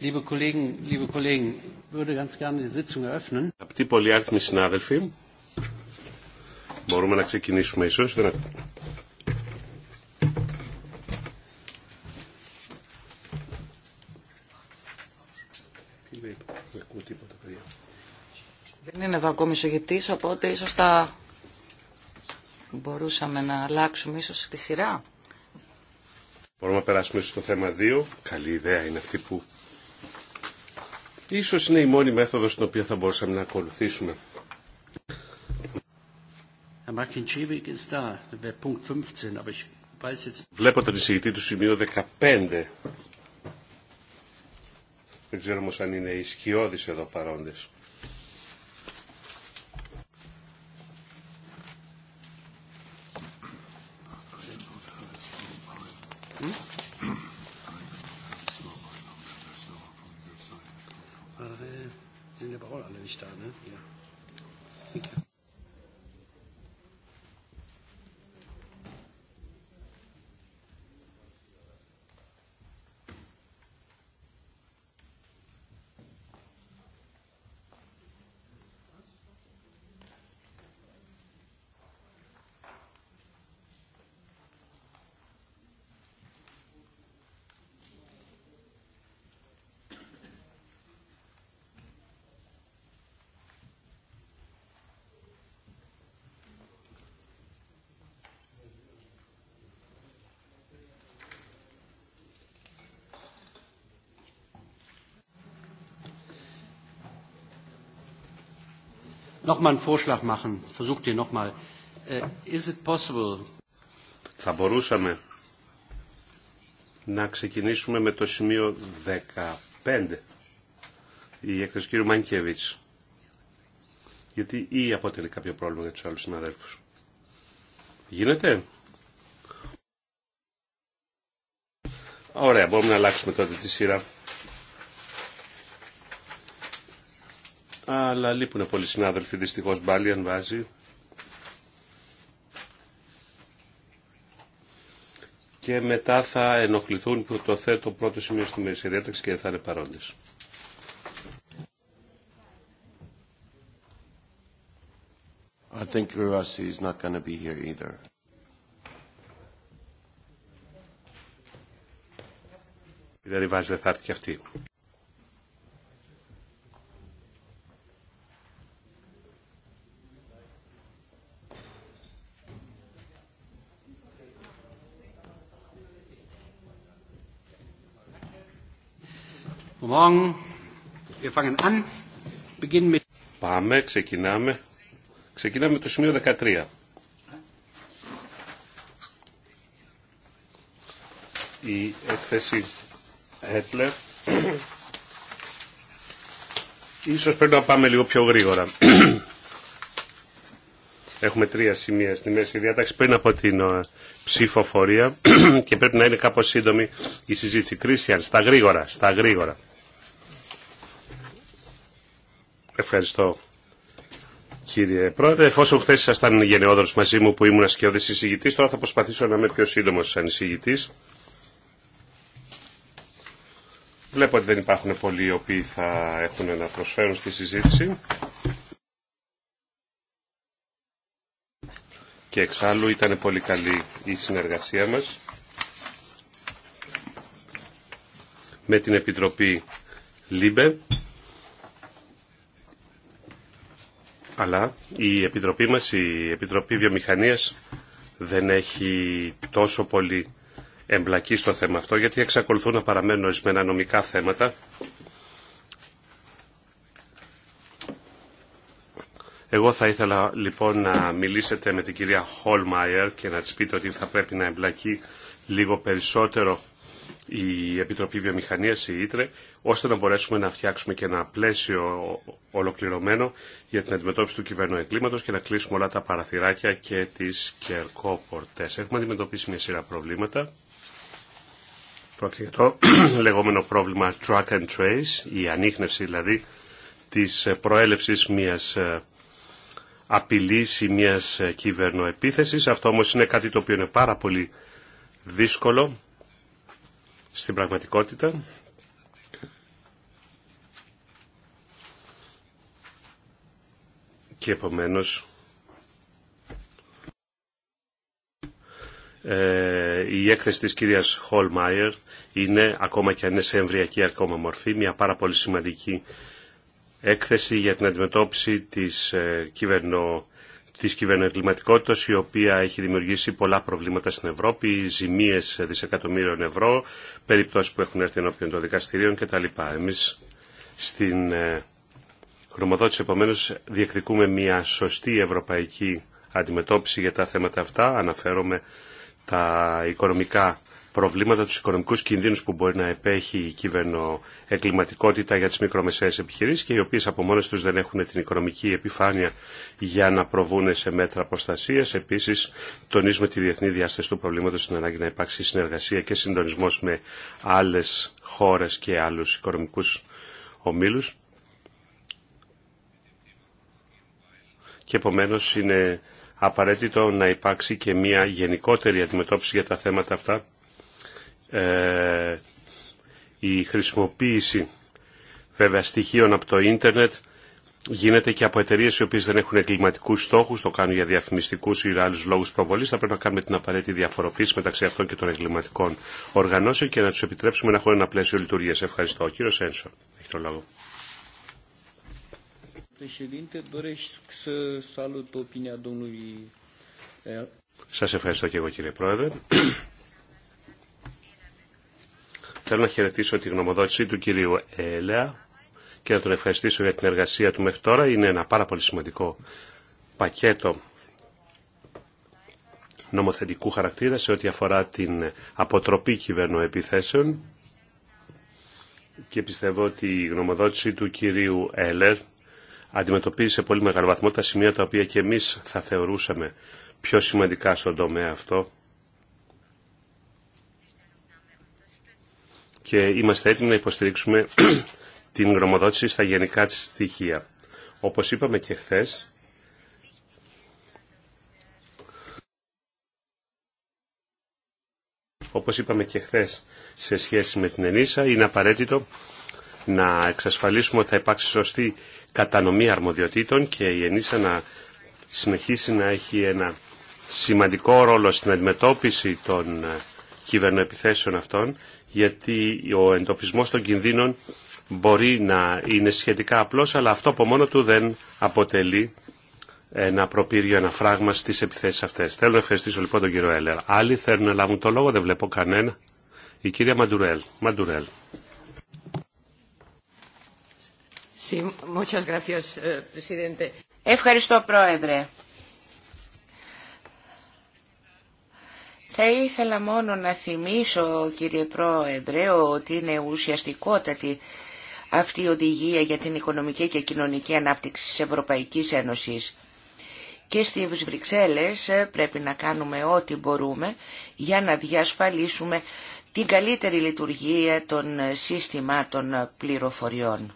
Liebe Kollegen, liebe πολυάριθμοι συνάδελφοι, μπορούμε να ξεκινήσουμε ίσως. Δεν... είναι εδώ ακόμη ο οπότε ίσως θα μπορούσαμε να αλλάξουμε ίσως τη σειρά. Μπορούμε να περάσουμε στο θέμα 2. Καλή ιδέα είναι αυτή που Ίσως είναι η μόνη μέθοδος την οποία θα μπορούσαμε να ακολουθήσουμε. Βλέπω τον εισηγητή του σημείο 15. Δεν ξέρω όμως αν είναι ισχυώδης εδώ παρόντες. einen Vorschlag machen. Äh, Θα μπορούσαμε να ξεκινήσουμε με το σημείο 15. Η έκθεση του κ. Μανκεβιτς. Γιατί ή αποτελεί κάποιο πρόβλημα για τους άλλους συναδέλφους. Γίνεται. Ωραία, μπορούμε να αλλάξουμε τότε τη σειρά. αλλά λείπουν πολλοί συνάδελφοι δυστυχώς Μπάλιαν βάζει και μετά θα ενοχληθούν που το θέτω πρώτο σημείο στη μέση διάταξη και θα είναι παρόντες. I think is not going to be here δεν θα έρθει και αυτή. Πάμε, ξεκινάμε. Ξεκινάμε το σημείο 13. Η έκθεση Έτλερ. Ίσως πρέπει να πάμε λίγο πιο γρήγορα. Έχουμε τρία σημεία στη μέση διάταξη πριν από την ε, ψηφοφορία και πρέπει να είναι κάπως σύντομη η συζήτηση. Κρίστιαν, στα γρήγορα, στα γρήγορα. Ευχαριστώ. Κύριε Πρόεδρε, εφόσον χθε ήσασταν γενναιόδωρο μαζί μου που ήμουν σκιώδη εισηγητή, τώρα θα προσπαθήσω να είμαι πιο σύντομο σαν εισηγητή. Βλέπω ότι δεν υπάρχουν πολλοί οι οποίοι θα έχουν να προσφέρουν στη συζήτηση. Και εξάλλου ήταν πολύ καλή η συνεργασία μας με την Επιτροπή ΛΥΜΠΕ αλλά η Επιτροπή μας, η Επιτροπή Βιομηχανίας δεν έχει τόσο πολύ εμπλακεί στο θέμα αυτό γιατί εξακολουθούν να παραμένουν ορισμένα νομικά θέματα Εγώ θα ήθελα λοιπόν να μιλήσετε με την κυρία Χολμάιερ και να της πείτε ότι θα πρέπει να εμπλακεί λίγο περισσότερο η Επιτροπή Βιομηχανίας, η Ήτρε, ώστε να μπορέσουμε να φτιάξουμε και ένα πλαίσιο ολοκληρωμένο για την αντιμετώπιση του κυβερνού εγκλήματο και να κλείσουμε όλα τα παραθυράκια και τι κερκόπορτέ. Έχουμε αντιμετωπίσει μια σειρά προβλήματα. το λεγόμενο πρόβλημα track and trace, η ανείχνευση δηλαδή της προέλευση μια ε, απειλής ή μιας ε, κυβερνοεπίθεσης. Αυτό όμω είναι κάτι το οποίο είναι πάρα πολύ δύσκολο στην πραγματικότητα. Και επομένως ε, η έκθεση της κυρίας Χολμάιερ είναι, ακόμα και αν είναι σε εμβριακή ακόμα μορφή, μια πάρα πολύ σημαντική έκθεση για την αντιμετώπιση της ε, κυβερνο της κυβερνοεγκληματικότητας η οποία έχει δημιουργήσει πολλά προβλήματα στην Ευρώπη, ζημίες δισεκατομμύριων ευρώ, περιπτώσεις που έχουν έρθει ενώπιον των δικαστηρίων κτλ. Εμείς στην γνωμοδότηση ε, επομένως διεκδικούμε μια σωστή ευρωπαϊκή αντιμετώπιση για τα θέματα αυτά. Αναφέρομαι τα οικονομικά προβλήματα, του οικονομικού κινδύνους που μπορεί να επέχει η κυβερνοεκκληματικότητα για τι μικρομεσαίες επιχειρήσει, και οι οποίε από μόνε τους δεν έχουν την οικονομική επιφάνεια για να προβούν σε μέτρα προστασία. Επίση, τονίζουμε τη διεθνή διάσταση του προβλήματο στην ανάγκη να υπάρξει συνεργασία και συντονισμό με άλλε χώρε και άλλου οικονομικού ομίλου. Και επομένω είναι απαραίτητο να υπάρξει και μια γενικότερη αντιμετώπιση για τα θέματα αυτά ε, η χρησιμοποίηση βέβαια στοιχείων από το ίντερνετ γίνεται και από εταιρείε οι οποίε δεν έχουν εγκληματικού στόχου, το κάνουν για διαφημιστικού ή άλλου λόγου προβολή. Θα πρέπει να κάνουμε την απαραίτητη διαφοροποίηση μεταξύ αυτών και των εγκληματικών οργανώσεων και να του επιτρέψουμε να έχουν ένα πλαίσιο λειτουργία. Ευχαριστώ. Κύριο Ένσο, έχει το λόγο. Ε, Σας ευχαριστώ και εγώ κύριε Πρόεδρε. Θέλω να χαιρετήσω τη γνωμοδότηση του κυρίου Έλεα και να τον ευχαριστήσω για την εργασία του μέχρι τώρα. Είναι ένα πάρα πολύ σημαντικό πακέτο νομοθετικού χαρακτήρα σε ό,τι αφορά την αποτροπή κυβερνοεπιθέσεων και πιστεύω ότι η γνωμοδότηση του κυρίου Έλερ αντιμετωπίζει σε πολύ μεγάλο βαθμό τα σημεία τα οποία και εμείς θα θεωρούσαμε πιο σημαντικά στον τομέα αυτό και είμαστε έτοιμοι να υποστηρίξουμε την γνωμοδότηση στα γενικά της στοιχεία. Όπως είπαμε και χθε. Όπως είπαμε και χθε σε σχέση με την ΕΝΗΣΑ, είναι απαραίτητο να εξασφαλίσουμε ότι θα υπάρξει σωστή κατανομή αρμοδιοτήτων και η ΕΝΗΣΑ να συνεχίσει να έχει ένα σημαντικό ρόλο στην αντιμετώπιση των ε, κυβερνοεπιθέσεων αυτών γιατί ο εντοπισμός των κινδύνων μπορεί να είναι σχετικά απλός, αλλά αυτό από μόνο του δεν αποτελεί ένα προπήριο, ένα φράγμα στις επιθέσεις αυτές. Θέλω να ευχαριστήσω λοιπόν τον κύριο Έλερ. Άλλοι θέλουν να λάβουν το λόγο, δεν βλέπω κανένα. Η κυρία Μαντουρέλ. Μαντουρέλ. Eh, Ευχαριστώ πρόεδρε. Θα ήθελα μόνο να θυμίσω κύριε Πρόεδρε ότι είναι ουσιαστικότατη αυτή η οδηγία για την οικονομική και κοινωνική ανάπτυξη της Ευρωπαϊκής Ένωσης. Και στις Βρυξέλλες ε, πρέπει να κάνουμε ό,τι μπορούμε για να διασφαλίσουμε την καλύτερη λειτουργία των ε, σύστηματων πληροφοριών.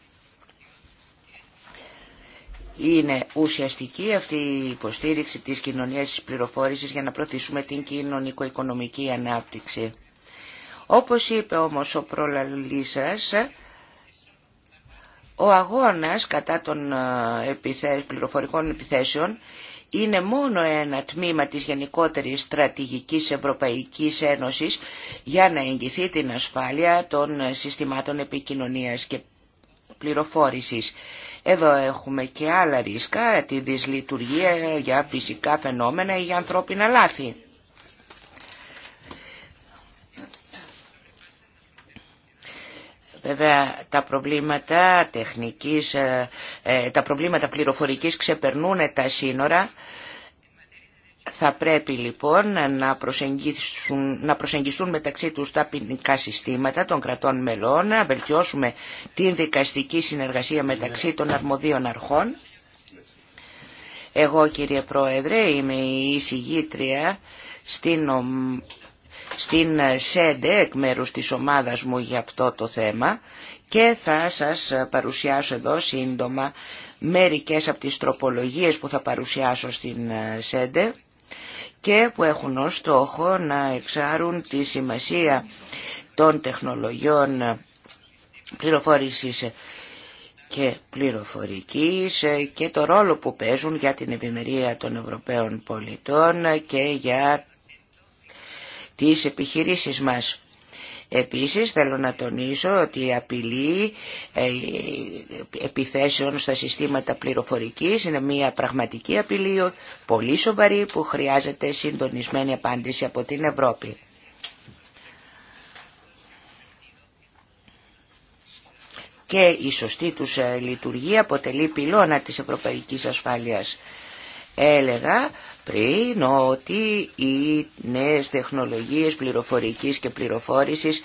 Είναι ουσιαστική αυτή η υποστήριξη της κοινωνίας της πληροφόρησης για να προωθήσουμε την κοινωνικο-οικονομική ανάπτυξη. Όπως είπε όμως ο προλαλής σας, ο αγώνας κατά των ε, πληροφορικών επιθέσεων είναι μόνο ένα τμήμα της γενικότερης στρατηγικής Ευρωπαϊκής Ένωσης για να εγγυθεί την ασφάλεια των ε, συστημάτων επικοινωνίας και πληροφόρησης. Εδώ έχουμε και άλλα ρίσκα, τη δυσλειτουργία για φυσικά φαινόμενα ή για ανθρώπινα λάθη. Βέβαια τα προβλήματα τεχνικής, ε, ε, τα προβλήματα πληροφορικής ξεπερνούν τα σύνορα θα πρέπει λοιπόν να προσεγγιστούν, να προσεγγιστούν μεταξύ τους τα ποινικά συστήματα των κρατών μελών, να βελτιώσουμε την δικαστική συνεργασία μεταξύ των αρμοδίων αρχών. Εγώ κύριε Πρόεδρε είμαι η εισηγήτρια στην, στην ΣΕΝΤΕ εκ μέρους της ομάδας μου για αυτό το θέμα και θα σας παρουσιάσω εδώ σύντομα μερικές από τις τροπολογίες που θα παρουσιάσω στην ΣΕΝΤΕ και που έχουν ως στόχο να εξάρουν τη σημασία των τεχνολογιών πληροφόρησης και πληροφορικής και το ρόλο που παίζουν για την ευημερία των Ευρωπαίων πολιτών και για τις επιχειρήσεις μας. Επίσης θέλω να τονίσω ότι η απειλή ε, επιθέσεων στα συστήματα πληροφορικής είναι μια πραγματική απειλή πολύ σοβαρή που χρειάζεται συντονισμένη απάντηση από την Ευρώπη. και η σωστή τους ε, λειτουργία αποτελεί πυλώνα της ευρωπαϊκής ασφάλειας. Έλεγα πριν ότι οι νέες τεχνολογίες πληροφορικής και πληροφόρησης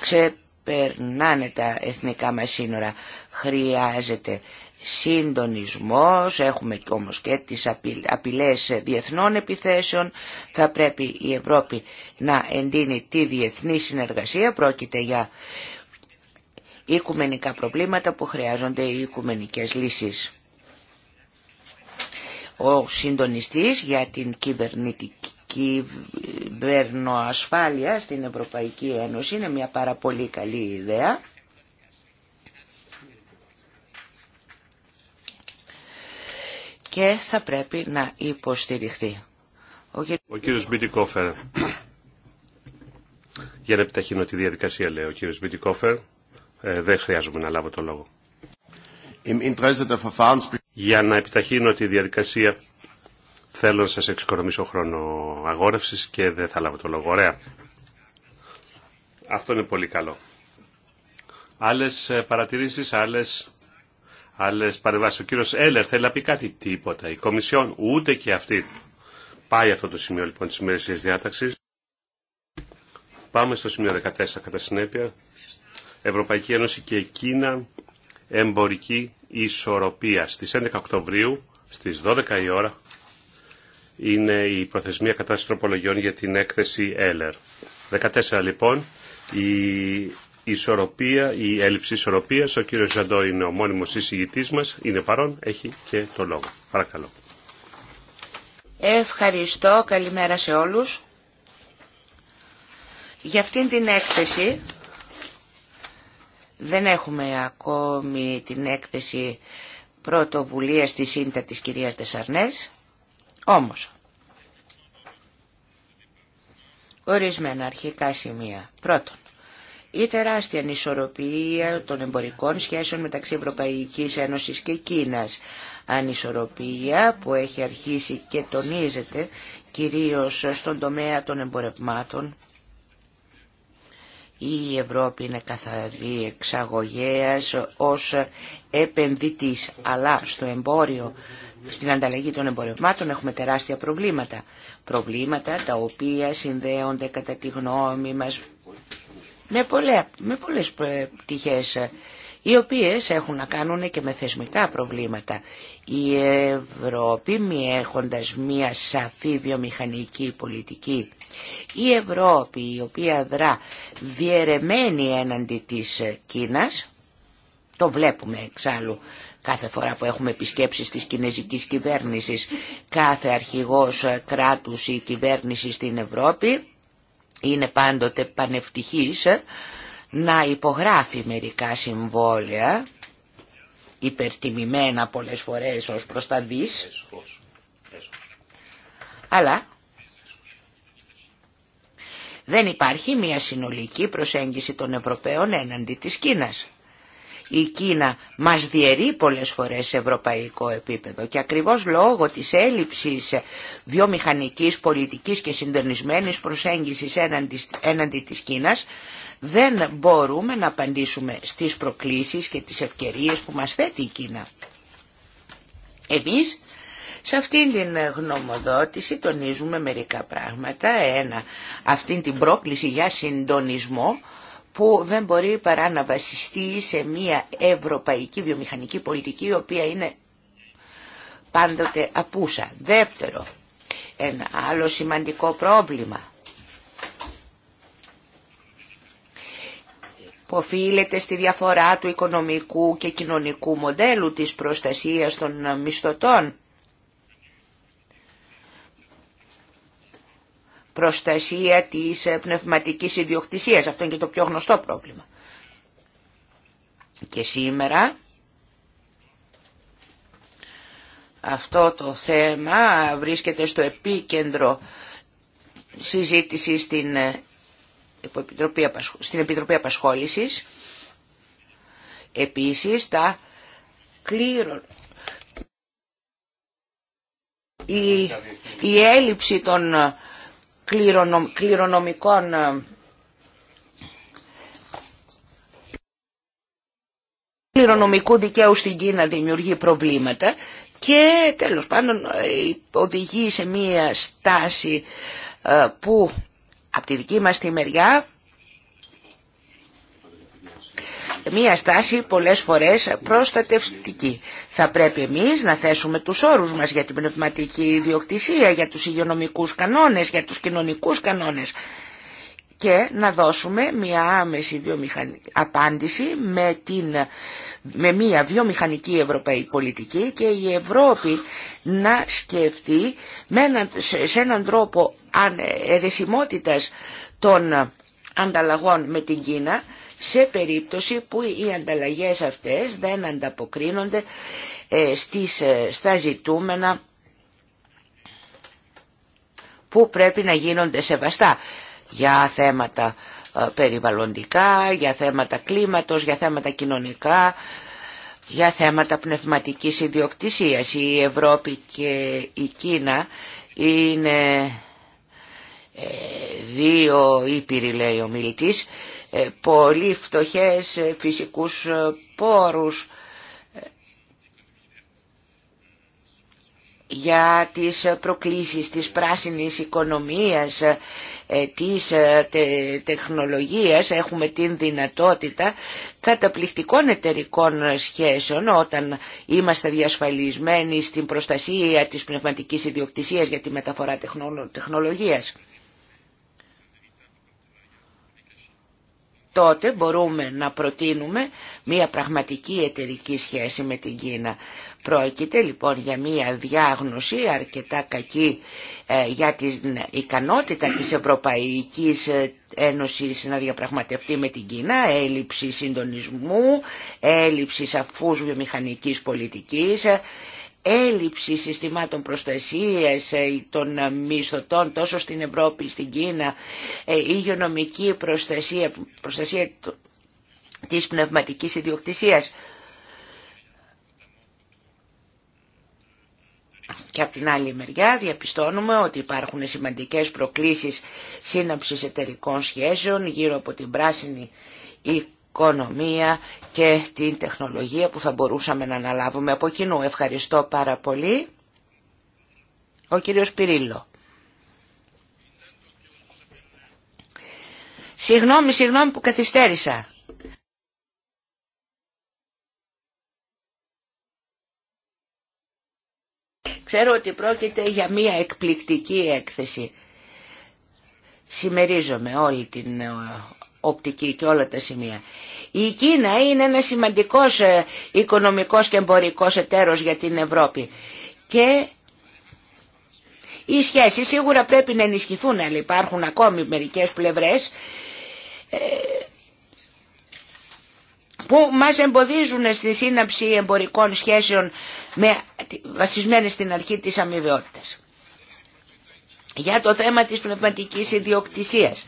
ξεπερνάνε τα εθνικά μας σύνορα. Χρειάζεται συντονισμός, έχουμε όμως και τις απειλές διεθνών επιθέσεων, θα πρέπει η Ευρώπη να εντείνει τη διεθνή συνεργασία, πρόκειται για οικουμενικά προβλήματα που χρειάζονται οι οικουμενικές λύσεις ο συντονιστής για την κυβερνητική κυβερνοασφάλεια στην Ευρωπαϊκή Ένωση. Είναι μια πάρα πολύ καλή ιδέα. Και θα πρέπει να υποστηριχθεί. Ο, κύριος Μπιτικόφερ. Για να επιταχύνω τη διαδικασία, λέει ο κύριος Μπιτικόφερ. Ε, δεν χρειάζομαι να λάβω το λόγο. Για να επιταχύνω τη διαδικασία θέλω να σας εξοικονομήσω χρόνο αγόρευσης και δεν θα λάβω το λόγο. Ωραία. Αυτό είναι πολύ καλό. Άλλες ε, παρατηρήσεις, άλλες, άλλες παρεμβάσεις. Ο κύριος Έλερ θέλει να πει κάτι τίποτα. Η Κομισιόν ούτε και αυτή. Πάει αυτό το σημείο λοιπόν της ημερησίας διάταξης. Πάμε στο σημείο 14 κατά συνέπεια. Ευρωπαϊκή Ένωση και Κίνα εμπορική ισορροπία. Στις 11 Οκτωβρίου, στις 12 η ώρα, είναι η προθεσμία κατάσταση τροπολογιών για την έκθεση ΕΛΕΡ. 14 λοιπόν, η ισορροπία, η έλλειψη ισορροπίας. Ο κύριος Ζαντό είναι ο μόνιμος εισηγητής μας, είναι παρόν, έχει και το λόγο. Παρακαλώ. Ευχαριστώ, καλημέρα σε όλους. Για αυτήν την έκθεση δεν έχουμε ακόμη την έκθεση πρωτοβουλία στη σύντα της κυρίας Δεσαρνές, όμως ορισμένα αρχικά σημεία. Πρώτον, η τεράστια ανισορροπία των εμπορικών σχέσεων μεταξύ Ευρωπαϊκής Ένωσης και Κίνας. Ανισορροπία που έχει αρχίσει και τονίζεται κυρίως στον τομέα των εμπορευμάτων η Ευρώπη είναι καθαρή εξαγωγέας ως επενδυτής, αλλά στο εμπόριο, στην ανταλλαγή των εμπορευμάτων έχουμε τεράστια προβλήματα. Προβλήματα τα οποία συνδέονται κατά τη γνώμη μας με, πολλές, με πολλές ε, πτυχές οι οποίες έχουν να κάνουν και με θεσμικά προβλήματα. Η Ευρώπη μη έχοντας μία σαφή βιομηχανική πολιτική. Η Ευρώπη η οποία δρά διαιρεμένη έναντι της Κίνας, το βλέπουμε εξάλλου κάθε φορά που έχουμε επισκέψεις της κινέζικης κυβέρνησης, κάθε αρχηγός κράτους ή κυβέρνηση στην Ευρώπη, είναι πάντοτε πανευτυχής να υπογράφει μερικά συμβόλαια, υπερτιμημένα πολλές φορές ως προς αλλά δεν υπάρχει μια συνολική προσέγγιση των Ευρωπαίων έναντι της Κίνας η Κίνα μας διαιρεί πολλές φορές σε ευρωπαϊκό επίπεδο και ακριβώς λόγω της έλλειψης βιομηχανικής, πολιτικής και συντονισμένης προσέγγισης έναντι, έναντι της Κίνας δεν μπορούμε να απαντήσουμε στις προκλήσεις και τις ευκαιρίες που μας θέτει η Κίνα. Εμείς σε αυτήν την γνωμοδότηση τονίζουμε μερικά πράγματα. Ένα, αυτήν την πρόκληση για συντονισμό που δεν μπορεί παρά να βασιστεί σε μια ευρωπαϊκή βιομηχανική πολιτική η οποία είναι πάντοτε απούσα. Δεύτερο, ένα άλλο σημαντικό πρόβλημα που οφείλεται στη διαφορά του οικονομικού και κοινωνικού μοντέλου της προστασίας των μισθωτών προστασία της ε, πνευματικής ιδιοκτησίας. Αυτό είναι και το πιο γνωστό πρόβλημα. Και σήμερα αυτό το θέμα βρίσκεται στο επίκεντρο συζήτηση στην ε, Επιτροπή, στην Επιτροπή Απασχόλησης. Επίσης τα κλήρων. Η, η έλλειψη των κληρονομικών ε, κληρονομικού δικαίου στην Κίνα δημιουργεί προβλήματα και τέλος πάντων ε, οδηγεί σε μία στάση ε, που από τη δική μας τη μεριά μια στάση πολλές φορές προστατευτική. Θα πρέπει εμείς να θέσουμε τους όρους μας για την πνευματική ιδιοκτησία, για τους υγειονομικούς κανόνες, για τους κοινωνικούς κανόνες και να δώσουμε μια άμεση βιομηχανική απάντηση με, την, με μια βιομηχανική ευρωπαϊκή πολιτική και η Ευρώπη να σκεφτεί με σε έναν τρόπο ερεσιμότητας των ανταλλαγών με την Κίνα σε περίπτωση που οι ανταλλαγές αυτές δεν ανταποκρίνονται ε, στις, ε, στα ζητούμενα που πρέπει να γίνονται σεβαστά για θέματα ε, περιβαλλοντικά, για θέματα κλίματος, για θέματα κοινωνικά, για θέματα πνευματικής ιδιοκτησίας. Η Ευρώπη και η Κίνα είναι δύο ήπειροι, λέει ο μιλητής, ε, πολύ φτωχές ε, φυσικούς ε, πόρους για τις προκλήσεις της πράσινης οικονομίας, της τεχνολογίας. Έχουμε την δυνατότητα καταπληκτικών εταιρικών σχέσεων όταν είμαστε διασφαλισμένοι στην προστασία της πνευματικής ιδιοκτησίας για τη μεταφορά τεχνολογίας. τότε μπορούμε να προτείνουμε μια πραγματική εταιρική σχέση με την Κίνα. Πρόκειται λοιπόν για μια διάγνωση αρκετά κακή ε, για την ικανότητα της Ευρωπαϊκής ε, Ένωσης να διαπραγματευτεί με την Κίνα, έλλειψη συντονισμού, έλλειψη σαφούς βιομηχανικής πολιτικής, έλλειψη συστημάτων προστασίας ε, των ε, μισθωτών τόσο στην Ευρώπη, στην Κίνα, ε, η υγειονομική προστασία, προστασία της πνευματικής ιδιοκτησίας. Και από την άλλη μεριά διαπιστώνουμε ότι υπάρχουν σημαντικές προκλήσεις σύναψης εταιρικών σχέσεων γύρω από την πράσινη οικονομία και την τεχνολογία που θα μπορούσαμε να αναλάβουμε από κοινού. Ευχαριστώ πάρα πολύ. Ο κύριος Πυρίλο. Συγγνώμη, συγγνώμη που καθυστέρησα. Ξέρω ότι πρόκειται για μία εκπληκτική έκθεση. Σημερίζομαι όλη την ε, οπτική και όλα τα σημεία. Η Κίνα είναι ένα σημαντικός ε, οικονομικός και εμπορικός εταίρος για την Ευρώπη και οι σχέσεις σίγουρα πρέπει να ενισχυθούν, αλλά υπάρχουν ακόμη μερικές πλευρές ε, που μας εμποδίζουν στη σύναψη εμπορικών σχέσεων με, βασισμένες στην αρχή της αμοιβαιότητας. Για το θέμα της πνευματικής ιδιοκτησίας.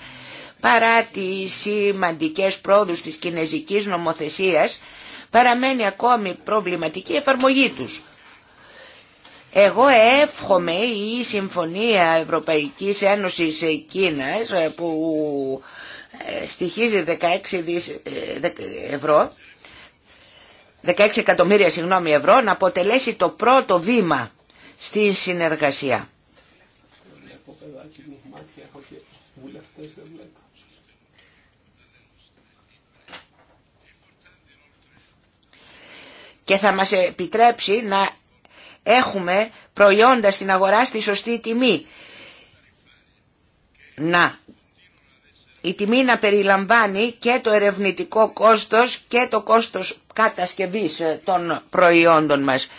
Παρά τις σημαντικές πρόοδους της κινέζικης νομοθεσίας, παραμένει ακόμη προβληματική εφαρμογή τους. Εγώ εύχομαι η Συμφωνία Ευρωπαϊκής Ένωσης Κίνα, που ε, στοιχίζει 16 ε, ευρώ, 16 εκατομμύρια συγγνώμη ευρώ να αποτελέσει το πρώτο βήμα στη συνεργασία. και θα μας επιτρέψει να έχουμε προϊόντα στην αγορά στη σωστή τιμή. Να. Η τιμή να περιλαμβάνει και το ερευνητικό κόστος και το κόστος κατασκευής ε, των προϊόντων μας.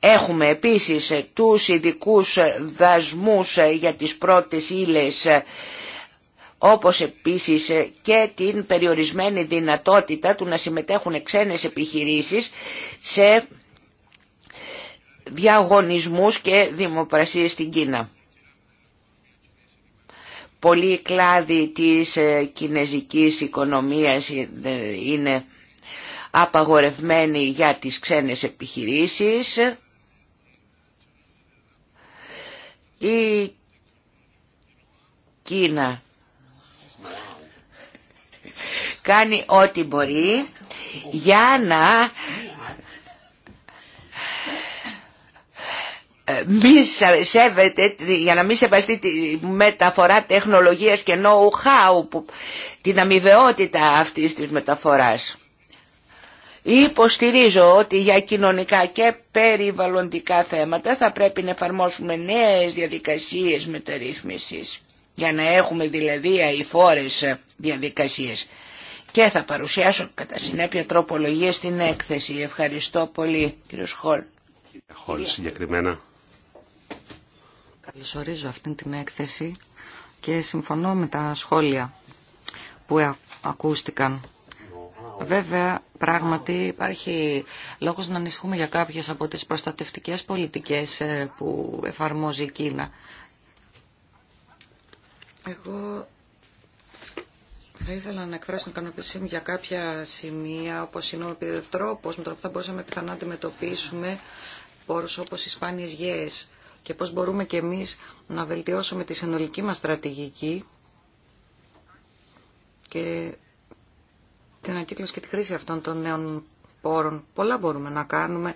Έχουμε επίσης ε, τους ειδικού ε, δασμούς για τις πρώτες ύλες όπως επίσης και την περιορισμένη δυνατότητα του να συμμετέχουν ξένες επιχειρήσεις σε διαγωνισμούς και δημοπρασίες στην Κίνα. Πολλοί κλάδοι της ε, κινέζικης οικονομίας ε, είναι απαγορευμένοι για τις ξένες επιχειρήσεις. Η Κίνα κάνει ό,τι μπορεί για να ε, μη σέβεται, για να μην σεβαστεί τη μεταφορά τεχνολογίας και know-how, την αμοιβαιότητα αυτής της μεταφοράς. Υποστηρίζω ότι για κοινωνικά και περιβαλλοντικά θέματα θα πρέπει να εφαρμόσουμε νέες διαδικασίες μεταρρύθμισης, για να έχουμε δηλαδή αηφόρες διαδικασίες και θα παρουσιάσω κατά συνέπεια τροπολογία στην έκθεση. Ευχαριστώ πολύ κύριο Χόλ. Κύριε Χόλ συγκεκριμένα. Καλωσορίζω αυτήν την έκθεση και συμφωνώ με τα σχόλια που ακούστηκαν. Βέβαια, πράγματι υπάρχει λόγος να ανησυχούμε για κάποιες από τις προστατευτικές πολιτικές ε, που εφαρμόζει η Κίνα. Εγώ θα ήθελα να εκφράσω την ικανοποίησή μου για κάποια σημεία, όπω είναι ο τρόπο με τον οποίο θα μπορούσαμε πιθανά να αντιμετωπίσουμε πόρου όπως οι σπάνιε γέε και πώ μπορούμε και εμεί να βελτιώσουμε τη συνολική μα στρατηγική και την ανακύκλωση και τη χρήση αυτών των νέων πόρων. Πολλά μπορούμε να κάνουμε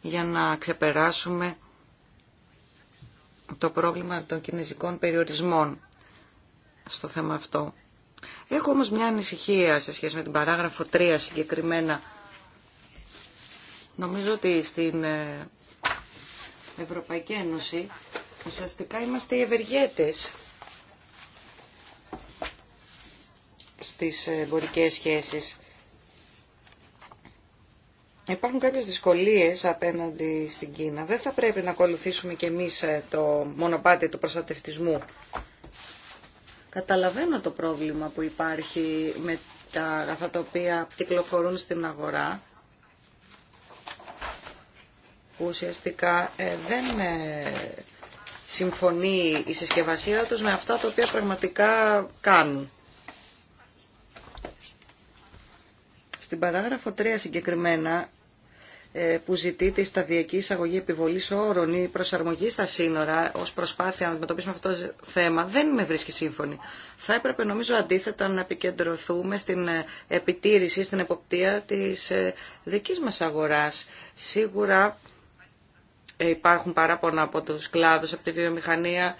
για να ξεπεράσουμε το πρόβλημα των κινέζικων περιορισμών στο θέμα αυτό. Έχω όμως μια ανησυχία σε σχέση με την παράγραφο 3 συγκεκριμένα. Νομίζω ότι στην ε, Ευρωπαϊκή Ένωση ουσιαστικά είμαστε οι ευεργέτες στις εμπορικές σχέσεις. Υπάρχουν κάποιες δυσκολίες απέναντι στην Κίνα. Δεν θα πρέπει να ακολουθήσουμε κι εμείς ε, το μονοπάτι του προστατευτισμού Καταλαβαίνω το πρόβλημα που υπάρχει με τα αγαθά τα οποία κυκλοφορούν στην αγορά που ουσιαστικά ε, δεν ε, συμφωνεί η συσκευασία τους με αυτά τα οποία πραγματικά κάνουν. Στην παράγραφο 3 συγκεκριμένα ε, που ζητεί τη σταδιακή εισαγωγή επιβολή όρων ή προσαρμογή στα σύνορα ω προσπάθεια να αντιμετωπίσουμε αυτό το θέμα δεν με βρίσκει σύμφωνη. Θα έπρεπε νομίζω αντίθετα να επικεντρωθούμε στην ε, επιτήρηση, στην εποπτεία τη ε, δική μα αγορά. Σίγουρα υπάρχουν παράπονα από του κλάδου, από τη βιομηχανία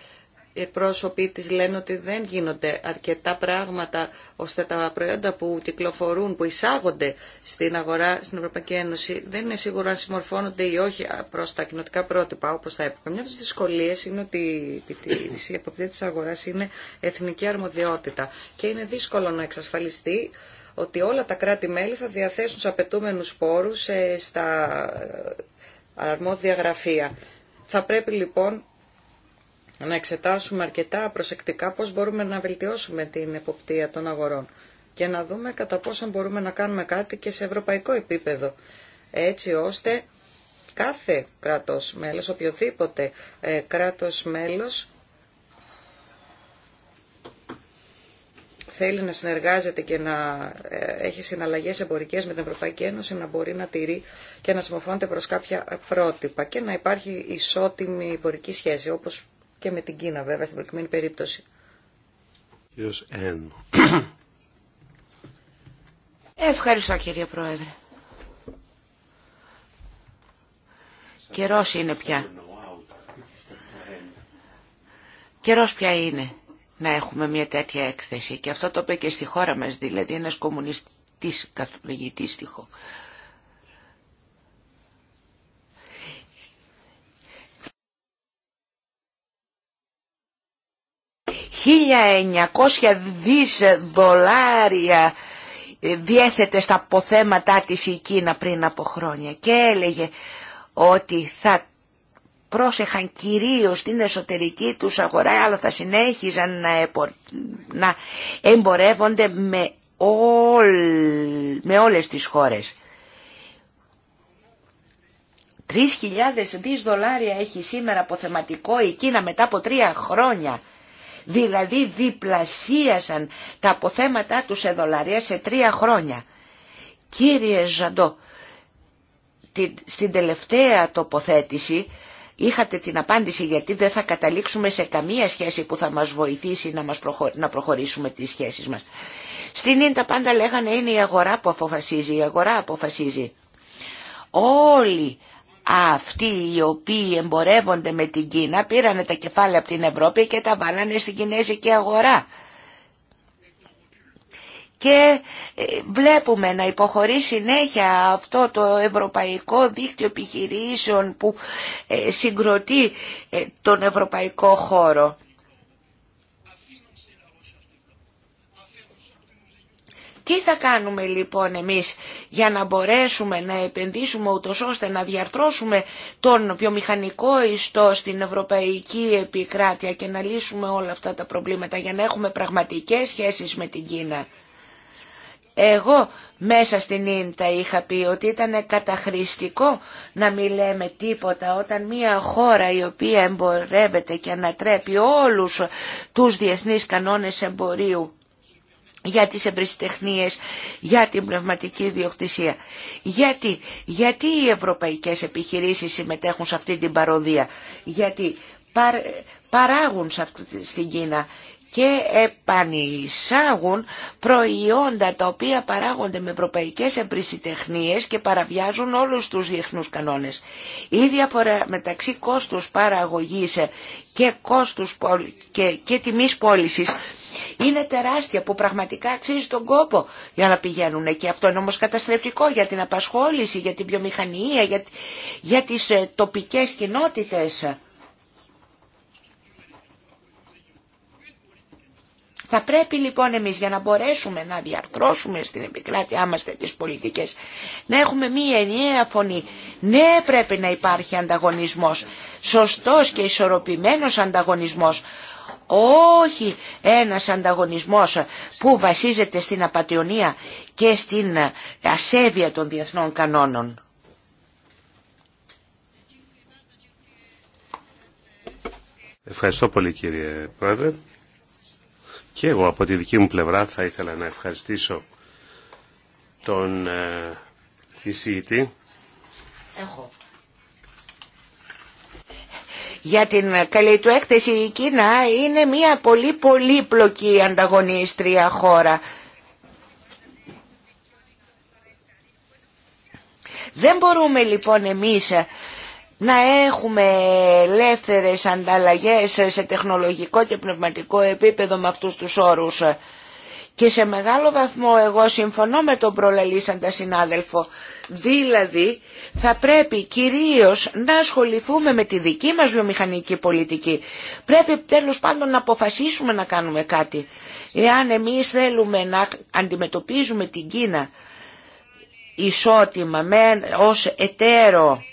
οι πρόσωποι της λένε ότι δεν γίνονται αρκετά πράγματα ώστε τα προϊόντα που κυκλοφορούν, που εισάγονται στην αγορά στην Ευρωπαϊκή Ένωση δεν είναι σίγουρα αν συμμορφώνονται ή όχι προς τα κοινοτικά πρότυπα όπως θα έπρεπε. Μια από τις δυσκολίες είναι ότι η επιτήρηση, η της αγοράς είναι εθνική αρμοδιότητα και είναι δύσκολο να εξασφαλιστεί ότι όλα τα κράτη-μέλη θα διαθέσουν τους απαιτούμενους πόρους ε, στα ε, αρμόδια γραφεία. Θα πρέπει λοιπόν να εξετάσουμε αρκετά προσεκτικά πώς μπορούμε να βελτιώσουμε την εποπτεία των αγορών και να δούμε κατά πόσο μπορούμε να κάνουμε κάτι και σε ευρωπαϊκό επίπεδο, έτσι ώστε κάθε κράτος μέλος, οποιοδήποτε ε, κράτος μέλος, θέλει να συνεργάζεται και να ε, έχει συναλλαγές εμπορικές με την Ευρωπαϊκή Ένωση να μπορεί να τηρεί και να συμμορφώνεται προς κάποια πρότυπα και να υπάρχει ισότιμη εμπορική σχέση όπως και με την Κίνα βέβαια στην προκειμένη περίπτωση. Ευχαριστώ κύριε Πρόεδρε. Καιρός είναι πια. Καιρός πια είναι να έχουμε μια τέτοια έκθεση και αυτό το είπε και στη χώρα μας δηλαδή ένας κομμουνιστής καθοδηγητής στη 1.900 δις δολάρια διέθετε στα αποθέματά της η Κίνα πριν από χρόνια και έλεγε ότι θα πρόσεχαν κυρίως την εσωτερική τους αγορά αλλά θα συνέχιζαν να εμπορεύονται με, ό με όλες τις χώρες. 3.000 δις δολάρια έχει σήμερα αποθεματικό η Κίνα μετά από τρία χρόνια. Δηλαδή διπλασίασαν τα αποθέματα τους σε δολαρία σε τρία χρόνια. Κύριε Ζαντό, στην τελευταία τοποθέτηση είχατε την απάντηση γιατί δεν θα καταλήξουμε σε καμία σχέση που θα μας βοηθήσει να, μας να προχωρήσουμε τις σχέσεις μας. Στην ίντα πάντα λέγανε είναι η αγορά που αποφασίζει, η αγορά αποφασίζει. Όλοι αυτοί οι οποίοι εμπορεύονται με την Κίνα πήρανε τα κεφάλαια από την Ευρώπη και τα βάλανε στην Κινέζικη αγορά. Και ε, βλέπουμε να υποχωρεί συνέχεια αυτό το ευρωπαϊκό δίκτυο επιχειρήσεων που ε, συγκροτεί ε, τον ευρωπαϊκό χώρο. Τι θα κάνουμε λοιπόν εμείς για να μπορέσουμε να επενδύσουμε ούτως ώστε να διαρθρώσουμε τον βιομηχανικό ιστό στην ευρωπαϊκή επικράτεια και να λύσουμε όλα αυτά τα προβλήματα για να έχουμε πραγματικές σχέσεις με την Κίνα. Εγώ μέσα στην Ίντα είχα πει ότι ήταν καταχρηστικό να μην λέμε τίποτα όταν μια χώρα η οποία εμπορεύεται και ανατρέπει όλους τους διεθνείς κανόνες εμπορίου για τις εμπριστεχνίες, για την πνευματική διοκτησία. Γιατί, γιατί οι ευρωπαϊκές επιχειρήσεις συμμετέχουν σε αυτή την παροδία. Γιατί παράγουν στην Κίνα και επανεισάγουν προϊόντα τα οποία παράγονται με ευρωπαϊκές εμπρισιτεχνίες και παραβιάζουν όλους τους διεθνούς κανόνες. Η διαφορά μεταξύ κόστους παραγωγής και, κόστους, και, και τιμής πώλησης είναι τεράστια που πραγματικά αξίζει τον κόπο για να πηγαίνουν και αυτό είναι όμως καταστρεπτικό για την απασχόληση, για την βιομηχανία, για, για τις ε, τοπικές κοινότητες. Θα πρέπει λοιπόν εμείς για να μπορέσουμε να διαρθρώσουμε στην επικράτειά μας τις πολιτικές, να έχουμε μία ενιαία φωνή. Ναι πρέπει να υπάρχει ανταγωνισμός, σωστός και ισορροπημένος ανταγωνισμός, όχι ένας ανταγωνισμός που βασίζεται στην απαταιωνία και στην ασέβεια των διεθνών κανόνων. Ευχαριστώ πολύ κύριε Πρόεδρε. Και εγώ από τη δική μου πλευρά θα ήθελα να ευχαριστήσω τον ε, εισηγητή. Έχω. Για την ε, καλή του έκθεση η Κίνα είναι μια πολύ πολύπλοκη ανταγωνίστρια χώρα. Δεν μπορούμε λοιπόν εμείς ε, να έχουμε ελεύθερες ανταλλαγές σε τεχνολογικό και πνευματικό επίπεδο με αυτούς τους όρους. Και σε μεγάλο βαθμό εγώ συμφωνώ με τον προλαλήσαντα συνάδελφο. Δηλαδή θα πρέπει κυρίως να ασχοληθούμε με τη δική μας βιομηχανική πολιτική. Πρέπει τέλος πάντων να αποφασίσουμε να κάνουμε κάτι. Εάν εμείς θέλουμε να αντιμετωπίζουμε την Κίνα ισότιμα με, ως εταίρο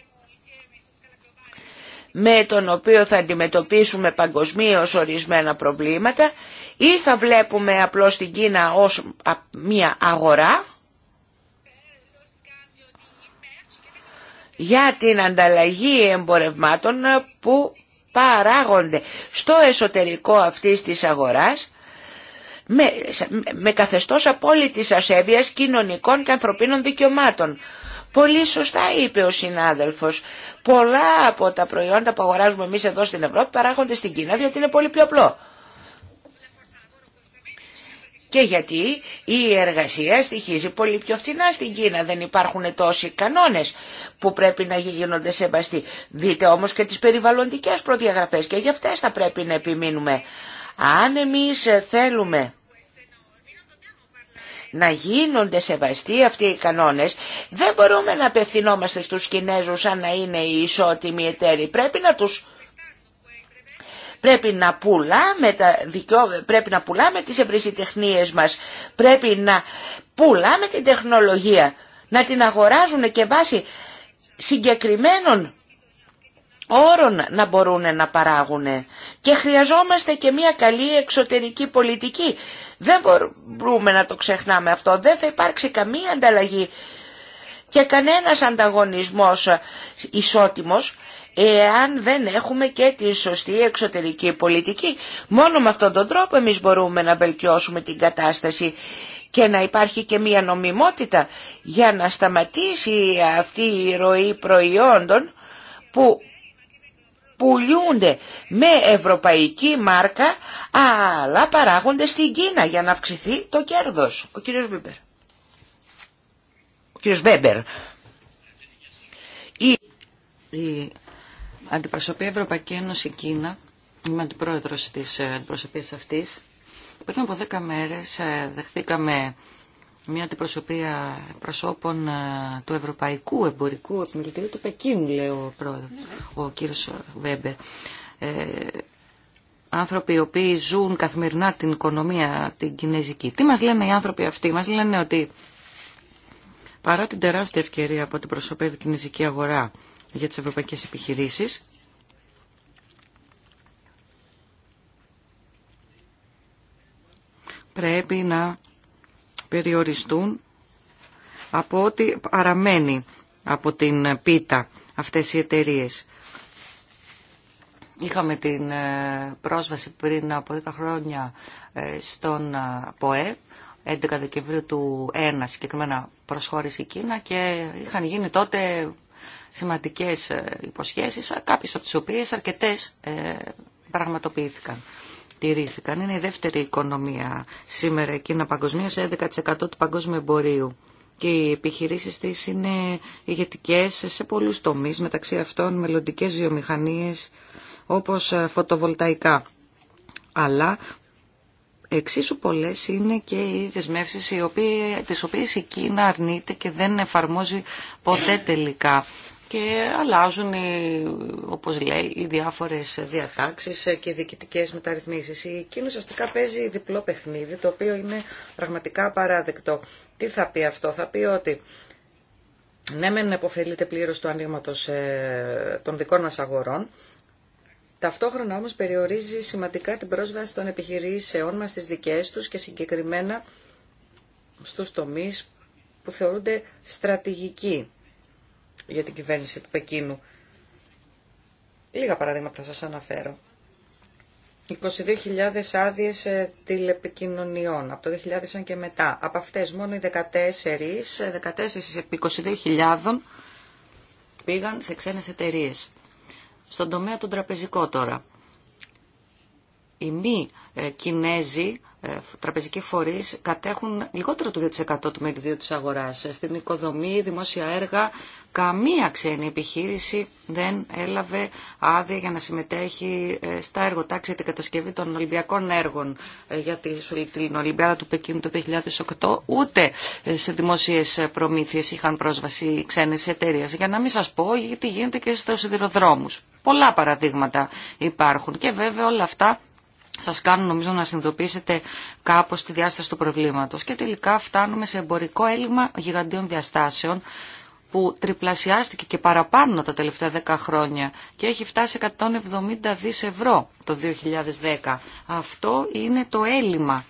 με τον οποίο θα αντιμετωπίσουμε παγκοσμίως ορισμένα προβλήματα ή θα βλέπουμε απλώς την Κίνα ως μια αγορά για την ανταλλαγή εμπορευμάτων που παράγονται στο εσωτερικό αυτής της αγοράς με, με καθεστώς απόλυτης ασέβειας κοινωνικών και ανθρωπίνων δικαιωμάτων. Πολύ σωστά είπε ο συνάδελφος. Πολλά από τα προϊόντα που αγοράζουμε εμείς εδώ στην Ευρώπη παράγονται στην Κίνα διότι είναι πολύ πιο απλό. Και γιατί η εργασία στοιχίζει πολύ πιο φθηνά στην Κίνα. Δεν υπάρχουν τόσοι κανόνες που πρέπει να γίνονται σεβαστοί. Δείτε όμως και τις περιβαλλοντικές προδιαγραφές και για αυτές θα πρέπει να επιμείνουμε. Αν εμείς θέλουμε να γίνονται σεβαστοί αυτοί οι κανόνες, δεν μπορούμε να απευθυνόμαστε στους Κινέζους σαν να είναι οι ισότιμοι εταίροι. Πρέπει να τους... Πρέπει να, πουλάμε τα δικαιώ... πρέπει να πουλάμε τις ευρυσιτεχνίες μας, πρέπει να πουλάμε την τεχνολογία, να την αγοράζουν και βάσει συγκεκριμένων όρων να μπορούν να παράγουν. Και χρειαζόμαστε και μια καλή εξωτερική πολιτική. Δεν μπορούμε να το ξεχνάμε αυτό. Δεν θα υπάρξει καμία ανταλλαγή και κανένας ανταγωνισμός ισότιμος εάν δεν έχουμε και τη σωστή εξωτερική πολιτική. Μόνο με αυτόν τον τρόπο εμείς μπορούμε να βελτιώσουμε την κατάσταση και να υπάρχει και μία νομιμότητα για να σταματήσει αυτή η ροή προϊόντων που πουλιούνται με ευρωπαϊκή μάρκα αλλά παράγονται στην Κίνα για να αυξηθεί το κέρδος. Ο κύριος Βίμπερ. Ο κύριος Βέμπερ. Η... Η Αντιπροσωπή Ευρωπαϊκή Ένωση Κίνα, είμαι αντιπρόεδρος της ε, Αντιπροσωπής αυτής, πριν από δέκα μέρες ε, δεχτήκαμε μια αντιπροσωπεία προσώπων ε, του Ευρωπαϊκού Εμπορικού Επιμελητηρίου του Πεκίνου, λέει ο, πρόεδρο, ναι. ο κύριος Βέμπερ. Ε, άνθρωποι οι οποίοι ζουν καθημερινά την οικονομία την κινέζικη. Τι μας λένε οι άνθρωποι αυτοί, μας λένε ότι παρά την τεράστια ευκαιρία την αντιπροσωπεύει η κινέζικη αγορά για τι ευρωπαϊκέ επιχειρήσει. πρέπει να περιοριστούν από ό,τι παραμένει από την πίτα αυτές οι εταιρείε. Είχαμε την ε, πρόσβαση πριν από 10 χρόνια ε, στον ε, ΠΟΕ, 11 Δεκεμβρίου του 1 συγκεκριμένα προσχώρησε η Κίνα και είχαν γίνει τότε σημαντικές υποσχέσεις, κάποιες από τις οποίες αρκετές πραγματοποιήθηκαν. Είναι η δεύτερη οικονομία σήμερα εκείνα παγκοσμίω, 11% του παγκόσμιου εμπορίου. Και οι επιχειρήσεις της είναι ηγετικές σε πολλούς τομείς, μεταξύ αυτών μελλοντικέ βιομηχανίες όπως ε, φωτοβολταϊκά. Αλλά εξίσου πολλές είναι και οι δεσμεύσεις οι οποίες, τις οποίες η Κίνα αρνείται και δεν εφαρμόζει ποτέ τελικά και αλλάζουν, οι, όπως λέει, οι διάφορες διατάξεις και διοικητικές μεταρρυθμίσεις. Η Κίνα ουσιαστικά παίζει διπλό παιχνίδι, το οποίο είναι πραγματικά παράδεκτο. Τι θα πει αυτό, θα πει ότι ναι, μεν εποφελείται πλήρως του ανοίγματο ε, των δικών μας αγορών, ταυτόχρονα όμως περιορίζει σημαντικά την πρόσβαση των επιχειρήσεών μας στις δικές τους και συγκεκριμένα στους τομείς που θεωρούνται στρατηγικοί για την κυβέρνηση του Πεκίνου. Λίγα παραδείγματα θα σας αναφέρω. 22.000 άδειες ε, τηλεπικοινωνιών από το 2000 και μετά. Από αυτές μόνο οι 14, 14 ε, επί 22.000 πήγαν σε ξένες εταιρείε. Στον τομέα τον τραπεζικό τώρα. Οι μη ε, Κινέζοι ε, τραπεζικοί φορείς κατέχουν λιγότερο του 2% του μεριδίου της αγοράς. Ε, στην οικοδομή, δημόσια έργα, καμία ξένη επιχείρηση δεν έλαβε άδεια για να συμμετέχει ε, στα εργοτάξια την κατασκευή των Ολυμπιακών έργων για την Ολυμπιάδα του Πεκίνου το 2008. Ούτε σε δημόσιες προμήθειες είχαν πρόσβαση οι ξένες Για να μην σα πω γιατί γίνεται και στους σιδηροδρόμους. Πολλά παραδείγματα υπάρχουν και βέβαια όλα αυτά σας κάνουν νομίζω να συνειδητοποιήσετε κάπως τη διάσταση του προβλήματος. Και τελικά φτάνουμε σε εμπορικό έλλειμμα γιγαντίων διαστάσεων που τριπλασιάστηκε και παραπάνω τα τελευταία 10 χρόνια και έχει φτάσει 170 δις ευρώ το 2010. Αυτό είναι το έλλειμμα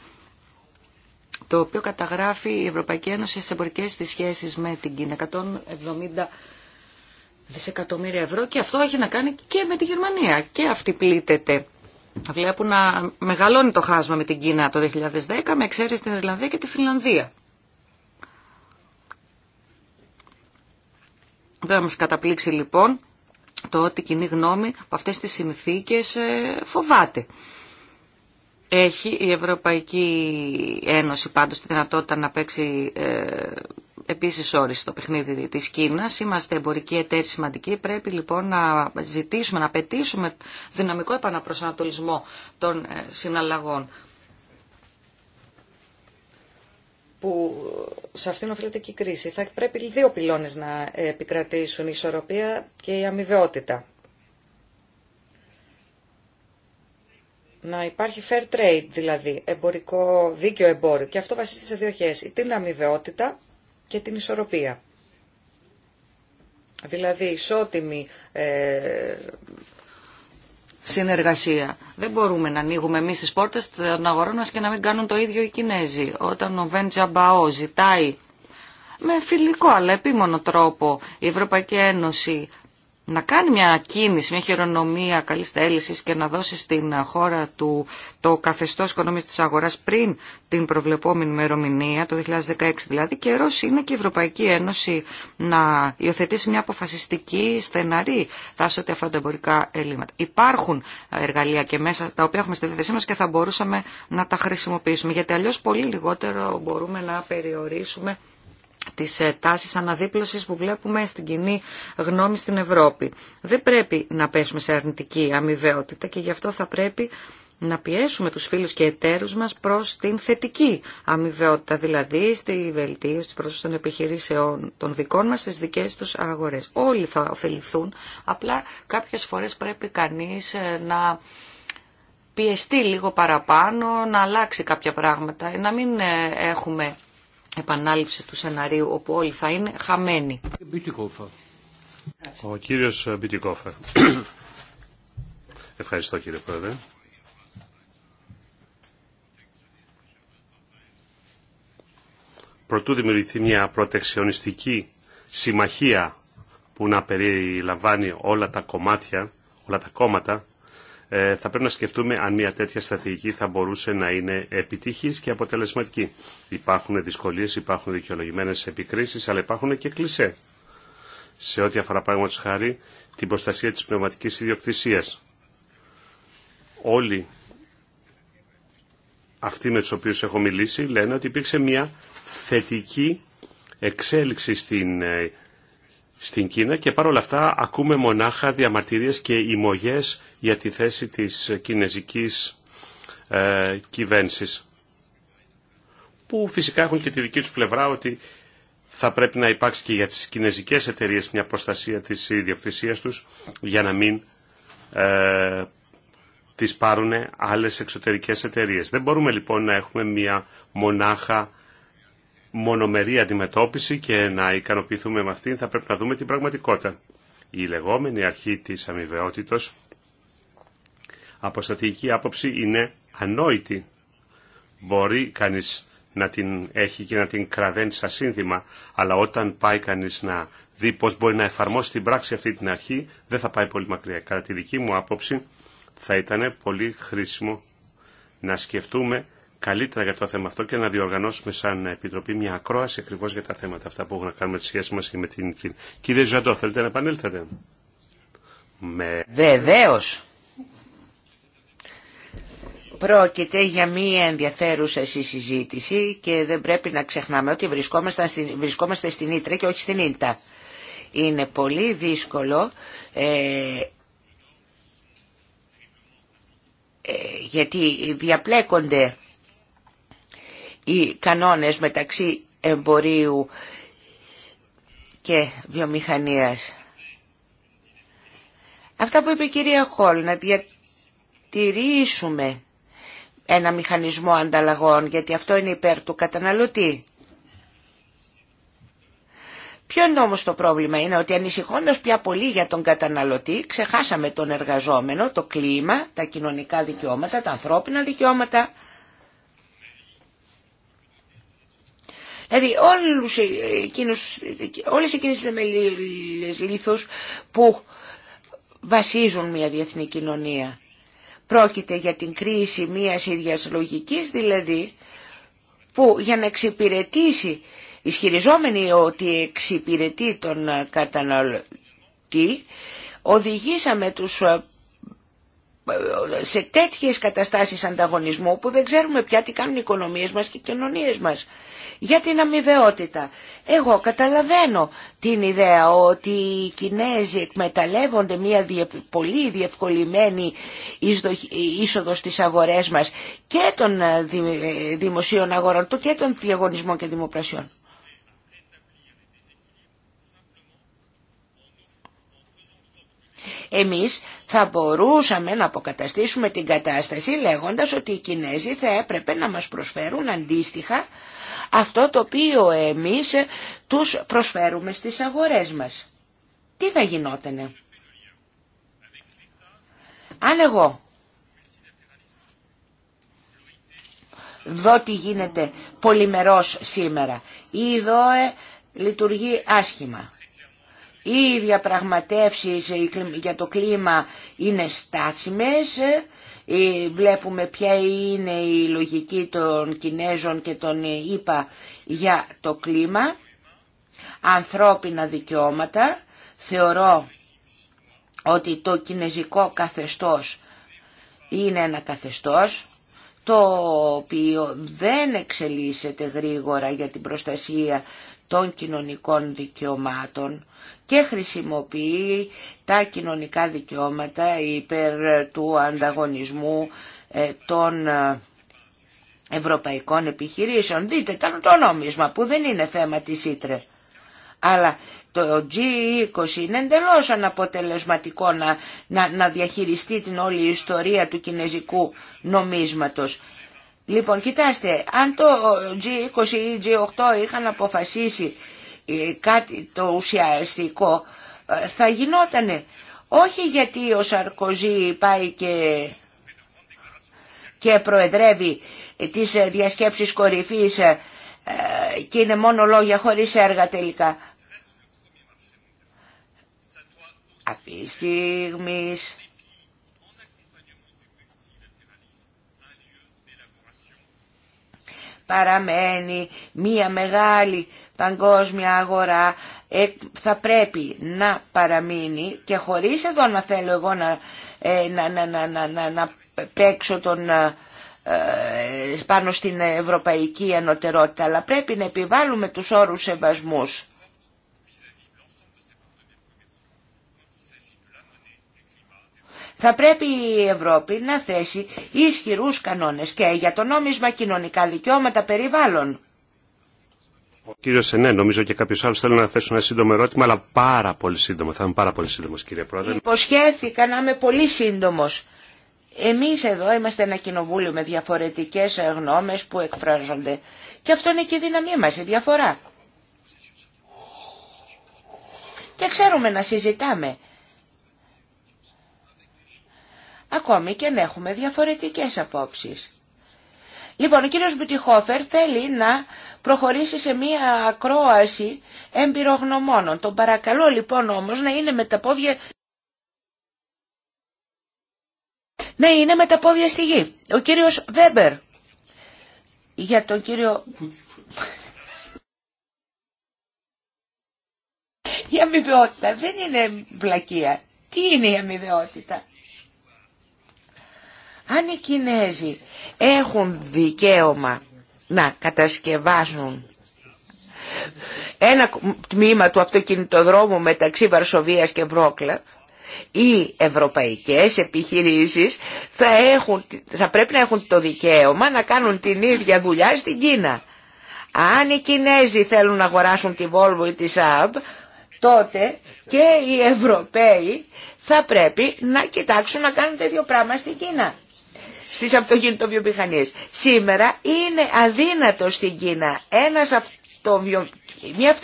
το οποίο καταγράφει η Ευρωπαϊκή Ένωση στις εμπορικές της σχέσεις με την Κίνα. 170 δισεκατομμύρια ευρώ και αυτό έχει να κάνει και με τη Γερμανία. Και αυτή πλήττεται βλέπουν να μεγαλώνει το χάσμα με την Κίνα το 2010 με εξαίρεση την Ιρλανδία και τη Φινλανδία. Δεν θα μας καταπλήξει λοιπόν το ότι η κοινή γνώμη από αυτές τις συνθήκες ε, φοβάται. Έχει η Ευρωπαϊκή Ένωση πάντως τη δυνατότητα να παίξει ε, Επίση όρισε το παιχνίδι της Κίνα. Είμαστε εμπορική εταίρη σημαντική. Πρέπει λοιπόν να ζητήσουμε, να πετήσουμε δυναμικό επαναπροσανατολισμό των ε, συναλλαγών. που σε αυτήν οφείλεται και η κρίση. Θα πρέπει δύο πυλώνες να επικρατήσουν, η ισορροπία και η αμοιβαιότητα. Να υπάρχει fair trade, δηλαδή, εμπορικό, δίκαιο εμπόριο. Και αυτό βασίζεται σε δύο χέσεις, Την αμοιβαιότητα, και την ισορροπία. Δηλαδή ισότιμη ε, συνεργασία. Δεν μπορούμε να ανοίγουμε εμεί τις πόρτες των αγορών μας και να μην κάνουν το ίδιο οι Κινέζοι. Όταν ο Βεν Τζαμπαό ζητάει με φιλικό αλλά επίμονο τρόπο η Ευρωπαϊκή Ένωση να κάνει μια κίνηση, μια χειρονομία καλής θέλησης και να δώσει στην χώρα του το καθεστώς οικονομής της αγοράς πριν την προβλεπόμενη μερομηνία, το 2016 δηλαδή, καιρό είναι και η Ευρωπαϊκή Ένωση να υιοθετήσει μια αποφασιστική στεναρή τάση ό,τι αυτά τα εμπορικά ελλείμματα. Υπάρχουν εργαλεία και μέσα τα οποία έχουμε στη θέση μας και θα μπορούσαμε να τα χρησιμοποιήσουμε, γιατί αλλιώς πολύ λιγότερο μπορούμε να περιορίσουμε τις ε, τάσεις αναδίπλωσης που βλέπουμε στην κοινή γνώμη στην Ευρώπη. Δεν πρέπει να πέσουμε σε αρνητική αμοιβαιότητα και γι' αυτό θα πρέπει να πιέσουμε τους φίλους και εταίρους μας προς την θετική αμοιβαιότητα, δηλαδή στη βελτίωση της πρόσβασης των επιχειρήσεων των δικών μας στις δικές τους αγορές. Όλοι θα ωφεληθούν, απλά κάποιες φορές πρέπει κανείς ε, να πιεστεί λίγο παραπάνω, να αλλάξει κάποια πράγματα, να μην ε, έχουμε επανάληψη του σεναρίου όπου όλοι θα είναι χαμένοι. Ο κύριος Μπιτικόφερ. Ευχαριστώ κύριε Πρόεδρε. Προτού δημιουργηθεί μια προτεξιονιστική συμμαχία που να περιλαμβάνει όλα τα κομμάτια, όλα τα κόμματα, ε, θα πρέπει να σκεφτούμε αν μια τέτοια στρατηγική θα μπορούσε να είναι επιτυχής και αποτελεσματική. Υπάρχουν δυσκολίες, υπάρχουν δικαιολογημένες επικρίσεις, αλλά υπάρχουν και κλισέ. Σε ό,τι αφορά παραδείγματος χάρη την προστασία της πνευματικής ιδιοκτησίας. Όλοι αυτοί με τους οποίους έχω μιλήσει λένε ότι υπήρξε μια θετική εξέλιξη στην, ε, στην Κίνα και παρόλα αυτά ακούμε μονάχα διαμαρτυρίες και ημωγές για τη θέση της κινέζικης ε, κυβέρνησης που φυσικά έχουν και τη δική τους πλευρά ότι θα πρέπει να υπάρξει και για τις κινέζικες εταιρείες μια προστασία της ιδιοκτησίας τους για να μην ε, τις πάρουν άλλες εξωτερικές εταιρείες. Δεν μπορούμε λοιπόν να έχουμε μια μονάχα μονομερή αντιμετώπιση και να ικανοποιηθούμε με αυτήν θα πρέπει να δούμε την πραγματικότητα. Η λεγόμενη αρχή της αμοιβαιότητος από στατική άποψη είναι ανόητη. Μπορεί κανείς να την έχει και να την κραδένει σαν σύνθημα, αλλά όταν πάει κανείς να δει πώς μπορεί να εφαρμόσει την πράξη αυτή την αρχή, δεν θα πάει πολύ μακριά. Κατά τη δική μου άποψη θα ήταν πολύ χρήσιμο να σκεφτούμε καλύτερα για το θέμα αυτό και να διοργανώσουμε σαν Επιτροπή μια ακρόαση ακριβώ για τα θέματα αυτά που έχουν να κάνουμε με τη σχέση μα και με την Κύριε Ζαντό, θέλετε να επανέλθετε. Με... Βεβαίω. Πρόκειται για μία ενδιαφέρουσα συζήτηση και δεν πρέπει να ξεχνάμε ότι βρισκόμαστε στην, βρισκόμαστε στην και όχι στην Ίντα. Είναι πολύ δύσκολο ε, ε, γιατί διαπλέκονται οι κανόνες μεταξύ εμπορίου και βιομηχανίας. Αυτά που είπε η κυρία Χόλ, να διατηρήσουμε ένα μηχανισμό ανταλλαγών, γιατί αυτό είναι υπέρ του καταναλωτή. Ποιο είναι όμως το πρόβλημα είναι ότι ανησυχώντας πια πολύ για τον καταναλωτή ξεχάσαμε τον εργαζόμενο, το κλίμα, τα κοινωνικά δικαιώματα, τα ανθρώπινα δικαιώματα. Δηλαδή όλους εκείνους, όλες εκείνες τις θεμελίες που βασίζουν μια διεθνή κοινωνία. Πρόκειται για την κρίση μιας ίδιας λογικής, δηλαδή που για να εξυπηρετήσει, ισχυριζόμενη ότι εξυπηρετεί τον καταναλωτή, οδηγήσαμε τους σε τέτοιες καταστάσεις ανταγωνισμού που δεν ξέρουμε πια τι κάνουν οι οικονομίες μας και οι κοινωνίες μας. Για την αμοιβαιότητα. Εγώ καταλαβαίνω την ιδέα ότι οι Κινέζοι εκμεταλλεύονται μια πολύ διευκολυμένη είσοδο στις αγορές μας και των ε, ε, δημοσίων αγορών και των διαγωνισμών και δημοπρασιών. Εμείς θα μπορούσαμε να αποκαταστήσουμε την κατάσταση λέγοντας ότι οι Κινέζοι θα έπρεπε να μας προσφέρουν αντίστοιχα αυτό το οποίο εμείς τους προσφέρουμε στις αγορές μας. Τι θα γινότανε. Αν εγώ δω τι γίνεται πολυμερός σήμερα. Η ΔΟΕ λειτουργεί άσχημα οι διαπραγματεύσεις ε, για το κλίμα είναι στάσιμες, ε, ε, βλέπουμε ποια είναι η λογική των Κινέζων και των ΙΠΑ για το κλίμα, ανθρώπινα δικαιώματα, θεωρώ ότι το κινέζικο καθεστώς είναι ένα καθεστώς το οποίο δεν εξελίσσεται γρήγορα για την προστασία των κοινωνικών δικαιωμάτων και χρησιμοποιεί τα κοινωνικά δικαιώματα υπέρ του ανταγωνισμού ε, των ε, ευρωπαϊκών επιχειρήσεων. Δείτε το νόμισμα που δεν είναι θέμα της Ήτρε. Αλλά το G20 είναι εντελώ αναποτελεσματικό να, να, διαχειριστεί την όλη ιστορία του κινέζικου νομίσματος. Λοιπόν, κοιτάστε, αν το G20 ή G8 είχαν αποφασίσει ε, κάτι το ουσιαστικό ε, θα γινότανε. Όχι γιατί ο Σαρκοζή πάει και, και προεδρεύει τις ε, διασκέψεις κορυφής και είναι μόνο λόγια χωρίς έργα τελικά. Αυτή τη στιγμή παραμένει μία μεγάλη παγκόσμια αγορά ε, θα πρέπει να παραμείνει και χωρίς εδώ να θέλω εγώ να, ε, να, να, να, να παίξω τον, ε, πάνω στην ευρωπαϊκή Ενωτερότητα, αλλά πρέπει να επιβάλλουμε τους όρους σεβασμούς Θα πρέπει η Ευρώπη να θέσει ισχυρούς κανόνες και για το νόμισμα κοινωνικά δικαιώματα περιβάλλον. Ο κύριο Σενέ, νομίζω και κάποιος άλλος θέλει να θέσει ένα σύντομο ερώτημα, αλλά πάρα πολύ σύντομο. Θα είμαι πάρα πολύ σύντομο, κύριε Πρόεδρε. Υποσχέθηκα να είμαι πολύ σύντομο. Εμείς εδώ είμαστε ένα κοινοβούλιο με διαφορετικές γνώμες που εκφράζονται. Και αυτό είναι και η δύναμή μας, η διαφορά. Και ξέρουμε να συζητάμε. ακόμη και αν έχουμε διαφορετικές απόψεις. Λοιπόν, ο κύριος Μπουτιχόφερ θέλει να προχωρήσει σε μία ακρόαση εμπειρογνωμόνων. Τον παρακαλώ λοιπόν όμως να είναι με τα πόδια... Να είναι με τα πόδια στη γη. Ο κύριος Βέμπερ. Για τον κύριο... Η αμοιβαιότητα δεν είναι βλακεία. Τι είναι η αμοιβαιότητα. Αν οι Κινέζοι έχουν δικαίωμα να κατασκευάσουν ένα τμήμα του αυτοκινητοδρόμου μεταξύ Βαρσοβίας και Βρόκλαβ, οι ευρωπαϊκές επιχειρήσεις θα, έχουν, θα πρέπει να έχουν το δικαίωμα να κάνουν την ίδια δουλειά στην Κίνα. Αν οι Κινέζοι θέλουν να αγοράσουν τη Volvo ή τη Saab, τότε και οι Ευρωπαίοι θα πρέπει να κοιτάξουν να κάνουν τέτοιο πράγμα στην Κίνα στις αυτοκινητοβιομηχανίες. Σήμερα είναι αδύνατο στην Κίνα ένας αυτοβιο... μια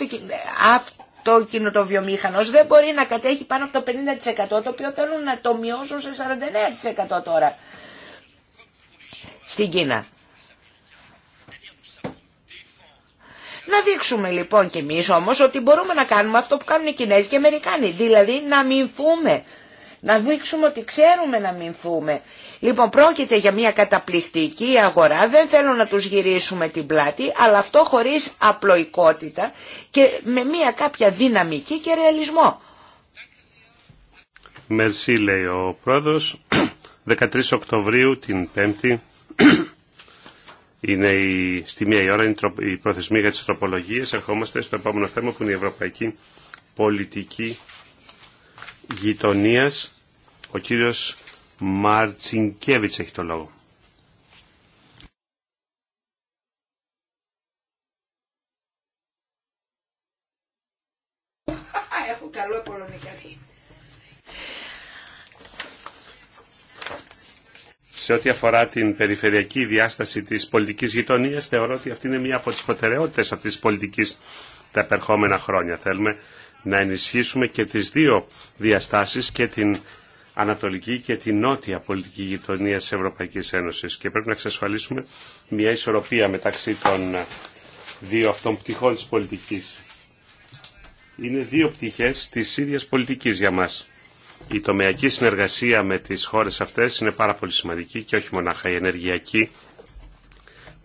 αυτοκινητοβιομηχανός δεν μπορεί να κατέχει πάνω από το 50% το οποίο θέλουν να το μειώσουν σε 49% τώρα στην Κίνα. Να δείξουμε λοιπόν κι εμείς όμως ότι μπορούμε να κάνουμε αυτό που κάνουν οι Κινέζοι και οι Αμερικάνοι, δηλαδή να φούμε. Να δείξουμε ότι ξέρουμε να φούμε. Λοιπόν, πρόκειται για μια καταπληκτική αγορά, δεν θέλω να τους γυρίσουμε την πλάτη, αλλά αυτό χωρίς απλοϊκότητα και με μια κάποια δυναμική και ρεαλισμό. Μερσή λέει ο πρόεδρος, 13 Οκτωβρίου την 5η είναι στη μία η ώρα είναι η προθεσμη για τις τροπολογίες. Ερχόμαστε στο επόμενο θέμα που είναι η Ευρωπαϊκή Πολιτική Γειτονίας. Ο κύριος έχει το λόγο. Σε ό,τι αφορά την περιφερειακή διάσταση της πολιτικής γειτονίας, θεωρώ ότι αυτή είναι μία από τις προτεραιότητες αυτής της πολιτικής τα επερχόμενα χρόνια. Θέλουμε να ενισχύσουμε και τις δύο διαστάσεις και την ανατολική και την νότια πολιτική γειτονία της Ευρωπαϊκής Ένωσης και πρέπει να εξασφαλίσουμε μια ισορροπία μεταξύ των δύο αυτών πτυχών της πολιτικής. Είναι δύο πτυχές της ίδιας πολιτικής για μας. Η τομεακή συνεργασία με τις χώρες αυτές είναι πάρα πολύ σημαντική και όχι μονάχα η ενεργειακή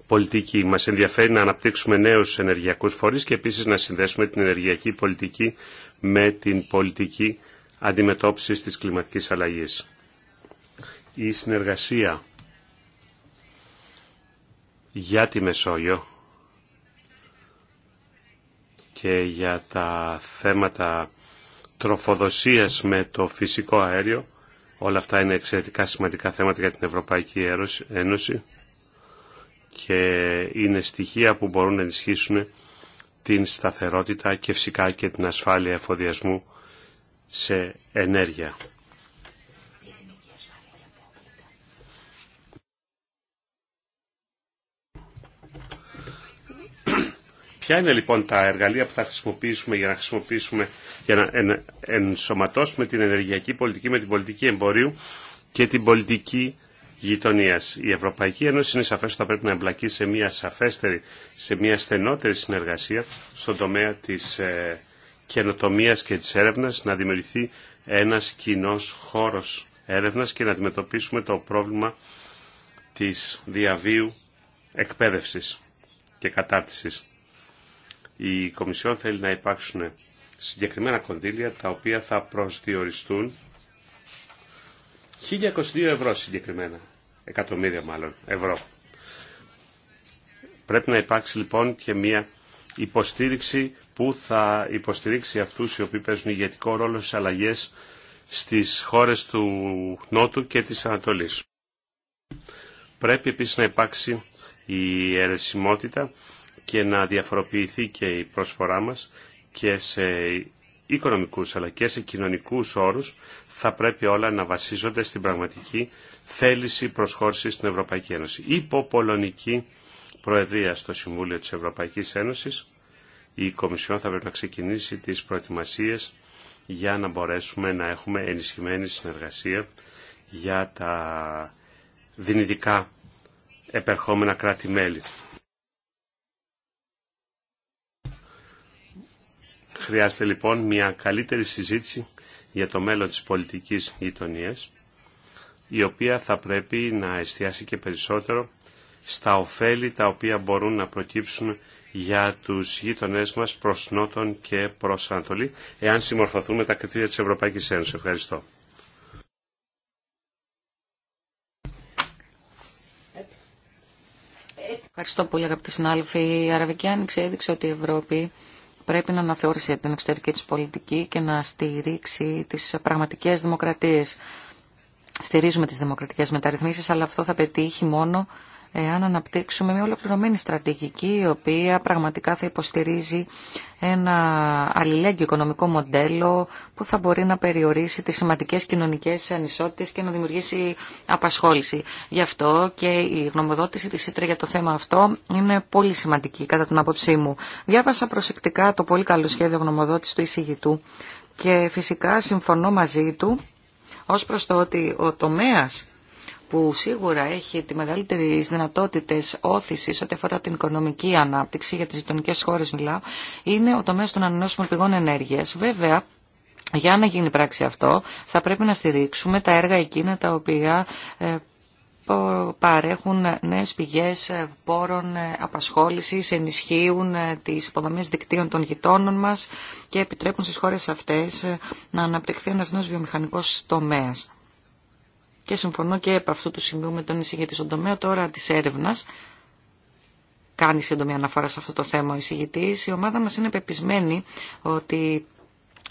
πολιτική. Μας ενδιαφέρει να αναπτύξουμε νέους ενεργειακούς φορείς και επίσης να συνδέσουμε την ενεργειακή πολιτική με την πολιτική αντιμετώπισης της κλιματικής αλλαγής. Η συνεργασία για τη Μεσόγειο και για τα θέματα τροφοδοσίας με το φυσικό αέριο. Όλα αυτά είναι εξαιρετικά σημαντικά θέματα για την Ευρωπαϊκή Ένωση και είναι στοιχεία που μπορούν να ενισχύσουν την σταθερότητα και φυσικά και την ασφάλεια εφοδιασμού σε ενέργεια. Ποια είναι λοιπόν τα εργαλεία που θα χρησιμοποιήσουμε για να χρησιμοποιήσουμε για να ενσωματώσουμε την ενεργειακή πολιτική με την πολιτική εμπορίου και την πολιτική γειτονία. Η Ευρωπαϊκή Ένωση είναι σαφές ότι θα πρέπει να εμπλακεί σε μια σαφέστερη, σε μια στενότερη συνεργασία στον τομέα τη ε, καινοτομίας και της έρευνας να δημιουργηθεί ένας κοινό χώρος έρευνας και να αντιμετωπίσουμε το πρόβλημα της διαβίου εκπαίδευσης και κατάρτισης. Η Κομισιόν θέλει να υπάρξουν συγκεκριμένα κονδύλια τα οποία θα προσδιοριστούν 1022 ευρώ συγκεκριμένα, εκατομμύρια μάλλον ευρώ. Πρέπει να υπάρξει λοιπόν και μια υποστήριξη που θα υποστηρίξει αυτούς οι οποίοι παίζουν ηγετικό ρόλο στις αλλαγές στις χώρες του Νότου και της Ανατολής. Πρέπει επίσης να υπάρξει η αιρεσιμότητα και να διαφοροποιηθεί και η προσφορά μας και σε οικονομικούς αλλά και σε κοινωνικούς όρους θα πρέπει όλα να βασίζονται στην πραγματική θέληση προσχώρησης στην Ευρωπαϊκή Ένωση. Υπό πολωνική Προεδρία στο Συμβούλιο της Ευρωπαϊκής Ένωσης, η Κομισιόν θα πρέπει να ξεκινήσει τις προετοιμασίες για να μπορέσουμε να έχουμε ενισχυμένη συνεργασία για τα δυνητικά επερχόμενα κράτη-μέλη. Χρειάζεται λοιπόν μια καλύτερη συζήτηση για το μέλλον της πολιτικής γειτονίας, η οποία θα πρέπει να εστιάσει και περισσότερο στα ωφέλη τα οποία μπορούν να προκύψουν για τους γείτονές μας προς Νότον και προς Ανατολή, εάν συμμορφωθούν με τα κριτήρια της Ευρωπαϊκής Ένωσης. Ευχαριστώ. Ευχαριστώ πολύ αγαπητοί συνάδελφοι. Η Αραβική Άνοιξη έδειξε ότι η Ευρώπη πρέπει να αναθεώρησε την εξωτερική της πολιτική και να στηρίξει τις πραγματικές δημοκρατίες. Στηρίζουμε τις δημοκρατικές μεταρρυθμίσεις, αλλά αυτό θα πετύχει μόνο αν αναπτύξουμε μια ολοκληρωμένη στρατηγική η οποία πραγματικά θα υποστηρίζει ένα αλληλέγγυο οικονομικό μοντέλο που θα μπορεί να περιορίσει τις σημαντικές κοινωνικές ανισότητες και να δημιουργήσει απασχόληση. Γι' αυτό και η γνωμοδότηση της ΣΥΤΡΑ για το θέμα αυτό είναι πολύ σημαντική κατά την άποψή μου. Διάβασα προσεκτικά το πολύ καλό σχέδιο γνωμοδότηση του εισηγητού και φυσικά συμφωνώ μαζί του ως προς το ότι ο τομέας που σίγουρα έχει τη μεγαλύτερη δυνατότητε όθηση ό,τι αφορά την οικονομική ανάπτυξη, για τι γειτονικέ χώρε μιλάω, είναι ο τομέα των ανανεώσιμων πηγών ενέργεια. Βέβαια, για να γίνει πράξη αυτό, θα πρέπει να στηρίξουμε τα έργα εκείνα τα οποία ε, παρέχουν νέες πηγές ε, πόρων ε, απασχόλησης, ενισχύουν τις υποδομές δικτύων των γειτόνων μας και επιτρέπουν στις χώρες αυτές να αναπτυχθεί ένας νέος βιομηχανικός τομέας και συμφωνώ και από αυτού του σημείου με τον εισηγητή στον τομέα τώρα της έρευνας. Κάνει σύντομη αναφορά σε αυτό το θέμα ο εισηγητής. Η ομάδα μας είναι πεπισμένη ότι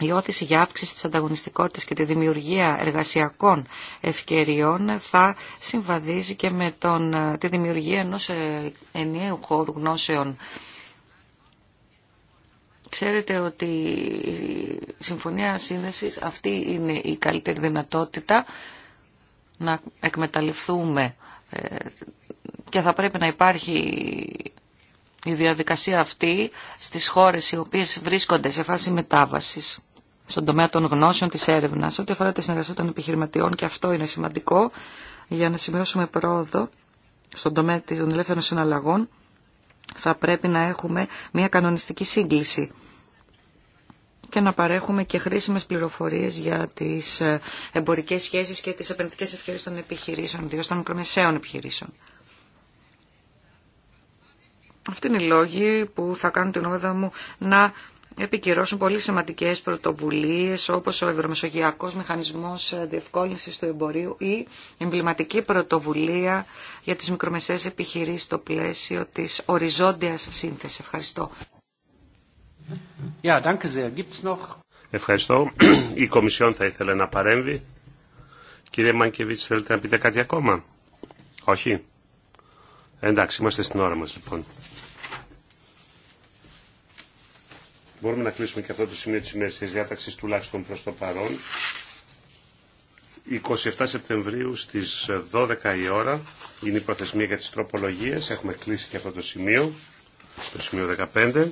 η όθηση για αύξηση της ανταγωνιστικότητας και τη δημιουργία εργασιακών ευκαιριών θα συμβαδίζει και με τον, τη δημιουργία ενός ε, ενιαίου χώρου γνώσεων. Ξέρετε ότι η Συμφωνία Σύνδεσης αυτή είναι η καλύτερη δυνατότητα να εκμεταλλευτούμε ε, και θα πρέπει να υπάρχει η διαδικασία αυτή στις χώρες οι οποίες βρίσκονται σε φάση μετάβασης στον τομέα των γνώσεων της έρευνας, ό,τι αφορά τη συνεργασία των επιχειρηματιών και αυτό είναι σημαντικό για να σημειώσουμε πρόοδο στον τομέα των ελεύθερων συναλλαγών θα πρέπει να έχουμε μια κανονιστική σύγκληση και να παρέχουμε και χρήσιμες πληροφορίες για τις ε, εμπορικές σχέσεις και τις επενδυτικές ευκαιρίες των επιχειρήσεων, ιδίω των μικρομεσαίων επιχειρήσεων. Αυτή είναι η λόγη που θα κάνουν την ομάδα μου να επικυρώσουν πολύ σημαντικές πρωτοβουλίες όπως ο Ευρωμεσογειακός Μηχανισμός Διευκόλυνσης του Εμπορίου ή εμβληματική πρωτοβουλία για τις μικρομεσαίες επιχειρήσεις στο πλαίσιο της οριζόντιας σύνθεση. Ευχαριστώ. Ευχαριστώ. Η Κομισιόν θα ήθελε να παρέμβει. Κύριε Μανκεβίτς, θέλετε να πείτε κάτι ακόμα. Όχι. Εντάξει, είμαστε στην ώρα μας λοιπόν. Μπορούμε να κλείσουμε και αυτό το σημείο της ημέρας της διάταξης τουλάχιστον προς το παρόν. 27 Σεπτεμβρίου στις 12 η ώρα είναι η προθεσμία για τις τροπολογίες. Έχουμε κλείσει και αυτό το σημείο, το σημείο 15.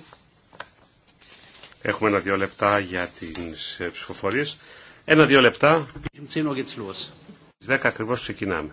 Έχουμε ένα-δύο λεπτά για τις ε, ψηφοφορίες. Ένα-δύο λεπτά. Στις 10 ακριβώς ξεκινάμε.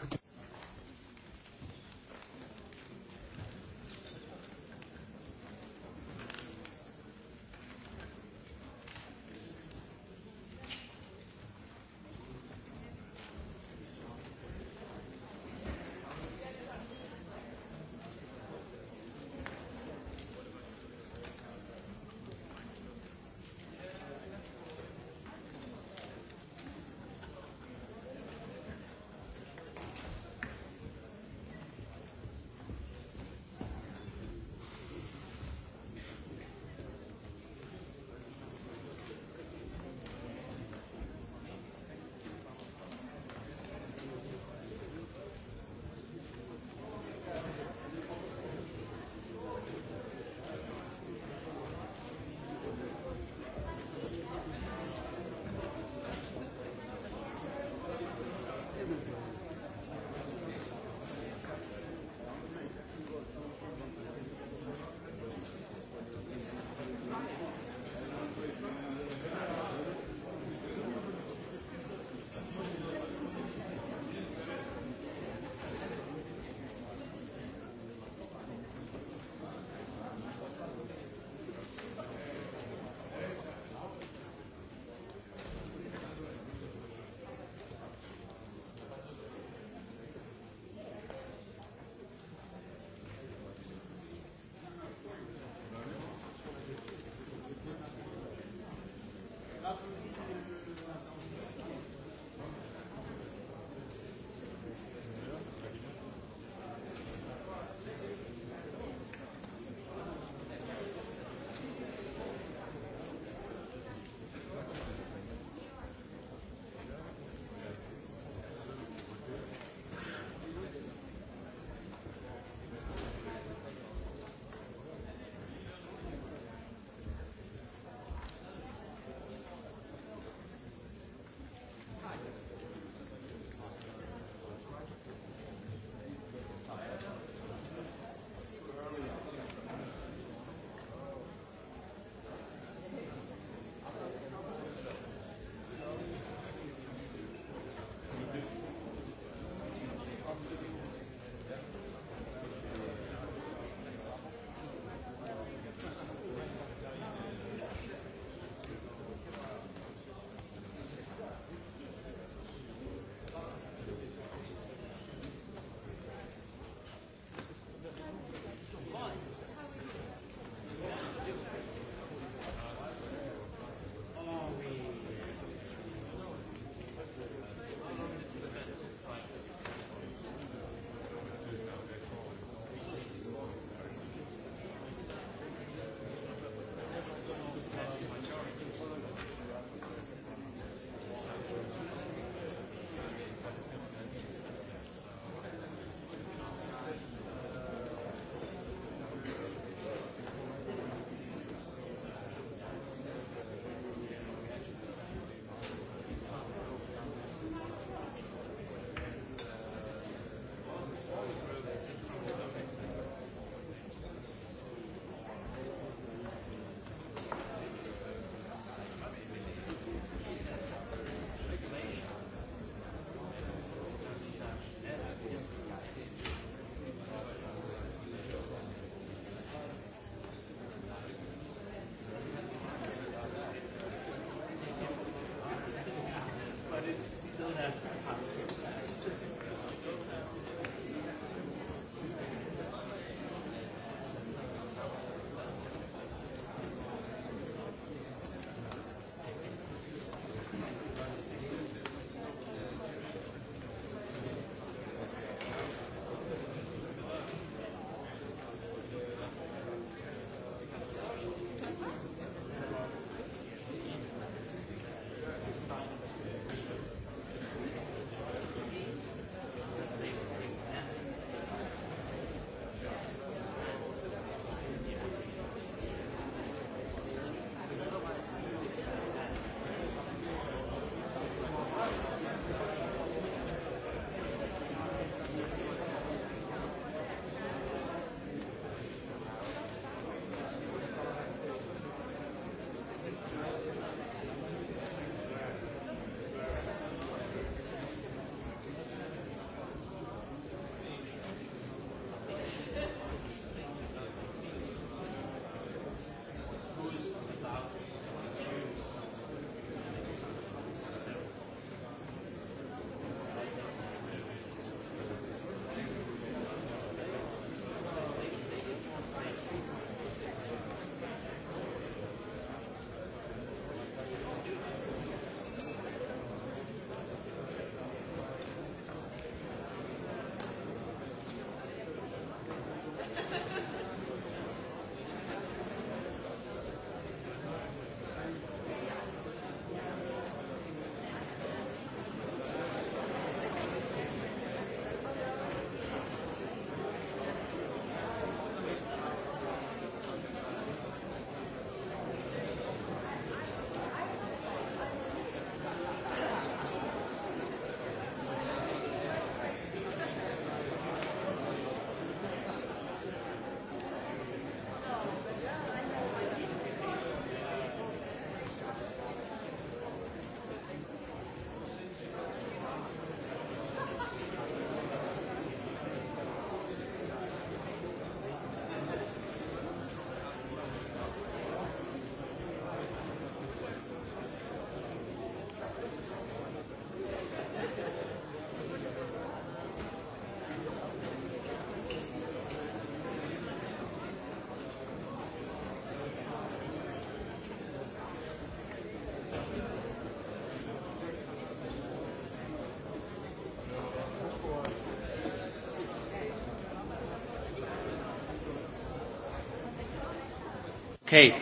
Okay.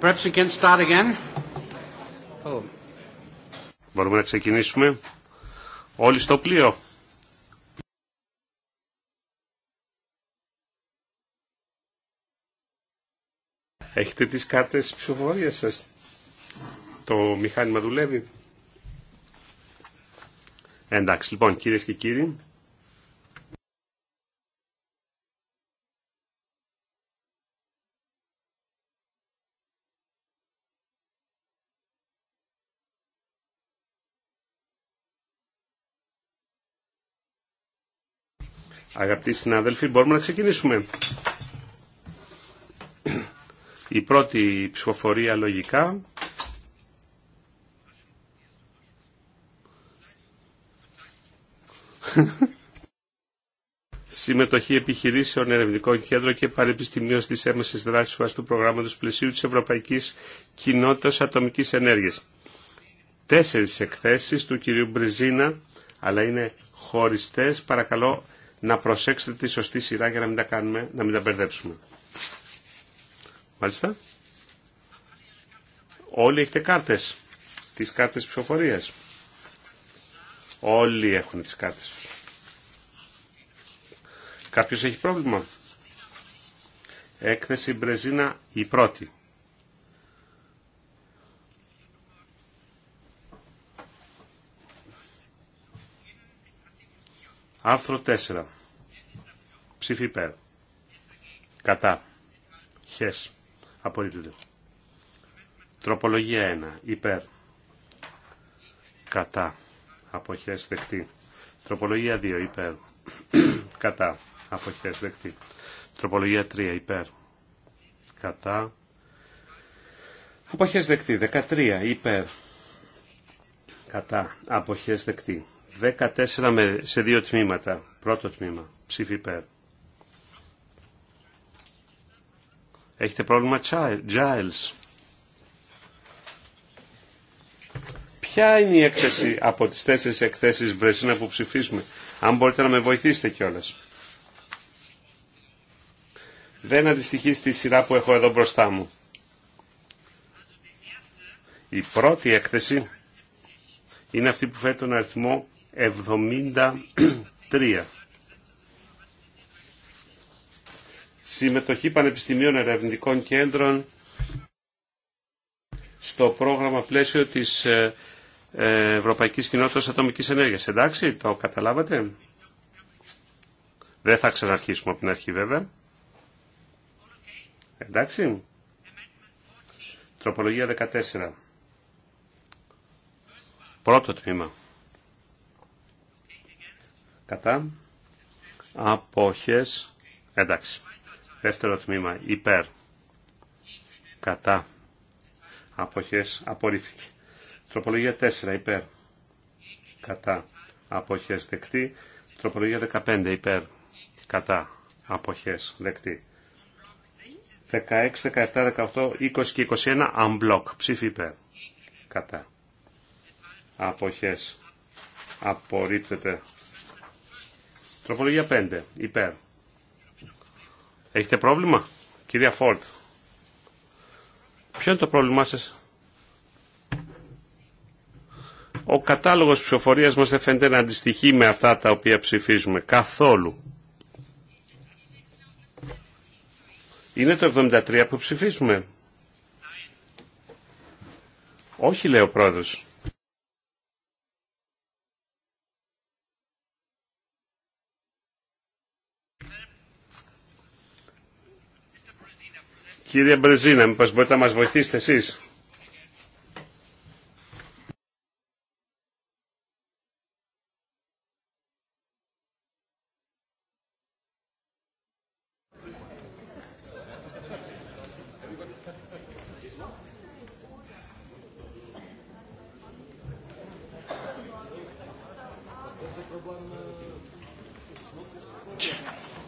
Perhaps we can start again. Oh. Μπορούμε να ξεκινήσουμε. Όλοι στο πλοίο. Έχετε τις κάρτες ψηφοφορίας σας. Το μηχάνημα δουλεύει. Εντάξει, λοιπόν, κυρίες και κύριοι. Αγαπητοί συνάδελφοι, μπορούμε να ξεκινήσουμε. Η πρώτη ψηφοφορία λογικά Συμμετοχή επιχειρήσεων, ερευνητικών κέντρων και πανεπιστημίων στι έμεσε δράσει βάσει του προγράμματο πλαισίου τη Ευρωπαϊκή Κοινότητα Ατομική Ενέργεια. Τέσσερι εκθέσει του κυρίου Μπριζίνα, αλλά είναι χωριστέ. Παρακαλώ, να προσέξετε τη σωστή σειρά για να μην τα, κάνουμε, να μην τα μπερδέψουμε. Μάλιστα. Όλοι έχετε κάρτες. Τις κάρτες ψηφοφορίας. Όλοι έχουν τις κάρτες Κάποιος έχει πρόβλημα. Έκθεση Μπρεζίνα η πρώτη. Άρθρο 4. Ψήφι υπέρ. Κατά. Χες. Απορρίπτεται. Τροπολογία 1. Υπέρ. Κατά. Αποχές δεκτή. Τροπολογία 2. Υπέρ. Κατά. Αποχές δεκτή. Τροπολογία 3. Υπέρ. Κατά. Αποχές δεκτή. 13. Υπέρ. Κατά. Αποχές δεκτή. 14 σε δύο τμήματα. Πρώτο τμήμα. Ψήφι υπέρ. Έχετε πρόβλημα Giles. Ποια είναι η έκθεση από τις τέσσερις εκθέσεις Βρεσίνα που ψηφίσουμε. Αν μπορείτε να με βοηθήσετε κιόλας. Δεν αντιστοιχεί στη σειρά που έχω εδώ μπροστά μου. Η πρώτη έκθεση είναι αυτή που φέρει τον αριθμό 73. Συμμετοχή πανεπιστημίων ερευνητικών κέντρων στο πρόγραμμα πλαίσιο της ε, ε, Ευρωπαϊκής Κοινότητας Ατομικής Ενέργειας. Εντάξει, το καταλάβατε. Δεν θα ξαναρχίσουμε από την αρχή βέβαια. Εντάξει. Τροπολογία 14. Πρώτο τμήμα κατά αποχές εντάξει δεύτερο τμήμα υπέρ κατά αποχές απορρίφθηκε τροπολογία 4 υπέρ κατά αποχές δεκτή τροπολογία 15 υπέρ κατά αποχές δεκτή 16, 17, 18, 20 και 21 unblock ψήφι υπέρ κατά αποχές απορρίπτεται Τροπολογία 5. Υπέρ. Έχετε πρόβλημα, κυρία Φόρτ. Ποιο είναι το πρόβλημά σας. Ο κατάλογος ψηφοφορίας μας δεν φαίνεται να αντιστοιχεί με αυτά τα οποία ψηφίζουμε. Καθόλου. Είναι το 73 που ψηφίζουμε. Όχι, λέει ο πρόεδρος. Κύριε Μπρεζίνα, μήπως μπορείτε να μας βοηθήσετε εσείς.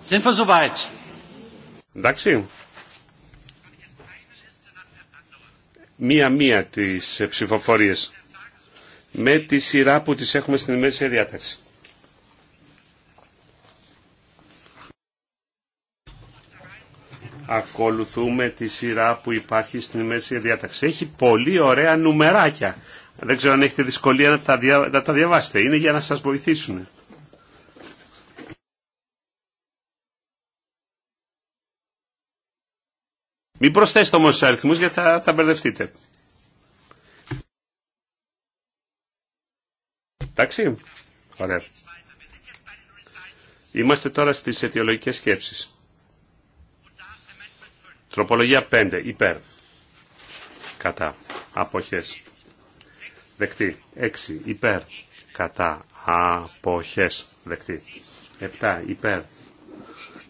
Sind wir soweit? Εντάξει. μία-μία τις ε, ψηφοφορίες με τη σειρά που τις έχουμε στην μέση διάταξη. Ακολουθούμε τη σειρά που υπάρχει στην μέση διάταξη. Έχει πολύ ωραία νουμεράκια. Δεν ξέρω αν έχετε δυσκολία να τα, διαβάσετε. Είναι για να σας βοηθήσουν. Μην προσθέσετε όμως τους αριθμούς γιατί θα, θα μπερδευτείτε. Εντάξει. Ωραία. Είμαστε τώρα στις αιτιολογικές σκέψεις. Τροπολογία 5. Υπέρ. Κατά. Αποχές. Δεκτή. 6. Υπέρ. Κατά. Αποχές. Δεκτή. 7. Υπέρ.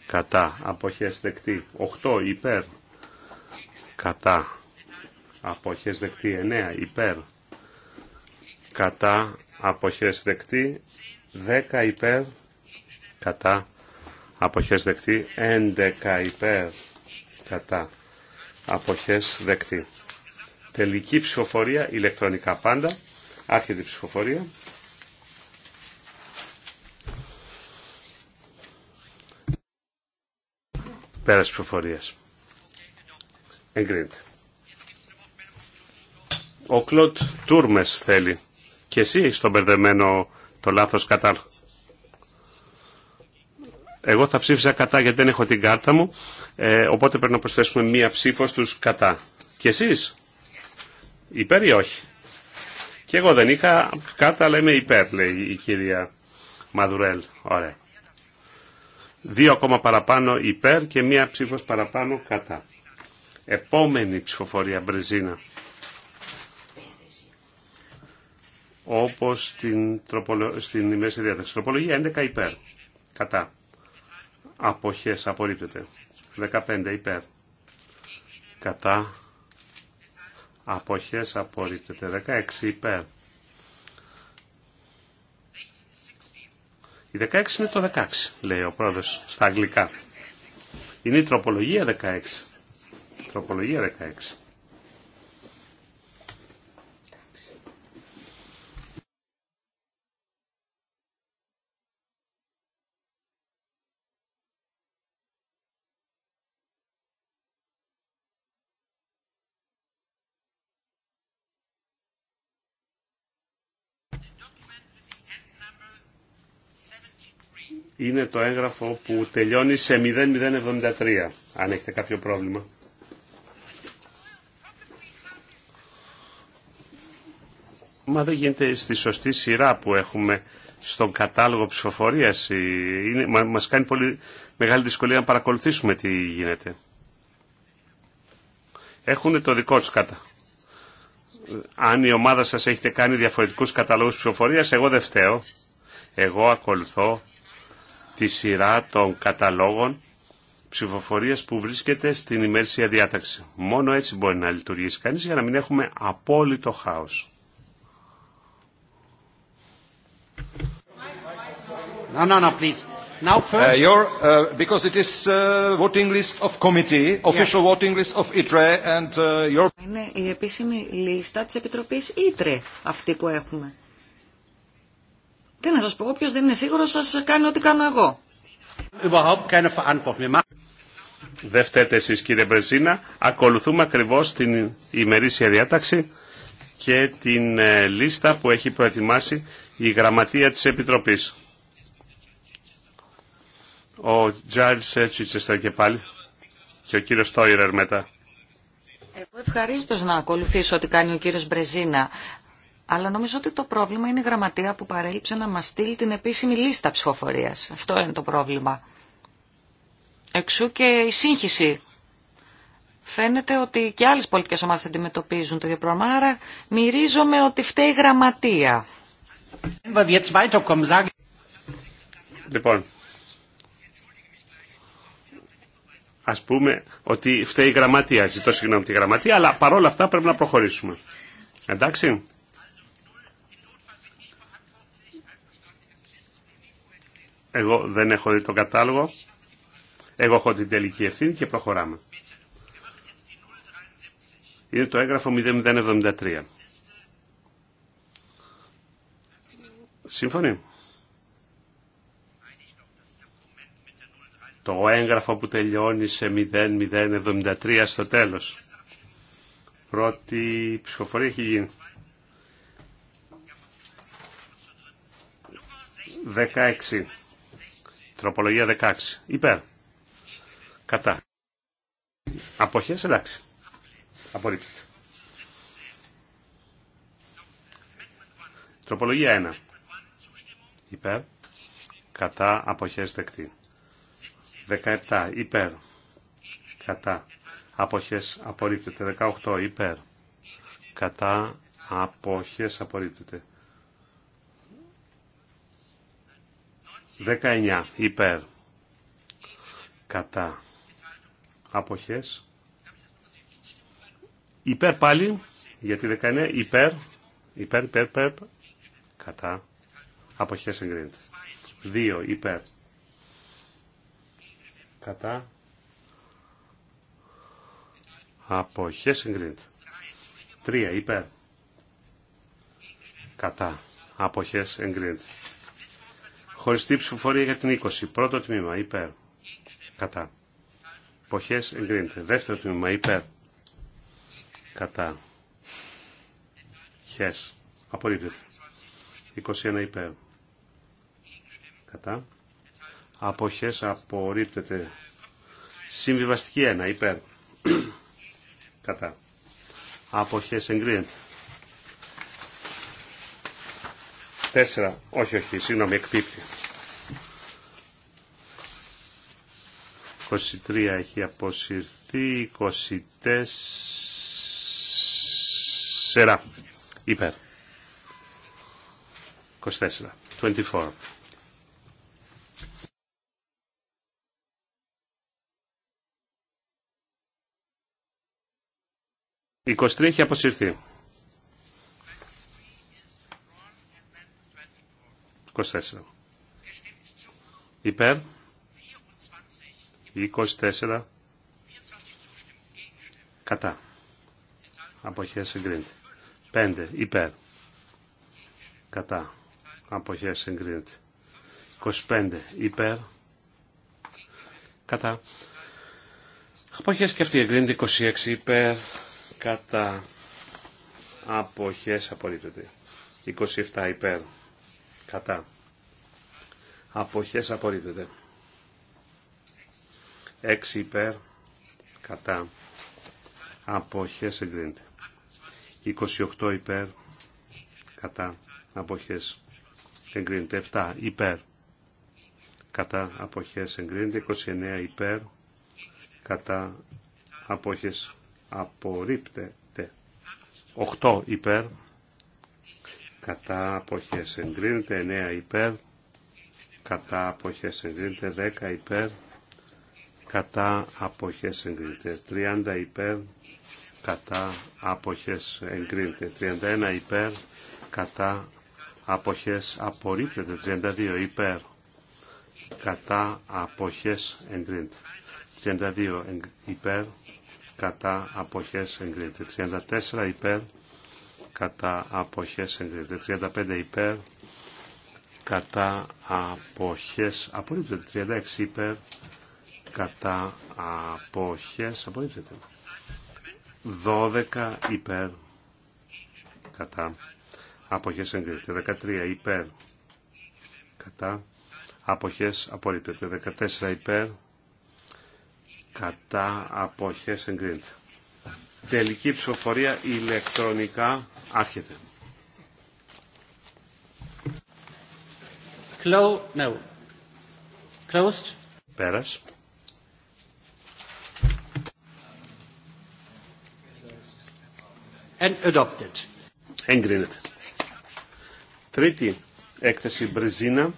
Κατά. Αποχές. Δεκτή. 8. Υπέρ κατά αποχές δεκτή 9 υπέρ κατά αποχές δεκτή 10 υπέρ κατά αποχές δεκτή 11 υπέρ κατά αποχές δεκτή τελική ψηφοφορία ηλεκτρονικά πάντα άρχεται η ψηφοφορία πέρας ψηφοφορίας Εγκρίνεται. Ο Κλοντ Τούρμες θέλει. Και εσύ έχεις τον μπερδεμένο το λάθος κατά. Εγώ θα ψήφισα κατά γιατί δεν έχω την κάρτα μου, ε, οπότε πρέπει να προσθέσουμε μία ψήφο τους κατά. Και εσείς, υπέρ ή όχι. Και εγώ δεν είχα κάρτα, αλλά είμαι υπέρ, λέει η κυρία Μαδουρέλ. Ωραία. Δύο ακόμα παραπάνω υπέρ και μία ψήφος παραπάνω κατά. Επόμενη ψηφοφορία Μπρεζίνα. Όπως στην, τροπολο... στην μέση διάταξη. Τροπολογία 11 υπέρ. Κατά. Αποχές απορρίπτεται. 15 υπέρ. Κατά. Αποχές απορρίπτεται. 16 υπέρ. Η 16 είναι το 16, λέει ο πρόεδρος στα αγγλικά. Είναι η τροπολογία 16 είναι το έγγραφο που τελειώνει σε 0073, αν έχετε κάποιο πρόβλημα. Μα δεν γίνεται στη σωστή σειρά που έχουμε στον κατάλογο ψηφοφορίας. Είναι, μας κάνει πολύ μεγάλη δυσκολία να παρακολουθήσουμε τι γίνεται. Έχουν το δικό τους κατά. Αν η ομάδα σας έχετε κάνει διαφορετικούς καταλόγους ψηφοφορίας, εγώ δεν φταίω. Εγώ ακολουθώ τη σειρά των καταλόγων ψηφοφορίας που βρίσκεται στην ημέρησια διάταξη. Μόνο έτσι μπορεί να λειτουργήσει κανείς για να μην έχουμε απόλυτο χάος. No, no, no, please. Now uh, first. your, uh, because it is uh, voting list of committee, official voting list of ITRE and your... Είναι η επίσημη λίστα της Επιτροπής ITRE αυτή που έχουμε. Τι να σας πω, όποιος δεν είναι σίγουρος σας κάνει ό,τι κάνω εγώ. Δεν φταίτε εσείς κύριε Μπρεζίνα, ακολουθούμε ακριβώς την ημερήσια διάταξη και την ε, λίστα που έχει προετοιμάσει η γραμματεία της Επιτροπής. Ο Τζάιλ Σέτσιτσεσταν και πάλι και ο κύριος Τόιρερ μετά. Εγώ ευχαρίστως να ακολουθήσω ό,τι κάνει ο κύριος Μπρεζίνα. Αλλά νομίζω ότι το πρόβλημα είναι η γραμματεία που παρέλειψε να μας στείλει την επίσημη λίστα ψηφοφορίας. Αυτό είναι το πρόβλημα. Εξού και η σύγχυση. Φαίνεται ότι και άλλες πολιτικές ομάδες αντιμετωπίζουν το ίδιο πρόβλημα, άρα μυρίζομαι ότι φταίει η γραμματεία. Λοιπόν, ας πούμε ότι φταίει η γραμματεία, ζητώ συγγνώμη τη γραμματεία, αλλά παρόλα αυτά πρέπει να προχωρήσουμε. Εντάξει. Εγώ δεν έχω δει τον κατάλογο. Εγώ έχω την τελική ευθύνη και προχωράμε. Είναι το έγγραφο 0073. Σύμφωνοι. Το έγγραφο που τελειώνει σε 0073 στο τέλος. Πρώτη ψηφοφορία έχει γίνει. 16. Τροπολογία 16. Υπέρ. Κατά. Αποχές εντάξει. Απορρίπτεται. Τροπολογία 1 υπέρ, κατά αποχές δεκτή. 17 υπέρ, κατά αποχές απορρίπτεται. 18 υπέρ, κατά αποχές απορρίπτεται. 19 υπέρ, κατά αποχές υπέρ πάλι, γιατί 19 υπέρ, υπέρ, υπέρ, υπέρ, κατά Αποχές εγκρίνεται. 2 υπέρ. Κατά. Αποχές εγκρίνεται. 3 υπέρ. Κατά. Αποχές εγκρίνεται. Χωριστή ψηφοφορία για την 20. Πρώτο τμήμα υπέρ. Κατά. Αποχές εγκρίνεται. Δεύτερο τμήμα υπέρ. Κατά. Χες. Απορρίπτεται. 21 υπέρ κατά αποχές απορρίπτεται συμβιβαστική 1 υπέρ κατά αποχές εγκρίνεται 4 όχι όχι συγγνώμη εκπίπτει 23 έχει αποσυρθεί 24 υπέρ 24 24 23 έχει αποσυρθεί. 24. Υπέρ. 24. Κατά. Αποχέ εγκρίνεται. 5. Υπέρ. Κατά. Αποχέ εγκρίνεται. 25. Υπέρ. Κατά. Αποχέ και αυτή εγκρίνεται. 26. Υπέρ κατά αποχές απορρίπτεται. 27 υπέρ κατά αποχές απορρίπτεται. 6 υπέρ κατά αποχές εγκρίνεται. 28 υπέρ κατά αποχές εγκρίνεται. 7 υπέρ κατά αποχές εγκρίνεται. 29 υπέρ κατά αποχές απορρίπτεται. 8 υπέρ, κατά αποχές εγκρίνεται. 9 υπέρ, κατά αποχές εγκρίνεται. 10 υπέρ, κατά αποχές εγκρίνεται. 30 υπέρ, κατά αποχές εγκρίνεται. 31 υπέρ, κατά αποχές απορρίπτεται. 32 υπέρ, κατά αποχές εγκρίνεται. 32 υπέρ, κατά αποχές εγκρίνεται. 34 υπέρ κατά αποχές εγκρίνεται. 35 υπέρ κατά αποχές απορρίπτεται. 36 υπέρ κατά αποχές απορρίπτεται. 12 υπέρ κατά αποχές εγκρίνεται. 13 υπέρ κατά αποχές απορρίπτεται. 14 υπέρ κατά αποχές εγκρίνεται. Τελική ψηφοφορία ηλεκτρονικά άρχεται. Close. No. Closed. Πέρας. And adopted. Εγκρίνεται. Τρίτη έκθεση Μπριζίνα.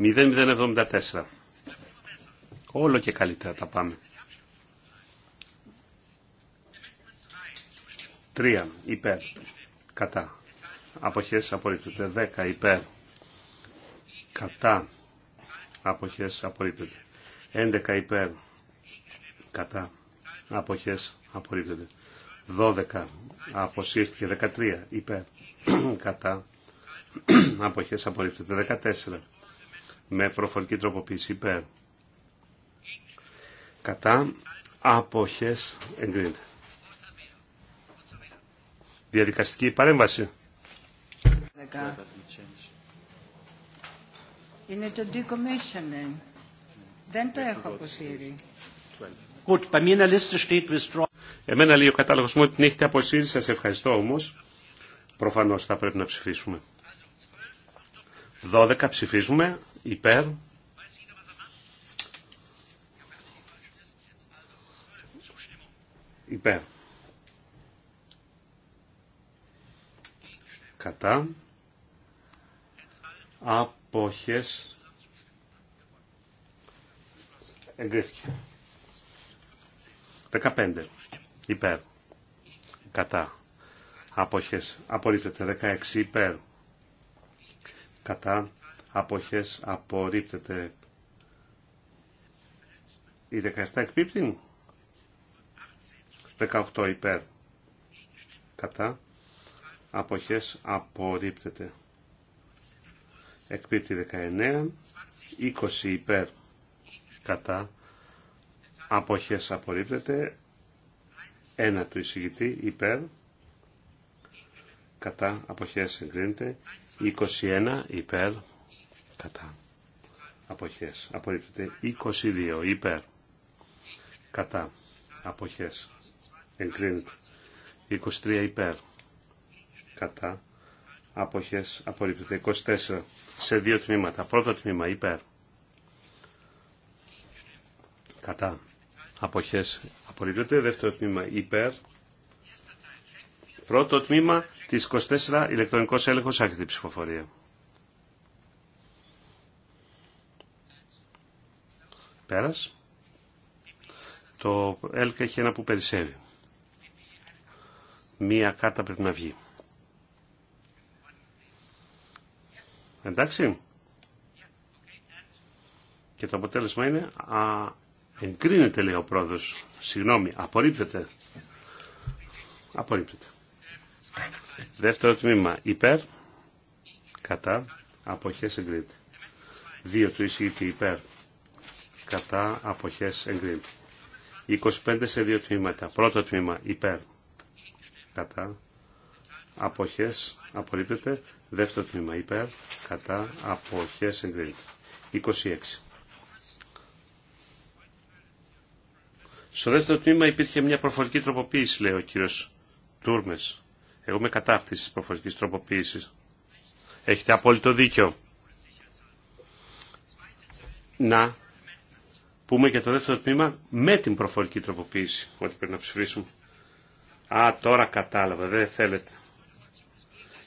0074. Όλο και καλύτερα τα πάμε. 3 υπέρ. Κατά. Αποχέ απορρίπτεται. 10 υπέρ. Κατά. Αποχές απορρίπτεται. 11 υπέρ. Κατά. Αποχές απορρίπτεται. 12 αποσύρθηκε. 13 υπέρ. Κατά. Αποχές απορρίπτεται. 14 με προφορική τροποποίηση υπέρ. Κατά αποχές εγκρίνεται. Διαδικαστική παρέμβαση. Είναι το decommissioning. Δεν το έχω αποσύρει. Εμένα λέει ο κατάλογος μου ότι την έχετε αποσύρει, σας ευχαριστώ όμως. Προφανώς θα πρέπει να ψηφίσουμε. 12 ψηφίζουμε υπέρ. Υπέρ. Κατά. Απόχες. Εγκρίθηκε. 15. Υπέρ. Κατά. Απόχες. Απορρίπτεται. 16. Υπέρ κατά αποχές απορρίπτεται. Η 17 εκπίπτει. 18 υπέρ κατά αποχές απορρίπτεται. Εκπίπτει 19, 20 υπέρ κατά αποχές απορρίπτεται. Ένα του εισηγητή υπέρ κατά αποχές εγκρίνεται 21 υπέρ κατά αποχές απορρίπτεται 22 υπέρ κατά αποχές εγκρίνεται 23 υπέρ κατά αποχές απορρίπτεται 24 σε δύο τμήματα πρώτο τμήμα υπέρ κατά αποχές απορρίπτεται δεύτερο τμήμα υπέρ πρώτο τμήμα της 24 ηλεκτρονικός έλεγχος άρχεται η ψηφοφορία. Πέρας. Το έλκα έχει ένα που περισσεύει. Μία κάρτα πρέπει να βγει. Εντάξει. Και το αποτέλεσμα είναι α, εγκρίνεται λέει ο πρόεδρος. Συγγνώμη, απορρίπτεται. Απορρίπτεται. Δεύτερο τμήμα υπέρ, κατά, αποχές εγκρίνεται. Δύο του εισηγητή υπέρ, κατά, αποχές εγκρίνεται. 25 σε δύο τμήματα. Πρώτο τμήμα υπέρ, κατά, αποχές απορρίπτεται. Δεύτερο τμήμα υπέρ, κατά, αποχές εγκρίνεται. 26. Στο δεύτερο τμήμα υπήρχε μια προφορική τροποποίηση, λέει ο κύριος Τούρμες. Εγώ είμαι κατά αυτής της προφορικής τροποποίησης. Έχετε απόλυτο δίκιο. Να πούμε και το δεύτερο τμήμα με την προφορική τροποποίηση ότι πρέπει να ψηφίσουμε. Α, τώρα κατάλαβα, δεν θέλετε.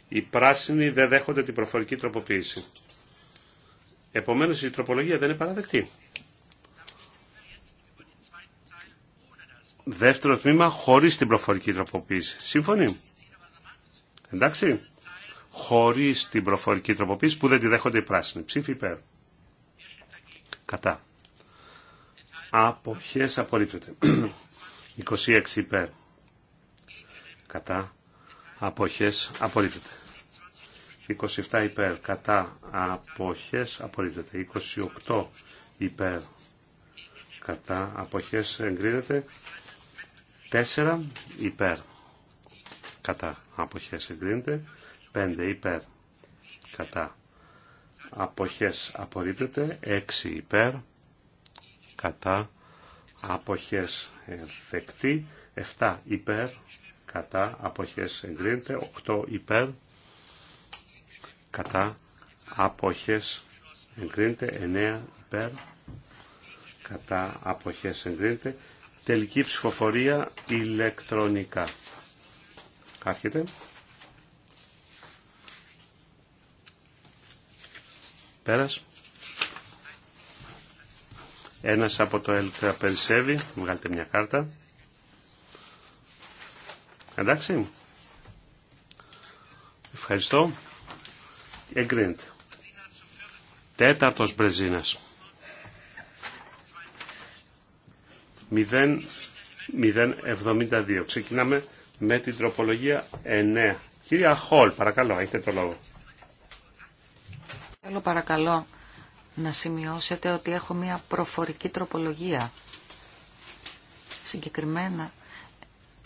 Οι πράσινοι δεν δέχονται την προφορική τροποποίηση. Επομένως η τροπολογία δεν είναι παραδεκτή. Δεύτερο τμήμα χωρίς την προφορική τροποποίηση. Συμφωνεί. Εντάξει. χωρί την προφορική τροποποίηση που δεν τη δέχονται οι πράσινοι. Ψήφι υπέρ. Κατά. Αποχές απορρίπτεται. 26 υπέρ. Κατά. Αποχές απορρίπτεται. 27 υπέρ. Κατά. Αποχές απορρίπτεται. 28 υπέρ. Κατά. Αποχές εγκρίνεται. 4 υπέρ κατά αποχές εγκρίνεται, 5 υπέρ κατά αποχές απορρίπτεται, 6 υπέρ κατά αποχές δεκτεί 7 υπέρ κατά αποχές εγκρίνεται, 8 υπέρ κατά αποχές εγκρίνεται, 9 υπέρ κατά αποχές εγκρίνεται, τελική ψηφοφορία ηλεκτρονικά. Άρχεται. Πέρας. Ένας από το ΕΛΚ περισσεύει. Βγάλτε μια κάρτα. Εντάξει. Ευχαριστώ. Εγκρίνεται. Τέταρτος Μπρεζίνας. 0.72. Ξεκινάμε με την τροπολογία 9. Κυρία Χολ, παρακαλώ, έχετε το λόγο. Θέλω παρακαλώ να σημειώσετε ότι έχω μια προφορική τροπολογία. Συγκεκριμένα,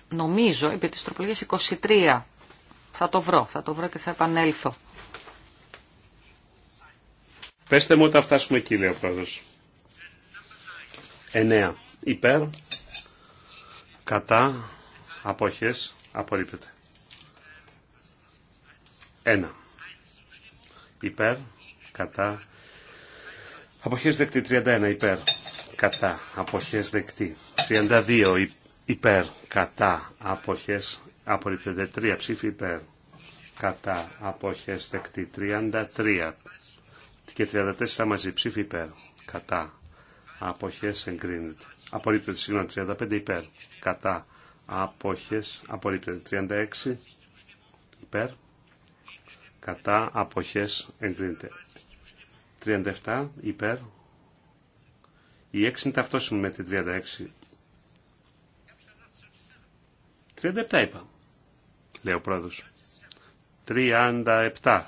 νομίζω, επί της τροπολογίας 23. Θα το βρω, θα το βρω και θα επανέλθω. Πέστε μου όταν φτάσουμε εκεί, λέει ο πρόεδρος. 9. Υπέρ, κατά, αποχές απορρίπτεται. Ένα. Υπέρ, κατά, αποχές δεκτή 31 υπέρ, κατά, αποχές δεκτή 32 υπέρ, κατά, αποχές απορρίπτεται 3 ψήφι υπέρ, κατά, αποχές δεκτή 33 και 34 μαζί ψήφι υπέρ, κατά, αποχές εγκρίνεται. Απορρίπτεται, συγγνώμη, 35 υπέρ, κατά, αποχές απορρίπτεται. 36 υπέρ κατά αποχές εγκρίνεται. 37 υπέρ. Η 6 είναι ταυτόσιμη με τη 36. 37 είπα, λέει ο πρόεδρος. 37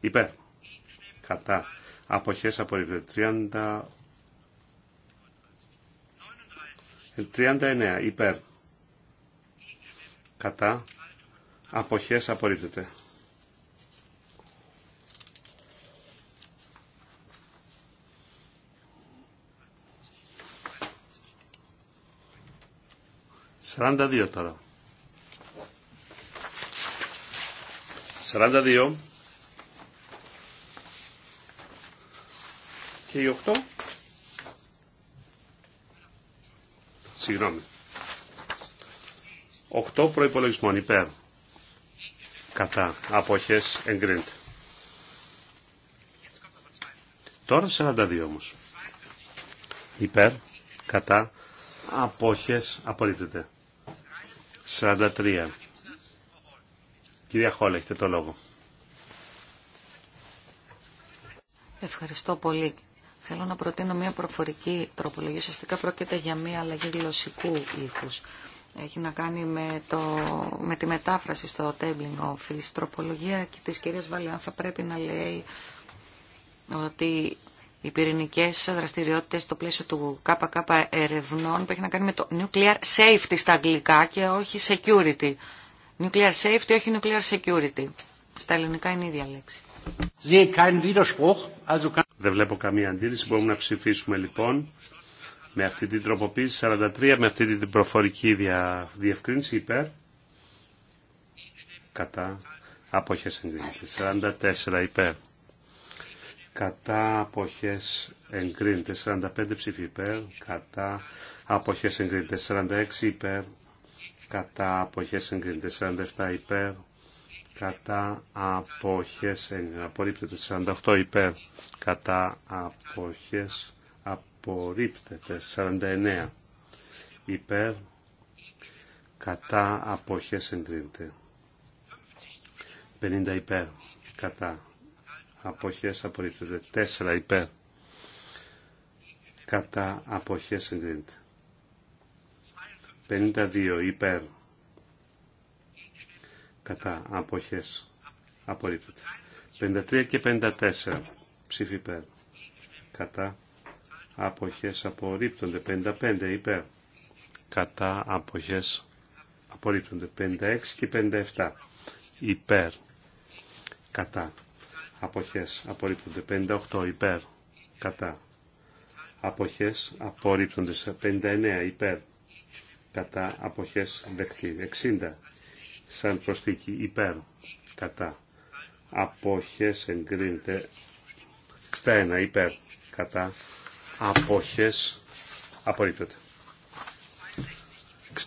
υπέρ. Κατά αποχές απορρίπτεται. 30... 39 υπέρ κατά αποχές απορρίπτεται. Σαράντα δύο τώρα. Σαράντα δύο. Και οι οκτώ. Συγγνώμη. 8 προϋπολογισμών υπέρ. Κατά. Αποχές εγκρίνεται. Τώρα 42 όμως. Υπέρ. Κατά. Αποχές απορρίπτεται. 43. Κυρία Χόλ, έχετε το λόγο. Ευχαριστώ πολύ. Θέλω να προτείνω μια προφορική τροπολογία. Ουσιαστικά πρόκειται για μια αλλαγή γλωσσικού ήχους έχει να κάνει με, το, με τη μετάφραση στο Tabling Office. Τροπολογία και της κυρίας Βαλιάν θα πρέπει να λέει ότι οι πυρηνικέ δραστηριότητες στο πλαίσιο του ΚΚ ερευνών που έχει να κάνει με το nuclear safety στα αγγλικά και όχι security. Nuclear safety, όχι nuclear security. Στα ελληνικά είναι η ίδια λέξη. Δεν βλέπω καμία αντίρρηση. Μπορούμε να ψηφίσουμε λοιπόν με αυτή την τροποποίηση 43, με αυτή την προφορική δια, διευκρίνηση υπέρ, κατά, απόχες εγκρίνεται. 44 υπέρ, κατά, απόχες εγκρίνεται. 45 ψήφι υπέρ, κατά, απόχες εγκρίνεται. 46 υπέρ, κατά, απόχες εγκρίνεται. 47 υπέρ, κατά αποχές απορρίπτεται 48 υπέρ κατά αποχές απορρίπτεται 49 υπέρ κατά αποχές εγκρίνεται 50 υπέρ κατά αποχές απορρίπτεται 4 υπέρ κατά αποχές εγκρίνεται 52 υπέρ κατά αποχές απορρίπτεται 53 και 54 ψήφι υπέρ κατά αποχές απορρίπτονται 55 υπέρ κατά αποχές απορρίπτονται 56 και 57 υπέρ κατά αποχές απορρίπτονται 58 υπέρ κατά αποχές απορρίπτονται 59 υπέρ κατά αποχές δεκτή 60 σαν προστίκη υπέρ κατά αποχές εγκρίνεται 61 υπέρ κατά αποχές απορρίπτεται.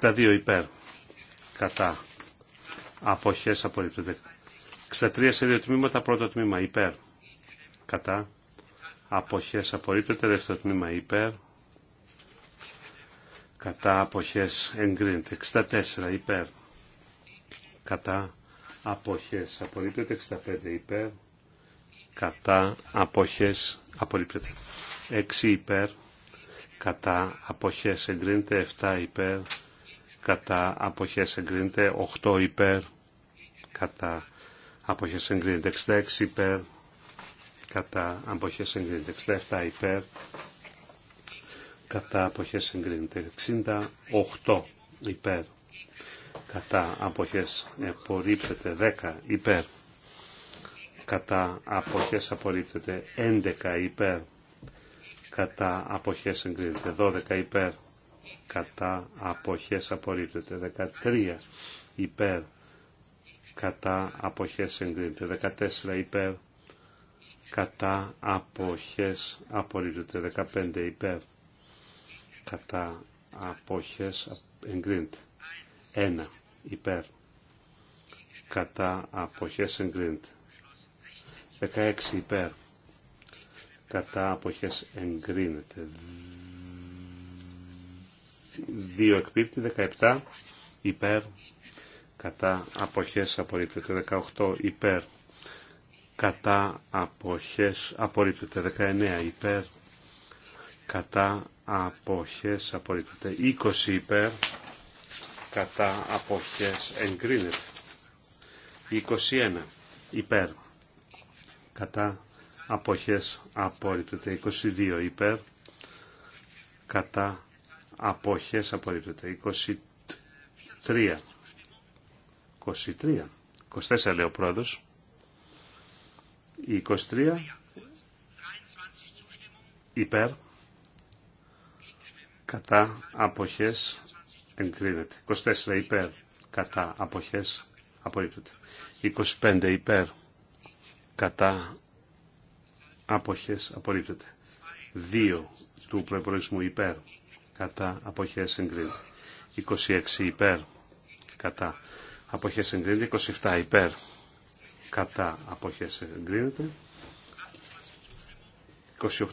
62 υπέρ κατά αποχές απορρίπτεται. 63 σε δύο τμήματα, πρώτο τμήμα υπέρ κατά αποχές απορρίπτεται, δεύτερο τμήμα υπέρ κατά αποχές εγκρίνεται. 64 υπέρ κατά αποχές απορρίπτεται. 65 υπέρ κατά αποχές απορρίπτεται. 6 υπέρ, κατά αποχές εγκρίνεται 7 υπέρ, κατά αποχές εγκρίνεται 8 υπέρ, κατά αποχές εγκρίνεται 66 υπέρ, κατά αποχές εγκρίνεται 67 υπέρ, κατά αποχές εγκρίνεται 68 υπέρ, κατά αποχές απορρίπτεται 10 υπέρ, κατά αποχές απορρίπτεται 11 υπέρ, κατά αποχές εγκρίνεται. 12 υπέρ κατά αποχές απορρίπτεται. 13 υπέρ κατά αποχές εγκρίνεται. 14 υπέρ κατά αποχές απορρίπτεται. 15 υπέρ κατά αποχές εγκρίνεται. 1 υπέρ κατά αποχές εγκρίνεται. 16 υπέρ κατά αποχές εγκρίνεται. 2 εκπίπτει, 17 υπέρ, κατά αποχές απορρίπτεται. 18 υπέρ, κατά αποχές απορρίπτεται. 19 υπέρ, κατά αποχές απορρίπτεται. 20 υπέρ, κατά αποχές εγκρίνεται. 21 υπέρ, κατά αποχές απορρίπτεται 22 υπέρ κατά αποχές απορρίπτεται 23 23 24 λέει ο πρόεδρος 23 υπέρ κατά αποχές εγκρίνεται 24 υπέρ κατά αποχές απορρίπτεται 25 υπέρ κατά αποχές απορρίπτεται. 2 του προϋπολογισμού υπέρ, κατά αποχές εγκρίνεται. 26 υπέρ, κατά αποχές εγκρίνεται. 27 υπέρ, κατά αποχές εγκρίνεται.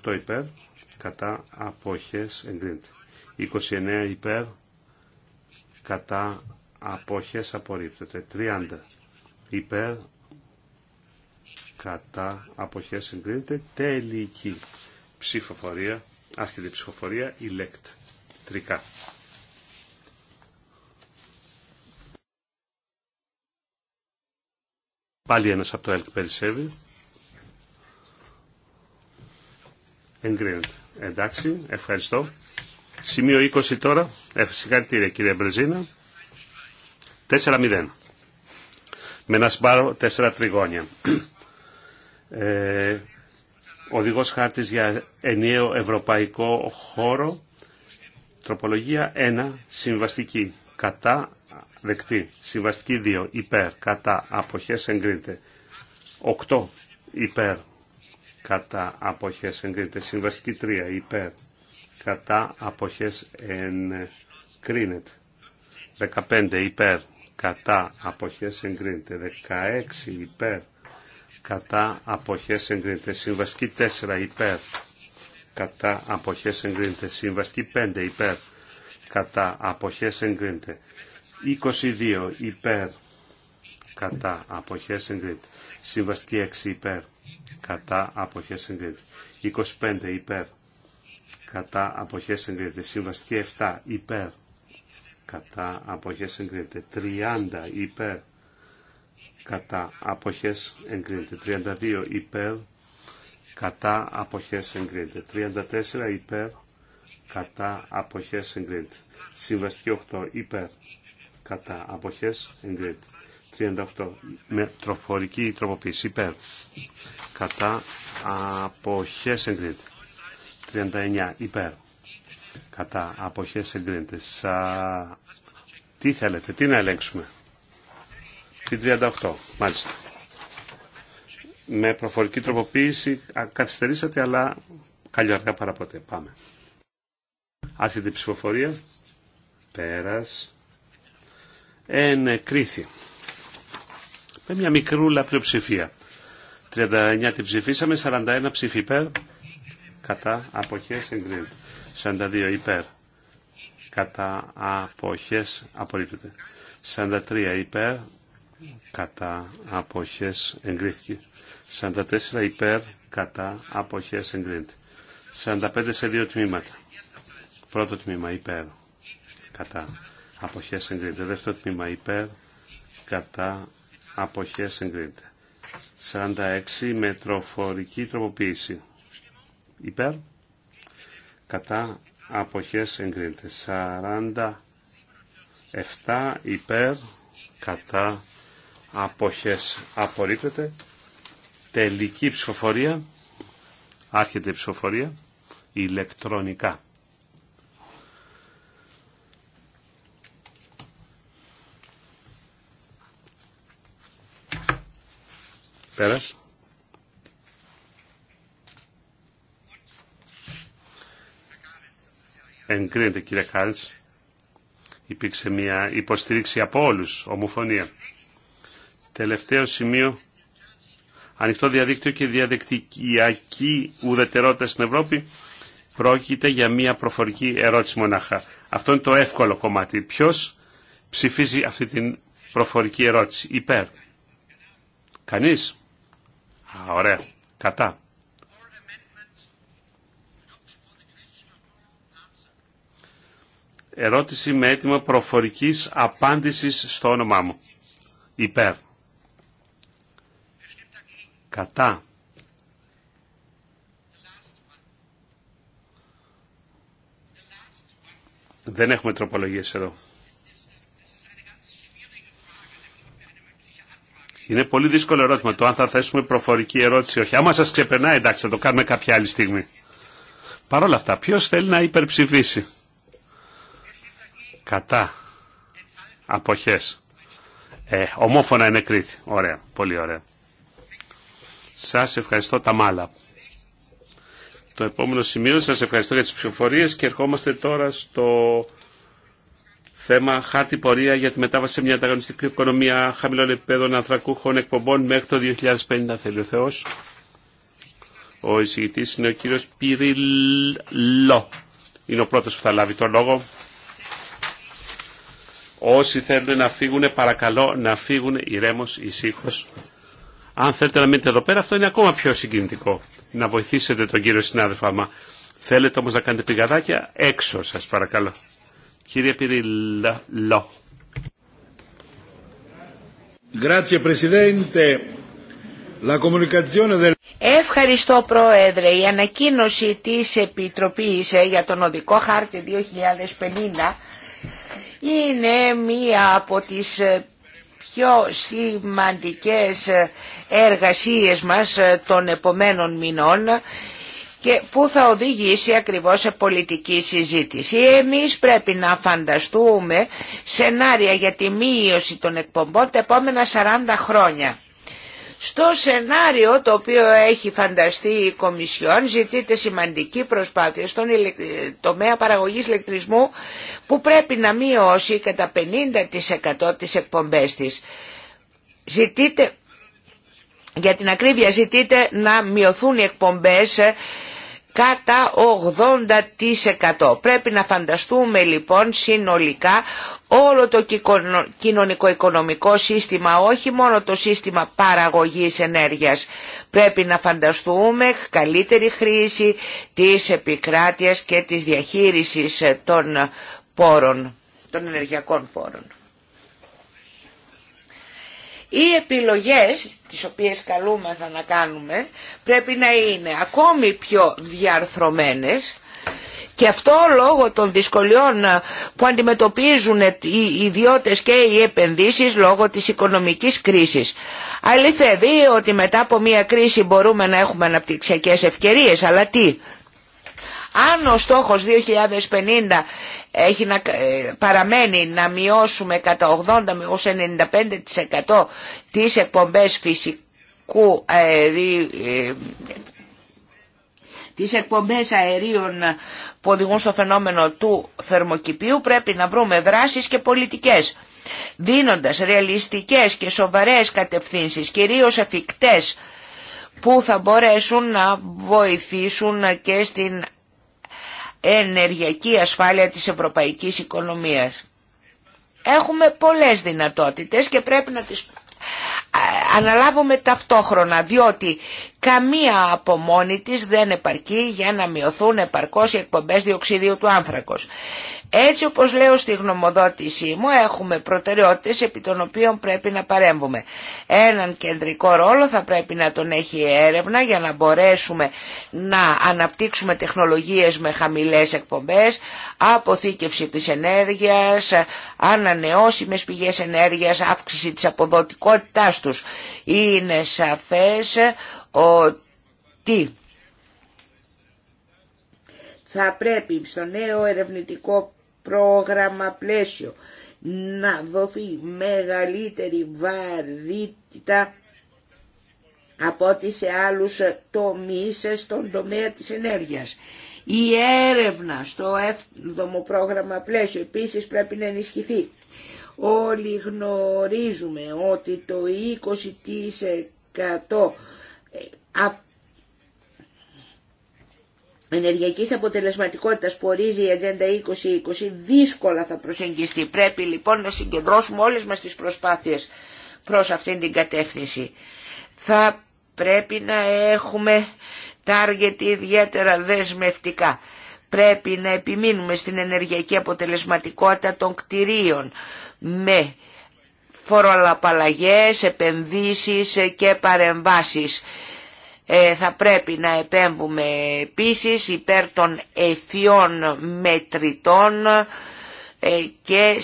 28 υπέρ, κατά αποχές εγκρίνεται. 29 υπέρ, κατά αποχές απορρίπτεται. 30 υπέρ, κατά αποχές συγκρίνεται τελική ψηφοφορία άσχετη η ψηφοφορία τρικά. πάλι ένας από το ΕΛΚ περισσεύει εγκρίνεται εντάξει ευχαριστώ σημείο 20 τώρα ε, συγχαρητήρια κύριε Μπρεζίνα 4-0 με ένα σπάρο 4 τριγώνια ε, οδηγός χάρτης για ενιαίο ευρωπαϊκό χώρο, τροπολογία 1, συμβαστική, κατά, δεκτή, συμβαστική 2, υπέρ, κατά, αποχές εγκρίνεται, 8, υπέρ, κατά, αποχές εγκρίνεται, συμβαστική 3, υπέρ, κατά, αποχές εγκρίνεται, 15, υπέρ, κατά, αποχές εγκρίνεται, 16, υπέρ, κατά αποχές εγκρίνεται. Συμβαστική 4 υπέρ κατά αποχές εγκρίνεται. Συμβαστική 5 υπέρ κατά αποχές εγκρίνεται. 22 υπέρ κατά αποχές εγκρίνεται. Συμβαστική 6 υπέρ κατά αποχές εγκρίνεται. 25 υπέρ κατά αποχές εγκρίνεται. Συμβαστική 7 υπέρ κατά αποχές εγκρίνεται. 30 υπέρ κατά αποχές εγκρίνεται. 32 υπέρ κατά αποχές εγκρίνεται. 34 υπέρ κατά αποχές εγκρίνεται. Συμβαστική 8 υπέρ κατά αποχές εγκρίνεται. 38 με τροφορική τροποποίηση υπέρ κατά αποχές εγκρίνεται. 39 υπέρ κατά αποχές εγκρίνεται. Σα... Τι θέλετε, τι να ελέγξουμε. Την 38, μάλιστα. Με προφορική τροποποίηση καθυστερήσατε, αλλά καλή αργά παραποτέ. Πάμε. Άρχεται η ψηφοφορία. Πέρας. Ε, ναι, κρίθη. Με μια μικρούλα πλειοψηφία. 39 την ψηφίσαμε, 41 ψήφι υπέρ. Κατά αποχές εγκρίνεται. 42 υπέρ. Κατά αποχές απορρίπτεται. 43 υπέρ κατά αποχές εγκρίθηκε. 44 υπέρ κατά αποχές εγκρίνεται. 45 σε δύο τμήματα. Πρώτο τμήμα υπέρ κατά αποχές εγκρίνεται. Δεύτερο τμήμα υπέρ κατά αποχές εγκρίνεται. 46 μετροφορική τροφορική τροποποίηση. Υπέρ κατά αποχές εγκρίνεται. 47 υπέρ κατά αποχές απορρίπτεται. Τελική ψηφοφορία. Άρχεται η ψηφοφορία ηλεκτρονικά. Πέρας. Εγκρίνεται κύριε Κάλς. Υπήρξε μια υποστήριξη από όλους, ομοφωνία. Τελευταίο σημείο. Ανοιχτό διαδίκτυο και διαδικτυακή ουδετερότητα στην Ευρώπη πρόκειται για μία προφορική ερώτηση μονάχα. Αυτό είναι το εύκολο κομμάτι. Ποιο ψηφίζει αυτή την προφορική ερώτηση. Υπέρ. Κανείς. Α, ωραία. Κατά. Ερώτηση με έτοιμο προφορικής απάντησης στο όνομά μου. Υπέρ κατά Δεν έχουμε τροπολογίες εδώ. Είναι πολύ δύσκολο ερώτημα το αν θα θέσουμε προφορική ερώτηση όχι. Άμα σας ξεπερνάει εντάξει θα το κάνουμε κάποια άλλη στιγμή. Παρ' όλα αυτά ποιος θέλει να υπερψηφίσει. Κατά. Αποχές. Ε, ομόφωνα είναι κρίθη. Ωραία. Πολύ ωραία. Σας ευχαριστώ τα μάλα. Το επόμενο σημείο σας ευχαριστώ για τις ψηφοφορίες και ερχόμαστε τώρα στο θέμα χάρτη πορεία για τη μετάβαση σε μια ανταγωνιστική οικονομία χαμηλών επίπεδων ανθρακούχων εκπομπών μέχρι το 2050 θέλει ο Θεός. Ο εισηγητής είναι ο κύριος Πυριλό. Είναι ο πρώτος που θα λάβει το λόγο. Όσοι θέλουν να φύγουν παρακαλώ να φύγουν ηρέμος, ησύχος. Αν θέλετε να μείνετε εδώ πέρα, αυτό είναι ακόμα πιο συγκινητικό. Να βοηθήσετε τον κύριο συνάδελφο, άμα θέλετε όμως να κάνετε πηγαδάκια, έξω σας παρακαλώ. Κύριε Πυρίλα, λό. Ευχαριστώ Πρόεδρε. Η ανακοίνωση της Επιτροπής ε, για τον Οδικό Χάρτη 2050 είναι μία από τις ε, πιο σημαντικές εργασίες μας ε, των επομένων μηνών και που θα οδηγήσει ακριβώς σε πολιτική συζήτηση. Εμείς πρέπει να φανταστούμε σενάρια για τη μείωση των εκπομπών τα επόμενα 40 χρόνια. Στο σενάριο το οποίο έχει φανταστεί η Κομισιόν ζητείται σημαντική προσπάθεια στον τομέα παραγωγής ηλεκτρισμού που πρέπει να μειώσει κατά 50% τις εκπομπές της. Ζητείτε, για την ακρίβεια ζητείται να μειωθούν οι εκπομπές ε, κατά 80%. Πρέπει να φανταστούμε λοιπόν συνολικά όλο το κοινωνικο-οικονομικό σύστημα, όχι μόνο το σύστημα παραγωγής ενέργειας. Πρέπει να φανταστούμε καλύτερη χρήση της επικράτειας και της διαχείρισης των πόρων, των ενεργειακών πόρων. Οι επιλογές τις οποίες καλούμεθα να κάνουμε πρέπει να είναι ακόμη πιο διαρθρωμένες και αυτό λόγω των δυσκολιών που αντιμετωπίζουν οι ιδιώτες και οι επενδύσεις λόγω της οικονομικής κρίσης. Αληθεύει ότι μετά από μια κρίση μπορούμε να έχουμε αναπτυξιακές ευκαιρίες, αλλά τι, αν ο στόχος 2050 έχει να, ε, παραμένει να μειώσουμε κατά 80 έως 95% τις εκπομπές φυσικού αερίου, ε, τις εκπομπές αερίων που οδηγούν στο φαινόμενο του θερμοκηπίου πρέπει να βρούμε δράσεις και πολιτικές δίνοντας ρεαλιστικές και σοβαρές κατευθύνσεις κυρίως εφικτές που θα μπορέσουν να βοηθήσουν και στην ενεργειακή ασφάλεια της ευρωπαϊκής οικονομίας. Έχουμε πολλές δυνατότητες και πρέπει να τις αναλάβουμε ταυτόχρονα, διότι καμία από μόνη της δεν επαρκεί για να μειωθούν επαρκώς οι εκπομπές διοξιδίου του άνθρακος. Έτσι όπως λέω στη γνωμοδότησή μου έχουμε προτεραιότητες επί των οποίων πρέπει να παρέμβουμε. Έναν κεντρικό ρόλο θα πρέπει να τον έχει η έρευνα για να μπορέσουμε να αναπτύξουμε τεχνολογίες με χαμηλές εκπομπές, αποθήκευση της ενέργειας, ανανεώσιμες πηγές ενέργειας, αύξηση της αποδοτικότητάς του είναι σαφές ότι θα πρέπει στο νέο ερευνητικό πρόγραμμα πλαίσιο να δοθεί μεγαλύτερη βαρύτητα από ό,τι σε άλλους τομείς στον τομέα της ενέργειας. Η έρευνα στο 7ο πρόγραμμα πλαίσιο επίσης πρέπει να ενισχυθεί. Όλοι γνωρίζουμε ότι το 20% ε, ενεργειακής αποτελεσματικότητας που ορίζει η Ατζέντα 2020 δύσκολα θα προσεγγιστεί. Πρέπει λοιπόν να συγκεντρώσουμε όλες μας τις προσπάθειες προς αυτήν την κατεύθυνση. Θα πρέπει να έχουμε target ιδιαίτερα δεσμευτικά. Πρέπει να επιμείνουμε στην ενεργειακή αποτελεσματικότητα των κτηρίων, με φοροαλαπαλλαγές, επενδύσεις και παρεμβάσεις. Ε, θα πρέπει να επέμβουμε επίσης υπέρ των εφιών μετρητών ε, και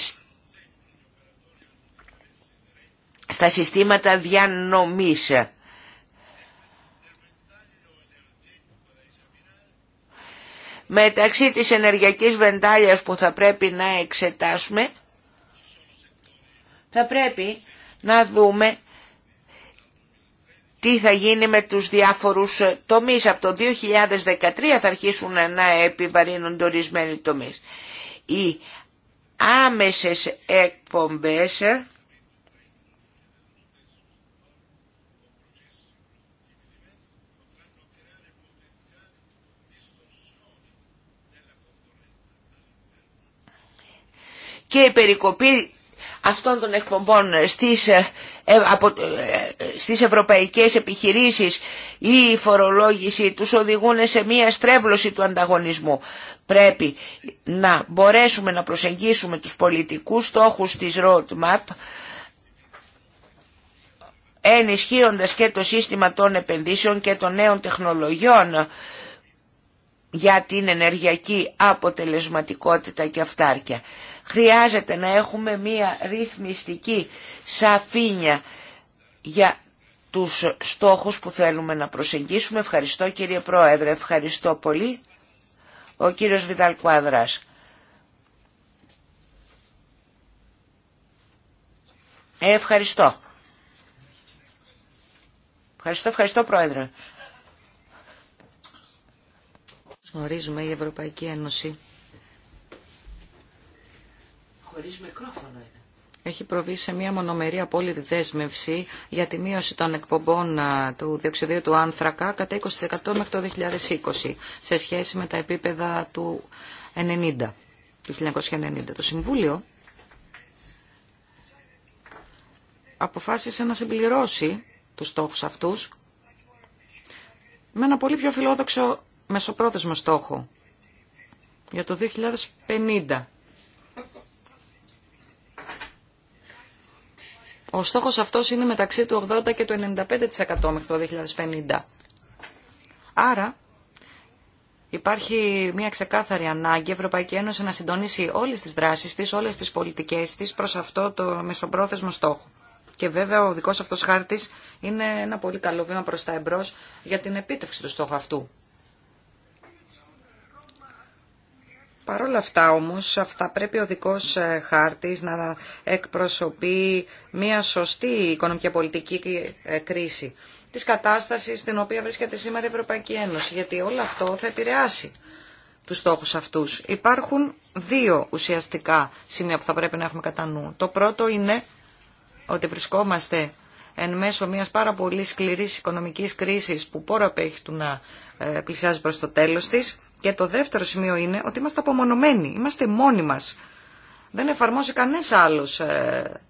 στα συστήματα διανομής. Μεταξύ της ενεργειακής βεντάλιας που θα πρέπει να εξετάσουμε θα πρέπει να δούμε τι θα γίνει με τους διάφορους τομείς. Από το 2013 θα αρχίσουν να επιβαρύνονται ορισμένοι τομείς. Οι άμεσες εκπομπές και η περικοπή αυτών των εκπομπών στις, ε, ε, από, ε, στις ευρωπαϊκές επιχειρήσεις ή η φορολόγηση τους οδηγούν σε μία στρέβλωση του ανταγωνισμού. Πρέπει να μπορέσουμε να προσεγγίσουμε τους πολιτικούς στόχους της roadmap ενισχύοντας και το σύστημα των επενδύσεων και των νέων τεχνολογιών για την ενεργειακή αποτελεσματικότητα και αυτάρκεια. Χρειάζεται να έχουμε μία ρυθμιστική σαφήνια για τους στόχους που θέλουμε να προσεγγίσουμε. Ευχαριστώ κύριε Πρόεδρε, ευχαριστώ πολύ. Ο κύριος Βιδάλ ε, Ευχαριστώ. Ευχαριστώ, ευχαριστώ Πρόεδρε. Γνωρίζουμε η Ευρωπαϊκή Ένωση μικρόφωνο είναι. Έχει προβεί σε μια μονομερή απόλυτη δέσμευση για τη μείωση των εκπομπών του διοξιδίου του άνθρακα κατά 20% μέχρι το 2020 σε σχέση με τα επίπεδα του 90, του 1990. Το Συμβούλιο αποφάσισε να συμπληρώσει τους στόχους αυτούς με ένα πολύ πιο φιλόδοξο μεσοπρόθεσμο στόχο για το 2050 Ο στόχος αυτός είναι μεταξύ του 80% και του 95% μέχρι το 2050. Άρα υπάρχει μια ξεκάθαρη ανάγκη η Ευρωπαϊκή Ένωση να συντονίσει όλες τις δράσεις της, όλες τις πολιτικές της προς αυτό το μεσοπρόθεσμο στόχο. Και βέβαια ο δικός αυτός χάρτης είναι ένα πολύ καλό βήμα προς τα εμπρός για την επίτευξη του στόχου αυτού. Παρ' όλα αυτά όμως αυτά πρέπει ο δικός ε, χάρτης να εκπροσωπεί μια σωστή οικονομική πολιτική ε, κρίση της κατάστασης στην οποία βρίσκεται σήμερα η Ευρωπαϊκή Ένωση, γιατί όλο αυτό θα επηρεάσει τους στόχους αυτούς. Υπάρχουν δύο ουσιαστικά σημεία που θα πρέπει να έχουμε κατά νου. Το πρώτο είναι ότι βρισκόμαστε εν μέσω μιας πάρα πολύ σκληρής οικονομικής κρίσης που πόρα απέχει του να ε, πλησιάζει προς το τέλος της. Και το δεύτερο σημείο είναι ότι είμαστε απομονωμένοι, είμαστε μόνοι μας. Δεν εφαρμόζει κανένας άλλος ε,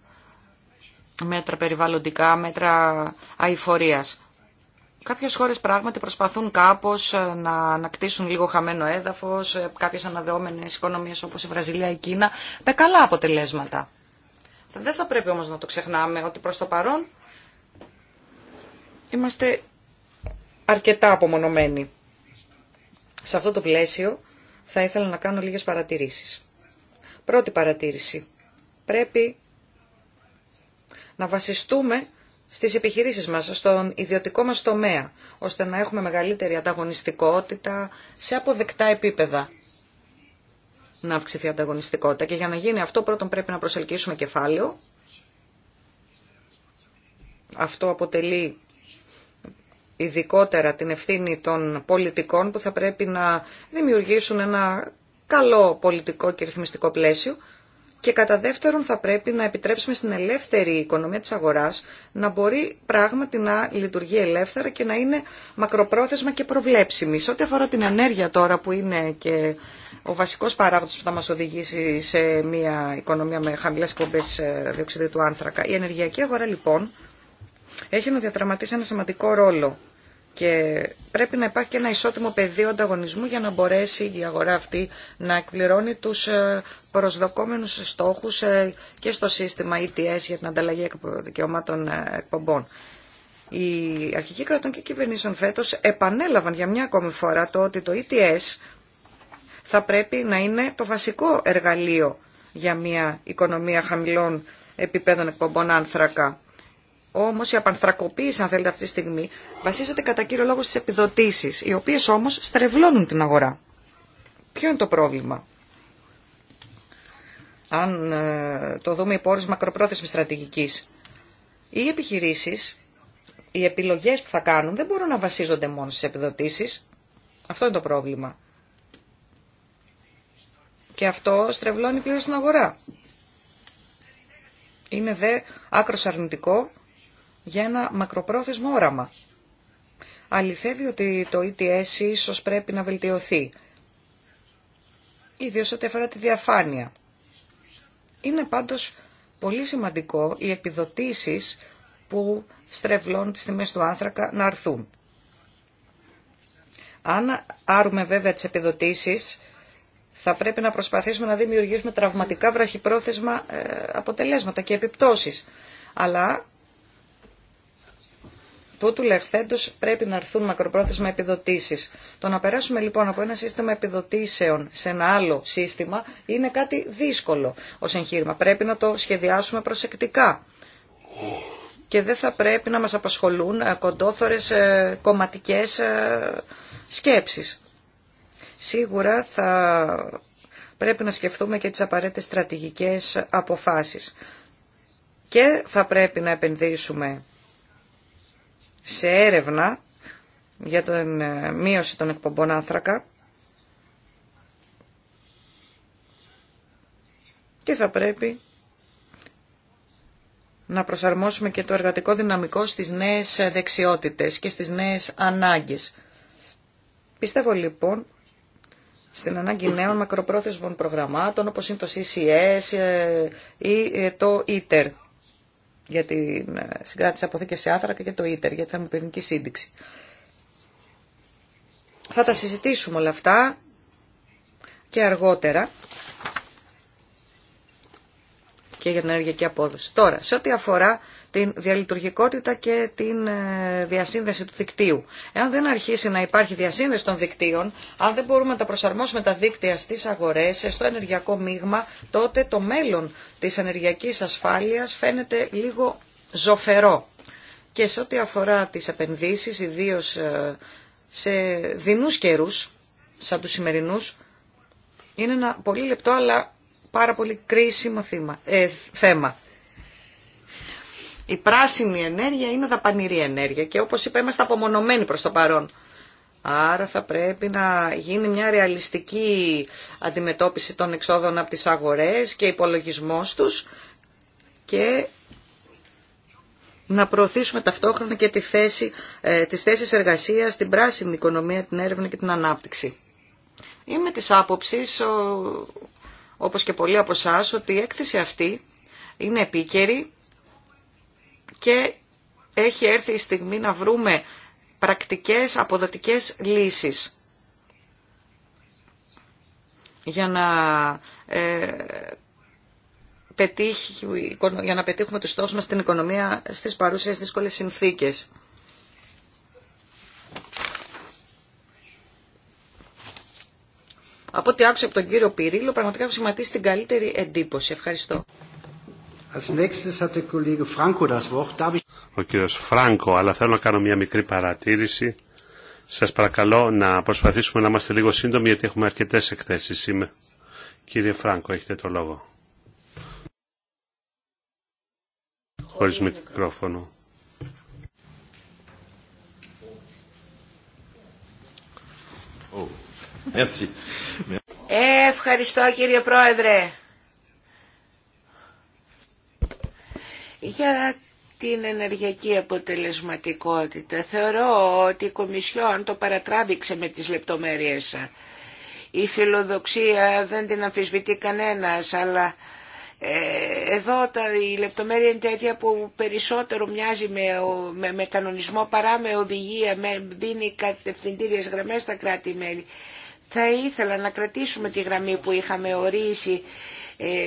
μέτρα περιβαλλοντικά, μέτρα αηφορίας. Κάποιες χώρες πράγματι προσπαθούν κάπως ε, να ανακτήσουν λίγο χαμένο έδαφος, κάποιες αναδεόμενες οικονομίες όπως η Βραζιλία, η Κίνα, με καλά αποτελέσματα. Δεν θα πρέπει όμως να το ξεχνάμε ότι προς το παρόν είμαστε αρκετά απομονωμένοι. Σε αυτό το πλαίσιο θα ήθελα να κάνω λίγες παρατηρήσεις. Πρώτη παρατήρηση. Πρέπει να βασιστούμε στις επιχειρήσεις μας, στον ιδιωτικό μας τομέα, ώστε να έχουμε μεγαλύτερη ανταγωνιστικότητα σε αποδεκτά επίπεδα. Να αυξηθεί η ανταγωνιστικότητα και για να γίνει αυτό πρώτον πρέπει να προσελκύσουμε κεφάλαιο. Αυτό αποτελεί ειδικότερα την ευθύνη των πολιτικών που θα πρέπει να δημιουργήσουν ένα καλό πολιτικό και ρυθμιστικό πλαίσιο και κατά δεύτερον θα πρέπει να επιτρέψουμε στην ελεύθερη οικονομία της αγοράς να μπορεί πράγματι να λειτουργεί ελεύθερα και να είναι μακροπρόθεσμα και προβλέψιμη. Σε ό,τι αφορά την ενέργεια τώρα που είναι και ο βασικός παράγοντας που θα μας οδηγήσει σε μια οικονομία με χαμηλές κομπές ε, διοξυδίου του άνθρακα. Η ενεργειακή αγορά λοιπόν έχει να διαδραματίσει ένα σημαντικό ρόλο και πρέπει να υπάρχει και ένα ισότιμο πεδίο ανταγωνισμού για να μπορέσει η αγορά αυτή να εκπληρώνει τους ε, προσδοκόμενους στόχους ε, και στο σύστημα ETS για την ανταλλαγή δικαιωμάτων ε, εκπομπών. Οι αρχικοί κρατών και κυβερνήσεων φέτος επανέλαβαν για μια ακόμη φορά το ότι το ETS θα πρέπει να είναι το βασικό εργαλείο για μια οικονομία χαμηλών επίπεδων εκπομπών άνθρακα όμως η απανθρακοποίηση, αν θέλετε αυτή τη στιγμή, βασίζεται κατά κύριο λόγο στι επιδοτήσει, οι οποίες όμως στρεβλώνουν την αγορά. Ποιο είναι το πρόβλημα. Αν ε, το δούμε υπό όρους μακροπρόθεσμης στρατηγικής. Οι επιχειρήσεις, οι επιλογές που θα κάνουν δεν μπορούν να βασίζονται μόνο στι επιδοτήσεις. Αυτό είναι το πρόβλημα. Και αυτό στρεβλώνει πλήρω την αγορά. Είναι δε άκρος αρνητικό για ένα μακροπρόθεσμο όραμα. Αληθεύει ότι το ETS ίσως πρέπει να βελτιωθεί, ιδίως ό,τι αφορά τη διαφάνεια. Είναι πάντως πολύ σημαντικό οι επιδοτήσεις που στρεβλώνουν τις τιμές του άνθρακα να αρθούν. Αν άρουμε βέβαια τις επιδοτήσεις, θα πρέπει να προσπαθήσουμε να δημιουργήσουμε τραυματικά βραχυπρόθεσμα ε, αποτελέσματα και επιπτώσεις. Αλλά Τούτου λεχθέντος πρέπει να έρθουν μακροπρόθεσμα επιδοτήσεις. Το να περάσουμε λοιπόν από ένα σύστημα επιδοτήσεων σε ένα άλλο σύστημα είναι κάτι δύσκολο ως εγχείρημα. Πρέπει να το σχεδιάσουμε προσεκτικά και δεν θα πρέπει να μας απασχολούν ε, κοντόθωρες ε, κομματικές ε, σκέψεις. Σίγουρα θα πρέπει να σκεφτούμε και τις απαραίτητες στρατηγικές αποφάσεις. Και θα πρέπει να επενδύσουμε σε έρευνα για την ε, μείωση των εκπομπών άνθρακα και θα πρέπει να προσαρμόσουμε και το εργατικό δυναμικό στις νέες δεξιότητες και στις νέες ανάγκες. Πιστεύω λοιπόν στην ανάγκη νέων μακροπρόθεσμων προγραμμάτων όπως είναι το CCS ε, ή ε, το ITER. E για την ε, συγκράτηση αποθήκευση άθρακα και το ίτερ για τη θερμοπυρηνική σύνδεξη. Θα τα συζητήσουμε όλα αυτά και αργότερα και για την ενεργειακή απόδοση. Τώρα, σε ό,τι αφορά την διαλειτουργικότητα και την ε, διασύνδεση του δικτύου. Εάν δεν αρχίσει να υπάρχει διασύνδεση των δικτύων, αν δεν μπορούμε να τα προσαρμόσουμε τα δίκτυα στις αγορές, ε, στο ενεργειακό μείγμα, τότε το μέλλον της ενεργειακής ασφάλειας φαίνεται λίγο ζωφερό. Και σε ό,τι αφορά τις επενδύσεις, ιδίως ε, σε δεινούς καιρού, σαν τους σημερινούς, είναι ένα πολύ λεπτό αλλά πάρα πολύ κρίσιμο θέμα. Η πράσινη ενέργεια είναι δαπανηρή ενέργεια και όπως είπα είμαστε απομονωμένοι προς το παρόν. Άρα θα πρέπει να γίνει μια ρεαλιστική αντιμετώπιση των εξόδων από τις αγορές και υπολογισμός τους και να προωθήσουμε ταυτόχρονα και τη θέση, ε, τις θέσεις εργασίας στην πράσινη οικονομία, την έρευνα και την ανάπτυξη. Είμαι της άποψης, όπως και πολλοί από εσά, ότι η έκθεση αυτή είναι επίκαιρη και έχει έρθει η στιγμή να βρούμε πρακτικές αποδοτικές λύσεις για να, ε, για να πετύχουμε τους στόχους μας στην οικονομία στις παρούσες δύσκολες συνθήκες. Από ό,τι άκουσα από τον κύριο Πυρίλο, πραγματικά έχω σχηματίσει την καλύτερη εντύπωση. Ευχαριστώ. Ο κύριος Φράνκο, αλλά θέλω να κάνω μια μικρή παρατήρηση. Σας παρακαλώ να προσπαθήσουμε να είμαστε λίγο σύντομοι γιατί έχουμε αρκετές εκθέσεις σήμερα. Κύριε Φράνκο, έχετε το λόγο. Χωρίς μικρόφωνο. Oh, ε, ευχαριστώ κύριε Πρόεδρε. Για την ενεργειακή αποτελεσματικότητα. Θεωρώ ότι η Κομισιόν το παρατράβηξε με τις λεπτομέρειες. Η φιλοδοξία δεν την αμφισβητεί κανένας, αλλά ε, εδώ τα, η λεπτομέρεια είναι τέτοια που περισσότερο μοιάζει με, με, κανονισμό παρά με οδηγία, με, δίνει κατευθυντήριες γραμμές στα κράτη-μέλη. Θα ήθελα να κρατήσουμε τη γραμμή που είχαμε ορίσει ε,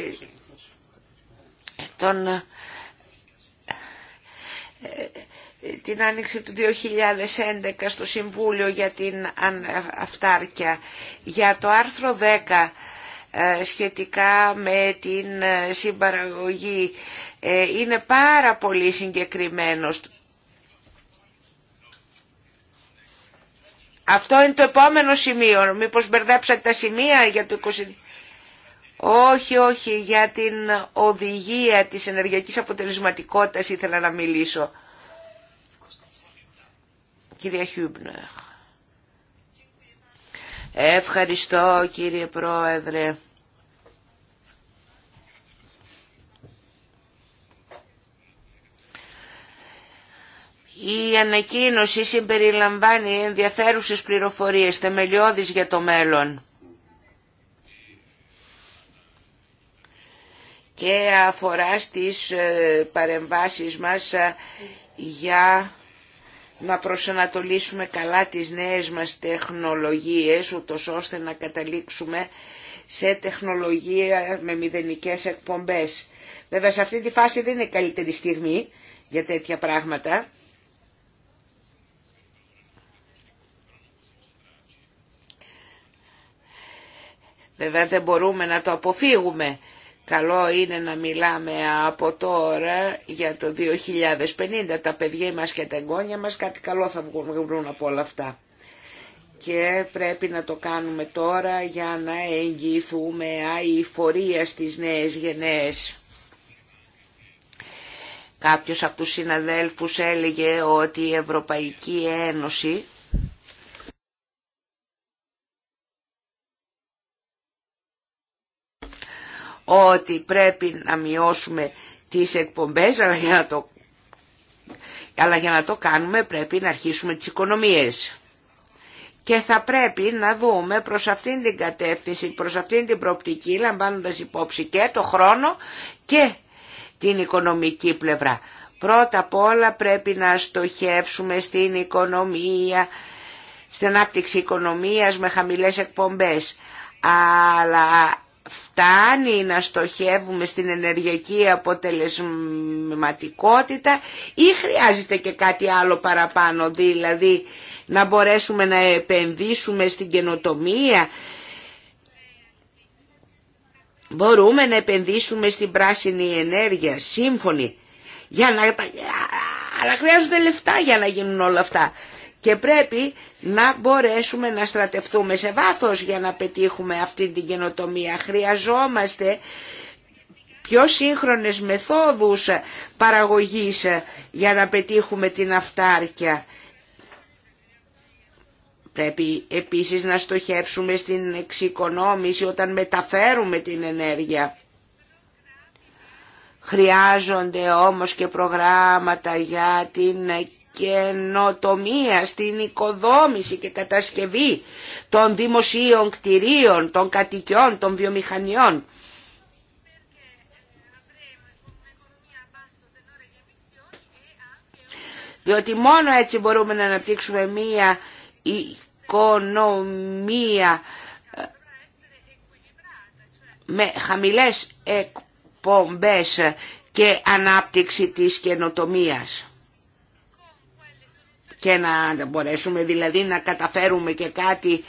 την άνοιξη του 2011 στο Συμβούλιο για την Αυτάρκεια για το άρθρο 10 ε, σχετικά με την ε, συμπαραγωγή ε, είναι πάρα πολύ συγκεκριμένος. Αυτό είναι το επόμενο σημείο. Μήπως μπερδέψατε τα σημεία για το 20... Όχι, όχι, για την οδηγία της ενεργειακής αποτελεσματικότητας ήθελα να μιλήσω. Κυρία Χιούμπνερ. Ευχαριστώ κύριε Πρόεδρε. Η ανακοίνωση συμπεριλαμβάνει ενδιαφέρουσες πληροφορίες θεμελιώδεις για το μέλλον. και αφορά στις ε, παρεμβάσεις μας ε, για να προσανατολίσουμε καλά τις νέες μας τεχνολογίες, ούτως ώστε να καταλήξουμε σε τεχνολογία με μηδενικές εκπομπές. Βέβαια σε αυτή τη φάση δεν είναι καλύτερη στιγμή για τέτοια πράγματα. Βέβαια δεν μπορούμε να το αποφύγουμε Καλό είναι να μιλάμε από τώρα για το 2050. Τα παιδιά μας και τα εγγόνια μας κάτι καλό θα βγουν από όλα αυτά. Και πρέπει να το κάνουμε τώρα για να εγγυηθούμε αηφορία στις νέες γενναίες. Κάποιος από τους συναδέλφους έλεγε ότι η Ευρωπαϊκή Ένωση ότι πρέπει να μειώσουμε τις εκπομπές, αλλά για να το, αλλά για να το κάνουμε πρέπει να αρχίσουμε τις οικονομίες. Και θα πρέπει να δούμε προς αυτήν την κατεύθυνση, προς αυτήν την προοπτική, λαμβάνοντας υπόψη και το χρόνο και την οικονομική πλευρά. Πρώτα απ' όλα πρέπει να στοχεύσουμε στην οικονομία, στην ανάπτυξη οικονομίας με χαμηλές εκπομπές. Αλλά φτάνει να στοχεύουμε στην ενεργειακή αποτελεσματικότητα ή χρειάζεται και κάτι άλλο παραπάνω, δηλαδή να μπορέσουμε να επενδύσουμε στην καινοτομία, μπορούμε να επενδύσουμε στην πράσινη ενέργεια, σύμφωνοι, για να... αλλά χρειάζονται λεφτά για να γίνουν όλα αυτά και πρέπει να μπορέσουμε να στρατευτούμε σε βάθος για να πετύχουμε αυτή την καινοτομία. Χρειαζόμαστε πιο σύγχρονες μεθόδους παραγωγής για να πετύχουμε την αυτάρκεια. Πρέπει επίσης να στοχεύσουμε στην εξοικονόμηση όταν μεταφέρουμε την ενέργεια. Χρειάζονται όμως και προγράμματα για την καινοτομία, στην οικοδόμηση και κατασκευή των δημοσίων κτηρίων, των κατοικιών, των βιομηχανιών. Διότι μόνο έτσι μπορούμε να αναπτύξουμε μία οικονομία ε, με χαμηλές εκπομπές και ανάπτυξη της καινοτομίας και να μπορέσουμε δηλαδή να καταφέρουμε και κάτι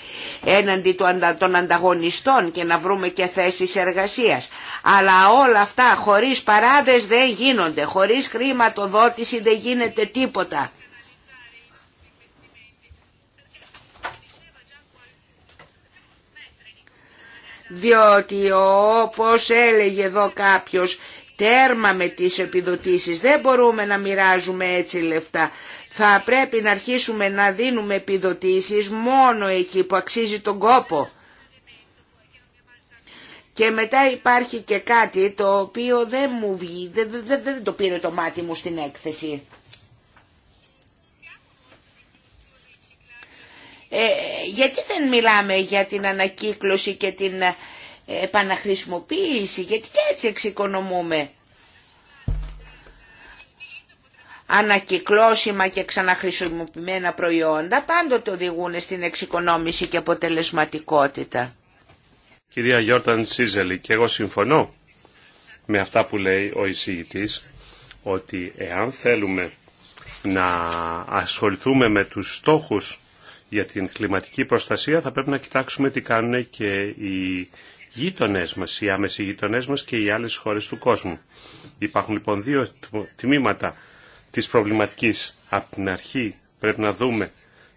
έναντι των ανταγωνιστών και να βρούμε και θέσεις εργασίας. Αλλά όλα αυτά χωρίς παράδες δεν γίνονται, χωρίς χρηματοδότηση δεν γίνεται τίποτα. διότι όπως έλεγε εδώ κάποιος τέρμα με τις επιδοτήσεις δεν μπορούμε να μοιράζουμε έτσι λεφτά θα πρέπει να αρχίσουμε να δίνουμε επιδοτήσεις μόνο εκεί που αξίζει τον κόπο. Και μετά υπάρχει και κάτι το οποίο δεν μου βγει, δεν, δεν, δεν το πήρε το μάτι μου στην έκθεση. Ε, γιατί δεν μιλάμε για την ανακύκλωση και την ε, επαναχρησιμοποίηση, γιατί και έτσι εξοικονομούμε. ανακυκλώσιμα και ξαναχρησιμοποιημένα προϊόντα πάντοτε οδηγούν στην εξοικονόμηση και αποτελεσματικότητα. Κυρία Γιόρταν Σίζελη, και εγώ συμφωνώ με αυτά που λέει ο εισηγητής ότι εάν θέλουμε να ασχοληθούμε με τους στόχους για την κλιματική προστασία θα πρέπει να κοιτάξουμε τι κάνουν και οι γείτονέ μας, οι άμεσοι γείτονέ μας και οι άλλες χώρες του κόσμου. Υπάρχουν λοιπόν δύο τμήματα της προβληματικής. Από την αρχή πρέπει να δούμε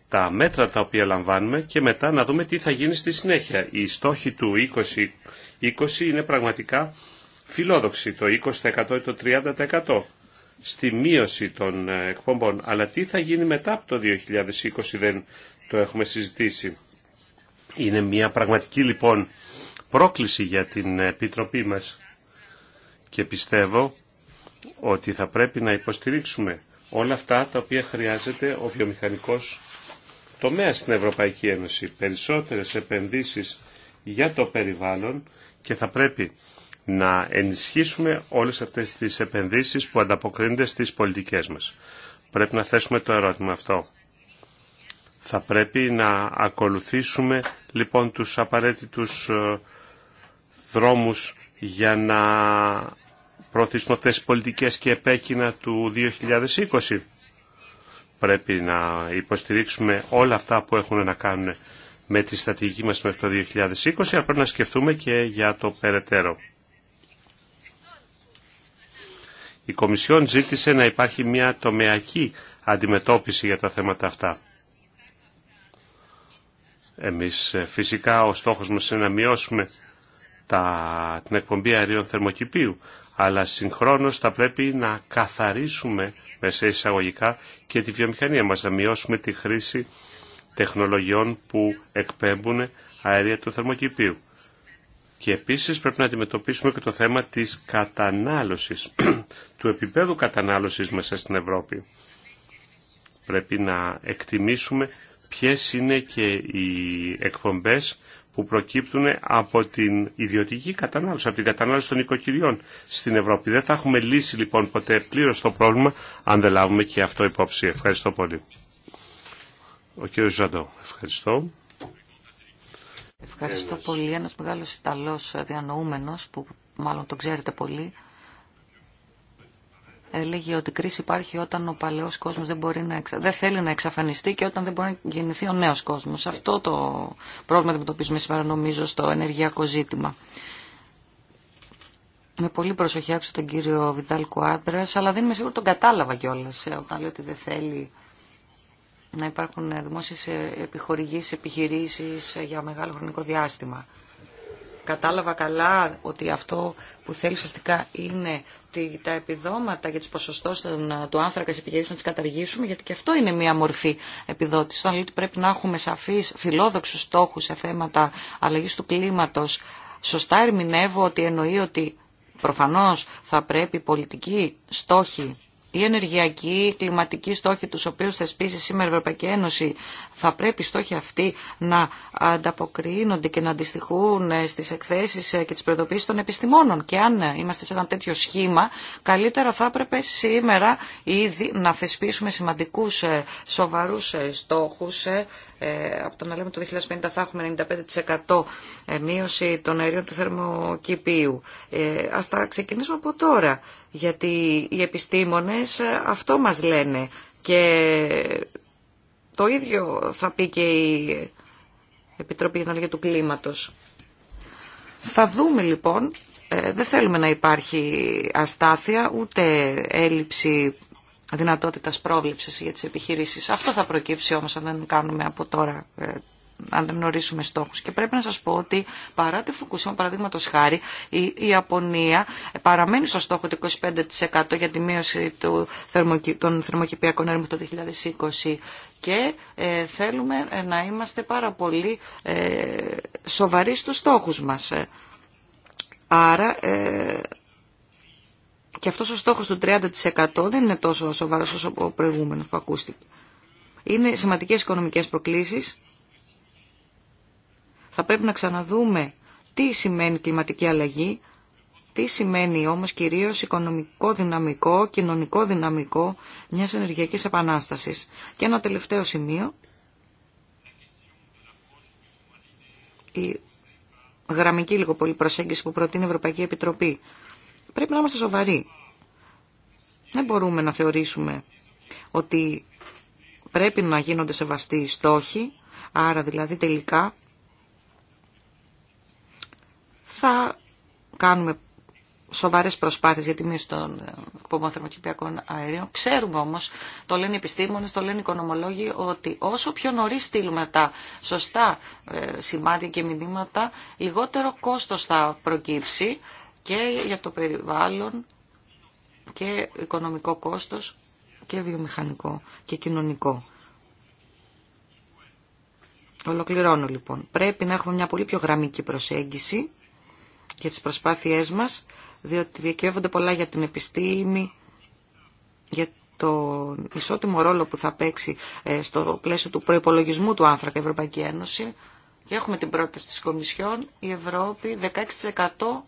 τα μέτρα τα οποία λαμβάνουμε και μετά να δούμε τι θα γίνει στη συνέχεια. η στόχη του 2020 είναι πραγματικά φιλόδοξη το 20% ή το 30% στη μείωση των ε, εκπομπών. Αλλά τι θα γίνει μετά από το 2020 δεν το έχουμε συζητήσει. Είναι μια πραγματική λοιπόν πρόκληση για την Επιτροπή μας και πιστεύω ότι θα πρέπει να υποστηρίξουμε όλα αυτά τα οποία χρειάζεται ο βιομηχανικός τομέας στην Ευρωπαϊκή Ένωση. Περισσότερες επενδύσεις για το περιβάλλον και θα πρέπει να ενισχύσουμε όλες αυτές τις επενδύσεις που ανταποκρίνονται στις πολιτικές μας. Πρέπει να θέσουμε το ερώτημα αυτό. Θα πρέπει να ακολουθήσουμε λοιπόν τους απαραίτητους ε, δρόμους για να προωθήσουμε αυτές πολιτικές και επέκεινα του 2020. Πρέπει να υποστηρίξουμε όλα αυτά που έχουν να κάνουν με τη στρατηγική μας μέχρι το 2020, αλλά πρέπει να σκεφτούμε και για το περαιτέρω. Η Κομισιόν ζήτησε να υπάρχει μια τομεακή αντιμετώπιση για τα θέματα αυτά. Εμείς ε, φυσικά ο στόχος μας είναι να μειώσουμε τα, την εκπομπή αερίων θερμοκηπίου, αλλά συγχρόνως θα πρέπει να καθαρίσουμε μέσα εισαγωγικά και τη βιομηχανία μας, να μειώσουμε τη χρήση τεχνολογιών που εκπέμπουν αέρια του θερμοκηπίου. Και επίσης πρέπει να αντιμετωπίσουμε και το θέμα της κατανάλωσης, του επίπεδου κατανάλωσης μέσα στην Ευρώπη. Πρέπει να εκτιμήσουμε ποιες είναι και οι εκπομπές που προκύπτουν από την ιδιωτική κατανάλωση, από την κατανάλωση των οικοκυριών στην Ευρώπη. Δεν θα έχουμε λύσει λοιπόν ποτέ πλήρως το πρόβλημα αν δεν λάβουμε και αυτό υπόψη. Ευχαριστώ πολύ. Ο κύριος Ζαντό, ευχαριστώ. Ευχαριστώ πολύ. Ένας μεγάλος Ιταλός διανοούμενος που μάλλον τον ξέρετε πολύ έλεγε ότι κρίση υπάρχει όταν ο παλαιός κόσμος δεν, μπορεί να εξα... δεν θέλει να εξαφανιστεί και όταν δεν μπορεί να γεννηθεί ο νέος κόσμος. Αυτό το πρόβλημα αντιμετωπίζουμε σήμερα νομίζω στο ενεργειακό ζήτημα. Με πολύ προσοχή άκουσα τον κύριο Βιδάλ Κουάντρα, αλλά δεν είμαι σίγουρη τον κατάλαβα κιόλα ε, όταν λέει ότι δεν θέλει να υπάρχουν δημόσιε επιχορηγήσεις, επιχειρήσει για μεγάλο χρονικό διάστημα κατάλαβα καλά ότι αυτό που θέλει ουσιαστικά είναι τα επιδόματα για τις ποσοστώσεις του άνθρακα επιχειρήσεις να τις καταργήσουμε, γιατί και αυτό είναι μία μορφή επιδότηση. Όταν λέει ότι πρέπει να έχουμε σαφείς φιλόδοξους στόχους σε θέματα αλλαγής του κλίματος, σωστά ερμηνεύω ότι εννοεί ότι προφανώς θα πρέπει πολιτικοί στόχοι οι ενεργειακοί, οι κλιματικοί στόχοι τους οποίους θεσπίζει σήμερα η Ευρωπαϊκή Ένωση θα πρέπει οι στόχοι αυτοί να ανταποκρίνονται και να αντιστοιχούν ε, στις εκθέσεις ε, και τις προειδοποίησεις των επιστημόνων. Και αν ε, είμαστε σε ένα τέτοιο σχήμα, καλύτερα θα έπρεπε σήμερα ήδη να θεσπίσουμε σημαντικούς σοβαρούς στόχους ε, από το να λέμε το 2050 θα έχουμε 95% ε, μείωση των αερίων του θερμοκηπίου. Ε, ας τα ξεκινήσουμε από τώρα, γιατί οι επιστήμονες αυτό μας λένε και το ίδιο θα πει και η Επιτροπή για του Κλίματος. Θα δούμε λοιπόν, ε, δεν θέλουμε να υπάρχει αστάθεια ούτε έλλειψη δυνατότητας πρόβλεψης για τις επιχειρήσεις. Αυτό θα προκύψει όμως αν δεν κάνουμε από τώρα ε, αν δεν γνωρίσουμε στόχους. Και πρέπει να σας πω ότι παρά τη Φουκουσίμα, παραδείγματο χάρη, η Ιαπωνία παραμένει στο στόχο του 25% για τη μείωση του των θερμοκηπιακών έρμων το 2020 και ε, θέλουμε ε, να είμαστε πάρα πολύ σοβαροί στους στόχους μας. Άρα... Και αυτός ο στόχος του 30% δεν είναι τόσο σοβαρός όσο ο προηγούμενος που ακούστηκε. Είναι σημαντικές οικονομικές προκλήσεις. Θα πρέπει να ξαναδούμε τι σημαίνει κλιματική αλλαγή, τι σημαίνει όμως κυρίως οικονομικό δυναμικό, κοινωνικό δυναμικό μιας ενεργειακής επανάστασης. Και ένα τελευταίο σημείο, η γραμμική λίγο πολύ προσέγγιση που προτείνει η Ευρωπαϊκή Επιτροπή πρέπει να είμαστε σοβαροί. Δεν μπορούμε να θεωρήσουμε ότι πρέπει να γίνονται σεβαστοί οι στόχοι, άρα δηλαδή τελικά θα κάνουμε σοβαρές προσπάθειες για τιμή στον των εκπομπών θερμοκηπιακών αερίων. Ξέρουμε όμως, το λένε οι επιστήμονες, το λένε οι οικονομολόγοι, ότι όσο πιο νωρί στείλουμε τα σωστά ε, σημάδια και μηνύματα, λιγότερο κόστος θα προκύψει και για το περιβάλλον και οικονομικό κόστος και βιομηχανικό και κοινωνικό. Ολοκληρώνω λοιπόν. Πρέπει να έχουμε μια πολύ πιο γραμμική προσέγγιση για τις προσπάθειές μας, διότι διακυβεύονται πολλά για την επιστήμη, για τον ισότιμο ρόλο που θα παίξει ε, στο πλαίσιο του προϋπολογισμού του άνθρακα Ευρωπαϊκή Ένωση. Και έχουμε την πρόταση της Κομισιόν, η Ευρώπη 16%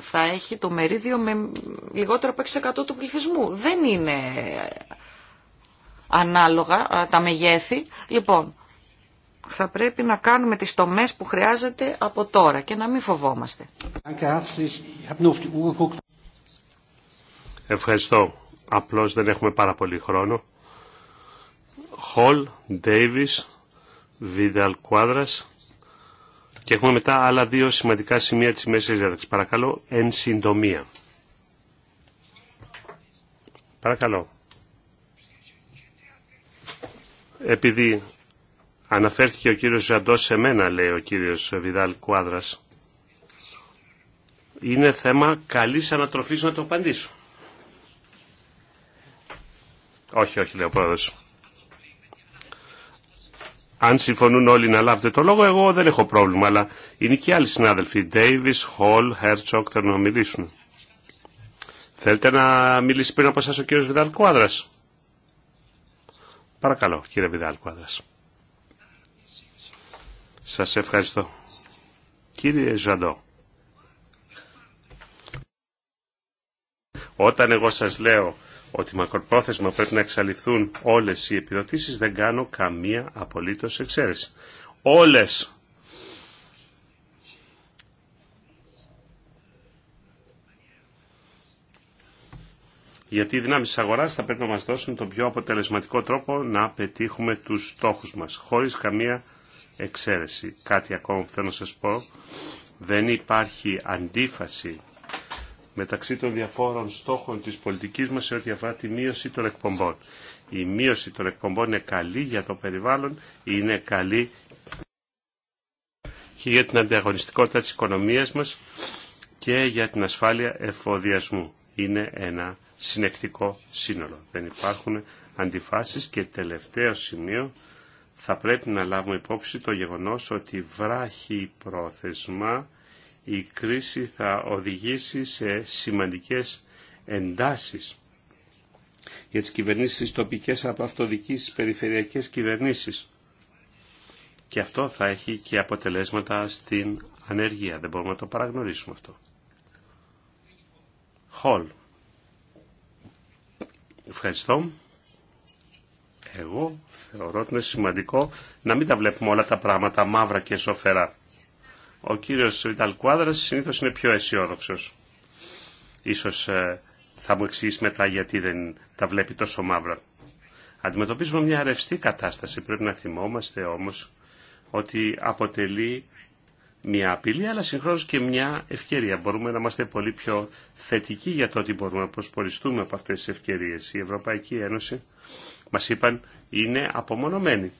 θα έχει το μερίδιο με λιγότερο από 6% του πληθυσμού. Δεν είναι ανάλογα τα μεγέθη. Λοιπόν, θα πρέπει να κάνουμε τις τομές που χρειάζεται από τώρα και να μην φοβόμαστε. Ευχαριστώ. Απλώς δεν έχουμε πάρα πολύ χρόνο. Χολ, Ντέιβις, Βίδαλ Κουάδρας, και έχουμε μετά άλλα δύο σημαντικά σημεία της μέσης διάταξης. Παρακαλώ, εν συντομία. Παρακαλώ. Επειδή αναφέρθηκε ο κύριος Ζαντός σε μένα, λέει ο κύριος Βιδάλ Κουάδρας, είναι θέμα καλής ανατροφής να το απαντήσω. Όχι, όχι, λέει ο πρόεδρος αν συμφωνούν όλοι να λάβετε το λόγο, εγώ δεν έχω πρόβλημα, αλλά είναι και άλλοι συνάδελφοι. Davis, Hall, Herzog θέλουν να μιλήσουν. Θέλετε να μιλήσει πριν από εσάς ο κύριος Βιδάλ Παρακαλώ, κύριε Βιδάλ Κουάδρας. Σας ευχαριστώ. Κύριε Ζαντό. Όταν εγώ σας λέω ότι μακροπρόθεσμα πρέπει να εξαλειφθούν όλες οι επιδοτήσεις, δεν κάνω καμία απολύτως εξαίρεση. Όλες γιατί οι δυνάμεις της αγοράς θα πρέπει να μας δώσουν τον πιο αποτελεσματικό τρόπο να πετύχουμε τους στόχους μας, χωρίς καμία εξαίρεση. Κάτι ακόμα που θέλω να σας πω, δεν υπάρχει αντίφαση μεταξύ των διαφόρων στόχων της πολιτικής μας σε ό,τι αφορά τη μείωση των εκπομπών. Η μείωση των εκπομπών είναι καλή για το περιβάλλον, είναι καλή και για την ανταγωνιστικότητα της οικονομίας μας και για την ασφάλεια εφοδιασμού. Είναι ένα συνεκτικό σύνολο. Δεν υπάρχουν αντιφάσεις και τελευταίο σημείο θα πρέπει να λάβουμε υπόψη το γεγονός ότι βράχει πρόθεσμα η κρίση θα οδηγήσει σε σημαντικές εντάσεις για τις κυβερνήσεις τις τοπικές από αυτοδικής περιφερειακές κυβερνήσεις. Και αυτό θα έχει και αποτελέσματα στην ανεργία. Δεν μπορούμε να το παραγνωρίσουμε αυτό. Χολ. Ευχαριστώ. Εγώ θεωρώ ότι είναι σημαντικό να μην τα βλέπουμε όλα τα πράγματα μαύρα και σοφερά. Ο κύριος Βινταλ Κουάδρας συνήθως είναι πιο αισιόδοξο. Ίσως ε, θα μου εξηγήσει μετά γιατί δεν τα βλέπει τόσο μαύρα. Αντιμετωπίζουμε μια ρευστή κατάσταση. Πρέπει να θυμόμαστε όμως ότι αποτελεί μια απειλή, αλλά συγχρόνως και μια ευκαιρία. Μπορούμε να είμαστε πολύ πιο θετικοί για το ότι μπορούμε να προσποριστούμε από αυτές τις ευκαιρίες. Η Ευρωπαϊκή Ένωση, μας είπαν, είναι απομονωμένη.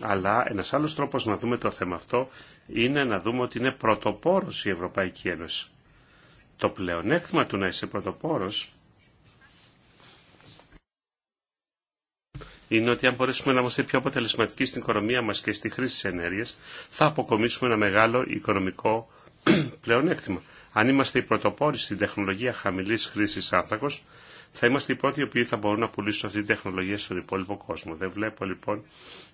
Αλλά ένας άλλος τρόπος να δούμε το θέμα αυτό είναι να δούμε ότι είναι πρωτοπόρος η Ευρωπαϊκή Ένωση. Το πλεονέκτημα του να είσαι πρωτοπόρος είναι ότι αν μπορέσουμε να είμαστε πιο αποτελεσματικοί στην οικονομία μας και στη χρήση της ενέργειας, θα αποκομίσουμε ένα μεγάλο οικονομικό πλεονέκτημα. Αν είμαστε οι πρωτοπόροι στην τεχνολογία χαμηλής χρήσης άνθρακος, θα είμαστε οι πρώτοι οι οποίοι θα μπορούν να πουλήσουν αυτή την τεχνολογία στον υπόλοιπο κόσμο. Δεν βλέπω λοιπόν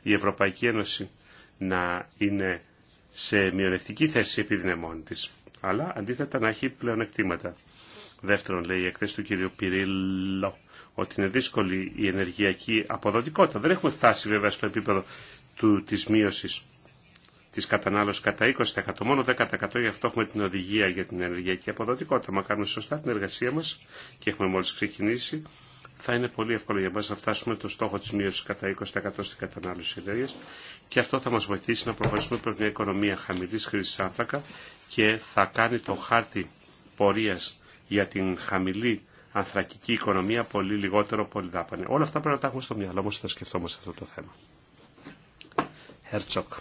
η Ευρωπαϊκή Ένωση να είναι σε μειονεκτική θέση επειδή είναι μόνη της, αλλά αντίθετα να έχει πλεονεκτήματα. Δεύτερον, λέει η εκθέση του κ. Πυρίλο, ότι είναι δύσκολη η ενεργειακή αποδοτικότητα. Δεν έχουμε φτάσει βέβαια στο επίπεδο του, της μείωσης της κατανάλωσης κατά 20%. Μόνο 10% γι' αυτό έχουμε την οδηγία για την ενεργειακή αποδοτικότητα. Μα κάνουμε σωστά την εργασία μας και έχουμε μόλις ξεκινήσει θα είναι πολύ εύκολο για μας να φτάσουμε το στόχο της μείωσης κατά 20% στην κατανάλωση ενέργειας και αυτό θα μας βοηθήσει να προχωρήσουμε προς μια οικονομία χαμηλής χρήσης άνθρακα και θα κάνει το χάρτη πορείας για την χαμηλή ανθρακική οικονομία πολύ λιγότερο πολύ Όλα αυτά πρέπει να τα έχουμε στο μυαλό μας όταν σκεφτόμαστε αυτό το θέμα. Herzog.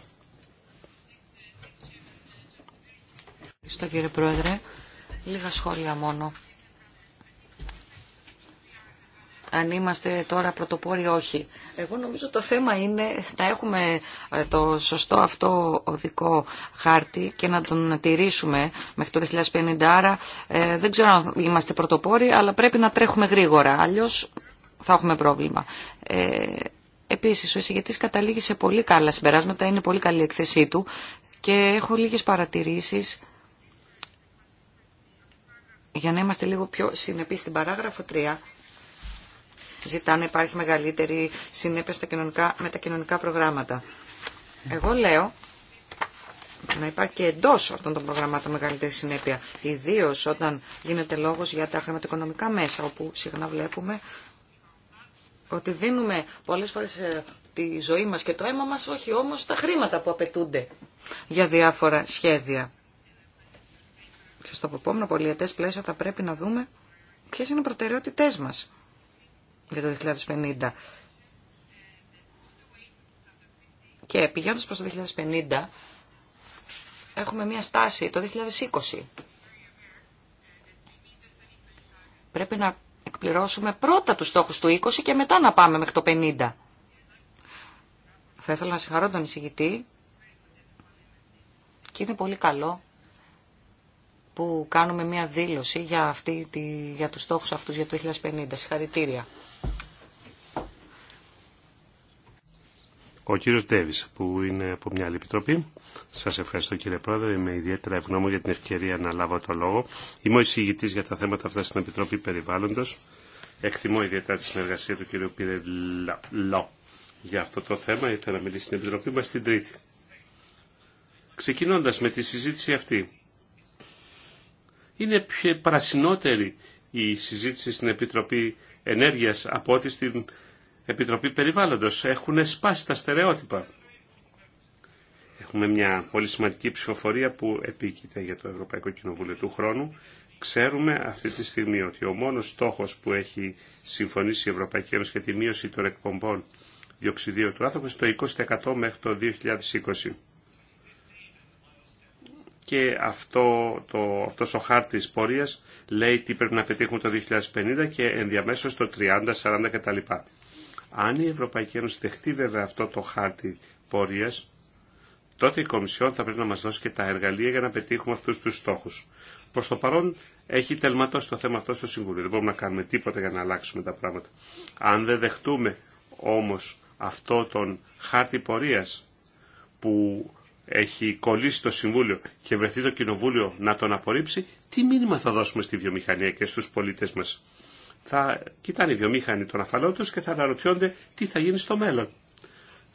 Ευχαριστώ κύριε Πρόεδρε. Λίγα σχόλια μόνο αν είμαστε τώρα πρωτοπόροι όχι. Εγώ νομίζω το θέμα είναι να έχουμε ε, το σωστό αυτό οδικό χάρτη και να τον τηρήσουμε μέχρι το 2050. Άρα ε, δεν ξέρω αν είμαστε πρωτοπόροι, αλλά πρέπει να τρέχουμε γρήγορα. Αλλιώς θα έχουμε πρόβλημα. Ε, επίσης, ο εισηγητής καταλήγει σε πολύ καλά συμπεράσματα, είναι πολύ καλή η εκθεσή του και έχω λίγες παρατηρήσεις για να είμαστε λίγο πιο συνεπείς στην παράγραφο 3 ζητά να υπάρχει μεγαλύτερη συνέπεια στα κοινωνικά, με τα κοινωνικά προγράμματα. Εγώ λέω να υπάρχει και εντό αυτών των προγραμμάτων μεγαλύτερη συνέπεια. Ιδίω όταν γίνεται λόγο για τα χρηματοοικονομικά μέσα, όπου συχνά βλέπουμε ότι δίνουμε πολλέ φορέ ε, τη ζωή μα και το αίμα μα όχι όμω τα χρήματα που απαιτούνται για διάφορα σχέδια. Και στο επόμενο πολιετέ πλαίσιο θα πρέπει να δούμε ποιε είναι οι προτεραιότητές μα για το 2050. Και πηγαίνοντας προς το 2050, έχουμε μια στάση το 2020. Πρέπει να εκπληρώσουμε πρώτα τους στόχους του 20 και μετά να πάμε μέχρι το 50. Θα ήθελα να συγχαρώ τον εισηγητή και είναι πολύ καλό που κάνουμε μια δήλωση για, αυτή, για τους στόχους αυτούς για το 2050. Συγχαρητήρια. Ο κύριος Ντέβις που είναι από μια άλλη επιτροπή. Σας ευχαριστώ κύριε Πρόεδρε. Είμαι ιδιαίτερα ευγνώμων για την ευκαιρία να λάβω το λόγο. Είμαι ο εισηγητής για τα θέματα αυτά στην Επιτροπή Περιβάλλοντος. Εκτιμώ ιδιαίτερα τη συνεργασία του κύριου Λό για αυτό το θέμα. Ήθελα να μιλήσει στην Επιτροπή μας την Τρίτη. Ξεκινώντας με τη συζήτηση αυτή, είναι πιο πρασινότερη η συζήτηση στην Επιτροπή Ενέργειας από ό,τι στην Επιτροπή Περιβάλλοντος. Έχουν σπάσει τα στερεότυπα. Έχουμε μια πολύ σημαντική ψηφοφορία που επίκειται για το Ευρωπαϊκό Κοινοβούλιο του χρόνου. Ξέρουμε αυτή τη στιγμή ότι ο μόνος στόχος που έχει συμφωνήσει η Ευρωπαϊκή Ένωση για τη μείωση των εκπομπών διοξιδίου του άνθρωπου είναι το 20% μέχρι το 2020 και αυτό το, αυτός ο χάρτης πορείας λέει τι πρέπει να πετύχουμε το 2050 και ενδιαμέσως το 30, 40 κτλ. Αν η Ευρωπαϊκή Ένωση δεχτεί βέβαια αυτό το χάρτη πορείας, τότε η Κομισιόν θα πρέπει να μας δώσει και τα εργαλεία για να πετύχουμε αυτούς τους στόχους. Προς το παρόν έχει τελματώσει το θέμα αυτό στο Συμβούλιο. Δεν μπορούμε να κάνουμε τίποτα για να αλλάξουμε τα πράγματα. Αν δεν δεχτούμε όμως αυτό τον χάρτη πορείας που έχει κολλήσει το Συμβούλιο και βρεθεί το Κοινοβούλιο να τον απορρίψει, τι μήνυμα θα δώσουμε στη βιομηχανία και στους πολίτες μας. Θα κοιτάνε οι βιομήχανοι τον αφαλό και θα αναρωτιόνται τι θα γίνει στο μέλλον.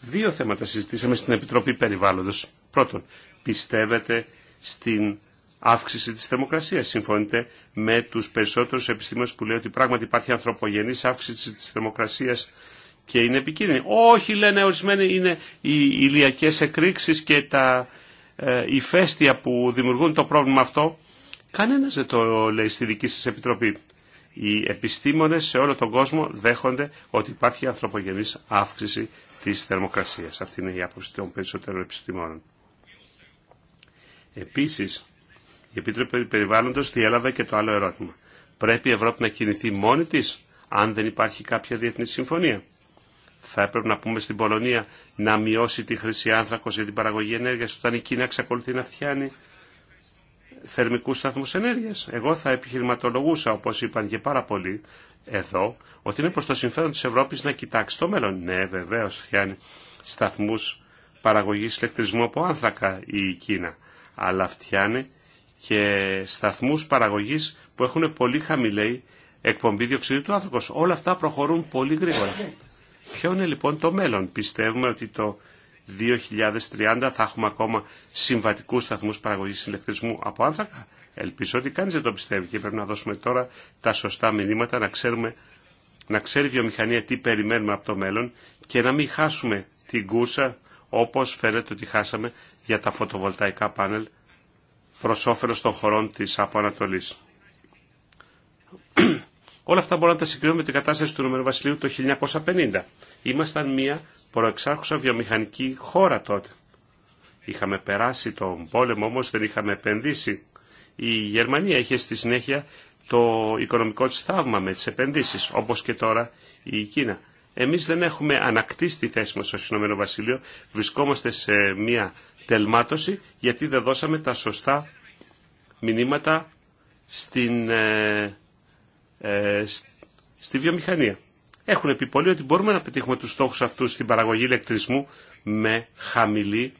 Δύο θέματα συζητήσαμε στην Επιτροπή Περιβάλλοντος. Πρώτον, πιστεύετε στην αύξηση της θερμοκρασίας. Συμφωνείτε με τους περισσότερους επιστήμονες που λέει ότι πράγματι υπάρχει ανθρωπογενής αύξηση της θερμοκρασίας και είναι επικίνδυνη. Όχι λένε ορισμένοι είναι οι ηλιακές εκρήξεις και τα ε, ηφαίστεια που δημιουργούν το πρόβλημα αυτό. Κανένα δεν το λέει στη δική σας επιτροπή. Οι επιστήμονες σε όλο τον κόσμο δέχονται ότι υπάρχει ανθρωπογενής αύξηση της θερμοκρασίας. Αυτή είναι η άποψη των περισσότερων επιστήμονων. Επίσης, η Επίτροπη Περιβάλλοντος διέλαβε και το άλλο ερώτημα. Πρέπει η Ευρώπη να κινηθεί μόνη της, αν δεν υπάρχει κάποια διεθνή συμφωνία θα έπρεπε να πούμε στην Πολωνία να μειώσει τη χρήση άνθρακος για την παραγωγή ενέργειας όταν η Κίνα εξακολουθεί να φτιάνει θερμικούς σταθμούς ενέργειας. Εγώ θα επιχειρηματολογούσα, όπως είπαν και πάρα πολλοί εδώ, ότι είναι προς το συμφέρον της Ευρώπης να κοιτάξει το μέλλον. Ναι, βεβαίως φτιάνει σταθμούς παραγωγής ηλεκτρισμού από άνθρακα η Κίνα, αλλά φτιάνει και σταθμούς παραγωγής που έχουν πολύ χαμηλή εκπομπή διοξιδίου του άνθρακος. Όλα αυτά προχωρούν πολύ γρήγορα. Ποιο είναι λοιπόν το μέλλον. Πιστεύουμε ότι το 2030 θα έχουμε ακόμα συμβατικούς σταθμούς παραγωγής ηλεκτρισμού από άνθρακα. Ελπίζω ότι κανείς δεν το πιστεύει και πρέπει να δώσουμε τώρα τα σωστά μηνύματα, να, ξέρουμε, να ξέρει η βιομηχανία τι περιμένουμε από το μέλλον και να μην χάσουμε την κούρσα όπως φαίνεται ότι χάσαμε για τα φωτοβολταϊκά πάνελ προς όφελος των χωρών της από Όλα αυτά μπορούμε να τα συγκρίνουμε με την κατάσταση του Ηνωμένου Βασιλείου το 1950. Ήμασταν μια προεξάρχουσα βιομηχανική χώρα τότε. Είχαμε περάσει τον πόλεμο όμω, δεν είχαμε επενδύσει. Η Γερμανία είχε στη συνέχεια το οικονομικό τη θαύμα με τι επενδύσει, όπω και τώρα η Κίνα. Εμεί δεν έχουμε ανακτήσει τη θέση μα στο Ηνωμένο Βασίλειο, βρισκόμαστε σε μια τελμάτωση γιατί δεν δώσαμε τα σωστά μηνύματα στην, ε, ε, στη βιομηχανία. Έχουν πει πολλοί ότι μπορούμε να πετύχουμε τους στόχους αυτούς στην παραγωγή ηλεκτρισμού με χαμηλή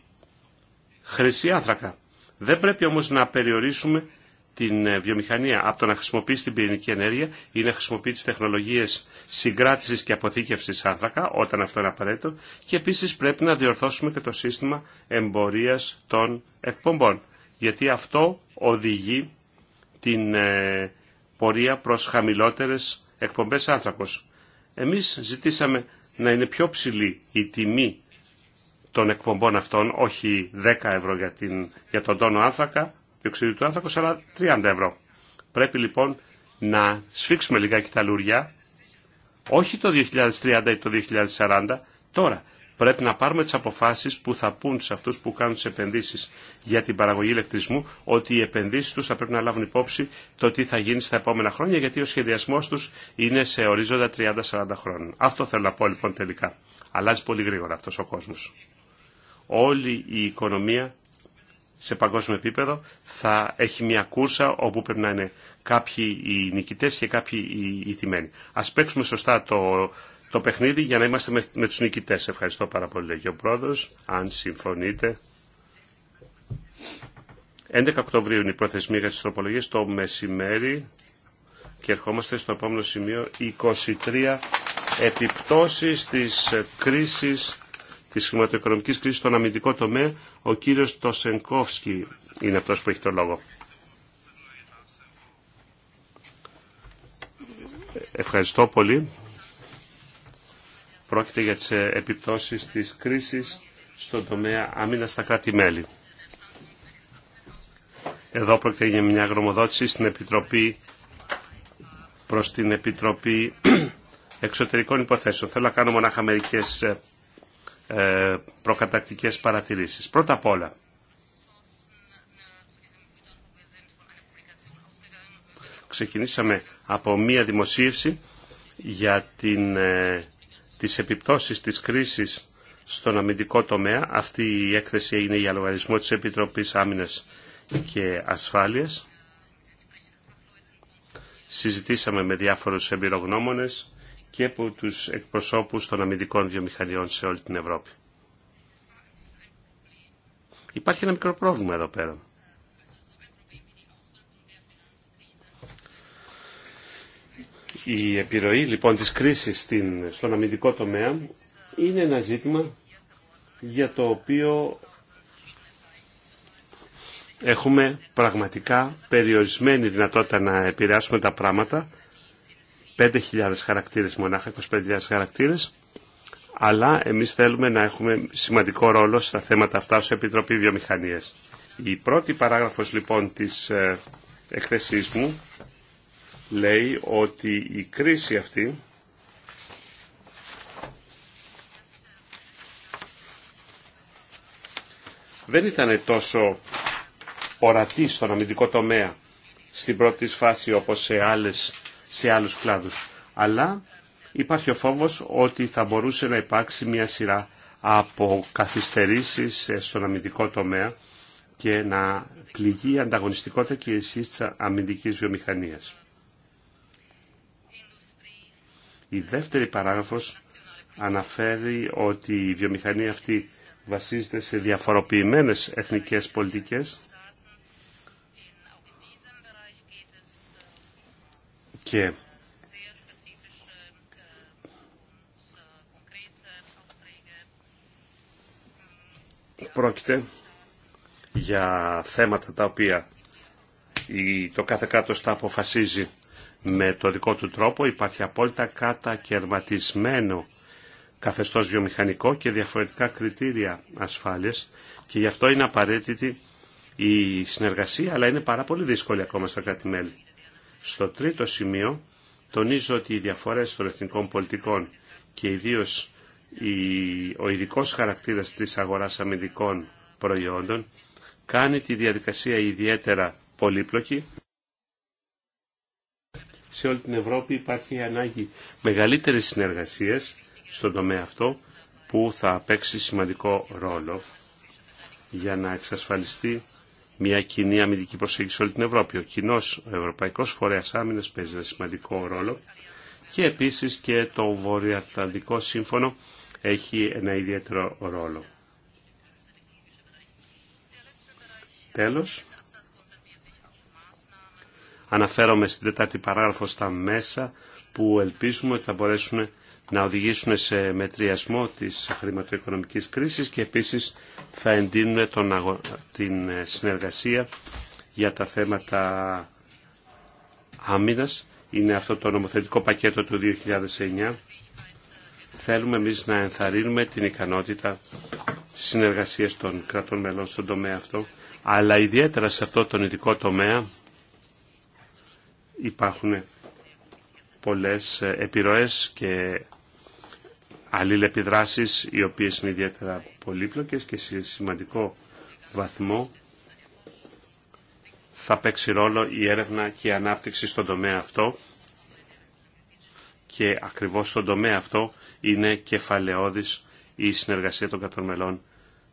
χρυσή άνθρακα. Δεν πρέπει όμως να περιορίσουμε την ε, βιομηχανία από το να χρησιμοποιήσει την πυρηνική ενέργεια ή να χρησιμοποιεί τις τεχνολογίες συγκράτησης και αποθήκευσης άνθρακα όταν αυτό είναι απαραίτητο και επίσης πρέπει να διορθώσουμε και το σύστημα εμπορίας των εκπομπών γιατί αυτό οδηγεί την ε, πορεία προς χαμηλότερες εκπομπές άνθρακος. Εμείς ζητήσαμε να είναι πιο ψηλή η τιμή των εκπομπών αυτών, όχι 10 ευρώ για, την, για τον τόνο άνθρακα, διοξιδίου του άνθρακος, αλλά 30 ευρώ. Πρέπει λοιπόν να σφίξουμε λιγάκι τα λουριά, όχι το 2030 ή το 2040, τώρα, Πρέπει να πάρουμε τις αποφάσεις που θα πούν σε αυτούς που κάνουν τις επενδύσεις για την παραγωγή ηλεκτρισμού ότι οι επενδύσεις τους θα πρέπει να λάβουν υπόψη το τι θα γίνει στα επόμενα χρόνια γιατί ο σχεδιασμός τους είναι σε ορίζοντα 30-40 χρόνων. Αυτό θέλω να πω λοιπόν τελικά. Αλλάζει πολύ γρήγορα αυτός ο κόσμος. Όλη η οικονομία σε παγκόσμιο επίπεδο θα έχει μια κούρσα όπου πρέπει να είναι κάποιοι οι νικητές και κάποιοι οι, οι τιμένοι. Ας παίξουμε σωστά το το παιχνίδι για να είμαστε με, με τους νικητές. Ευχαριστώ πάρα πολύ, λέγει ο πρόεδρος. Αν συμφωνείτε. 11 Οκτωβρίου είναι η προθεσμία για της τροπολογίας. το μεσημέρι και ερχόμαστε στο επόμενο σημείο 23 επιπτώσεις της κρίσης της χρηματοοικονομικής κρίσης στον αμυντικό τομέα. Ο κύριος Τοσενκόφσκι είναι αυτός που έχει το λόγο. Ευχαριστώ πολύ. Πρόκειται για τις ε, επιπτώσεις της κρίσης στον τομέα άμυνα στα κράτη-μέλη. Εδώ πρόκειται για μια γνωμοδότηση στην Επιτροπή προς την Επιτροπή Εξωτερικών Υποθέσεων. Θέλω να κάνω μονάχα μερικές ε, ε, προκατακτικές παρατηρήσεις. Πρώτα απ' όλα, ξεκινήσαμε από μία δημοσίευση για την τις επιπτώσεις της κρίσης στον αμυντικό τομέα. Αυτή η έκθεση έγινε για λογαριασμό της Επιτροπής Άμυνας και Ασφάλειας. Συζητήσαμε με διάφορους εμπειρογνώμονες και από τους εκπροσώπους των αμυντικών βιομηχανιών σε όλη την Ευρώπη. Υπάρχει ένα μικρό πρόβλημα εδώ πέρα. Η επιρροή λοιπόν της κρίσης στην, στον αμυντικό τομέα είναι ένα ζήτημα για το οποίο έχουμε πραγματικά περιορισμένη δυνατότητα να επηρεάσουμε τα πράγματα 5.000 χαρακτήρες μονάχα, 25.000 χαρακτήρες αλλά εμείς θέλουμε να έχουμε σημαντικό ρόλο στα θέματα αυτά ως Επιτροπή Βιομηχανίας. Η πρώτη παράγραφος λοιπόν της ε, εκθεσής μου λέει ότι η κρίση αυτή δεν ήταν τόσο ορατή στον αμυντικό τομέα στην πρώτη φάση όπως σε, άλλες, σε άλλους κλάδους. Αλλά υπάρχει ο φόβος ότι θα μπορούσε να υπάρξει μια σειρά από καθυστερήσεις ε, στον αμυντικό τομέα και να πληγεί η ανταγωνιστικότητα και η της αμυντικής βιομηχανίας. Η δεύτερη παράγραφος αναφέρει ότι η βιομηχανία αυτή βασίζεται σε διαφοροποιημένες εθνικές πολιτικές και πρόκειται για θέματα τα οποία το κάθε κράτος τα αποφασίζει με το δικό του τρόπο. Υπάρχει απόλυτα κατακαιρματισμένο καθεστώς βιομηχανικό και διαφορετικά κριτήρια ασφάλειας και γι' αυτό είναι απαραίτητη η συνεργασία, αλλά είναι πάρα πολύ δύσκολη ακόμα στα κράτη-μέλη. Στο τρίτο σημείο, τονίζω ότι οι διαφορές των εθνικών πολιτικών και ιδίως ο ειδικό χαρακτήρας της αγοράς αμυντικών προϊόντων κάνει τη διαδικασία ιδιαίτερα πολύπλοκη σε όλη την Ευρώπη υπάρχει ανάγκη μεγαλύτερης συνεργασίας στον τομέα αυτό που θα παίξει σημαντικό ρόλο για να εξασφαλιστεί μια κοινή αμυντική προσέγγιση σε όλη την Ευρώπη. Ο κοινό Ευρωπαϊκό Φορέα Άμυνα παίζει ένα σημαντικό ρόλο και επίση και το Βορειοατλαντικό Σύμφωνο έχει ένα ιδιαίτερο ρόλο. Τέλος, Αναφέρομαι στην τετάρτη παράγραφο στα μέσα που ελπίζουμε ότι θα μπορέσουν να οδηγήσουν σε μετριασμό της χρηματοοικονομικής κρίσης και επίσης θα εντείνουν τον την συνεργασία για τα θέματα άμυνας. Είναι αυτό το νομοθετικό πακέτο του 2009. Θέλουμε εμείς να ενθαρρύνουμε την ικανότητα συνεργασίας των κρατών μελών στον τομέα αυτό, αλλά ιδιαίτερα σε αυτό τον ειδικό τομέα υπάρχουν πολλές ε, επιρροές και αλληλεπιδράσεις οι οποίες είναι ιδιαίτερα πολύπλοκες και σε σημαντικό βαθμό θα παίξει ρόλο η έρευνα και η ανάπτυξη στον τομέα αυτό και ακριβώς στον τομέα αυτό είναι κεφαλαιώδης η συνεργασία των κατορμελών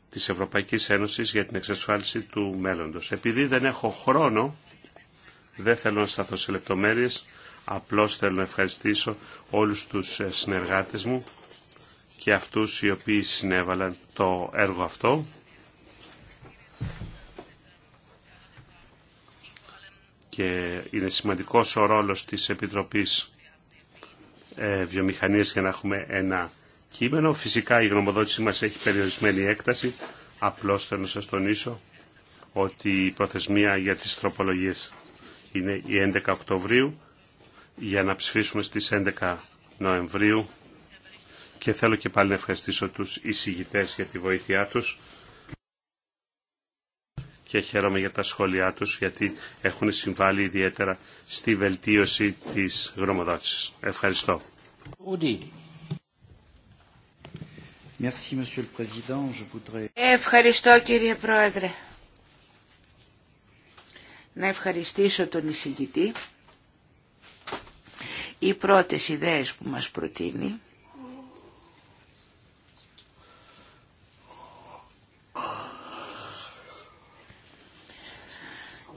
της Ευρωπαϊκής Ένωσης για την εξασφάλιση του μέλλοντος. Επειδή δεν έχω χρόνο δεν θέλω να σταθώ σε λεπτομέρειες, απλώς θέλω να ευχαριστήσω όλους τους ε, συνεργάτες μου και αυτούς οι οποίοι συνέβαλαν το έργο αυτό. Και είναι σημαντικός ο ρόλος της Επιτροπής ε, Βιομηχανίας για να έχουμε ένα κείμενο. Φυσικά η γνωμοδότησή μας έχει περιορισμένη έκταση. Απλώς θέλω να σας τονίσω ότι η προθεσμία για τις τροπολογίες είναι η 11 Οκτωβρίου για να ψηφίσουμε στις 11 Νοεμβρίου και θέλω και πάλι να ευχαριστήσω τους εισηγητές για τη βοήθειά τους και χαίρομαι για τα σχόλιά τους γιατί έχουν συμβάλει ιδιαίτερα στη βελτίωση της γρομοδότησης. Ευχαριστώ. Ευχαριστώ κύριε Πρόεδρε να ευχαριστήσω τον εισηγητή. Οι πρώτες ιδέες που μας προτείνει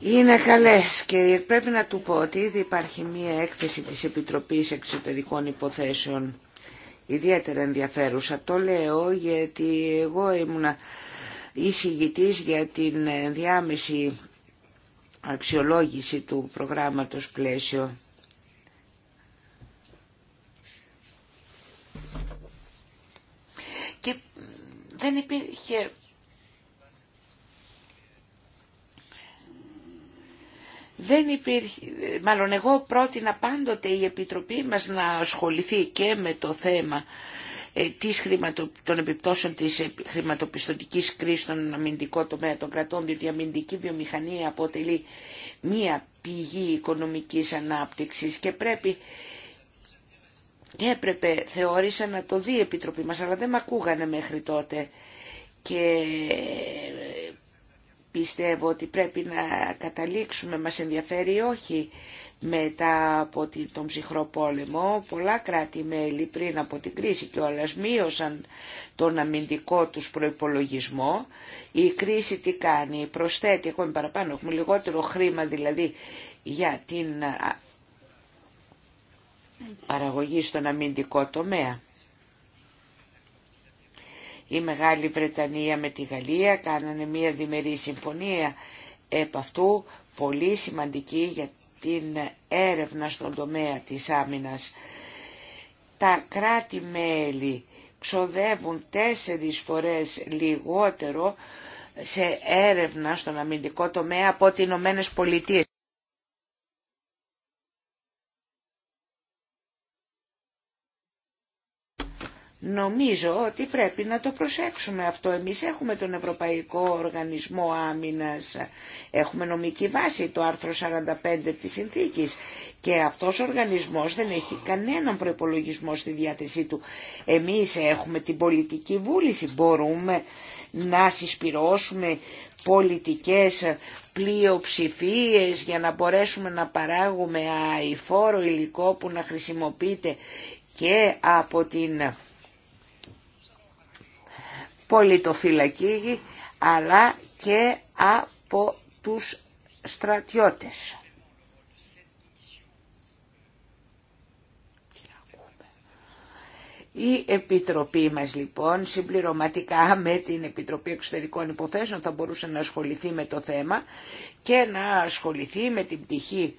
Είναι καλές και πρέπει να του πω ότι ήδη υπάρχει μία έκθεση της Επιτροπής Εξωτερικών Υποθέσεων ιδιαίτερα ενδιαφέρουσα. Το λέω γιατί εγώ ήμουνα εισηγητής για την διάμεση αξιολόγηση του προγράμματος πλαίσιο. Και δεν υπήρχε Δεν υπήρχε, μάλλον εγώ πρότεινα πάντοτε η Επιτροπή μας να ασχοληθεί και με το θέμα ε, της των επιπτώσεων της χρηματοπιστωτικής κρίσης στον αμυντικό τομέα των κρατών, διότι η αμυντική βιομηχανία αποτελεί μία πηγή οικονομικής ανάπτυξης και πρέπει και έπρεπε, θεώρησα να το δει η Επιτροπή μας, αλλά δεν με ακούγανε μέχρι τότε. Και πιστεύω ότι πρέπει να καταλήξουμε, μας ενδιαφέρει όχι μετά από τον ψυχρό πόλεμο. Πολλά κράτη-μέλη πριν από την κρίση και όλας μείωσαν τον αμυντικό τους προϋπολογισμό. Η κρίση τι κάνει, προσθέτει ακόμη παραπάνω, έχουμε λιγότερο χρήμα δηλαδή για την παραγωγή στον αμυντικό τομέα η Μεγάλη Βρετανία με τη Γαλλία κάνανε μια διμερή συμφωνία επ' αυτού πολύ σημαντική για την έρευνα στον τομέα της άμυνας. Τα κράτη-μέλη ξοδεύουν τέσσερις φορές λιγότερο σε έρευνα στον αμυντικό τομέα από τι Ηνωμένε Πολιτείε. Νομίζω ότι πρέπει να το προσέξουμε αυτό. Εμείς έχουμε τον Ευρωπαϊκό Οργανισμό Άμυνας, έχουμε νομική βάση το άρθρο 45 της συνθήκης και αυτός ο οργανισμός δεν έχει κανέναν προπολογισμό στη διάθεσή του. Εμείς έχουμε την πολιτική βούληση, μπορούμε να συσπυρώσουμε πολιτικές πλειοψηφίες για να μπορέσουμε να παράγουμε αηφόρο υλικό που να χρησιμοποιείται και από την πολιτοφυλακή αλλά και από τους στρατιώτες. Η Επιτροπή μας λοιπόν συμπληρωματικά με την Επιτροπή Εξωτερικών Υποθέσεων θα μπορούσε να ασχοληθεί με το θέμα και να ασχοληθεί με την πτυχή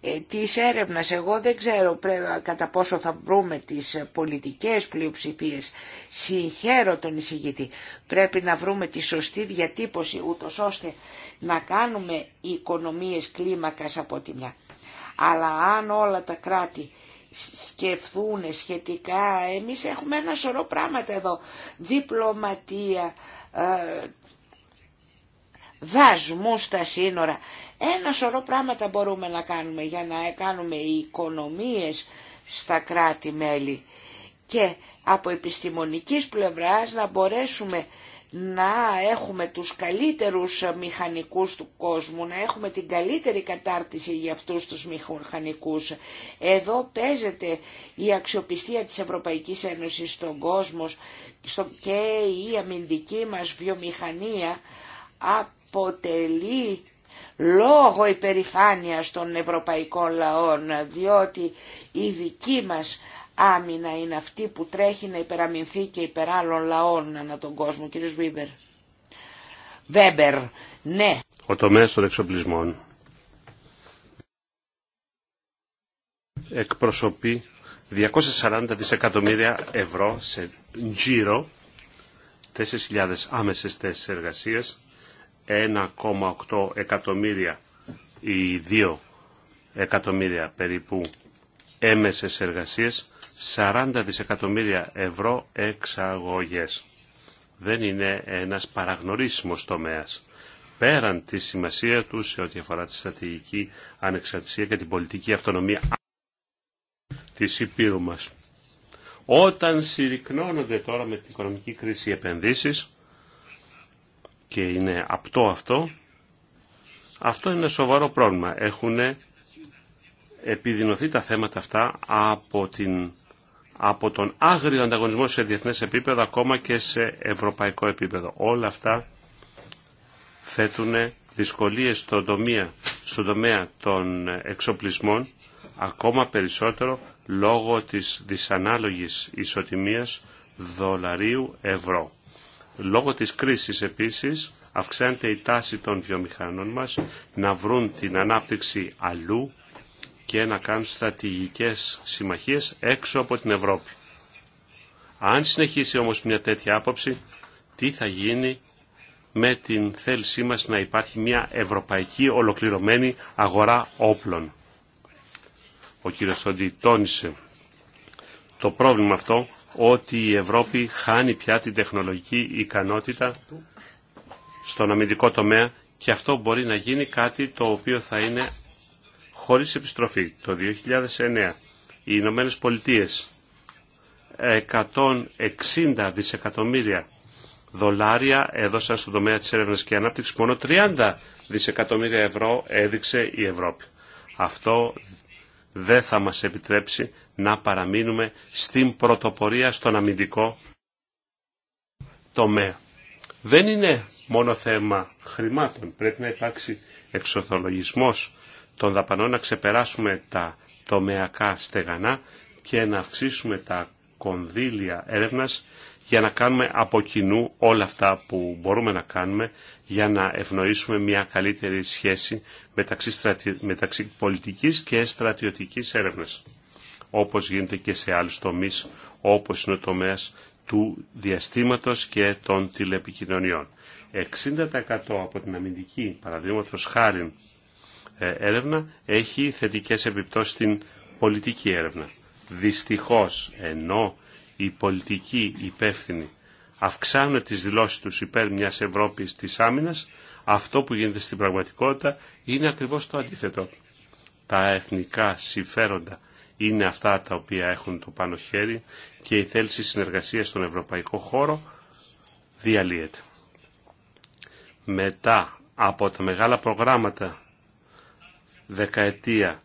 ε, της έρευνας. Εγώ δεν ξέρω πρέ, κατά πόσο θα βρούμε τις πολιτικές πλειοψηφίες. Συγχαίρω τον εισηγητή. Πρέπει να βρούμε τη σωστή διατύπωση ούτως ώστε να κάνουμε οικονομίες κλίμακας από τη μια. Αλλά αν όλα τα κράτη σκεφτούν σχετικά, εμείς έχουμε ένα σωρό πράγματα εδώ, διπλωματία, ε, δασμού στα σύνορα. Ένα σωρό πράγματα μπορούμε να κάνουμε για να κάνουμε οικονομίες στα κράτη-μέλη και από επιστημονικής πλευράς να μπορέσουμε να έχουμε τους καλύτερους μηχανικούς του κόσμου, να έχουμε την καλύτερη κατάρτιση για αυτούς τους μηχανικούς. Εδώ παίζεται η αξιοπιστία της Ευρωπαϊκής Ένωσης στον κόσμο και η αμυντική μας βιομηχανία αποτελεί Λόγω υπερηφάνειας των ευρωπαϊκών λαών, διότι η δική μας άμυνα είναι αυτή που τρέχει να υπεραμυνθεί και υπερ λαών ανά τον κόσμο. Κύριος Βίμπερ. Βέμπερ, ναι. Ο τομέας των εξοπλισμών εκπροσωπεί 240 δισεκατομμύρια ευρώ σε γύρο 4.000 άμεσες θέσεις εργασίας 1,8 εκατομμύρια ή 2 εκατομμύρια περίπου έμεσες εργασίες, 40 δισεκατομμύρια ευρώ εξαγωγές. Δεν είναι ένας παραγνωρίσιμος τομέας. Πέραν τη σημασία του σε ό,τι αφορά τη στρατηγική ανεξαρτησία και την πολιτική αυτονομία της Υπήρου μας. Όταν συρρυκνώνονται τώρα με την οικονομική κρίση οι επενδύσεις, και είναι απτό αυτό, αυτό είναι σοβαρό πρόβλημα. Έχουν επιδεινωθεί τα θέματα αυτά από, την, από τον άγριο ανταγωνισμό σε διεθνές επίπεδο, ακόμα και σε ευρωπαϊκό επίπεδο. Όλα αυτά θέτουν δυσκολίες στον τομέα, στον τομέα των εξοπλισμών, ακόμα περισσότερο λόγω της δυσανάλογης ισοτιμίας δολαρίου ευρώ. Λόγω της κρίσης επίσης αυξάνεται η τάση των βιομηχανών μας να βρουν την ανάπτυξη αλλού και να κάνουν στρατηγικές συμμαχίες έξω από την Ευρώπη. Αν συνεχίσει όμως μια τέτοια άποψη, τι θα γίνει με την θέλησή μας να υπάρχει μια ευρωπαϊκή ολοκληρωμένη αγορά όπλων. Ο κ. Σόντι τόνισε το πρόβλημα αυτό ότι η Ευρώπη χάνει πια την τεχνολογική ικανότητα στον αμυντικό τομέα και αυτό μπορεί να γίνει κάτι το οποίο θα είναι χωρίς επιστροφή. Το 2009 οι Ηνωμένε Πολιτείε 160 δισεκατομμύρια δολάρια έδωσαν στον τομέα της έρευνας και ανάπτυξης μόνο 30 δισεκατομμύρια ευρώ έδειξε η Ευρώπη. Αυτό δεν θα μας επιτρέψει να παραμείνουμε στην πρωτοπορία στον αμυντικό τομέα. Δεν είναι μόνο θέμα χρημάτων. Πρέπει να υπάρξει εξορθολογισμός των δαπανών, να ξεπεράσουμε τα τομεακά στεγανά και να αυξήσουμε τα κονδύλια έρευνας για να κάνουμε από κοινού όλα αυτά που μπορούμε να κάνουμε για να ευνοήσουμε μια καλύτερη σχέση μεταξύ, στρατι... μεταξύ πολιτικής και στρατιωτικής έρευνας, όπως γίνεται και σε άλλους τομείς, όπως είναι ο τομέας του διαστήματος και των τηλεπικοινωνιών. 60% από την αμυντική, παραδείγματο χάρη ε, έρευνα, έχει θετικές επιπτώσεις στην πολιτική έρευνα. Δυστυχώς, ενώ οι πολιτικοί υπεύθυνοι αυξάνουν τις δηλώσεις τους υπέρ μιας Ευρώπης της άμυνας, αυτό που γίνεται στην πραγματικότητα είναι ακριβώς το αντίθετο. Τα εθνικά συμφέροντα είναι αυτά τα οποία έχουν το πάνω χέρι και η θέληση συνεργασία στον ευρωπαϊκό χώρο διαλύεται. Μετά από τα μεγάλα προγράμματα δεκαετία,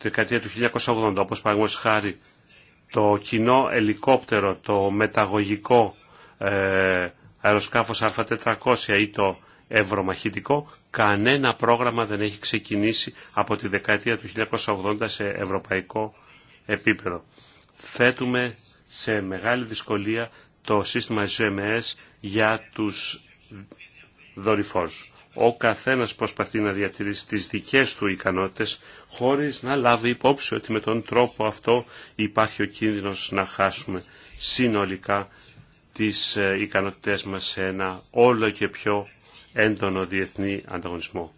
δεκαετία του 1980, όπως παραγωγός χάρη το κοινό ελικόπτερο, το μεταγωγικό ε, αεροσκάφος Α400 ή το ευρωμαχητικό, κανένα πρόγραμμα δεν έχει ξεκινήσει από τη δεκαετία του 1980 σε ευρωπαϊκό επίπεδο. Θέτουμε σε μεγάλη δυσκολία το σύστημα GMS για τους δορυφόρους ο καθένας προσπαθεί να διατηρήσει τις δικές του ικανότητες χωρίς να λάβει υπόψη ότι με τον τρόπο αυτό υπάρχει ο κίνδυνος να χάσουμε συνολικά τις ε, ικανότητές μας σε ένα όλο και πιο έντονο διεθνή ανταγωνισμό.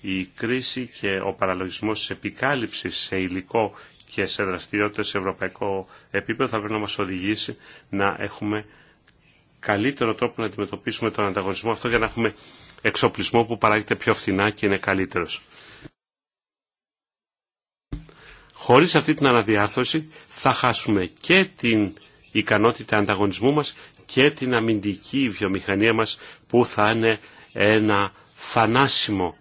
Η κρίση και ο παραλογισμός της επικάλυψης σε υλικό και σε δραστηριότητες σε ευρωπαϊκό επίπεδο θα πρέπει να μας οδηγήσει να έχουμε καλύτερο τρόπο να αντιμετωπίσουμε τον ανταγωνισμό αυτό για να έχουμε εξοπλισμό που παράγεται πιο φθηνά και είναι καλύτερος. Χωρίς αυτή την αναδιάρθρωση θα χάσουμε και την ικανότητα ανταγωνισμού μας και την αμυντική βιομηχανία μας που θα είναι ένα φανάσιμο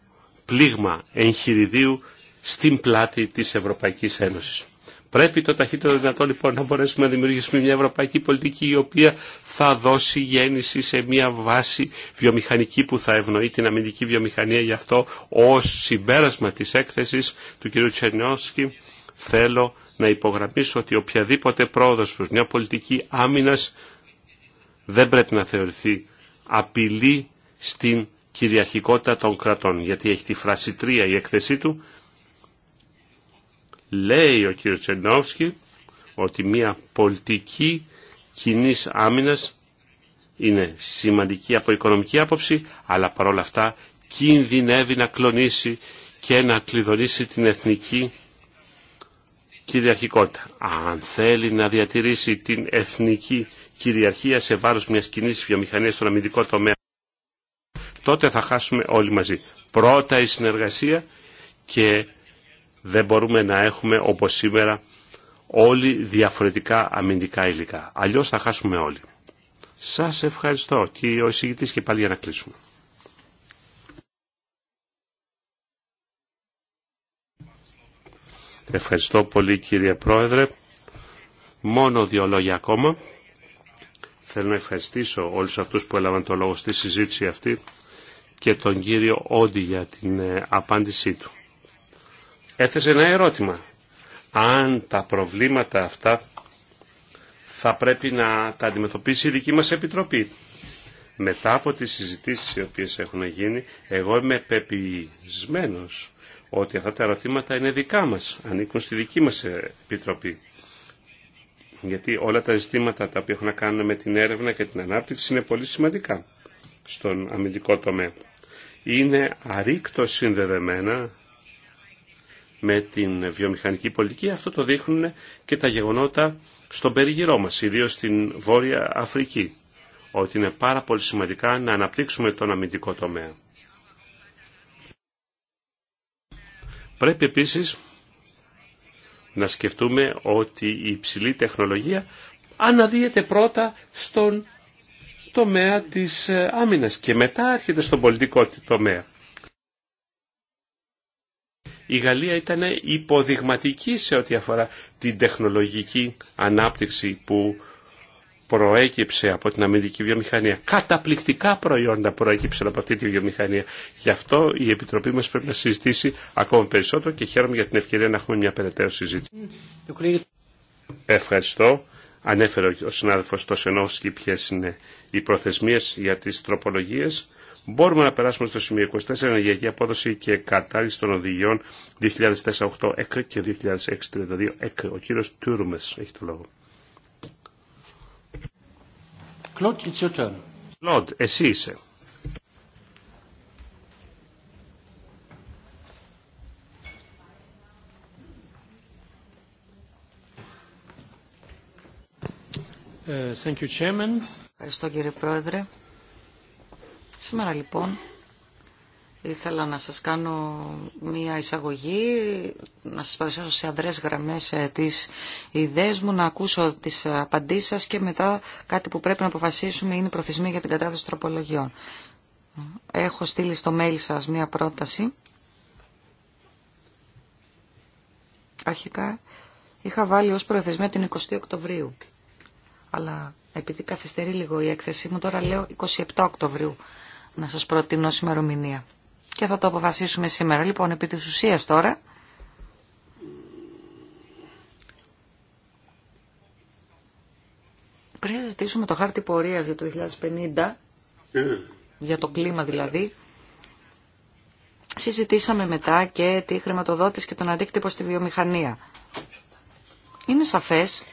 πλήγμα εγχειριδίου στην πλάτη της Ευρωπαϊκής Ένωσης. Πρέπει το ταχύτερο δυνατό λοιπόν να μπορέσουμε να δημιουργήσουμε μια ευρωπαϊκή πολιτική η οποία θα δώσει γέννηση σε μια βάση βιομηχανική που θα ευνοεί την αμυντική βιομηχανία. Γι' αυτό ως συμπέρασμα της έκθεσης του κ. Τσερνιώσκη θέλω να υπογραμμίσω ότι οποιαδήποτε πρόοδος προς μια πολιτική άμυνας δεν πρέπει να θεωρηθεί απειλή στην κυριαρχικότητα των κρατών. Γιατί έχει τη φράση 3 η έκθεσή του Λέει ο κ. ότι μια πολιτική κοινή άμυνας είναι σημαντική από οικονομική άποψη, αλλά παρόλα αυτά κινδυνεύει να κλονίσει και να κλειδωρήσει την εθνική κυριαρχικότητα. Αν θέλει να διατηρήσει την εθνική κυριαρχία σε βάρος μιας κοινή βιομηχανίας στον αμυντικό τομέα, τότε θα χάσουμε όλοι μαζί. Πρώτα η συνεργασία και δεν μπορούμε να έχουμε όπως σήμερα όλοι διαφορετικά αμυντικά υλικά. Αλλιώς θα χάσουμε όλοι. Σας ευχαριστώ και ο εισηγητής και πάλι για να κλείσουμε. Ευχαριστώ πολύ κύριε Πρόεδρε. Μόνο δύο λόγια ακόμα. Θέλω να ευχαριστήσω όλους αυτούς που έλαβαν το λόγο στη συζήτηση αυτή και τον κύριο Όντι για την ε, απάντησή του έθεσε ένα ερώτημα. Αν τα προβλήματα αυτά θα πρέπει να τα αντιμετωπίσει η δική μας Επιτροπή. Μετά από τις συζητήσεις οι οποίες έχουν γίνει, εγώ είμαι πεπισμένος ότι αυτά τα ερωτήματα είναι δικά μας, ανήκουν στη δική μας Επιτροπή. Γιατί όλα τα ζητήματα τα οποία έχουν να κάνουν με την έρευνα και την ανάπτυξη είναι πολύ σημαντικά στον αμυντικό τομέα. Είναι αρρήκτο συνδεδεμένα με την βιομηχανική πολιτική. Αυτό το δείχνουν και τα γεγονότα στον περιγυρό μας, ιδίως στην Βόρεια Αφρική, ότι είναι πάρα πολύ σημαντικά να αναπτύξουμε τον αμυντικό τομέα. Πρέπει επίσης να σκεφτούμε ότι η υψηλή τεχνολογία αναδύεται πρώτα στον τομέα της ε, άμυνας και μετά έρχεται στον πολιτικό τομέα η Γαλλία ήταν υποδειγματική σε ό,τι αφορά την τεχνολογική ανάπτυξη που προέκυψε από την αμυντική βιομηχανία. Καταπληκτικά προϊόντα προέκυψαν από αυτή τη βιομηχανία. Γι' αυτό η Επιτροπή μας πρέπει να συζητήσει ακόμα περισσότερο και χαίρομαι για την ευκαιρία να έχουμε μια περαιτέρω συζήτηση. Ευχαριστώ. Ανέφερε ο συνάδελφος Σενόφσκι ποιες είναι οι προθεσμίες για τις τροπολογίες. Μπορούμε να περάσουμε στο σημείο 24, ενεργειακή απόδοση και κατάργηση των οδηγιών 2004-8 ΕΚΡ και 2006-32 ΕΚΡ. Ο κύριος Τούρμες έχει το λόγο. Κλοντ, it's your turn. Κλοντ, εσύ είσαι. Ε, thank you, Chairman. Ευχαριστώ κύριε Πρόεδρε. Σήμερα λοιπόν ήθελα να σας κάνω μία εισαγωγή, να σας παρουσιάσω σε αδρές γραμμές ε, τις ιδέες μου, να ακούσω τις απαντήσεις σας και μετά κάτι που πρέπει να αποφασίσουμε είναι η προθεσμία για την κατάθεση τροπολογιών. Έχω στείλει στο mail σας μία πρόταση. Αρχικά είχα βάλει ως προθεσμία την 20 Οκτωβρίου, αλλά επειδή καθυστερεί λίγο η έκθεσή μου, τώρα λέω 27 Οκτωβρίου να σας προτείνω ημερομηνία. Και θα το αποφασίσουμε σήμερα. Λοιπόν, επί της ουσίας τώρα, πριν ζητήσουμε το χάρτη πορείας για το 2050, για το κλίμα δηλαδή, συζητήσαμε μετά και τη χρηματοδότηση και τον αντίκτυπο στη βιομηχανία. Είναι σαφές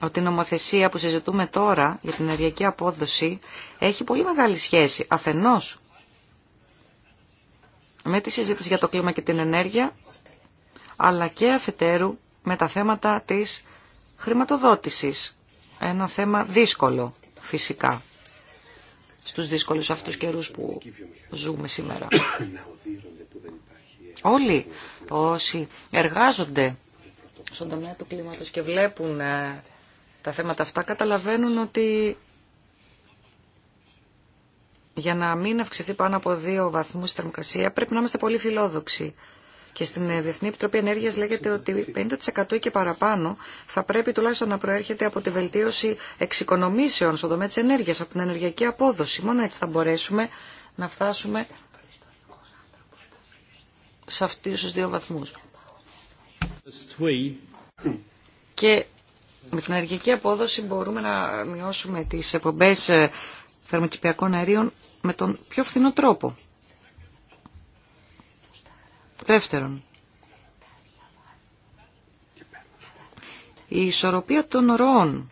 ότι η νομοθεσία που συζητούμε τώρα για την ενεργειακή απόδοση έχει πολύ μεγάλη σχέση αφενός με τη συζήτηση για το κλίμα και την ενέργεια, αλλά και αφετέρου με τα θέματα της χρηματοδότησης. Ένα θέμα δύσκολο φυσικά στους δύσκολους αυτούς καιρούς που ζούμε σήμερα. Όλοι όσοι εργάζονται στον τομέα του κλίματος και βλέπουν ε, τα θέματα αυτά καταλαβαίνουν ότι για να μην αυξηθεί πάνω από δύο βαθμούς η θερμοκρασία πρέπει να είμαστε πολύ φιλόδοξοι. Και στην ε, Διεθνή Επιτροπή Ενέργειας λέγεται ότι 50% και παραπάνω θα πρέπει τουλάχιστον να προέρχεται από τη βελτίωση εξοικονομήσεων στον τομέα της ενέργειας, από την ενεργειακή απόδοση. Μόνο έτσι θα μπορέσουμε να φτάσουμε σε αυτούς τους δύο βαθμούς. Και με την ενεργειακή απόδοση μπορούμε να μειώσουμε τις εκπομπές ε, θερμοκηπιακών αερίων με τον πιο φθηνό τρόπο. Δεύτερον, η ισορροπία των ροών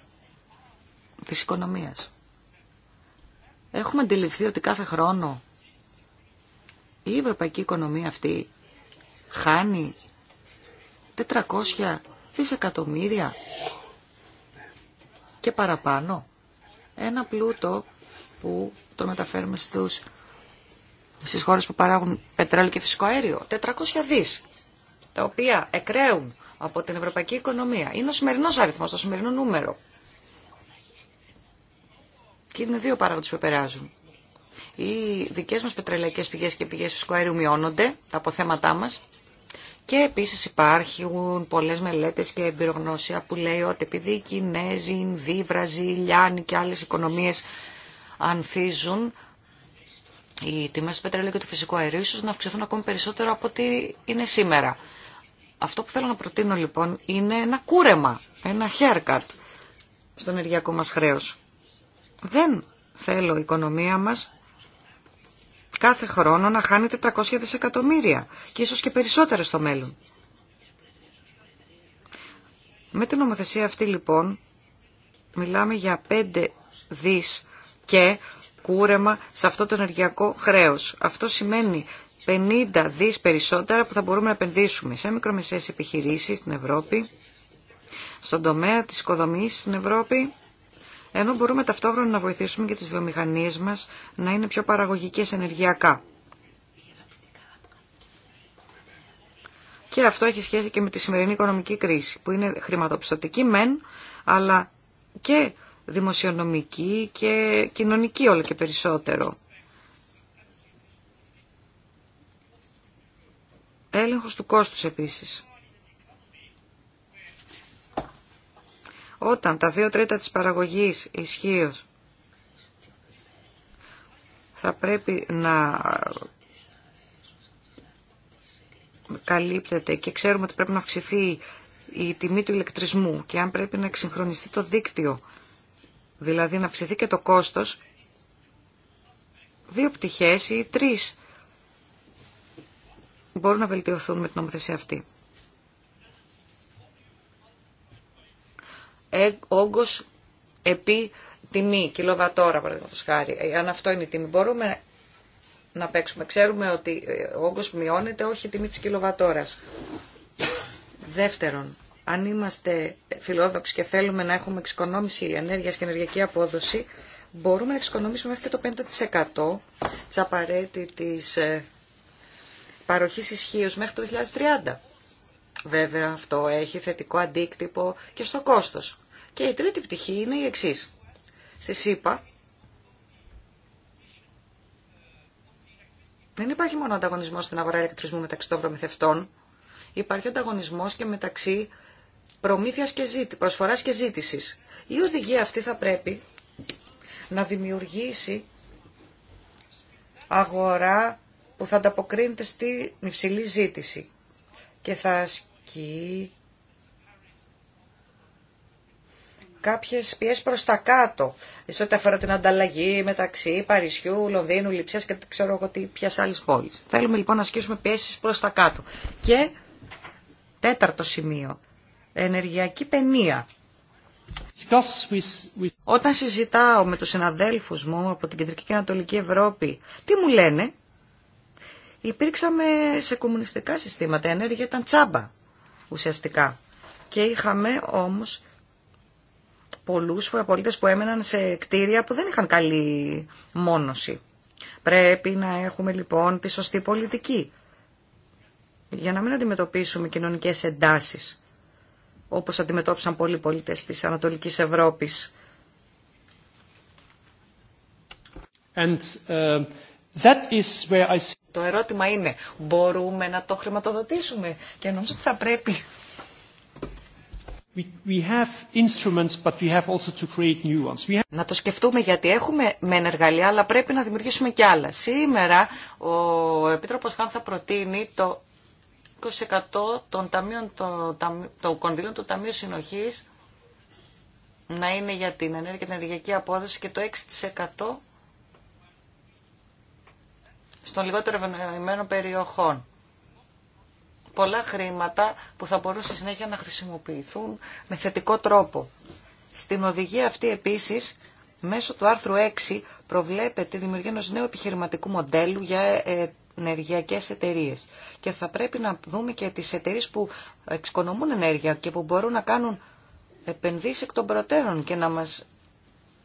της οικονομίας. Έχουμε αντιληφθεί ότι κάθε χρόνο η ευρωπαϊκή οικονομία αυτή χάνει 400 δισεκατομμύρια και παραπάνω. Ένα πλούτο που το μεταφέρουμε στους, στις χώρες που παράγουν πετρέλαιο και φυσικό αέριο. 400 δις, τα οποία εκραίουν από την ευρωπαϊκή οικονομία. Είναι ο σημερινός αριθμός, το σημερινό νούμερο. Και είναι δύο παράγοντες που επηρεάζουν. Οι δικές μας πετρελαϊκές πηγές και πηγές φυσικού αέριου μειώνονται, τα αποθέματά μας, και επίσης υπάρχουν πολλές μελέτες και εμπειρογνώσια που λέει ότι επειδή οι Κινέζοι, οι Βραζιλιάνοι και άλλες οικονομίες ανθίζουν, οι τιμές του πετρελαίου και του φυσικού αερίου ίσως να αυξηθούν ακόμη περισσότερο από ό,τι είναι σήμερα. Αυτό που θέλω να προτείνω λοιπόν είναι ένα κούρεμα, ένα haircut στο ενεργειακό μας χρέος. Δεν θέλω η οικονομία μας κάθε χρόνο να χάνει 400 δισεκατομμύρια και ίσως και περισσότερο στο μέλλον. Με την νομοθεσία αυτή λοιπόν μιλάμε για 5 δις και κούρεμα σε αυτό το ενεργειακό χρέος. Αυτό σημαίνει 50 δις περισσότερα που θα μπορούμε να επενδύσουμε σε μικρομεσαίες επιχειρήσεις στην Ευρώπη, στον τομέα της οικοδομής στην Ευρώπη, ενώ μπορούμε ταυτόχρονα να βοηθήσουμε και τις βιομηχανίες μας να είναι πιο παραγωγικές ενεργειακά. Και αυτό έχει σχέση και με τη σημερινή οικονομική κρίση, που είναι χρηματοπιστωτική μεν, αλλά και δημοσιονομική και κοινωνική όλο και περισσότερο. Έλεγχος του κόστους επίσης. Όταν τα δύο τρίτα της παραγωγής ισχύω θα πρέπει να καλύπτεται και ξέρουμε ότι πρέπει να αυξηθεί η τιμή του ηλεκτρισμού και αν πρέπει να εξυγχρονιστεί το δίκτυο, δηλαδή να αυξηθεί και το κόστος, δύο πτυχές ή τρεις μπορούν να βελτιωθούν με την νομοθεσία αυτή. όγκο επί τιμή, κιλοβατόρα παραδείγματο χάρη. Ε, αν αυτό είναι η τιμή, μπορούμε να παίξουμε. Ξέρουμε ότι ε, ο όγκος μειώνεται, όχι η τιμή τη κιλοβατόρα. Δεύτερον, αν είμαστε φιλόδοξοι και θέλουμε να έχουμε εξοικονόμηση ενέργειας και ενεργειακή απόδοση, μπορούμε να εξοικονομήσουμε μέχρι και το 50% της απαραίτητης ε, παροχής ισχύω μέχρι το 2030. Βέβαια αυτό έχει θετικό αντίκτυπο και στο κόστος. Και η τρίτη πτυχή είναι η εξής. Στη ΣΥΠΑ δεν υπάρχει μόνο ανταγωνισμός στην αγορά ηλεκτρισμού μεταξύ των προμηθευτών, υπάρχει ανταγωνισμός και μεταξύ προμήθειας και ζήτη, προσφοράς και ζήτησης. Η οδηγία αυτή θα πρέπει να δημιουργήσει αγορά που θα ανταποκρίνεται στην υψηλή ζήτηση και θα εκεί κάποιες πιέσεις προς τα κάτω, σε ό,τι αφορά την ανταλλαγή μεταξύ Παρισιού, Λονδίνου, Λιψίας και ξέρω εγώ τι σε άλλες πόλεις. Θέλουμε λοιπόν να ασκήσουμε πιέσεις προς τα κάτω. Και τέταρτο σημείο, ενεργειακή παινία. Όταν συζητάω με τους συναδέλφου μου από την Κεντρική και Ανατολική Ευρώπη, τι μου λένε, υπήρξαμε σε κομμουνιστικά συστήματα, ενέργεια ήταν τσάμπα ουσιαστικά. Και είχαμε όμως πολλούς πολίτες που έμεναν σε κτίρια που δεν είχαν καλή μόνωση. Πρέπει να έχουμε λοιπόν τη σωστή πολιτική για να μην αντιμετωπίσουμε κοινωνικές εντάσεις όπως αντιμετώπισαν πολλοί πολίτες της Ανατολικής Ευρώπης. And, uh, is το ερώτημα είναι, μπορούμε να το χρηματοδοτήσουμε και νομίζω ότι θα πρέπει. Να το σκεφτούμε γιατί έχουμε μεν εργαλεία, αλλά πρέπει να δημιουργήσουμε και άλλα. Σήμερα ο Επίτροπος Χάν θα προτείνει το 20% των, ταμείων, των, κονδύλων του Ταμείου Συνοχής να είναι για την ενέργεια και την ενεργειακή απόδοση και το 6% ...στον λιγότερο ευνοημένο περιοχών. Πολλά χρήματα που θα μπορούσαν συνέχεια να χρησιμοποιηθούν με θετικό τρόπο. Στην οδηγία αυτή επίσης, μέσω του άρθρου 6, προβλέπεται δημιουργία ενός νέου επιχειρηματικού μοντέλου για ε, ενεργειακές εταιρείε. Και θα πρέπει να δούμε και τις εταιρείε που εξοικονομούν ενέργεια και που μπορούν να κάνουν επενδύσεις εκ των προτέρων και να μας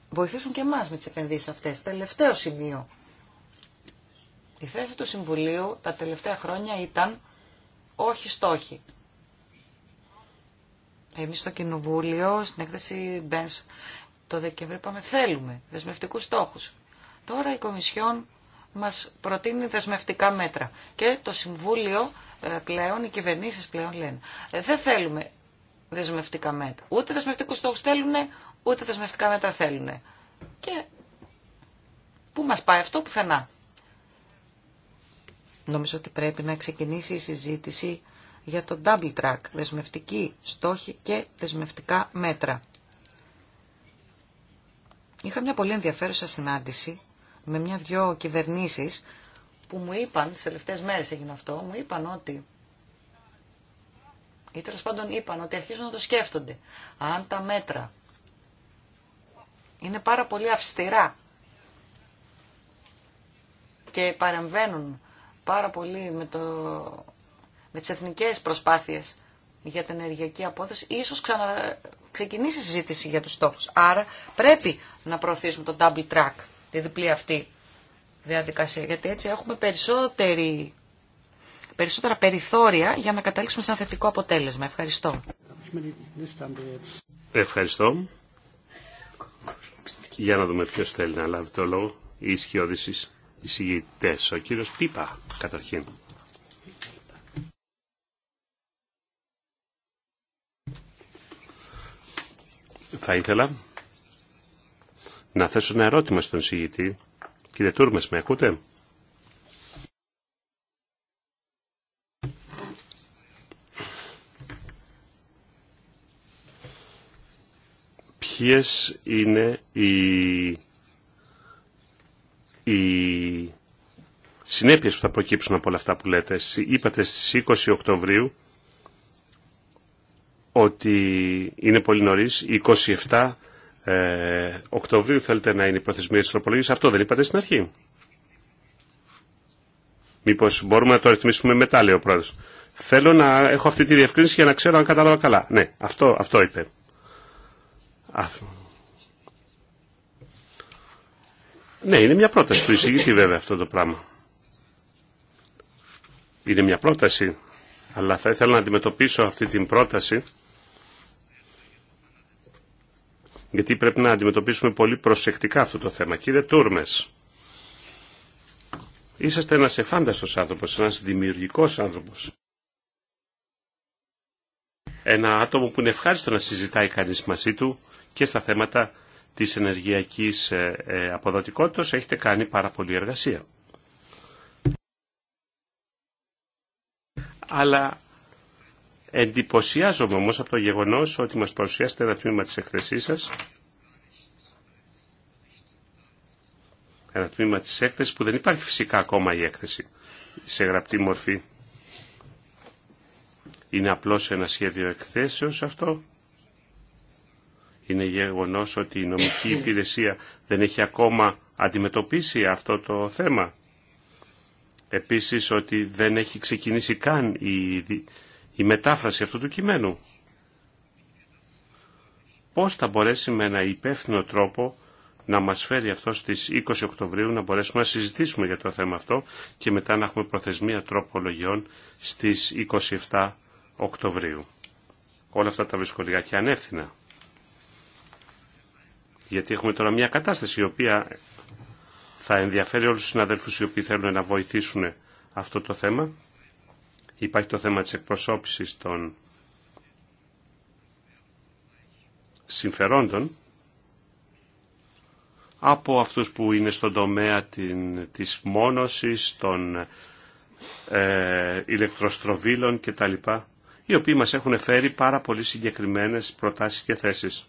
βοηθήσουν και εμάς με τις επενδύσεις αυτές. Τελευταίο σημείο η θέση του Συμβουλίου τα τελευταία χρόνια ήταν όχι στόχοι. Εμείς στο Κοινοβούλιο, στην έκθεση Μπένς, το Δεκεμβρίου είπαμε θέλουμε δεσμευτικούς στόχους. Τώρα η Κομισιόν μας προτείνει δεσμευτικά μέτρα. Και το Συμβούλιο ε, πλέον, οι κυβερνήσεις πλέον λένε, ε, δεν θέλουμε δεσμευτικά μέτρα. Ούτε δεσμευτικούς στόχους θέλουν, ούτε δεσμευτικά μέτρα θέλουν. Και πού μας πάει αυτό πουθενά. Νομίζω ότι πρέπει να ξεκινήσει η συζήτηση για το double track, δεσμευτική στόχη και δεσμευτικά μέτρα. Είχα μια πολύ ενδιαφέρουσα συνάντηση με μια-δυο κυβερνήσεις που μου είπαν, τις τελευταίες μέρες έγινε αυτό, μου είπαν ότι ή τέλο πάντων είπαν ότι αρχίζουν να το σκέφτονται. Αν τα μέτρα είναι πάρα πολύ αυστηρά και παρεμβαίνουν πάρα πολύ με, το, με τις εθνικές προσπάθειες για την ενεργειακή απόδοση, ίσως ξανα... ξεκινήσει η συζήτηση για τους στόχους. Άρα πρέπει να προωθήσουμε το double track, τη διπλή αυτή διαδικασία, γιατί έτσι έχουμε περισσότερη... περισσότερα περιθώρια για να καταλήξουμε σε ένα θετικό αποτέλεσμα. Ευχαριστώ. Ευχαριστώ. Για να δούμε ποιος θέλει να λάβει το λόγο. Η ο κύριο Πίπα, καταρχήν. Θα ήθελα να θέσω ένα ερώτημα στον συγητή. Κύριε Τούρμες, με ακούτε? Ποιες είναι οι οι συνέπειες που θα προκύψουν από όλα αυτά που λέτε. Είπατε στις 20 Οκτωβρίου ότι είναι πολύ νωρίς, 27 ε, Οκτωβρίου θέλετε να είναι η προθεσμία της τροπολογίας. Αυτό δεν είπατε στην αρχή. Μήπως μπορούμε να το ρυθμίσουμε μετά, λέει ο πρόεδρος. Θέλω να έχω αυτή τη διευκρίνηση για να ξέρω αν κατάλαβα καλά. Ναι, αυτό, αυτό είπε. Ναι, είναι μια πρόταση του εισηγητή βέβαια αυτό το πράγμα. Είναι μια πρόταση, αλλά θα ήθελα να αντιμετωπίσω αυτή την πρόταση γιατί πρέπει να αντιμετωπίσουμε πολύ προσεκτικά αυτό το θέμα. Κύριε Τούρμες, είσαστε ένας εφάνταστος άνθρωπος, ένας δημιουργικός άνθρωπος. Ένα άτομο που είναι ευχάριστο να συζητάει κανείς μαζί του και στα θέματα της ενεργειακής ε, ε, αποδοτικότητας έχετε κάνει πάρα πολλή εργασία. Αλλά εντυπωσιάζομαι όμως από το γεγονός ότι μας παρουσιάσετε ένα τμήμα της εκθεσής σας ένα τμήμα της έκθεσης που δεν υπάρχει φυσικά ακόμα η έκθεση σε γραπτή μορφή. Είναι απλώς ένα σχέδιο εκθέσεως αυτό είναι γεγονός ότι η νομική υπηρεσία δεν έχει ακόμα αντιμετωπίσει αυτό το θέμα. Επίσης ότι δεν έχει ξεκινήσει καν η, η μετάφραση αυτού του κειμένου. Πώς θα μπορέσει με ένα υπεύθυνο τρόπο να μας φέρει αυτό στις 20 Οκτωβρίου να μπορέσουμε να συζητήσουμε για το θέμα αυτό και μετά να έχουμε προθεσμία τροπολογιών στις 27 Οκτωβρίου. Όλα αυτά τα βρίσκω και ανεύθυνα γιατί έχουμε τώρα μια κατάσταση η οποία θα ενδιαφέρει όλους τους συναδέλφους οι οποίοι θέλουν να βοηθήσουν αυτό το θέμα. Υπάρχει το θέμα της εκπροσώπησης των συμφερόντων από αυτούς που είναι στον τομέα την, της μόνωσης, των ε, ηλεκτροστροβίλων κτλ. οι οποίοι μας έχουν φέρει πάρα πολύ συγκεκριμένες προτάσεις και θέσεις.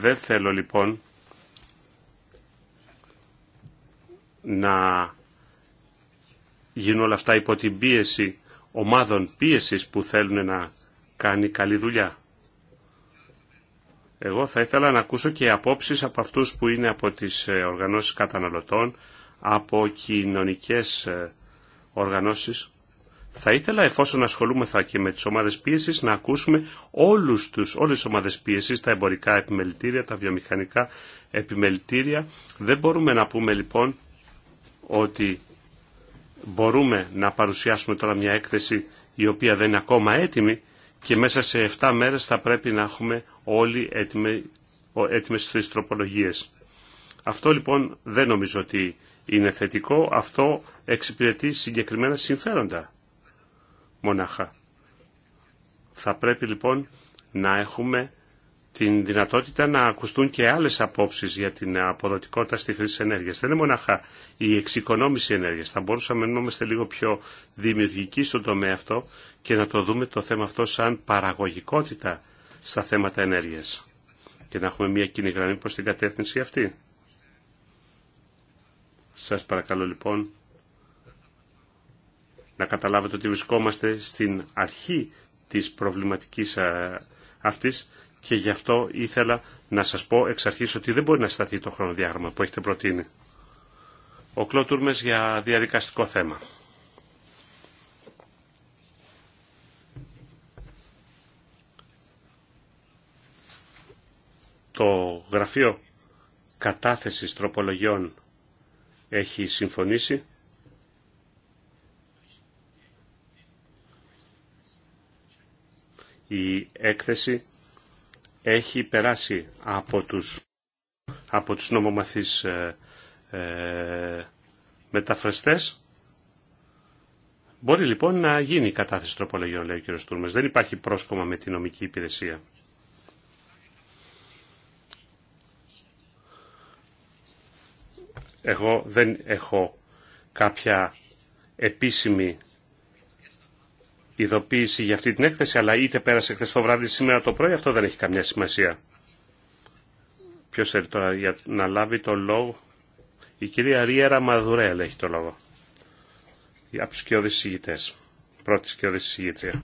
Δεν θέλω λοιπόν να γίνουν όλα αυτά υπό την πίεση ομάδων πίεσης που θέλουν να κάνει καλή δουλειά. Εγώ θα ήθελα να ακούσω και απόψεις από αυτούς που είναι από τις ε, οργανώσεις καταναλωτών, από κοινωνικές ε, οργανώσεις θα ήθελα, εφόσον ασχολούμεθα και με τις ομάδες πίεσης, να ακούσουμε όλους τους, όλες τις ομάδες πίεσης, τα εμπορικά επιμελητήρια, τα βιομηχανικά επιμελητήρια. Δεν μπορούμε να πούμε λοιπόν ότι μπορούμε να παρουσιάσουμε τώρα μια έκθεση η οποία δεν είναι ακόμα έτοιμη και μέσα σε 7 μέρες θα πρέπει να έχουμε όλοι έτοιμε έτοιμες τις τροπολογίες. Αυτό λοιπόν δεν νομίζω ότι είναι θετικό, αυτό εξυπηρετεί συγκεκριμένα συμφέροντα μονάχα. Θα πρέπει λοιπόν να έχουμε την δυνατότητα να ακουστούν και άλλες απόψεις για την αποδοτικότητα στη χρήση ενέργειας. Δεν είναι μοναχά η εξοικονόμηση ενέργειας. Θα μπορούσαμε να είμαστε λίγο πιο δημιουργικοί στον τομέα αυτό και να το δούμε το θέμα αυτό σαν παραγωγικότητα στα θέματα ενέργειας και να έχουμε μια κοινή γραμμή προς την κατεύθυνση αυτή. Σας παρακαλώ λοιπόν να καταλάβετε ότι βρισκόμαστε στην αρχή της προβληματικής ε, αυτής και γι' αυτό ήθελα να σας πω εξ αρχής ότι δεν μπορεί να σταθεί το χρονοδιάγραμμα που έχετε προτείνει. Ο Κλώτουρμες για διαδικαστικό θέμα. Το γραφείο κατάθεσης τροπολογιών έχει συμφωνήσει η έκθεση έχει περάσει από τους, από τους νομομαθείς ε, ε, μεταφραστές. Μπορεί λοιπόν να γίνει η κατάθεση τροπολογιών, λέει ο κ. Τούρμες. Δεν υπάρχει πρόσκομα με την νομική υπηρεσία. Εγώ δεν έχω κάποια επίσημη ειδοποίηση για αυτή την έκθεση, αλλά είτε πέρασε χθε το βράδυ σήμερα το πρωί, αυτό δεν έχει καμιά σημασία. Ποιο θέλει τώρα για να λάβει το λόγο. Η κυρία Ρίερα Μαδουρέλ έχει το λόγο. Από του κοιόδη συγητέ. Πρώτη κοιόδη συγητρία.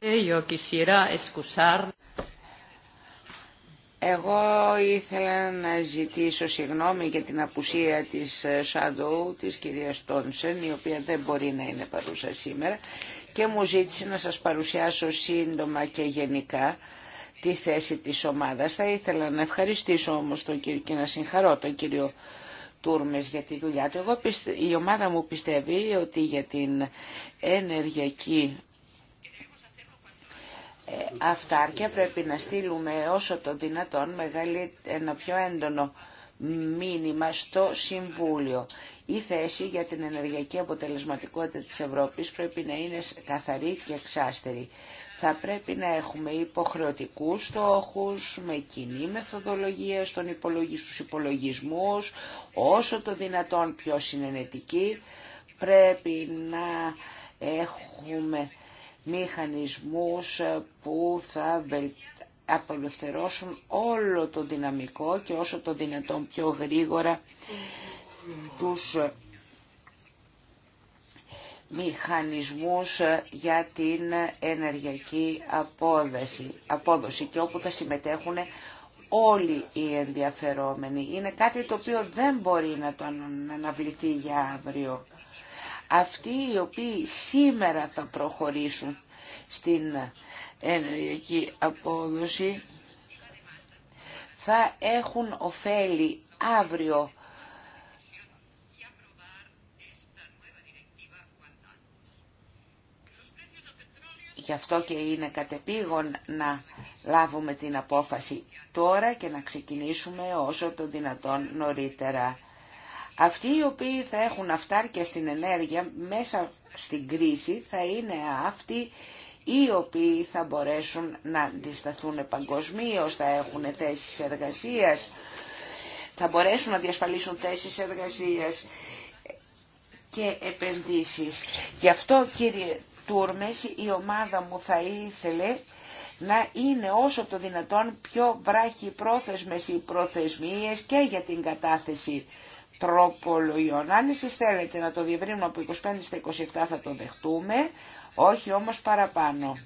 Εγώ ήθελα να ζητήσω συγγνώμη για την απουσία της Σαντού, της κυρίας Τόνσεν, η οποία δεν μπορεί να είναι παρούσα σήμερα και μου ζήτησε να σας παρουσιάσω σύντομα και γενικά τη θέση της ομάδας. Θα ήθελα να ευχαριστήσω όμως τον κύριο και να συγχαρώ τον κύριο Τούρμες για τη δουλειά του. Εγώ Η ομάδα μου πιστεύει ότι για την ενεργειακή ε, αυτάρκεια πρέπει να στείλουμε όσο το δυνατόν μεγάλη, ένα πιο έντονο μήνυμα στο Συμβούλιο. Η θέση για την ενεργειακή αποτελεσματικότητα της Ευρώπης πρέπει να είναι καθαρή και εξάστερη. Θα πρέπει να έχουμε υποχρεωτικούς στόχους, με κοινή μεθοδολογία στον υπολογι... στους υπολογισμούς, όσο το δυνατόν πιο συνενετική. Πρέπει να έχουμε μηχανισμούς που θα απελευθερώσουν όλο το δυναμικό και όσο το δυνατόν πιο γρήγορα τους ε, μηχανισμούς ε, για την ενεργειακή απόδοση, απόδοση και όπου θα συμμετέχουν όλοι οι ενδιαφερόμενοι. Είναι κάτι το οποίο δεν μπορεί να το αναβληθεί για αύριο. Αυτοί οι οποίοι σήμερα θα προχωρήσουν στην ενεργειακή απόδοση θα έχουν ωφέλη αύριο Γι' αυτό και είναι κατεπήγον να λάβουμε την απόφαση τώρα και να ξεκινήσουμε όσο το δυνατόν νωρίτερα. Αυτοί οι οποίοι θα έχουν αυτάρκεια στην ενέργεια μέσα στην κρίση θα είναι αυτοί οι οποίοι θα μπορέσουν να αντισταθούν παγκοσμίω, θα έχουν θέσεις εργασίας, θα μπορέσουν να διασφαλίσουν θέσεις εργασίας και επενδύσεις. Γι' αυτό κύριε η ομάδα μου θα ήθελε να είναι όσο το δυνατόν πιο βράχοι πρόθεσμες οι προθεσμίες και για την κατάθεση τροπολογιών. Αν εσείς θέλετε να το διευρύνουμε από 25 στα 27 θα το δεχτούμε, όχι όμως παραπάνω.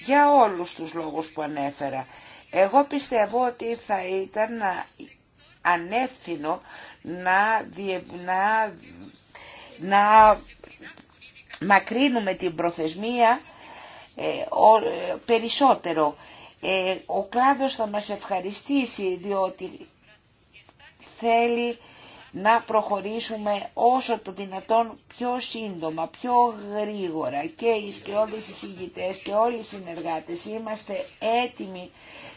Για όλους τους λόγους που ανέφερα. Εγώ πιστεύω ότι θα ήταν ανεύθυνο να, διε... να... να μακρύνουμε την προθεσμία ε, ε, περισσότερο. Ε, ο κλάδος θα μας ευχαριστήσει διότι θέλει να προχωρήσουμε όσο το δυνατόν πιο σύντομα, πιο γρήγορα και οι και όλοι οι συζητητές και όλοι οι συνεργάτες είμαστε έτοιμοι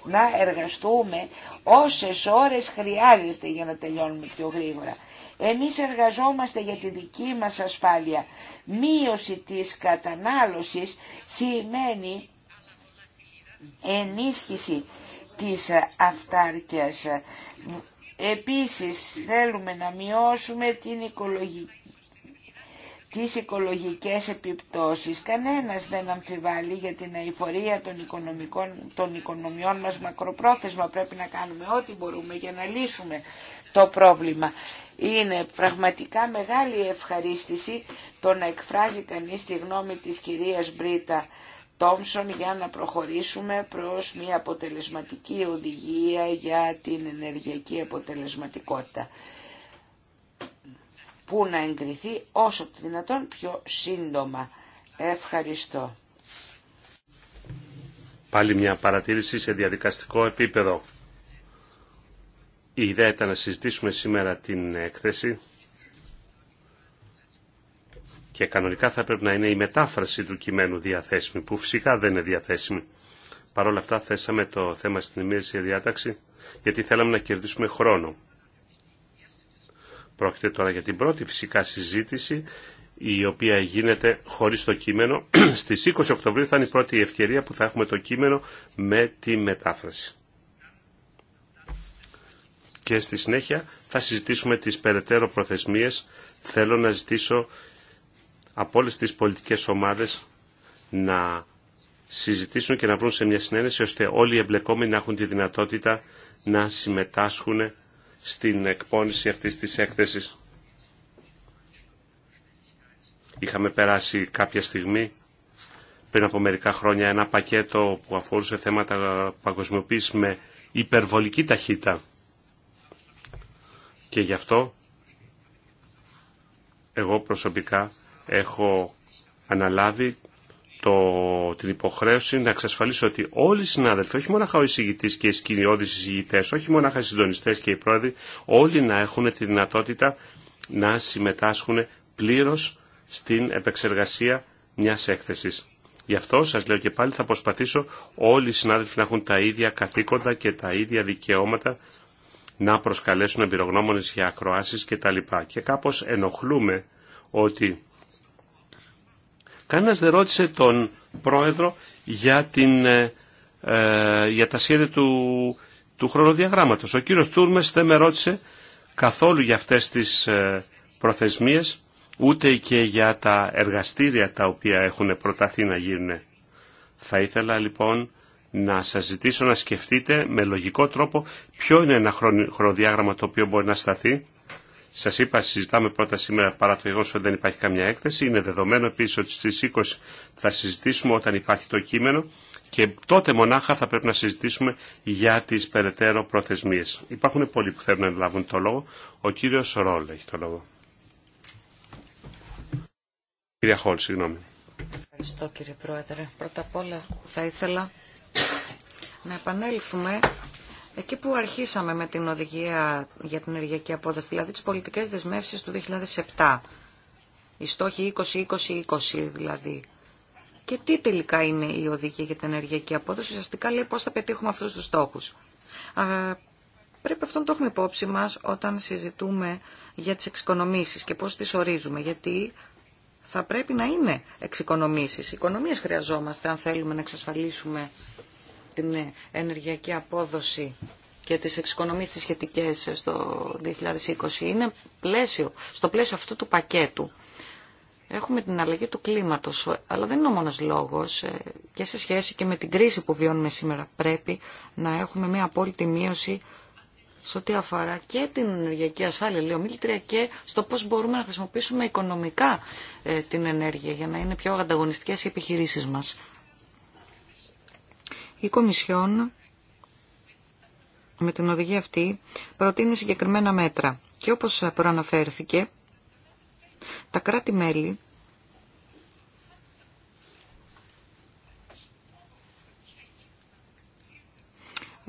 να εργαστούμε όσες ώρες χρειάζεστε για να τελειώνουμε πιο γρήγορα. Εμείς εργαζόμαστε για τη δική μας ασφάλεια. Μείωση της κατανάλωσης σημαίνει ενίσχυση της αυτάρκειας. Επίσης θέλουμε να μειώσουμε την οικολογική τις οικολογικές επιπτώσεις. Κανένας δεν αμφιβάλλει για την αηφορία των, οικονομικών, των οικονομιών μας μακροπρόθεσμα. Πρέπει να κάνουμε ό,τι μπορούμε για να λύσουμε το πρόβλημα. Είναι πραγματικά μεγάλη ευχαρίστηση το να εκφράζει κανείς τη γνώμη της κυρίας Μπρίτα Τόμσον για να προχωρήσουμε προς μια αποτελεσματική οδηγία για την ενεργειακή αποτελεσματικότητα που να εγκριθεί όσο το δυνατόν πιο σύντομα. Ευχαριστώ. Πάλι μια παρατήρηση σε διαδικαστικό επίπεδο. Η ιδέα ήταν να συζητήσουμε σήμερα την έκθεση και κανονικά θα πρέπει να είναι η μετάφραση του κειμένου διαθέσιμη, που φυσικά δεν είναι διαθέσιμη. Παρ' όλα αυτά θέσαμε το θέμα στην ημέρησια διάταξη, γιατί θέλαμε να κερδίσουμε χρόνο. Πρόκειται τώρα για την πρώτη φυσικά συζήτηση, η οποία γίνεται χωρίς το κείμενο. Στις 20 Οκτωβρίου θα είναι η πρώτη ευκαιρία που θα έχουμε το κείμενο με τη μετάφραση και στη συνέχεια θα συζητήσουμε τις περαιτέρω προθεσμίες. Θέλω να ζητήσω από όλες τις πολιτικές ομάδες να συζητήσουν και να βρουν σε μια συνένεση ώστε όλοι οι εμπλεκόμενοι να έχουν τη δυνατότητα να συμμετάσχουν στην εκπόνηση αυτής της έκθεσης. Είχαμε περάσει κάποια στιγμή πριν από μερικά χρόνια ένα πακέτο που αφορούσε θέματα παγκοσμιοποίηση με υπερβολική ταχύτητα. Και γι' αυτό εγώ προσωπικά έχω αναλάβει το, την υποχρέωση να εξασφαλίσω ότι όλοι οι συνάδελφοι, όχι μόνο ο εισηγητή και οι σκηνιώδει εισηγητέ, όχι μόνο οι συντονιστέ και οι πρόεδροι, όλοι να έχουν τη δυνατότητα να συμμετάσχουν πλήρω στην επεξεργασία μια έκθεση. Γι' αυτό σα λέω και πάλι θα προσπαθήσω όλοι οι συνάδελφοι να έχουν τα ίδια καθήκοντα και τα ίδια δικαιώματα να προσκαλέσουν εμπειρογνώμονες για ακροάσεις και τα λοιπά. Και κάπως ενοχλούμε ότι κανένας δεν ρώτησε τον πρόεδρο για, την, ε, ε για τα σχέδια του, του χρονοδιαγράμματος. Ο κύριος Τούρμες δεν με ρώτησε καθόλου για αυτές τις ε, προθεσμίες, ούτε και για τα εργαστήρια τα οποία έχουν προταθεί να γίνουν. Θα ήθελα λοιπόν να σας ζητήσω να σκεφτείτε με λογικό τρόπο ποιο είναι ένα χρονοδιάγραμμα το οποίο μπορεί να σταθεί. Σας είπα, συζητάμε πρώτα σήμερα παρά το γεγονός ότι δεν υπάρχει καμιά έκθεση. Είναι δεδομένο επίσης ότι στις 20 θα συζητήσουμε όταν υπάρχει το κείμενο και τότε μονάχα θα πρέπει να συζητήσουμε για τις περαιτέρω προθεσμίες. Υπάρχουν πολλοί που θέλουν να λάβουν το λόγο. Ο κύριος Ρόλ έχει το λόγο. Κυρία Χόλ, συγγνώμη. Ευχαριστώ κύριε Πρόεδρε. Πρώτα απ' όλα θα ήθελα να επανέλθουμε εκεί που αρχίσαμε με την οδηγία για την ενεργειακή απόδοση, δηλαδή τις πολιτικές δεσμεύσεις του 2007. Οι στόχοι 20-20-20 δηλαδή. Και τι τελικά είναι η οδηγία για την ενεργειακή απόδοση, ουσιαστικά λέει πώς θα πετύχουμε αυτούς τους στόχους. πρέπει αυτό το έχουμε υπόψη μας όταν συζητούμε για τις εξοικονομήσεις και πώς τις ορίζουμε, γιατί θα πρέπει να είναι εξοικονομήσεις. Οικονομίες χρειαζόμαστε αν θέλουμε να εξασφαλίσουμε την ενεργειακή απόδοση και τις εξοικονομήσεις τις σχετικές στο 2020. Είναι πλαίσιο, στο πλαίσιο αυτού του πακέτου. Έχουμε την αλλαγή του κλίματος, αλλά δεν είναι ο μόνος λόγος. Ε, και σε σχέση και με την κρίση που βιώνουμε σήμερα πρέπει να έχουμε μια απόλυτη μείωση σε ό,τι αφορά και την ενεργειακή ασφάλεια, ο μίλητρια, και στο πώς μπορούμε να χρησιμοποιήσουμε οικονομικά ε, την ενέργεια για να είναι πιο ανταγωνιστικές οι επιχειρήσεις μας. Η Κομισιόν με την οδηγία αυτή προτείνει συγκεκριμένα μέτρα και όπως προαναφέρθηκε τα κράτη-μέλη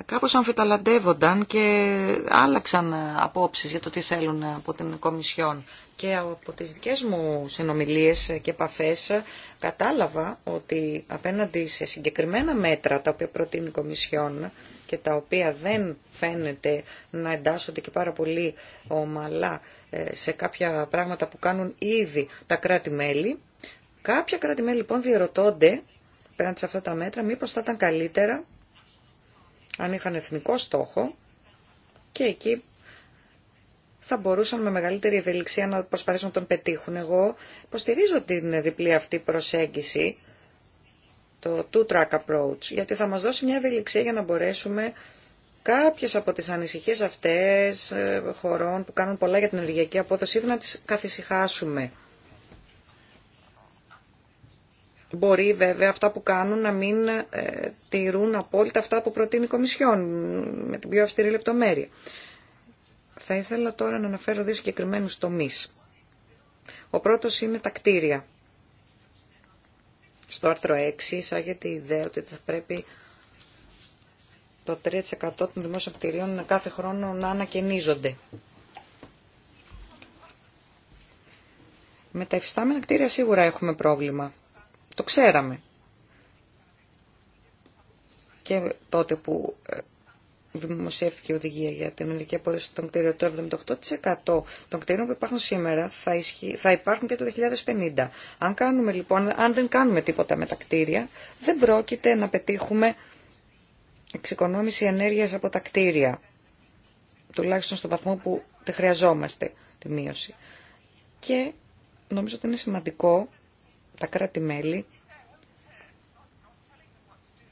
κάπως αμφιταλαντεύονταν και άλλαξαν απόψεις για το τι θέλουν από την Κομισιόν. Και από τις δικές μου συνομιλίες και επαφές κατάλαβα ότι απέναντι σε συγκεκριμένα μέτρα τα οποία προτείνει η Κομισιόν και τα οποία δεν φαίνεται να εντάσσονται και πάρα πολύ ομαλά ε, σε κάποια πράγματα που κάνουν ήδη τα κράτη-μέλη. Κάποια κράτη-μέλη λοιπόν διερωτώνται πέραν σε αυτά τα μέτρα μήπως θα ήταν καλύτερα αν είχαν εθνικό στόχο και εκεί θα μπορούσαν με μεγαλύτερη ευελιξία να προσπαθήσουν να τον πετύχουν. Εγώ υποστηρίζω την διπλή αυτή προσέγγιση, το two-track approach, γιατί θα μας δώσει μια ευελιξία για να μπορέσουμε κάποιες από τις ανησυχίες αυτές ε, χωρών που κάνουν πολλά για την ενεργειακή απόδοση ήδη να τις καθησυχάσουμε. Μπορεί βέβαια αυτά που κάνουν να μην ε, τηρούν απόλυτα αυτά που προτείνει η Κομισιόν με την πιο αυστηρή λεπτομέρεια. Θα ήθελα τώρα να αναφέρω δύο συγκεκριμένου τομεί. Ο πρώτος είναι τα κτίρια. Στο άρθρο 6 εισάγεται η ιδέα ότι θα πρέπει το 3% των δημόσιων κτηρίων κάθε χρόνο να ανακαινίζονται. Με τα εφιστάμενα κτίρια σίγουρα έχουμε πρόβλημα. Το ξέραμε. Και τότε που ε, δημοσιεύτηκε η οδηγία για την ελληνική απόδοση των κτίριων, το 78% των κτίριων που υπάρχουν σήμερα θα, θα υπάρχουν και το 2050. Αν, κάνουμε, λοιπόν, αν δεν κάνουμε τίποτα με τα κτίρια, δεν πρόκειται να πετύχουμε εξοικονόμηση ενέργειας από τα κτίρια, τουλάχιστον στον βαθμό που χρειαζόμαστε τη μείωση. Και νομίζω ότι είναι σημαντικό τα κράτη-μέλη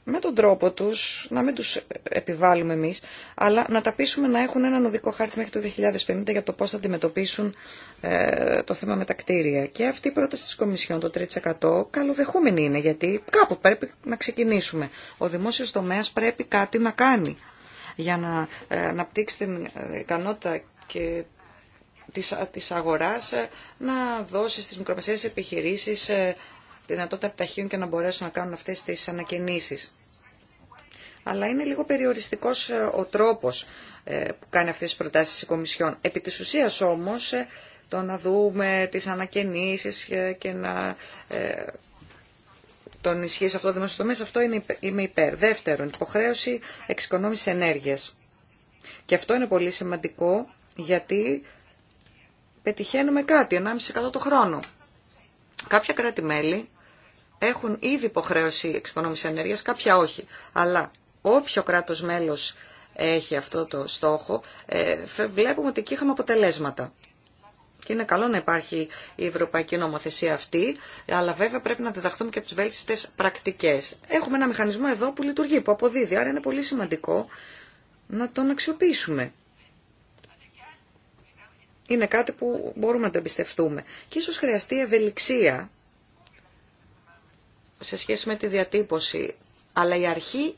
με τον τρόπο τους, να μην τους επιβάλλουμε εμείς, αλλά να τα πείσουμε να έχουν έναν οδικό χάρτη μέχρι το 2050 για το πώς θα αντιμετωπίσουν ε, το θέμα με τα κτίρια. Και αυτή η πρόταση της Κομισιόν, το 3%, καλοδεχούμενη είναι, γιατί κάπου πρέπει να ξεκινήσουμε. Ο δημόσιος τομέας πρέπει κάτι να κάνει για να αναπτύξει ε, την ε, ικανότητα και της, αγοράς ε, να δώσει στις μικρομεσαίες επιχειρήσεις ε, δυνατότητα επιταχύων και να μπορέσουν να κάνουν αυτές τις ανακαινήσεις. Αλλά είναι λίγο περιοριστικός ε, ο τρόπος που κάνει αυτές τις προτάσεις η Κομισιόν. Επί της ουσίας όμως το να δούμε τις ανακαινήσεις και να τον ισχύει αυτό το δημόσιο αυτό είναι, είμαι υπέρ. Δεύτερον, υποχρέωση εξοικονόμηση ενέργειας. Και αυτό είναι πολύ σημαντικό γιατί πετυχαίνουμε κάτι, 1,5% το χρόνο. Κάποια κράτη-μέλη έχουν ήδη υποχρέωση εξοικονόμηση ενέργεια, κάποια όχι. Αλλά όποιο κράτο μέλο έχει αυτό το στόχο, ε, βλέπουμε ότι εκεί είχαμε αποτελέσματα. Και είναι καλό να υπάρχει η ευρωπαϊκή νομοθεσία αυτή, αλλά βέβαια πρέπει να διδαχθούμε και από τι βέλτιστε πρακτικέ. Έχουμε ένα μηχανισμό εδώ που λειτουργεί, που αποδίδει, άρα είναι πολύ σημαντικό να τον αξιοποιήσουμε είναι κάτι που μπορούμε να το εμπιστευτούμε. Και ίσως χρειαστεί ευελιξία σε σχέση με τη διατύπωση. Αλλά η αρχή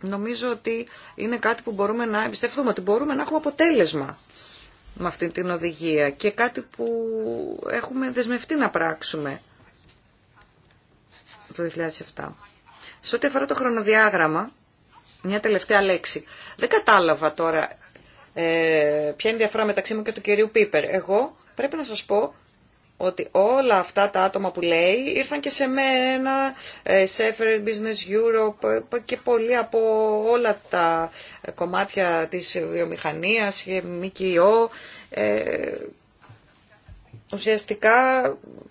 νομίζω ότι είναι κάτι που μπορούμε να εμπιστευτούμε, ότι μπορούμε να έχουμε αποτέλεσμα με αυτή την οδηγία και κάτι που έχουμε δεσμευτεί να πράξουμε το 2007. Σε ό,τι αφορά το χρονοδιάγραμμα, μια τελευταία λέξη. Δεν κατάλαβα τώρα ε, ποια είναι η διαφορά μεταξύ μου και του κυρίου Πίπερ. Εγώ πρέπει να σας πω ότι όλα αυτά τα άτομα που λέει ήρθαν και σε μένα, ε, σε Business Europe ε, και πολλοί από όλα τα κομμάτια της βιομηχανίας, ΜΚΟ. Ε, ουσιαστικά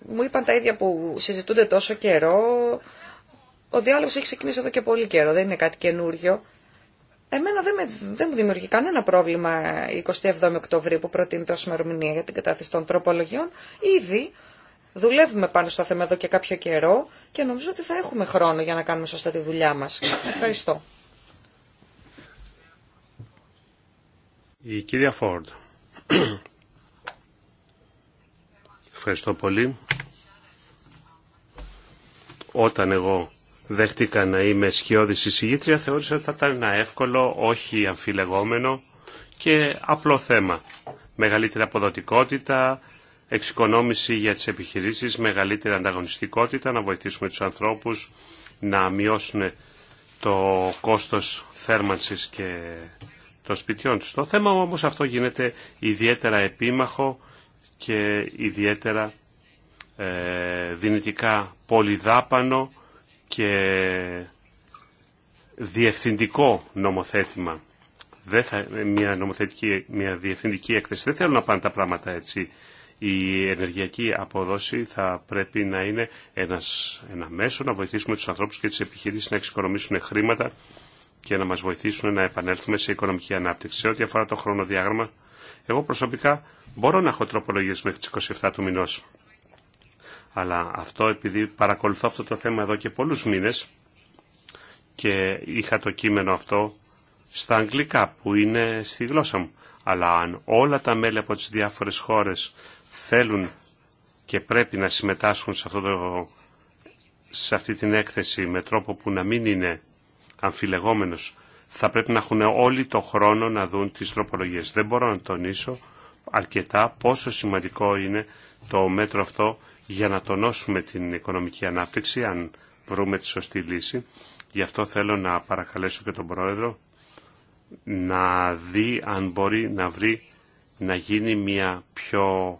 μου είπαν τα ίδια που συζητούνται τόσο καιρό. Ο διάλογος έχει ξεκινήσει εδώ και πολύ καιρό, δεν είναι κάτι καινούριο. Εμένα δεν, δεν μου δημιουργεί κανένα πρόβλημα η 27 Οκτωβρίου που προτείνεται ω ημερομηνία για την κατάθεση των τροπολογιών. Ήδη δουλεύουμε πάνω στο θέμα εδώ και κάποιο καιρό και νομίζω ότι θα έχουμε χρόνο για να κάνουμε σωστά τη δουλειά μας. Ευχαριστώ. Η κυρία Φόρντ. Ευχαριστώ πολύ. Όταν εγώ δέχτηκα να είμαι σκιώδης εισηγήτρια θεώρησα ότι θα ήταν ένα εύκολο, όχι αμφιλεγόμενο και απλό θέμα. Μεγαλύτερη αποδοτικότητα, εξοικονόμηση για τις επιχειρήσεις, μεγαλύτερη ανταγωνιστικότητα, να βοηθήσουμε τους ανθρώπους να μειώσουν το κόστος θέρμανσης και των σπιτιών τους. Το θέμα όμως αυτό γίνεται ιδιαίτερα επίμαχο και ιδιαίτερα ε, δυνητικά πολυδάπανο και διευθυντικό νομοθέτημα. Δεν θα, μια, νομοθετική, μια διευθυντική έκθεση. Δεν θέλω να πάνε τα πράγματα έτσι. Η ενεργειακή αποδόση θα πρέπει να είναι ένας, ένα μέσο να βοηθήσουμε τους ανθρώπους και τις επιχειρήσεις να εξοικονομήσουν χρήματα και να μας βοηθήσουν να επανέλθουμε σε οικονομική ανάπτυξη. Σε ό,τι αφορά το χρονοδιάγραμμα, εγώ προσωπικά μπορώ να έχω τροπολογίες μέχρι τις 27 του μηνός. Αλλά αυτό επειδή παρακολουθώ αυτό το θέμα εδώ και πολλούς μήνες και είχα το κείμενο αυτό στα αγγλικά που είναι στη γλώσσα μου. Αλλά αν όλα τα μέλη από τις διάφορες χώρες θέλουν και πρέπει να συμμετάσχουν σε, σε αυτή την έκθεση με τρόπο που να μην είναι αμφιλεγόμενος, θα πρέπει να έχουν όλοι το χρόνο να δουν τις τροπολογίες. Δεν μπορώ να τονίσω αρκετά πόσο σημαντικό είναι το μέτρο αυτό για να τονώσουμε την οικονομική ανάπτυξη, αν βρούμε τη σωστή λύση. Γι' αυτό θέλω να παρακαλέσω και τον Πρόεδρο να δει αν μπορεί να βρει να γίνει μια πιο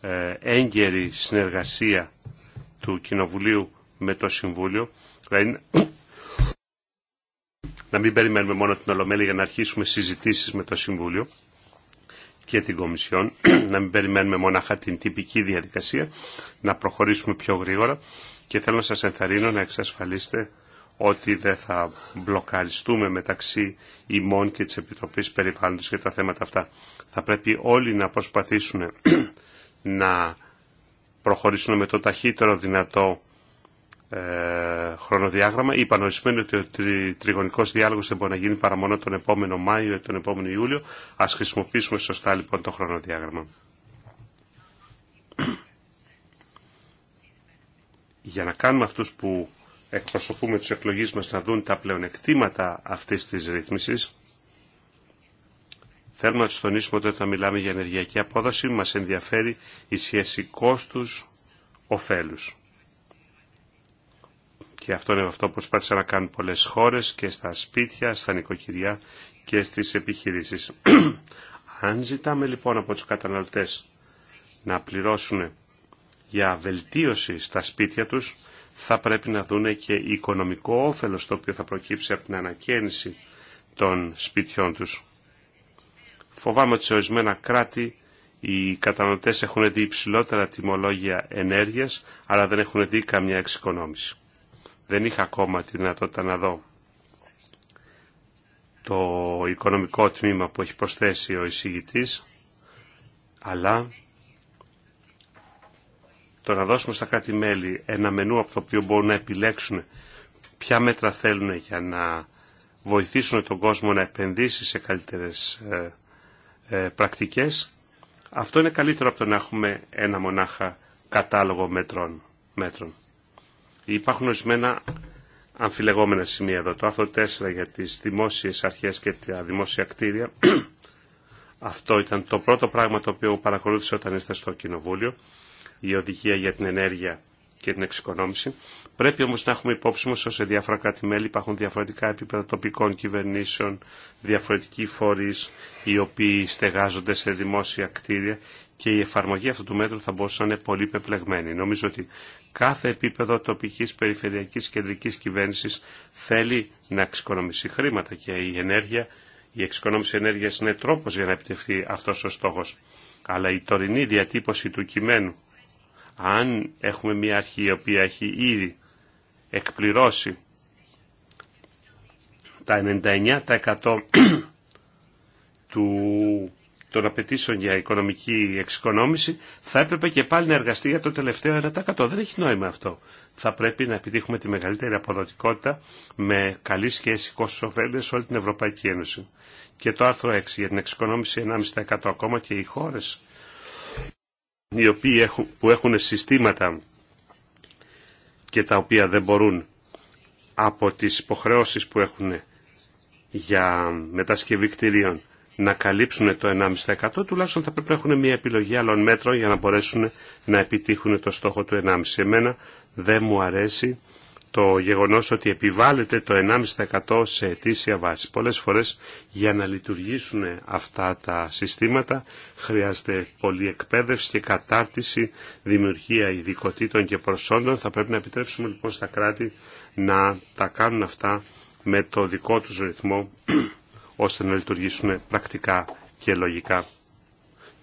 ε, έγκαιρη συνεργασία του Κοινοβουλίου με το Συμβούλιο. Δηλαδή, να μην περιμένουμε μόνο την Ολομέλη για να αρχίσουμε συζητήσεις με το Συμβούλιο και την Κομισιόν, να μην περιμένουμε μονάχα την τυπική διαδικασία, να προχωρήσουμε πιο γρήγορα και θέλω να σας ενθαρρύνω να εξασφαλίσετε ότι δεν θα μπλοκαριστούμε μεταξύ ημών και της Επιτροπής Περιβάλλοντος για τα θέματα αυτά. Θα πρέπει όλοι να προσπαθήσουν να προχωρήσουν με το ταχύτερο δυνατό ε, χρονοδιάγραμμα. Είπαν ορισμένοι ότι ο τρι, τριγωνικός διάλογος δεν μπορεί να γίνει παρά μόνο τον επόμενο Μάιο ή τον επόμενο Ιούλιο. Α χρησιμοποιήσουμε σωστά λοιπόν το χρονοδιάγραμμα. Για να κάνουμε αυτούς που εκπροσωπούμε του εκλογείς μας να δουν τα πλεονεκτήματα αυτής της ρύθμισης, Θέλουμε να του τονίσουμε ότι όταν μιλάμε για ενεργειακή απόδοση μας ενδιαφέρει η σχέση κόστους-οφέλους. Και αυτό είναι αυτό που προσπάθησαν να κάνουν πολλές χώρες και στα σπίτια, στα νοικοκυριά και στις επιχειρήσεις. Αν ζητάμε λοιπόν από τους καταναλωτές να πληρώσουν για βελτίωση στα σπίτια τους, θα πρέπει να δούνε και οικονομικό όφελος το οποίο θα προκύψει από την ανακαίνιση των σπιτιών τους. Φοβάμαι ότι σε ορισμένα κράτη οι καταναλωτές έχουν δει υψηλότερα τιμολόγια ενέργειας, αλλά δεν έχουν δει καμιά εξοικονόμηση δεν είχα ακόμα τη δυνατότητα να δω το οικονομικό τμήμα που έχει προσθέσει ο εισηγητής, αλλά το να δώσουμε στα κράτη-μέλη ένα μενού από το οποίο μπορούν να επιλέξουν ποια μέτρα θέλουν για να βοηθήσουν τον κόσμο να επενδύσει σε καλύτερες ε, ε, πρακτικές, αυτό είναι καλύτερο από το να έχουμε ένα μονάχα κατάλογο μέτρων. μέτρων. Υπάρχουν ορισμένα αμφιλεγόμενα σημεία εδώ. Το άρθρο 4 για τις δημόσιες αρχές και τα δημόσια κτίρια. Αυτό ήταν το πρώτο πράγμα το οποίο παρακολούθησε όταν ήρθα στο Κοινοβούλιο. Η οδηγία για την ενέργεια και την εξοικονόμηση. Πρέπει όμως να έχουμε υπόψη μας ότι σε διάφορα κράτη-μέλη υπάρχουν διαφορετικά επίπεδα τοπικών κυβερνήσεων, διαφορετικοί φορείς οι οποίοι στεγάζονται σε δημόσια κτίρια και η εφαρμογή αυτού του μέτρου θα μπορούσε να είναι πολύ πεπλεγμένη. Νομίζω ότι κάθε επίπεδο τοπικής, περιφερειακής, κεντρικής κυβέρνησης θέλει να εξοικονομήσει χρήματα και η ενέργεια, η εξοικονόμηση ενέργειας είναι τρόπος για να επιτευχθεί αυτός ο στόχος. Αλλά η τωρινή διατύπωση του κειμένου, αν έχουμε μια αρχή η οποία έχει ήδη εκπληρώσει τα 99% του των απαιτήσεων για οικονομική εξοικονόμηση, θα έπρεπε και πάλι να εργαστεί για το τελευταίο 1%. Δεν έχει νόημα αυτό. Θα πρέπει να επιτύχουμε τη μεγαλύτερη αποδοτικότητα με καλή σχέση ωφέλεια σε όλη την Ευρωπαϊκή Ένωση. Και το άρθρο 6 για την εξοικονόμηση 1,5% ακόμα και οι χώρες οι οποίοι που έχουν συστήματα και τα οποία δεν μπορούν από τις υποχρεώσεις που έχουν για μετασκευή κτηρίων να καλύψουν το 1,5% τουλάχιστον θα πρέπει να έχουν μια επιλογή άλλων μέτρων για να μπορέσουν να επιτύχουν το στόχο του 1,5%. Εμένα δεν μου αρέσει το γεγονός ότι επιβάλλεται το 1,5% σε αιτήσια βάση. Πολλές φορές για να λειτουργήσουν αυτά τα συστήματα χρειάζεται πολλή εκπαίδευση και κατάρτιση, δημιουργία ειδικοτήτων και προσόντων. Θα πρέπει να επιτρέψουμε λοιπόν στα κράτη να τα κάνουν αυτά με το δικό τους ρυθμό ώστε να λειτουργήσουν πρακτικά και λογικά.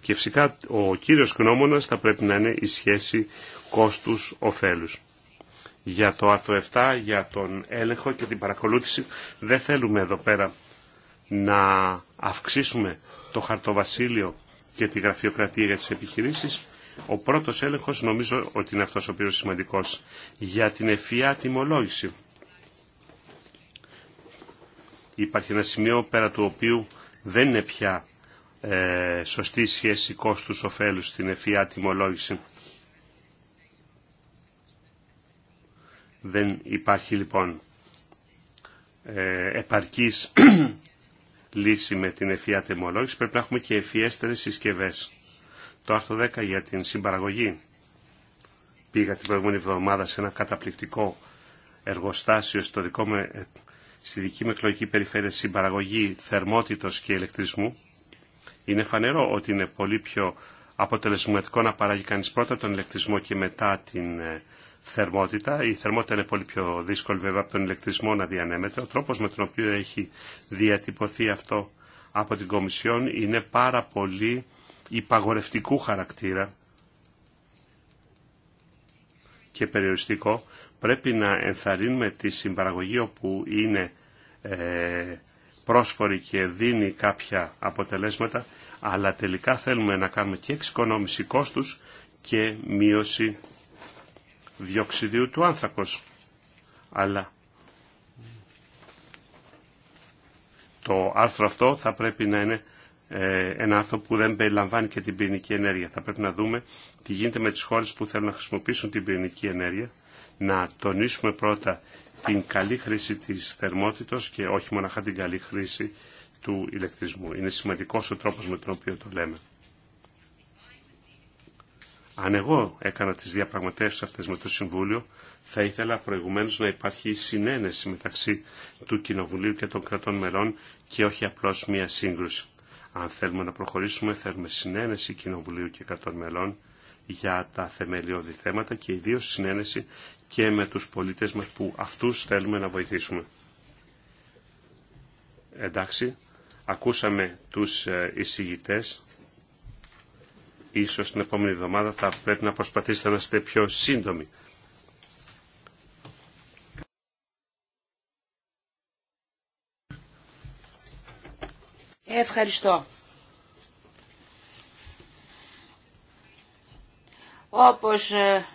Και φυσικά ο κύριος γνώμονας θα πρέπει να είναι η σχέση κόστους-οφέλους. Για το άρθρο 7, για τον έλεγχο και την παρακολούθηση, δεν θέλουμε εδώ πέρα να αυξήσουμε το χαρτοβασίλειο και τη γραφειοκρατία για τις επιχειρήσεις. Ο πρώτος έλεγχος νομίζω ότι είναι αυτός ο οποίος σημαντικός για την ευφυά τιμολόγηση υπάρχει ένα σημείο πέρα του οποίου δεν είναι πια ε, σωστή σχέση κόστους ωφέλους στην ευφυά τιμολόγηση. Δεν υπάρχει λοιπόν ε, επαρκής λύση με την ευφυά τιμολόγηση. Πρέπει να έχουμε και ευφυέστερες συσκευές. Το άρθρο 10 για την συμπαραγωγή. Πήγα την προηγούμενη εβδομάδα σε ένα καταπληκτικό εργοστάσιο στο δικό μου ε, στη δική μου εκλογική περιφέρεια συμπαραγωγή θερμότητος και ηλεκτρισμού, είναι φανερό ότι είναι πολύ πιο αποτελεσματικό να παράγει κανείς πρώτα τον ηλεκτρισμό και μετά την ε, θερμότητα. Η θερμότητα είναι πολύ πιο δύσκολη βέβαια από τον ηλεκτρισμό να διανέμεται. Ο τρόπος με τον οποίο έχει διατυπωθεί αυτό από την Κομισιόν είναι πάρα πολύ υπαγορευτικού χαρακτήρα και περιοριστικό Πρέπει να ενθαρρύνουμε τη συμπαραγωγή όπου είναι ε, πρόσφορη και δίνει κάποια αποτελέσματα, αλλά τελικά θέλουμε να κάνουμε και εξοικονόμηση κόστους και μείωση διοξιδίου του άνθρακος. Αλλά το άρθρο αυτό θα πρέπει να είναι ε, ένα άρθρο που δεν περιλαμβάνει και την πυρηνική ενέργεια. Θα πρέπει να δούμε τι γίνεται με τις χώρες που θέλουν να χρησιμοποιήσουν την πυρηνική ενέργεια να τονίσουμε πρώτα την καλή χρήση της θερμότητος και όχι μοναχά την καλή χρήση του ηλεκτρισμού. Είναι σημαντικός ο τρόπος με τον οποίο το λέμε. Αν εγώ έκανα τις διαπραγματεύσεις αυτές με το Συμβούλιο, θα ήθελα προηγουμένως να υπάρχει συνένεση μεταξύ του Κοινοβουλίου και των κρατών μελών και όχι απλώς μία σύγκρουση. Αν θέλουμε να προχωρήσουμε, θέλουμε συνένεση Κοινοβουλίου και κρατών μελών για τα θεμελιώδη θέματα και ιδίω συνένεση και με τους πολίτες μας που αυτούς θέλουμε να βοηθήσουμε. Εντάξει, ακούσαμε τους ε, εισηγητέ. Ίσως την επόμενη εβδομάδα θα πρέπει να προσπαθήσετε να είστε πιο σύντομοι. Ευχαριστώ. Όπως ε,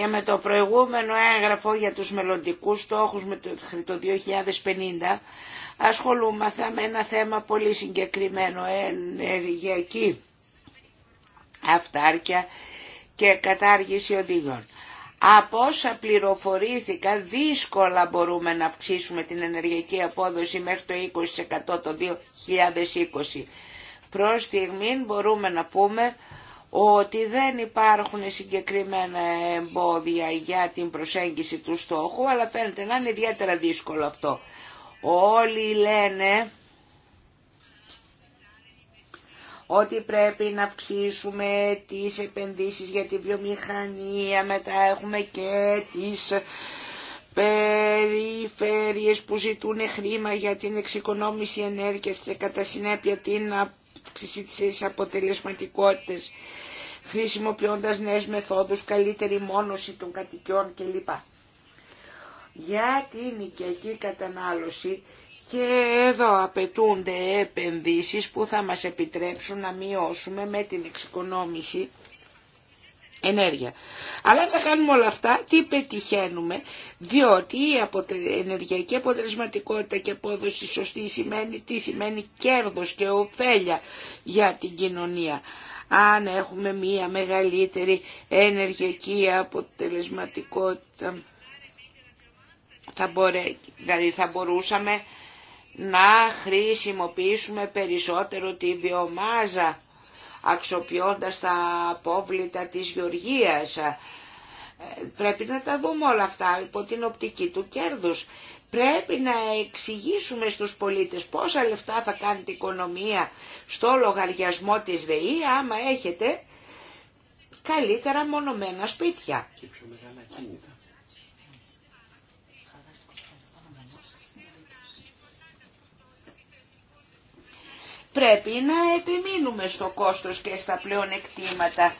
και με το προηγούμενο έγγραφο για τους μελλοντικούς στόχους με το 2050 ασχολούμαθα με ένα θέμα πολύ συγκεκριμένο, ενεργειακή αυτάρκεια και κατάργηση οδηγών. Από όσα πληροφορήθηκα δύσκολα μπορούμε να αυξήσουμε την ενεργειακή απόδοση μέχρι το 20% το 2020. Προς στιγμή μπορούμε να πούμε ότι δεν υπάρχουν συγκεκριμένα εμπόδια για την προσέγγιση του στόχου, αλλά φαίνεται να είναι ιδιαίτερα δύσκολο αυτό. Όλοι λένε ότι πρέπει να αυξήσουμε τις επενδύσεις για τη βιομηχανία, μετά έχουμε και τις περιφέρειες που ζητούν χρήμα για την εξοικονόμηση ενέργειας και κατά συνέπεια την αύξηση της αποτελεσματικότητας χρησιμοποιώντας νέες μεθόδους, καλύτερη μόνωση των κατοικιών κλπ. Για την οικιακή κατανάλωση και εδώ απαιτούνται επενδύσεις που θα μας επιτρέψουν να μειώσουμε με την εξοικονόμηση ενέργεια. Αλλά θα κάνουμε όλα αυτά, τι πετυχαίνουμε, διότι η ενεργειακή αποτελεσματικότητα και απόδοση σωστή σημαίνει τι σημαίνει κέρδος και ωφέλεια για την κοινωνία. Αν έχουμε μία μεγαλύτερη ενεργειακή αποτελεσματικότητα, θα μπορέ, δηλαδή θα μπορούσαμε να χρησιμοποιήσουμε περισσότερο τη βιομάζα αξιοποιώντας τα απόβλητα της γεωργίας. Ε, πρέπει να τα δούμε όλα αυτά υπό την οπτική του κέρδους. Πρέπει να εξηγήσουμε στους πολίτες πόσα λεφτά θα κάνει την οικονομία στο λογαριασμό της ΔΕΗ άμα έχετε καλύτερα μονομένα σπίτια. Και πιο πρέπει να επιμείνουμε στο κόστος και στα πλεονεκτήματα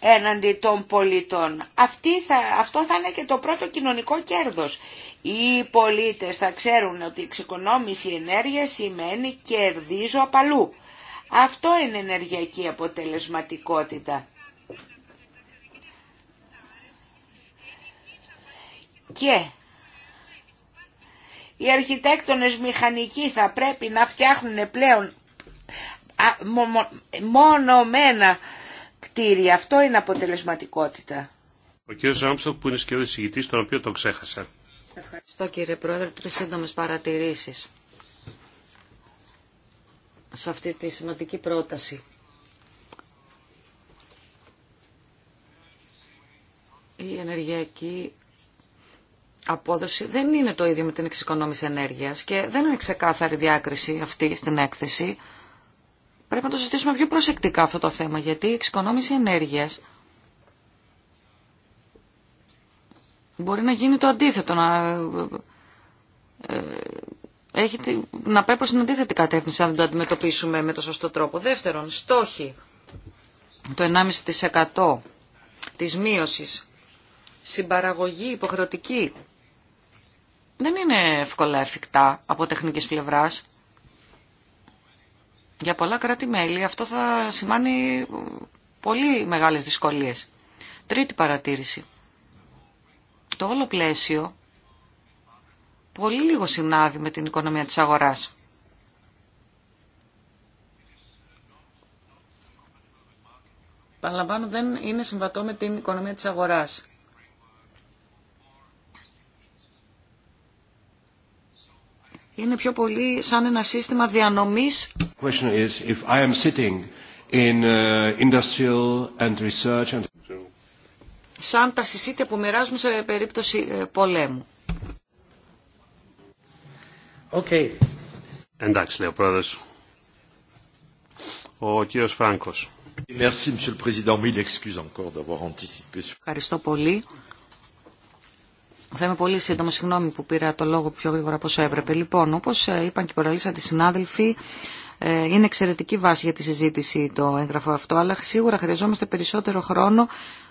έναντι των πολιτών. Αυτή θα, αυτό θα είναι και το πρώτο κοινωνικό κέρδος. Οι πολίτες θα ξέρουν ότι η εξοικονόμηση ενέργεια σημαίνει κερδίζω απαλού. Αυτό είναι ενεργειακή αποτελεσματικότητα. Και οι αρχιτέκτονες μηχανικοί θα πρέπει να φτιάχνουν πλέον μονομένα κτίρια. Αυτό είναι αποτελεσματικότητα. Ο κ. Ζάμστοκ που είναι σχεδόν συγητής, τον οποίο τον ξέχασα. Ευχαριστώ κύριε Πρόεδρε. Τρεις σύντομες παρατηρήσεις σε αυτή τη σημαντική πρόταση. Η ενεργειακή απόδοση δεν είναι το ίδιο με την εξοικονόμηση ενέργειας και δεν είναι ξεκάθαρη διάκριση αυτή στην έκθεση. Πρέπει να το συζητήσουμε πιο προσεκτικά αυτό το θέμα, γιατί η εξοικονόμηση ενέργειας μπορεί να γίνει το αντίθετο, να, ε, έχει, να πάει προς την αντίθετη κατεύθυνση αν δεν το αντιμετωπίσουμε με το σωστό τρόπο. Δεύτερον, στόχοι, το 1,5% της μείωσης, συμπαραγωγή υποχρεωτική δεν είναι εύκολα εφικτά από τεχνικής πλευράς. Για πολλά κράτη-μέλη αυτό θα σημάνει πολύ μεγάλες δυσκολίες. Τρίτη παρατήρηση. Το όλο πλαίσιο πολύ λίγο συνάδει με την οικονομία της αγοράς. Παραλαμβάνω δεν είναι συμβατό με την οικονομία της αγοράς. Είναι πιο πολύ σαν ένα σύστημα διανομής. Question is if I am sitting in industrial and research and Σαν τα συστήματα που μεράζουμε σε περίπτωση πολέμου. Okay. And Axel brothers. Ο κύριος Φάνκος. Merci monsieur le président, mille excuses encore d'avoir anticipé. Χαριστόπολη. Θα είμαι πολύ σύντομο, συγγνώμη που πήρα το λόγο πιο γρήγορα από όσο έπρεπε. Λοιπόν, όπω ε, είπαν και οι συνάδελφοι, ε, είναι εξαιρετική βάση για τη συζήτηση το έγγραφο αυτό, αλλά σίγουρα χρειαζόμαστε περισσότερο χρόνο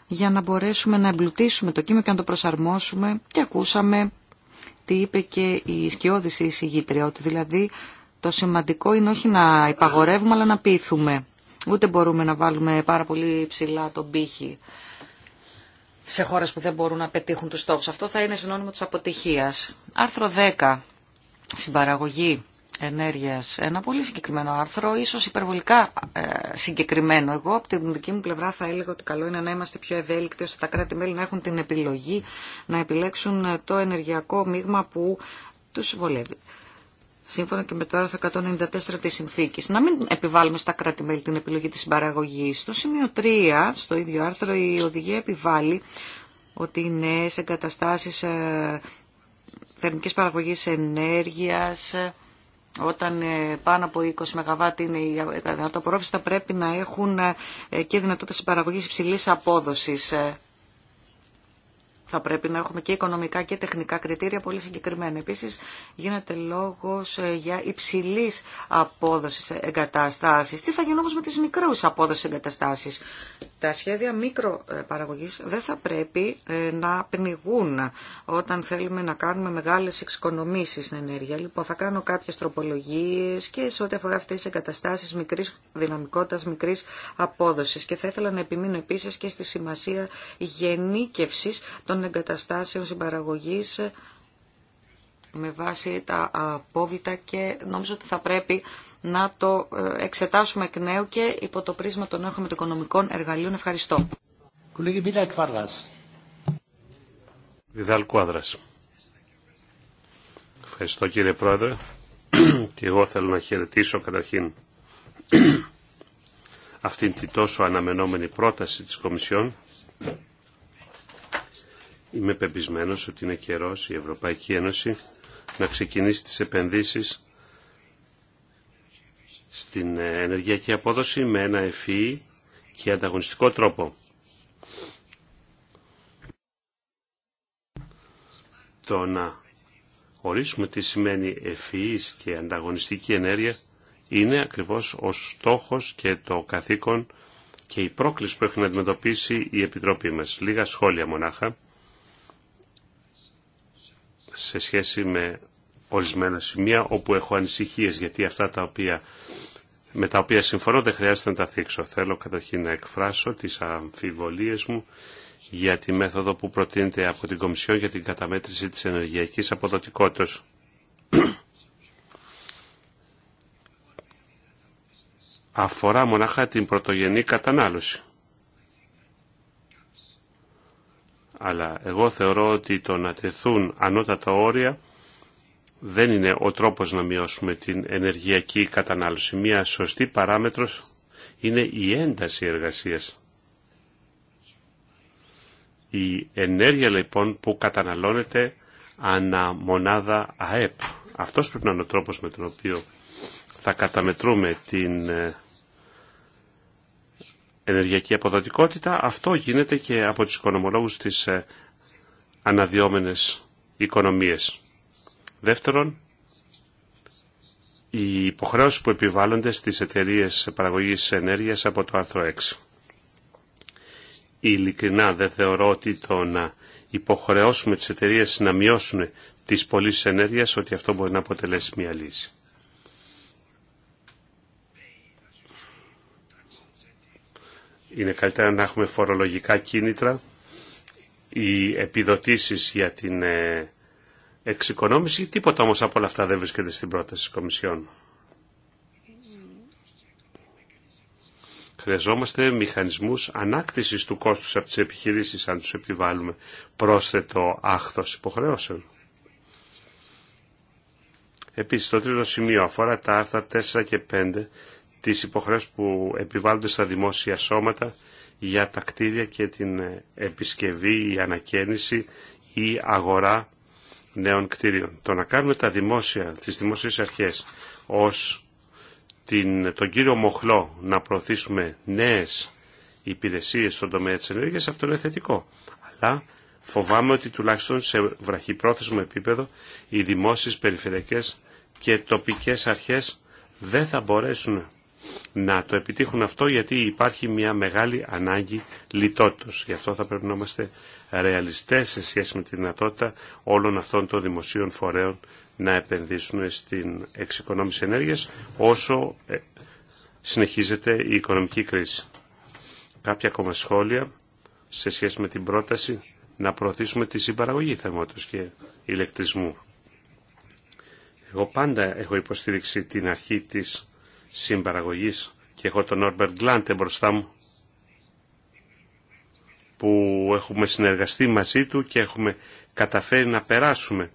για να μπορέσουμε να εμπλουτίσουμε το κείμενο και να το προσαρμόσουμε. Και ακούσαμε τι είπε και η σκιώδηση συγγήτρια, ότι δηλαδή το σημαντικό είναι όχι να υπαγορεύουμε, αλλά να πείθουμε. Ούτε μπορούμε να βάλουμε πάρα πολύ ψηλά τον πύχη σε χώρες που δεν μπορούν να πετύχουν τους στόχους. Αυτό θα είναι συνώνυμο της αποτυχίας. Άρθρο 10. Συμπαραγωγή ενέργειας. Ένα πολύ συγκεκριμένο άρθρο, ίσως υπερβολικά ε, συγκεκριμένο. Εγώ από την δική μου πλευρά θα έλεγα ότι καλό είναι να είμαστε πιο ευέλικτοι ώστε τα κράτη-μέλη να έχουν την επιλογή να επιλέξουν το ενεργειακό μείγμα που τους βολεύει σύμφωνα και με το άρθρο 194 της συνθήκης. Να μην επιβάλλουμε στα κράτη-μέλη την επιλογή της συμπαραγωγής. Στο σημείο 3, στο ίδιο άρθρο, η οδηγία επιβάλλει ότι οι νέες εγκαταστάσεις ε, θερμικής παραγωγής ενέργειας ε, όταν ε, πάνω από 20 ΜΒ είναι η δυνατότητα θα πρέπει να έχουν και δυνατότητα συμπαραγωγής υψηλής απόδοσης θα πρέπει να έχουμε και οικονομικά και τεχνικά κριτήρια πολύ συγκεκριμένα. Επίσης γίνεται λόγος ε, για υψηλή απόδοσης εγκαταστάσει. Τι θα γίνει όμω με τις μικρούς απόδοση εγκαταστάσει τα σχέδια μικροπαραγωγής δεν θα πρέπει ε, να πνιγούν όταν θέλουμε να κάνουμε μεγάλες εξοικονομήσεις στην ενέργεια. Λοιπόν, θα κάνω κάποιες τροπολογίες και σε ό,τι αφορά αυτές τις εγκαταστάσεις μικρής δυναμικότητας, μικρής απόδοσης. Και θα ήθελα να επιμείνω επίσης και στη σημασία γενίκευση των εγκαταστάσεων συμπαραγωγής ε, με βάση τα απόβλητα και νομίζω ότι θα πρέπει να το ε, εξετάσουμε εκ νέου και υπό το πρίσμα των νέων οικονομικών εργαλείων. Ευχαριστώ. Κουάδρας. Ευχαριστώ κύριε Πρόεδρε. και εγώ θέλω να χαιρετήσω καταρχήν αυτήν την τόσο αναμενόμενη πρόταση της Κομισιόν. Είμαι πεπισμένος ότι είναι καιρός η Ευρωπαϊκή Ένωση να ξεκινήσει τις επενδύσεις στην ενεργειακή απόδοση με ένα ευφυή και ανταγωνιστικό τρόπο. Το να ορίσουμε τι σημαίνει ευφυής και ανταγωνιστική ενέργεια είναι ακριβώς ο στόχος και το καθήκον και η πρόκληση που έχει να αντιμετωπίσει η Επιτροπή μας. Λίγα σχόλια μονάχα σε σχέση με ορισμένα σημεία όπου έχω ανησυχίες γιατί αυτά τα οποία με τα οποία συμφωνώ δεν χρειάζεται να τα θίξω. Θέλω καταρχήν να εκφράσω τις αμφιβολίες μου για τη μέθοδο που προτείνεται από την Κομισιόν για την καταμέτρηση της ενεργειακής αποδοτικότητας. Αφορά μονάχα την πρωτογενή κατανάλωση. Αλλά εγώ θεωρώ ότι το να τεθούν ανώτατα όρια δεν είναι ο τρόπος να μειώσουμε την ενεργειακή κατανάλωση. Μία σωστή παράμετρος είναι η ένταση εργασίας. Η ενέργεια λοιπόν που καταναλώνεται ανά μονάδα ΑΕΠ. Αυτός πρέπει να είναι ο τρόπος με τον οποίο θα καταμετρούμε την ε, ενεργειακή αποδοτικότητα. Αυτό γίνεται και από τους οικονομολόγους της ε, αναδυόμενες οικονομίες. Δεύτερον, οι υποχρεώσεις που επιβάλλονται στις εταιρείες παραγωγής ενέργειας από το άρθρο 6. Ειλικρινά δεν θεωρώ ότι το να υποχρεώσουμε τις εταιρείες να μειώσουν τις πωλήσει ενέργειας ότι αυτό μπορεί να αποτελέσει μια λύση. Είναι καλύτερα να έχουμε φορολογικά κίνητρα. Οι επιδοτήσεις για την ε, εξοικονόμηση. Τίποτα όμως από όλα αυτά δεν βρίσκεται στην πρόταση της Κομισιόν. Χρειαζόμαστε μηχανισμούς ανάκτησης του κόστους από τις επιχειρήσεις αν τους επιβάλλουμε πρόσθετο άχθος υποχρεώσεων. Επίσης, το τρίτο σημείο αφορά τα άρθρα 4 και 5 τις υποχρεώσεις που επιβάλλονται στα δημόσια σώματα για τα κτίρια και την επισκευή, η ανακαίνιση ή αγορά νέων κτίριων. Το να κάνουμε τα δημόσια, τις δημόσιες αρχές ως την, τον κύριο Μοχλό να προωθήσουμε νέες υπηρεσίες στον τομέα της ενέργειας, αυτό είναι θετικό. Αλλά φοβάμαι ότι τουλάχιστον σε βραχυπρόθεσμο επίπεδο οι δημόσιες περιφερειακές και τοπικές αρχές δεν θα μπορέσουν να το επιτύχουν αυτό γιατί υπάρχει μια μεγάλη ανάγκη λιτότητος. Γι' αυτό θα πρέπει να είμαστε ρεαλιστές σε σχέση με τη δυνατότητα όλων αυτών των δημοσίων φορέων να επενδύσουν στην εξοικονόμηση ενέργειας όσο ε, συνεχίζεται η οικονομική κρίση. Κάποια ακόμα σχόλια σε σχέση με την πρόταση να προωθήσουμε τη συμπαραγωγή θερμότητας και ηλεκτρισμού. Εγώ πάντα έχω υποστήριξει την αρχή της συμπαραγωγής και έχω τον Όρμπερτ Γκλάντε μπροστά μου που έχουμε συνεργαστεί μαζί του και έχουμε καταφέρει να περάσουμε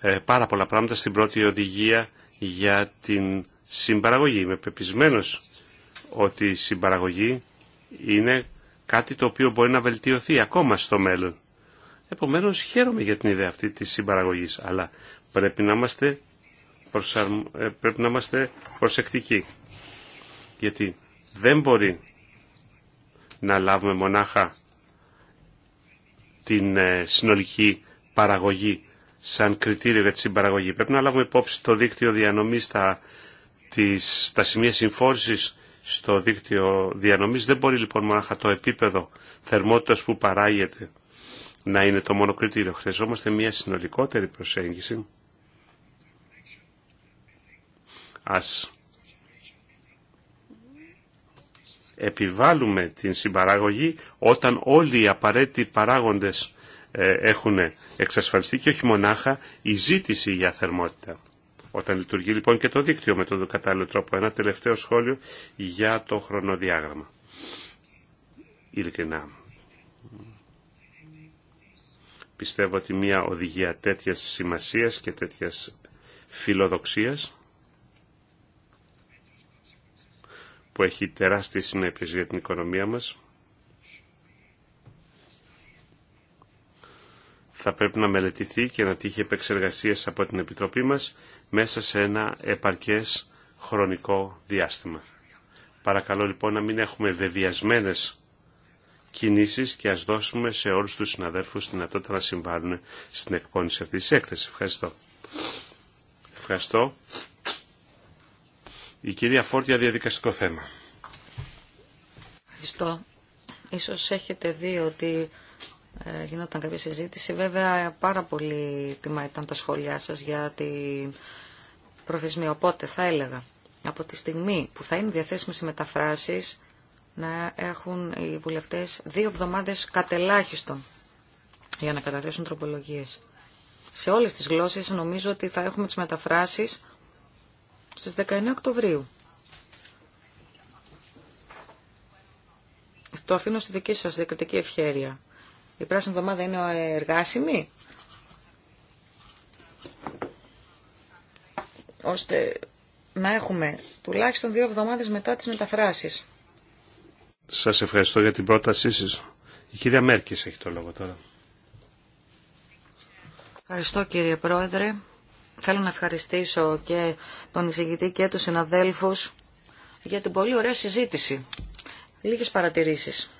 ε, πάρα πολλά πράγματα στην πρώτη οδηγία για την συμπαραγωγή. Είμαι πεπισμένος ότι η συμπαραγωγή είναι κάτι το οποίο μπορεί να βελτιωθεί ακόμα στο μέλλον. Επομένως χαίρομαι για την ιδέα αυτή της συμπαραγωγής, αλλά πρέπει να είμαστε, ε, πρέπει να είμαστε προσεκτικοί. Γιατί δεν μπορεί να λάβουμε μονάχα την ε, συνολική παραγωγή σαν κριτήριο για τη συμπαραγωγή. Πρέπει να λάβουμε υπόψη το δίκτυο διανομής τα τις, τα σημεία συμφόρησης στο δίκτυο διανομής. Δεν μπορεί λοιπόν μονάχα το επίπεδο θερμότητας που παράγεται να είναι το μόνο κριτήριο. Χρειαζόμαστε μια συνολικότερη προσέγγιση. Ας επιβάλλουμε την συμπαραγωγή όταν όλοι οι απαραίτητοι παράγοντες ε, έχουν εξασφαλιστεί και όχι μονάχα η ζήτηση για θερμότητα. Όταν λειτουργεί λοιπόν και το δίκτυο με τον κατάλληλο τρόπο. Ένα τελευταίο σχόλιο για το χρονοδιάγραμμα. Ειλικρινά. Πιστεύω ότι μια οδηγία τέτοιας σημασίας και τέτοιας φιλοδοξίας που έχει τεράστιες συνέπειες για την οικονομία μας. Θα πρέπει να μελετηθεί και να τύχει επεξεργασίες από την Επιτροπή μας μέσα σε ένα επαρκές χρονικό διάστημα. Παρακαλώ λοιπόν να μην έχουμε βεβιασμένες κινήσεις και ας δώσουμε σε όλους τους συναδέλφους τη δυνατότητα να συμβάλλουν στην εκπόνηση αυτής της έκθεσης. Ευχαριστώ. Ευχαριστώ. Η κυρία Φόρτια, διαδικαστικό θέμα. Ευχαριστώ. Ίσως έχετε δει ότι ε, γινόταν κάποια συζήτηση. Βέβαια, πάρα πολύ τιμά ήταν τα σχόλιά σας για την προθεσμία. Οπότε, θα έλεγα, από τη στιγμή που θα είναι διαθέσιμες οι μεταφράσεις, να έχουν οι βουλευτές δύο εβδομάδες κατελάχιστον για να καταθέσουν τροπολογίες. Σε όλες τις γλώσσες νομίζω ότι θα έχουμε τις μεταφράσεις στις 19 Οκτωβρίου. Το αφήνω στη δική σας διακριτική ευχέρεια. Η πράσινη εβδομάδα είναι εργάσιμη, ώστε να έχουμε τουλάχιστον δύο εβδομάδες μετά τις μεταφράσεις. Σας ευχαριστώ για την πρότασή σας. Η κυρία Μέρκης έχει το λόγο τώρα. Ευχαριστώ κύριε Πρόεδρε. Θέλω να ευχαριστήσω και τον εισηγητή και τους συναδέλφους για την πολύ ωραία συζήτηση. Λίγες παρατηρήσεις.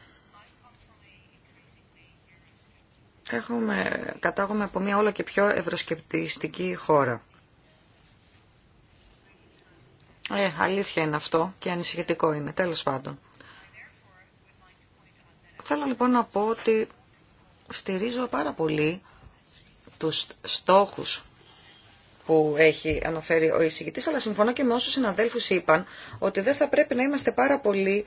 Έχουμε, κατάγομαι από μια όλο και πιο ευρωσκεπτιστική χώρα. Ε, αλήθεια είναι αυτό και ανησυχητικό είναι, τέλος πάντων. Θέλω λοιπόν να πω ότι στηρίζω πάρα πολύ τους στόχους που έχει αναφέρει ο εισηγητής, αλλά συμφωνώ και με όσους συναδέλφους είπαν ότι δεν θα πρέπει να είμαστε πάρα πολύ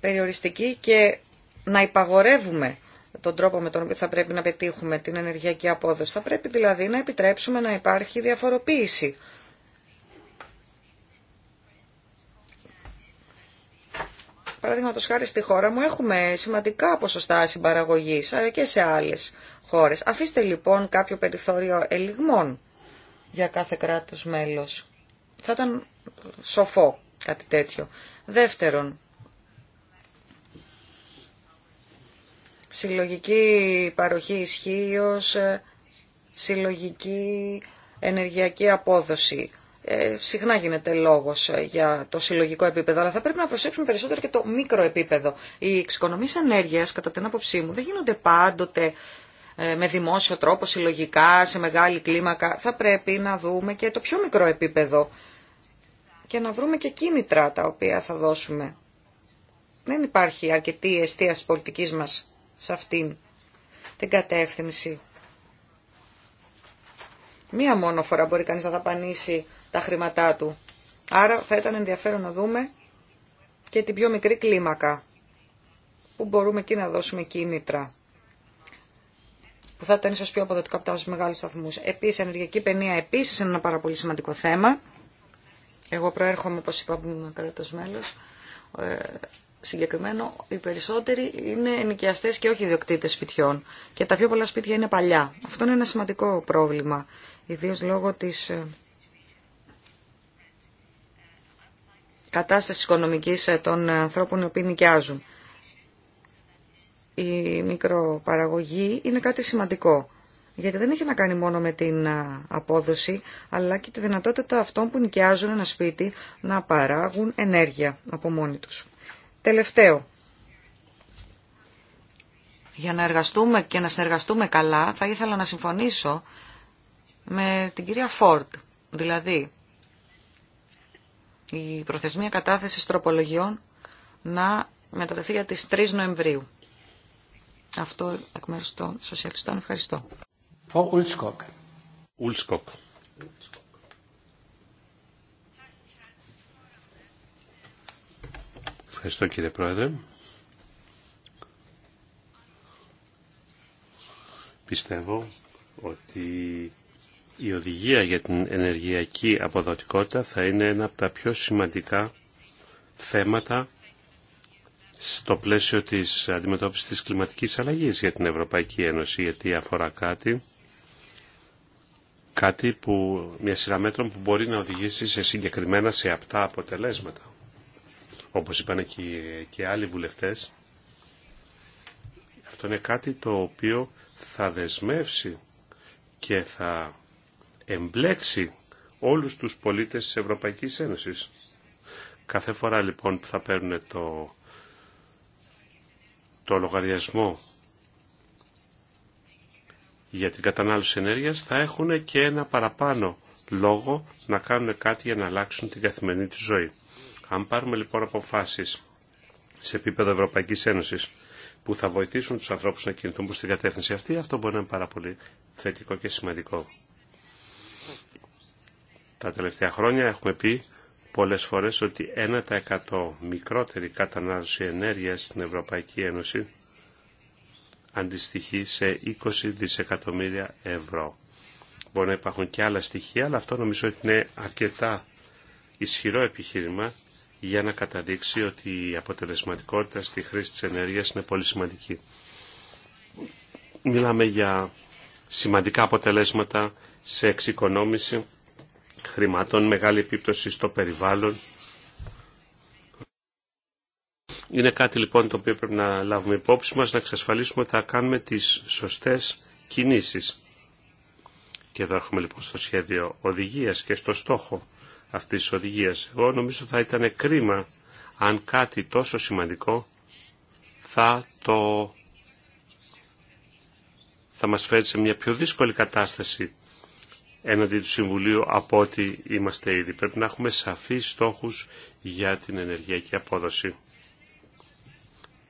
περιοριστικοί και να υπαγορεύουμε τον τρόπο με τον οποίο θα πρέπει να πετύχουμε την ενεργειακή απόδοση. Θα πρέπει δηλαδή να επιτρέψουμε να υπάρχει διαφοροποίηση. Παραδείγματο χάρη στη χώρα μου έχουμε σημαντικά ποσοστά συμπαραγωγής ε, και σε άλλες χώρες. Αφήστε λοιπόν κάποιο περιθώριο ελιγμών για κάθε κράτος μέλος. Θα ήταν σοφό κάτι τέτοιο. Δεύτερον, συλλογική παροχή ισχύω, ε, συλλογική ενεργειακή απόδοση. Ε, συχνά γίνεται λόγος ε, για το συλλογικό επίπεδο, αλλά θα πρέπει να προσέξουμε περισσότερο και το μικρό επίπεδο. Οι εξοικονομίες ενέργειας, κατά την άποψή μου, δεν γίνονται πάντοτε ε, με δημόσιο τρόπο, συλλογικά, σε μεγάλη κλίμακα. Θα πρέπει να δούμε και το πιο μικρό επίπεδο και να βρούμε και κίνητρα τα οποία θα δώσουμε. Δεν υπάρχει αρκετή αιστεία της πολιτικής μας σε αυτήν την κατεύθυνση. Μία μόνο φορά μπορεί κανείς να δαπανίσει τα χρήματά του. Άρα θα ήταν ενδιαφέρον να δούμε και την πιο μικρή κλίμακα που μπορούμε εκεί να δώσουμε κίνητρα που θα ήταν ίσω πιο αποδοτικό από του μεγάλου σταθμού. Επίση, ενεργειακή παινία επίση είναι ένα πάρα πολύ σημαντικό θέμα. Εγώ προέρχομαι, όπω είπα, από ένα κράτο μέλο. Ε, συγκεκριμένο, οι περισσότεροι είναι ενοικιαστέ και όχι ιδιοκτήτε σπιτιών. Και τα πιο πολλά σπίτια είναι παλιά. Αυτό είναι ένα σημαντικό πρόβλημα, ιδίω λόγω τη ε, κατάσταση οικονομική ε, των ανθρώπων οι οποίοι νοικιάζουν η μικροπαραγωγή είναι κάτι σημαντικό. Γιατί δεν έχει να κάνει μόνο με την απόδοση, αλλά και τη δυνατότητα αυτών που νοικιάζουν ένα σπίτι να παράγουν ενέργεια από μόνοι τους. Τελευταίο. Για να εργαστούμε και να συνεργαστούμε καλά, θα ήθελα να συμφωνήσω με την κυρία Φόρτ. Δηλαδή, η προθεσμία κατάθεσης τροπολογιών να μετατεθεί για τις 3 Νοεμβρίου. Αυτό εκ μέρους των σοσιαλιστών. Ευχαριστώ. Ουλτσκοκ. Ευχαριστώ κύριε Πρόεδρε. Πιστεύω ότι η οδηγία για την ενεργειακή αποδοτικότητα θα είναι ένα από τα πιο σημαντικά θέματα στο πλαίσιο της αντιμετώπισης της κλιματικής αλλαγής για την Ευρωπαϊκή Ένωση, γιατί αφορά κάτι, κάτι που, μια σειρά μέτρων που μπορεί να οδηγήσει σε συγκεκριμένα σε αυτά αποτελέσματα. Όπως είπαν και, άλλοι βουλευτές, αυτό είναι κάτι το οποίο θα δεσμεύσει και θα εμπλέξει όλους τους πολίτες της Ευρωπαϊκής Ένωσης. Κάθε φορά λοιπόν που θα παίρνουν το το λογαριασμό για την κατανάλωση ενέργειας θα έχουν και ένα παραπάνω λόγο να κάνουν κάτι για να αλλάξουν την καθημερινή τους ζωή. Αν πάρουμε λοιπόν αποφάσεις σε επίπεδο Ευρωπαϊκής Ένωσης που θα βοηθήσουν τους ανθρώπους να κινηθούν προς την κατεύθυνση αυτή, αυτό μπορεί να είναι πάρα πολύ θετικό και σημαντικό. Τα τελευταία χρόνια έχουμε πει πολλές φορές ότι 1% μικρότερη κατανάλωση ενέργειας στην Ευρωπαϊκή Ένωση αντιστοιχεί σε 20 δισεκατομμύρια ευρώ. Μπορεί να υπάρχουν και άλλα στοιχεία, αλλά αυτό νομίζω ότι είναι αρκετά ισχυρό επιχείρημα για να καταδείξει ότι η αποτελεσματικότητα στη χρήση της ενέργειας είναι πολύ σημαντική. Μιλάμε για σημαντικά αποτελέσματα σε εξοικονόμηση χρημάτων, μεγάλη επίπτωση στο περιβάλλον. Είναι κάτι λοιπόν το οποίο πρέπει να λάβουμε υπόψη μας, να εξασφαλίσουμε ότι θα κάνουμε τις σωστές κινήσεις. Και εδώ έχουμε λοιπόν στο σχέδιο οδηγίας και στο στόχο αυτής της οδηγίας. Εγώ νομίζω θα ήταν κρίμα αν κάτι τόσο σημαντικό θα το θα μας φέρει σε μια πιο δύσκολη κατάσταση έναντι του Συμβουλίου από ό,τι είμαστε ήδη. Πρέπει να έχουμε σαφείς στόχους για την ενεργειακή απόδοση.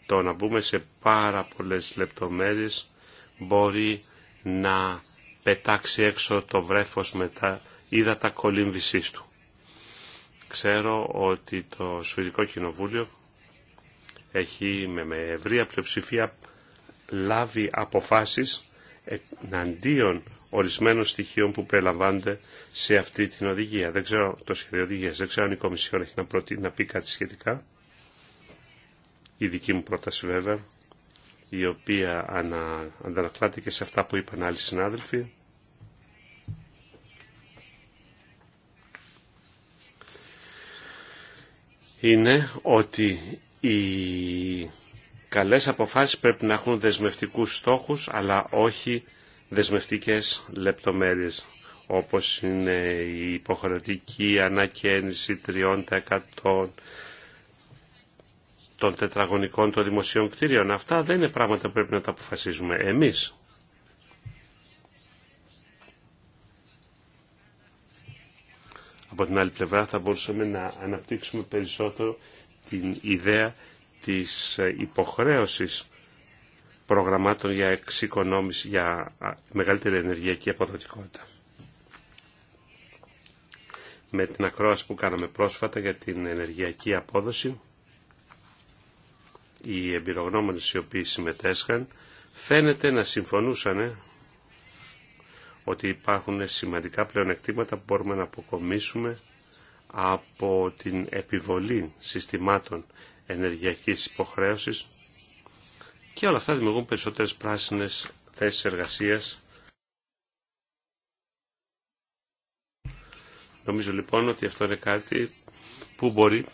Το να μπούμε σε πάρα πολλές λεπτομέρειες μπορεί να πετάξει έξω το βρέφος με τα ύδατα κολύμβησής του. Ξέρω ότι το Σουηδικό Κοινοβούλιο έχει με ευρία πλειοψηφία λάβει αποφάσεις εναντίον ορισμένων στοιχείων που περιλαμβάνονται σε αυτή την οδηγία. Δεν ξέρω το σχέδιο οδηγίας, δεν ξέρω αν η Κομισιόν έχει να, να πει κάτι σχετικά. Η δική μου πρόταση βέβαια, η οποία ανα, αντανακλάται και σε αυτά που είπαν άλλοι συνάδελφοι. Είναι ότι η Καλές αποφάσεις πρέπει να έχουν δεσμευτικούς στόχους, αλλά όχι δεσμευτικές λεπτομέρειες, όπως είναι η υποχρεωτική ανακαίνιση 30% των τετραγωνικών των δημοσίων κτίριων. Αυτά δεν είναι πράγματα που πρέπει να τα αποφασίζουμε εμείς. Από την άλλη πλευρά θα μπορούσαμε να αναπτύξουμε περισσότερο την ιδέα της υποχρέωσης προγραμμάτων για εξοικονόμηση, για μεγαλύτερη ενεργειακή αποδοτικότητα. Με την ακρόαση που κάναμε πρόσφατα για την ενεργειακή απόδοση, οι εμπειρογνώμονες οι οποίοι συμμετέσχαν φαίνεται να συμφωνούσαν ε, ότι υπάρχουν σημαντικά πλεονεκτήματα που μπορούμε να αποκομίσουμε από την επιβολή συστημάτων ενεργειακής υποχρέωσης και όλα αυτά δημιουργούν περισσότερες πράσινες θέσεις εργασίας. Νομίζω λοιπόν ότι αυτό είναι κάτι που μπορεί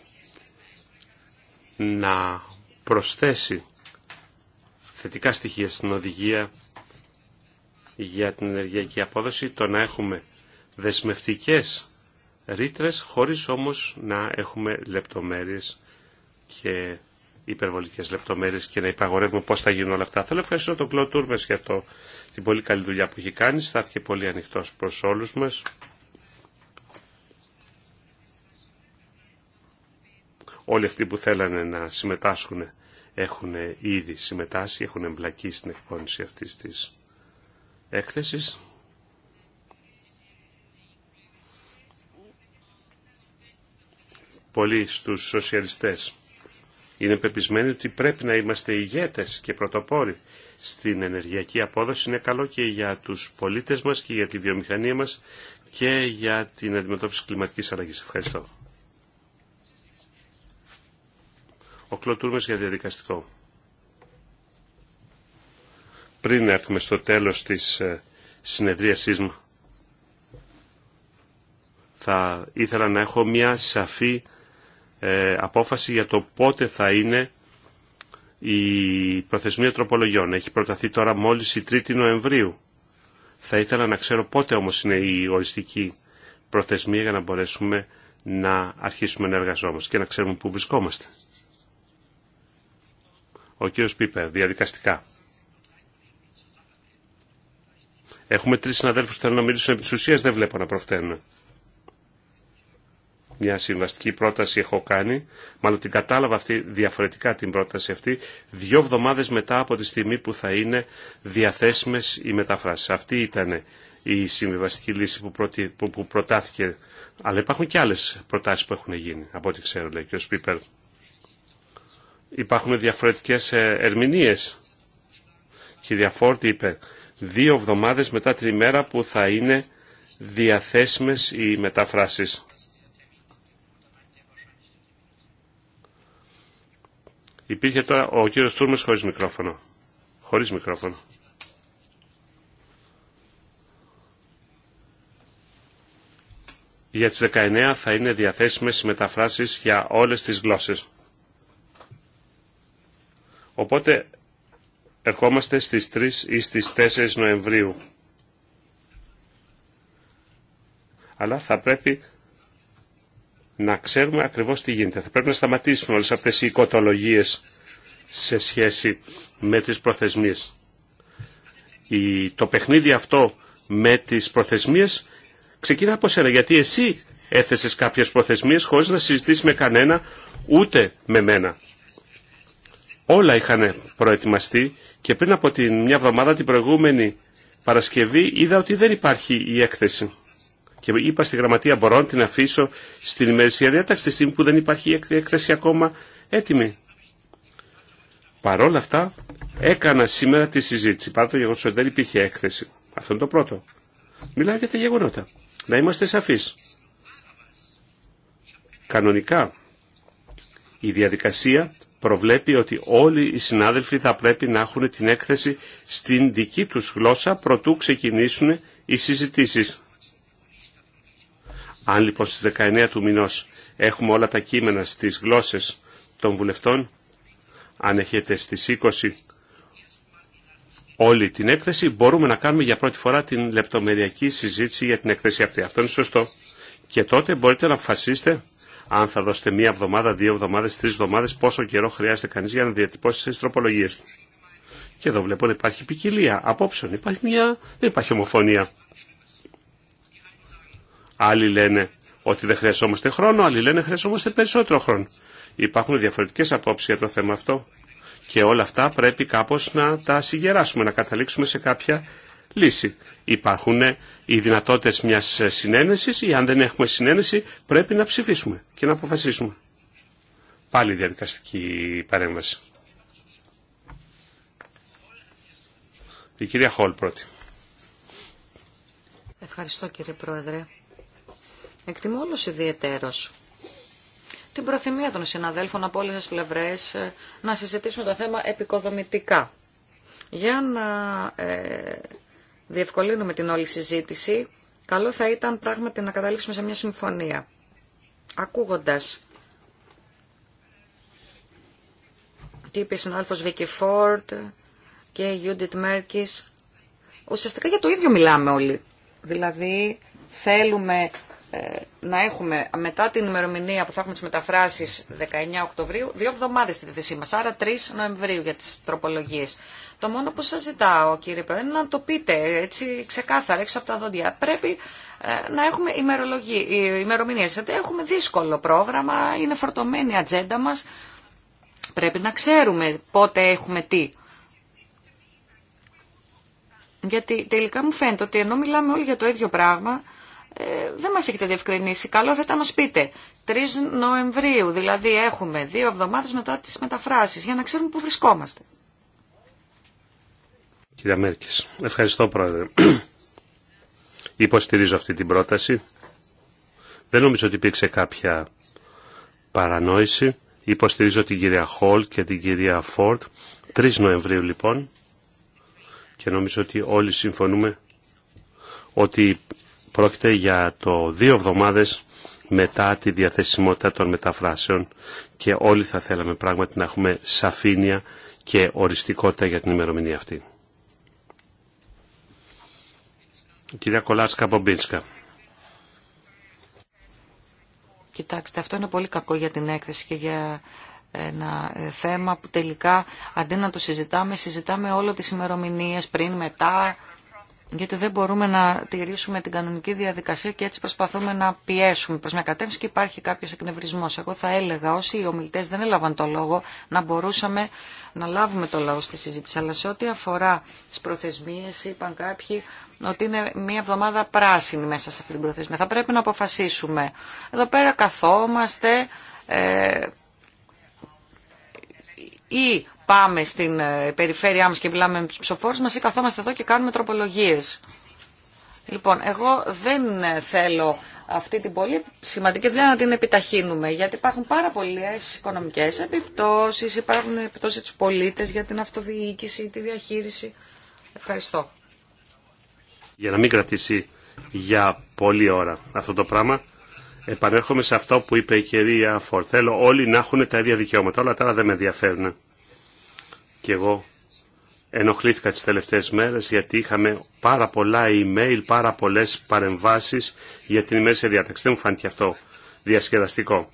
να προσθέσει θετικά στοιχεία στην οδηγία για την ενεργειακή απόδοση, το να έχουμε δεσμευτικές ρήτρες χωρίς όμως να έχουμε λεπτομέρειες και υπερβολικές λεπτομέρειες και να υπαγορεύουμε πώς θα γίνουν όλα αυτά. Θέλω να ευχαριστώ τον Κλωτ Τούρμες για το, την πολύ καλή δουλειά που έχει κάνει. Στάθηκε πολύ ανοιχτός προς όλους μας. Όλοι αυτοί που θέλανε να συμμετάσχουν έχουν ήδη συμμετάσχει, έχουν εμπλακεί στην εκπόνηση αυτής της έκθεσης. Πολλοί στους σοσιαλιστές είναι πεπισμένοι ότι πρέπει να είμαστε ηγέτες και πρωτοπόροι στην ενεργειακή απόδοση. Είναι καλό και για τους πολίτες μας και για τη βιομηχανία μας και για την αντιμετώπιση κλιματικής αλλαγής. Ευχαριστώ. Ο Κλωτούρμες για διαδικαστικό. Πριν έρθουμε στο τέλος της ε, συνεδρίασής μου, θα ήθελα να έχω μια σαφή ε, απόφαση για το πότε θα είναι η προθεσμία τροπολογιών. Έχει προταθεί τώρα μόλις η 3η Νοεμβρίου. Θα ήθελα να ξέρω πότε όμως είναι η οριστική προθεσμία για να μπορέσουμε να αρχίσουμε να εργαζόμαστε και να ξέρουμε πού βρισκόμαστε. Ο κύριος Πίπερ, διαδικαστικά. Έχουμε τρεις συναδέλφους που θέλουν να μιλήσουν επί της ουσίας, δεν βλέπω να προφταίνουν μια συμβαστική πρόταση έχω κάνει, μάλλον την κατάλαβα αυτή, διαφορετικά την πρόταση αυτή, δύο εβδομάδες μετά από τη στιγμή που θα είναι διαθέσιμες οι μεταφράσεις. Αυτή ήταν η συμβιβαστική λύση που, που, προτάθηκε, αλλά υπάρχουν και άλλες προτάσεις που έχουν γίνει, από ό,τι ξέρω, λέει και ο Σπίπερ. Υπάρχουν διαφορετικές ε, ερμηνείες. Κυρία διαφόρτη είπε, δύο εβδομάδες μετά την ημέρα που θα είναι διαθέσιμες οι μεταφράσεις. Υπήρχε τώρα ο κύριος Τούρμες χωρίς μικρόφωνο. Χωρίς μικρόφωνο. Για τις 19 θα είναι διαθέσιμες οι μεταφράσεις για όλες τις γλώσσες. Οπότε ερχόμαστε στις 3 ή στις 4 Νοεμβρίου. Αλλά θα πρέπει να ξέρουμε ακριβώς τι γίνεται. Θα πρέπει να σταματήσουμε όλες αυτές οι οικοτολογίες σε σχέση με τις προθεσμίες. Η, το παιχνίδι αυτό με τις προθεσμίες ξεκινά από σένα, γιατί εσύ έθεσες κάποιες προθεσμίες χωρίς να συζητήσεις με κανένα, ούτε με μένα. Όλα είχαν προετοιμαστεί και πριν από την μια εβδομάδα την προηγούμενη Παρασκευή είδα ότι δεν υπάρχει η έκθεση. Και είπα στη γραμματεία μπορώ να την αφήσω στην ημερησία διάταξη τη στιγμή που δεν υπάρχει έκθεση ακόμα έτοιμη. Παρ' όλα αυτά έκανα σήμερα τη συζήτηση. Παρά το γεγονό ότι δεν υπήρχε έκθεση. Αυτό είναι το πρώτο. Μιλάω για τα γεγονότα. Να είμαστε σαφεί. Κανονικά η διαδικασία προβλέπει ότι όλοι οι συνάδελφοι θα πρέπει να έχουν την έκθεση στην δική τους γλώσσα προτού ξεκινήσουν οι συζητήσεις. Αν λοιπόν στις 19 του μηνός έχουμε όλα τα κείμενα στις γλώσσες των βουλευτών, αν έχετε στις 20 όλη την έκθεση, μπορούμε να κάνουμε για πρώτη φορά την λεπτομεριακή συζήτηση για την έκθεση αυτή. Αυτό είναι σωστό. Και τότε μπορείτε να αποφασίσετε αν θα δώσετε μία εβδομάδα, δύο εβδομάδες, τρεις εβδομάδες, πόσο καιρό χρειάζεται κανείς για να διατυπώσει τις τροπολογίες του. Και εδώ βλέπω ότι υπάρχει ποικιλία απόψεων. Υπάρχει μια... Δεν υπάρχει ομοφωνία. Άλλοι λένε ότι δεν χρειαζόμαστε χρόνο, άλλοι λένε χρειαζόμαστε περισσότερο χρόνο. Υπάρχουν διαφορετικές απόψεις για το θέμα αυτό και όλα αυτά πρέπει κάπως να τα συγκεράσουμε, να καταλήξουμε σε κάποια λύση. Υπάρχουν ε, οι δυνατότητες μιας ε, συνένεσης ή αν δεν έχουμε συνένεση πρέπει να ψηφίσουμε και να αποφασίσουμε. Πάλι διαδικαστική παρέμβαση. Η κυρία Χολ πρώτη. Ευχαριστώ κύριε Πρόεδρε. Εκτιμώ όλους ιδιαίτερο την προθυμία των συναδέλφων από όλε τι πλευρέ ε, να συζητήσουμε το θέμα επικοδομητικά. Για να ε, διευκολύνουμε την όλη συζήτηση, καλό θα ήταν πράγματι να καταλήξουμε σε μια συμφωνία. ακούγοντα. τι είπε η συνάδελφο Βίκυ Φόρτ και η Γιούντιτ Μέρκη, ουσιαστικά για το ίδιο μιλάμε όλοι. Δηλαδή θέλουμε ε, να έχουμε μετά την ημερομηνία που θα έχουμε τις μεταφράσεις 19 Οκτωβρίου, δύο εβδομάδες στη θέση μας, άρα 3 Νοεμβρίου για τις τροπολογίες. Το μόνο που σας ζητάω, κύριε Πρόεδρε, είναι να το πείτε έτσι ξεκάθαρα, έξω από τα δόντια. Πρέπει ε, να έχουμε ε, ημερομηνίες. Γιατί έχουμε δύσκολο πρόγραμμα, είναι φορτωμένη η ατζέντα μας. Πρέπει να ξέρουμε πότε έχουμε τι. Γιατί τελικά μου φαίνεται ότι ενώ μιλάμε όλοι για το ίδιο πράγμα, ε, δεν μας έχετε διευκρινίσει. Καλό θα ήταν να μας πείτε. 3 Νοεμβρίου, δηλαδή έχουμε δύο εβδομάδες μετά τις μεταφράσεις, για να ξέρουμε πού βρισκόμαστε. Κυρία Μέρκης, ευχαριστώ πρόεδρε. Υποστηρίζω αυτή την πρόταση. Δεν νομίζω ότι υπήρξε κάποια παρανόηση. Υποστηρίζω την κυρία Χολ και την κυρία Φόρτ. 3 Νοεμβρίου λοιπόν. Και νομίζω ότι όλοι συμφωνούμε ότι Πρόκειται για το δύο εβδομάδες μετά τη διαθεσιμότητα των μεταφράσεων και όλοι θα θέλαμε πράγματι να έχουμε σαφήνεια και οριστικότητα για την ημερομηνία αυτή. κυρία Κολάσκα Μπομπίνσκα. Κοιτάξτε, αυτό είναι πολύ κακό για την έκθεση και για ένα ε, θέμα που τελικά αντί να το συζητάμε, συζητάμε όλο τις ημερομηνίες πριν, μετά γιατί δεν μπορούμε να τηρήσουμε την κανονική διαδικασία και έτσι προσπαθούμε να πιέσουμε προς μια κατεύθυνση και υπάρχει κάποιος εκνευρισμός. Εγώ θα έλεγα όσοι οι ομιλητές δεν έλαβαν το λόγο να μπορούσαμε να λάβουμε το λόγο στη συζήτηση. Αλλά σε ό,τι αφορά τις προθεσμίες είπαν κάποιοι ότι είναι μια εβδομάδα πράσινη μέσα σε αυτή την προθεσμία. Θα πρέπει να αποφασίσουμε. Εδώ πέρα καθόμαστε... Ε, ή πάμε στην ε, περιφέρειά μας και μιλάμε με τους ψηφοφόρους μας ή καθόμαστε εδώ και κάνουμε τροπολογίες. Λοιπόν, εγώ δεν ε, θέλω αυτή την πολύ σημαντική δουλειά να την επιταχύνουμε, γιατί υπάρχουν πάρα πολλές οικονομικές επιπτώσεις, υπάρχουν επιπτώσεις του πολίτε για την αυτοδιοίκηση, τη διαχείριση. Ευχαριστώ. Για να μην κρατήσει για πολλή ώρα αυτό το πράγμα, επανέρχομαι σε αυτό που είπε η κυρία Φορ. Θέλω όλοι να έχουν τα ίδια δικαιώματα, όλα τα άλλα δεν με ενδιαφέρουν και εγώ ενοχλήθηκα τις τελευταίες μέρες γιατί είχαμε πάρα πολλά email, πάρα πολλές παρεμβάσεις για την ημέρα διάταξη. Δεν μου φάνηκε αυτό διασκεδαστικό.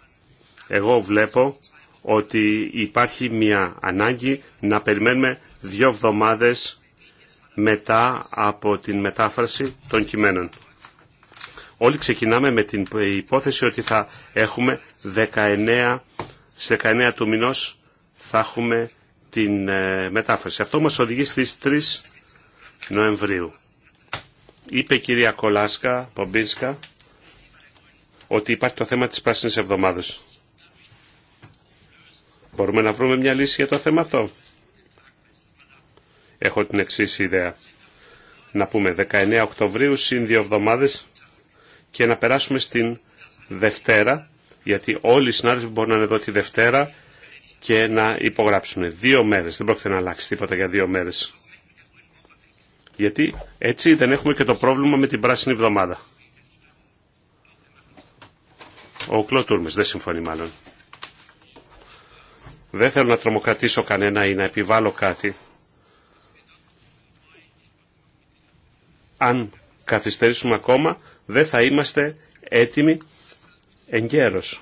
Εγώ βλέπω ότι υπάρχει μια ανάγκη να περιμένουμε δύο εβδομάδες μετά από την μετάφραση των κειμένων. Όλοι ξεκινάμε με την υπόθεση ότι θα έχουμε 19, του μηνός θα έχουμε την ε, μετάφραση. Αυτό μας οδηγεί στις 3 Νοεμβρίου. Είπε η κυρία Κολάσκα, Πομπίνσκα, ότι υπάρχει το θέμα της πράσινης εβδομάδας. Μπορούμε να βρούμε μια λύση για το θέμα αυτό. Έχω την εξή ιδέα. Να πούμε 19 Οκτωβρίου συν δύο εβδομάδες και να περάσουμε στην Δευτέρα, γιατί όλοι οι συνάδελφοι μπορούν να είναι εδώ τη Δευτέρα και να υπογράψουν. Δύο μέρες. Δεν πρόκειται να αλλάξει τίποτα για δύο μέρες. Γιατί έτσι δεν έχουμε και το πρόβλημα με την πράσινη εβδομάδα. Ο Κλωτούρμες δεν συμφωνεί μάλλον. Δεν θέλω να τρομοκρατήσω κανένα ή να επιβάλλω κάτι. Αν καθυστερήσουμε ακόμα, δεν θα είμαστε έτοιμοι εγκαίρως.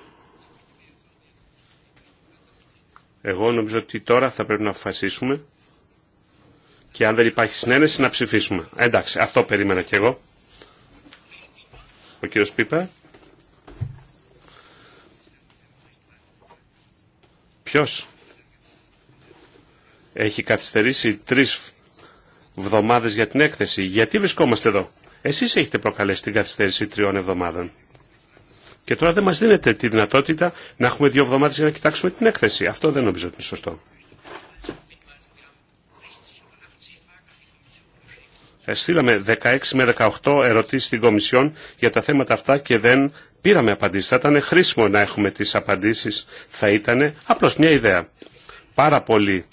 Εγώ νομίζω ότι τώρα θα πρέπει να αποφασίσουμε και αν δεν υπάρχει συνένεση να ψηφίσουμε. Εντάξει, αυτό περίμενα κι εγώ. Ο κύριος Πίπερ. Ποιος έχει καθυστερήσει τρεις εβδομάδες για την έκθεση. Γιατί βρισκόμαστε εδώ. Εσείς έχετε προκαλέσει την καθυστέρηση τριών εβδομάδων. Και τώρα δεν μας δίνεται τη δυνατότητα να έχουμε δύο εβδομάδες για να κοιτάξουμε την έκθεση. Αυτό δεν νομίζω ότι είναι σωστό. Ε, στείλαμε 16 με 18 ερωτήσεις στην Κομισιόν για τα θέματα αυτά και δεν πήραμε απαντήσεις. Θα ήταν χρήσιμο να έχουμε τις απαντήσεις. Θα ήταν απλώς μια ιδέα. Πάρα πολλοί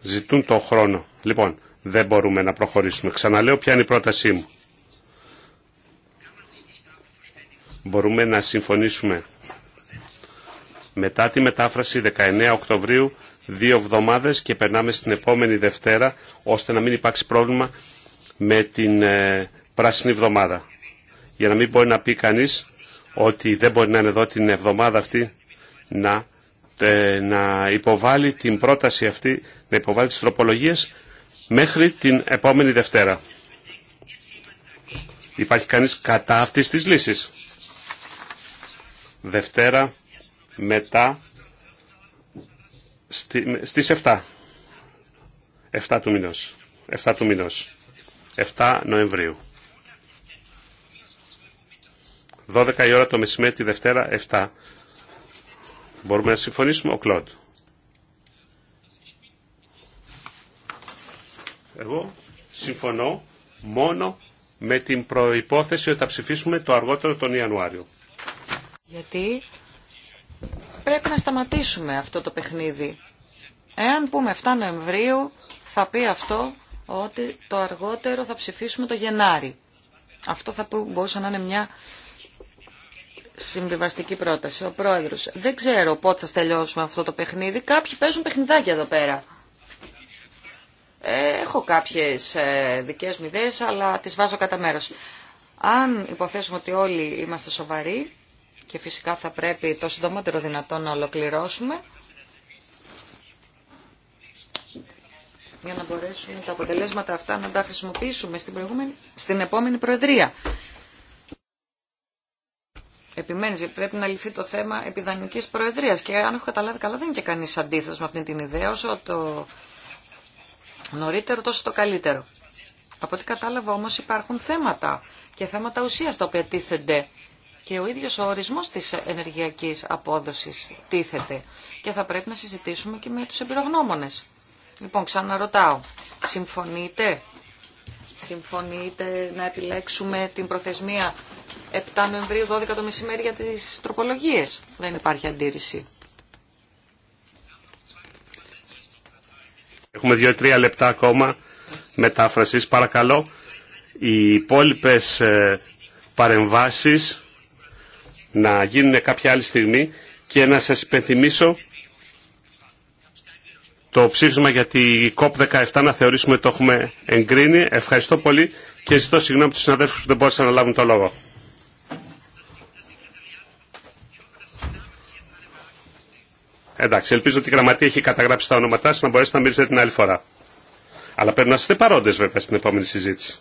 ζητούν το χρόνο. Λοιπόν, δεν μπορούμε να προχωρήσουμε. Ξαναλέω ποια είναι η πρότασή μου. μπορούμε να συμφωνήσουμε μετά τη μετάφραση 19 Οκτωβρίου δύο εβδομάδες και περνάμε στην επόμενη Δευτέρα ώστε να μην υπάρξει πρόβλημα με την ε, πράσινη εβδομάδα. Για να μην μπορεί να πει κανείς ότι δεν μπορεί να είναι εδώ την εβδομάδα αυτή να, ε, να υποβάλει την πρόταση αυτή, να υποβάλει τις τροπολογίες μέχρι την επόμενη Δευτέρα. Υπάρχει κανείς κατά αυτής της λύσης. Δευτέρα μετά στις 7. 7 του μηνός. 7 του μηνός. 7 Νοεμβρίου. 12 η ώρα το μεσημέρι τη Δευτέρα, 7. Μπορούμε να συμφωνήσουμε, ο Κλοντ. Εγώ συμφωνώ μόνο με την προϋπόθεση ότι θα ψηφίσουμε το αργότερο τον Ιανουάριο. Γιατί πρέπει να σταματήσουμε αυτό το παιχνίδι. Εάν πούμε 7 Νοεμβρίου θα πει αυτό ότι το αργότερο θα ψηφίσουμε το Γενάρη. Αυτό θα μπορούσε να είναι μια συμβιβαστική πρόταση. Ο πρόεδρος, δεν ξέρω πότε θα τελειώσουμε αυτό το παιχνίδι. Κάποιοι παίζουν παιχνιδάκια εδώ πέρα. έχω κάποιες ε, δικές μου ιδέες, αλλά τις βάζω κατά μέρος. Αν υποθέσουμε ότι όλοι είμαστε σοβαροί, και φυσικά θα πρέπει το συντομότερο δυνατόν να ολοκληρώσουμε για να μπορέσουμε τα αποτελέσματα αυτά να τα χρησιμοποιήσουμε στην, επόμενη Προεδρία. Επιμένει, πρέπει να λυθεί το θέμα επιδανική Προεδρίας και αν έχω καταλάβει καλά δεν είναι και κανείς αντίθετος με αυτή την ιδέα όσο το νωρίτερο τόσο το καλύτερο. Από ό,τι κατάλαβα όμως υπάρχουν θέματα και θέματα ουσία τα οποία τίθενται και ο ίδιος ο ορισμός της ενεργειακής απόδοσης τίθεται και θα πρέπει να συζητήσουμε και με τους εμπειρογνώμονες. Λοιπόν, ξαναρωτάω, συμφωνείτε, συμφωνείτε να επιλέξουμε την προθεσμία 7 Νοεμβρίου 12 το μεσημέρι για τις τροπολογίες. Δεν υπάρχει αντίρρηση. Έχουμε δύο-τρία λεπτά ακόμα μετάφρασης. Παρακαλώ, οι υπόλοιπε ε, παρεμβάσεις να γίνουν κάποια άλλη στιγμή και να σας υπενθυμίσω το ψήφισμα για τη COP17 να θεωρήσουμε ότι το έχουμε εγκρίνει. Ευχαριστώ πολύ και ζητώ συγγνώμη από τους συναδέλφους που δεν μπόρεσαν να λάβουν το λόγο. Εντάξει, ελπίζω ότι η γραμματεία έχει καταγράψει τα ονόματά σας να μπορέσετε να μιλήσετε την άλλη φορά. Αλλά πρέπει να είστε παρόντες βέβαια στην επόμενη συζήτηση.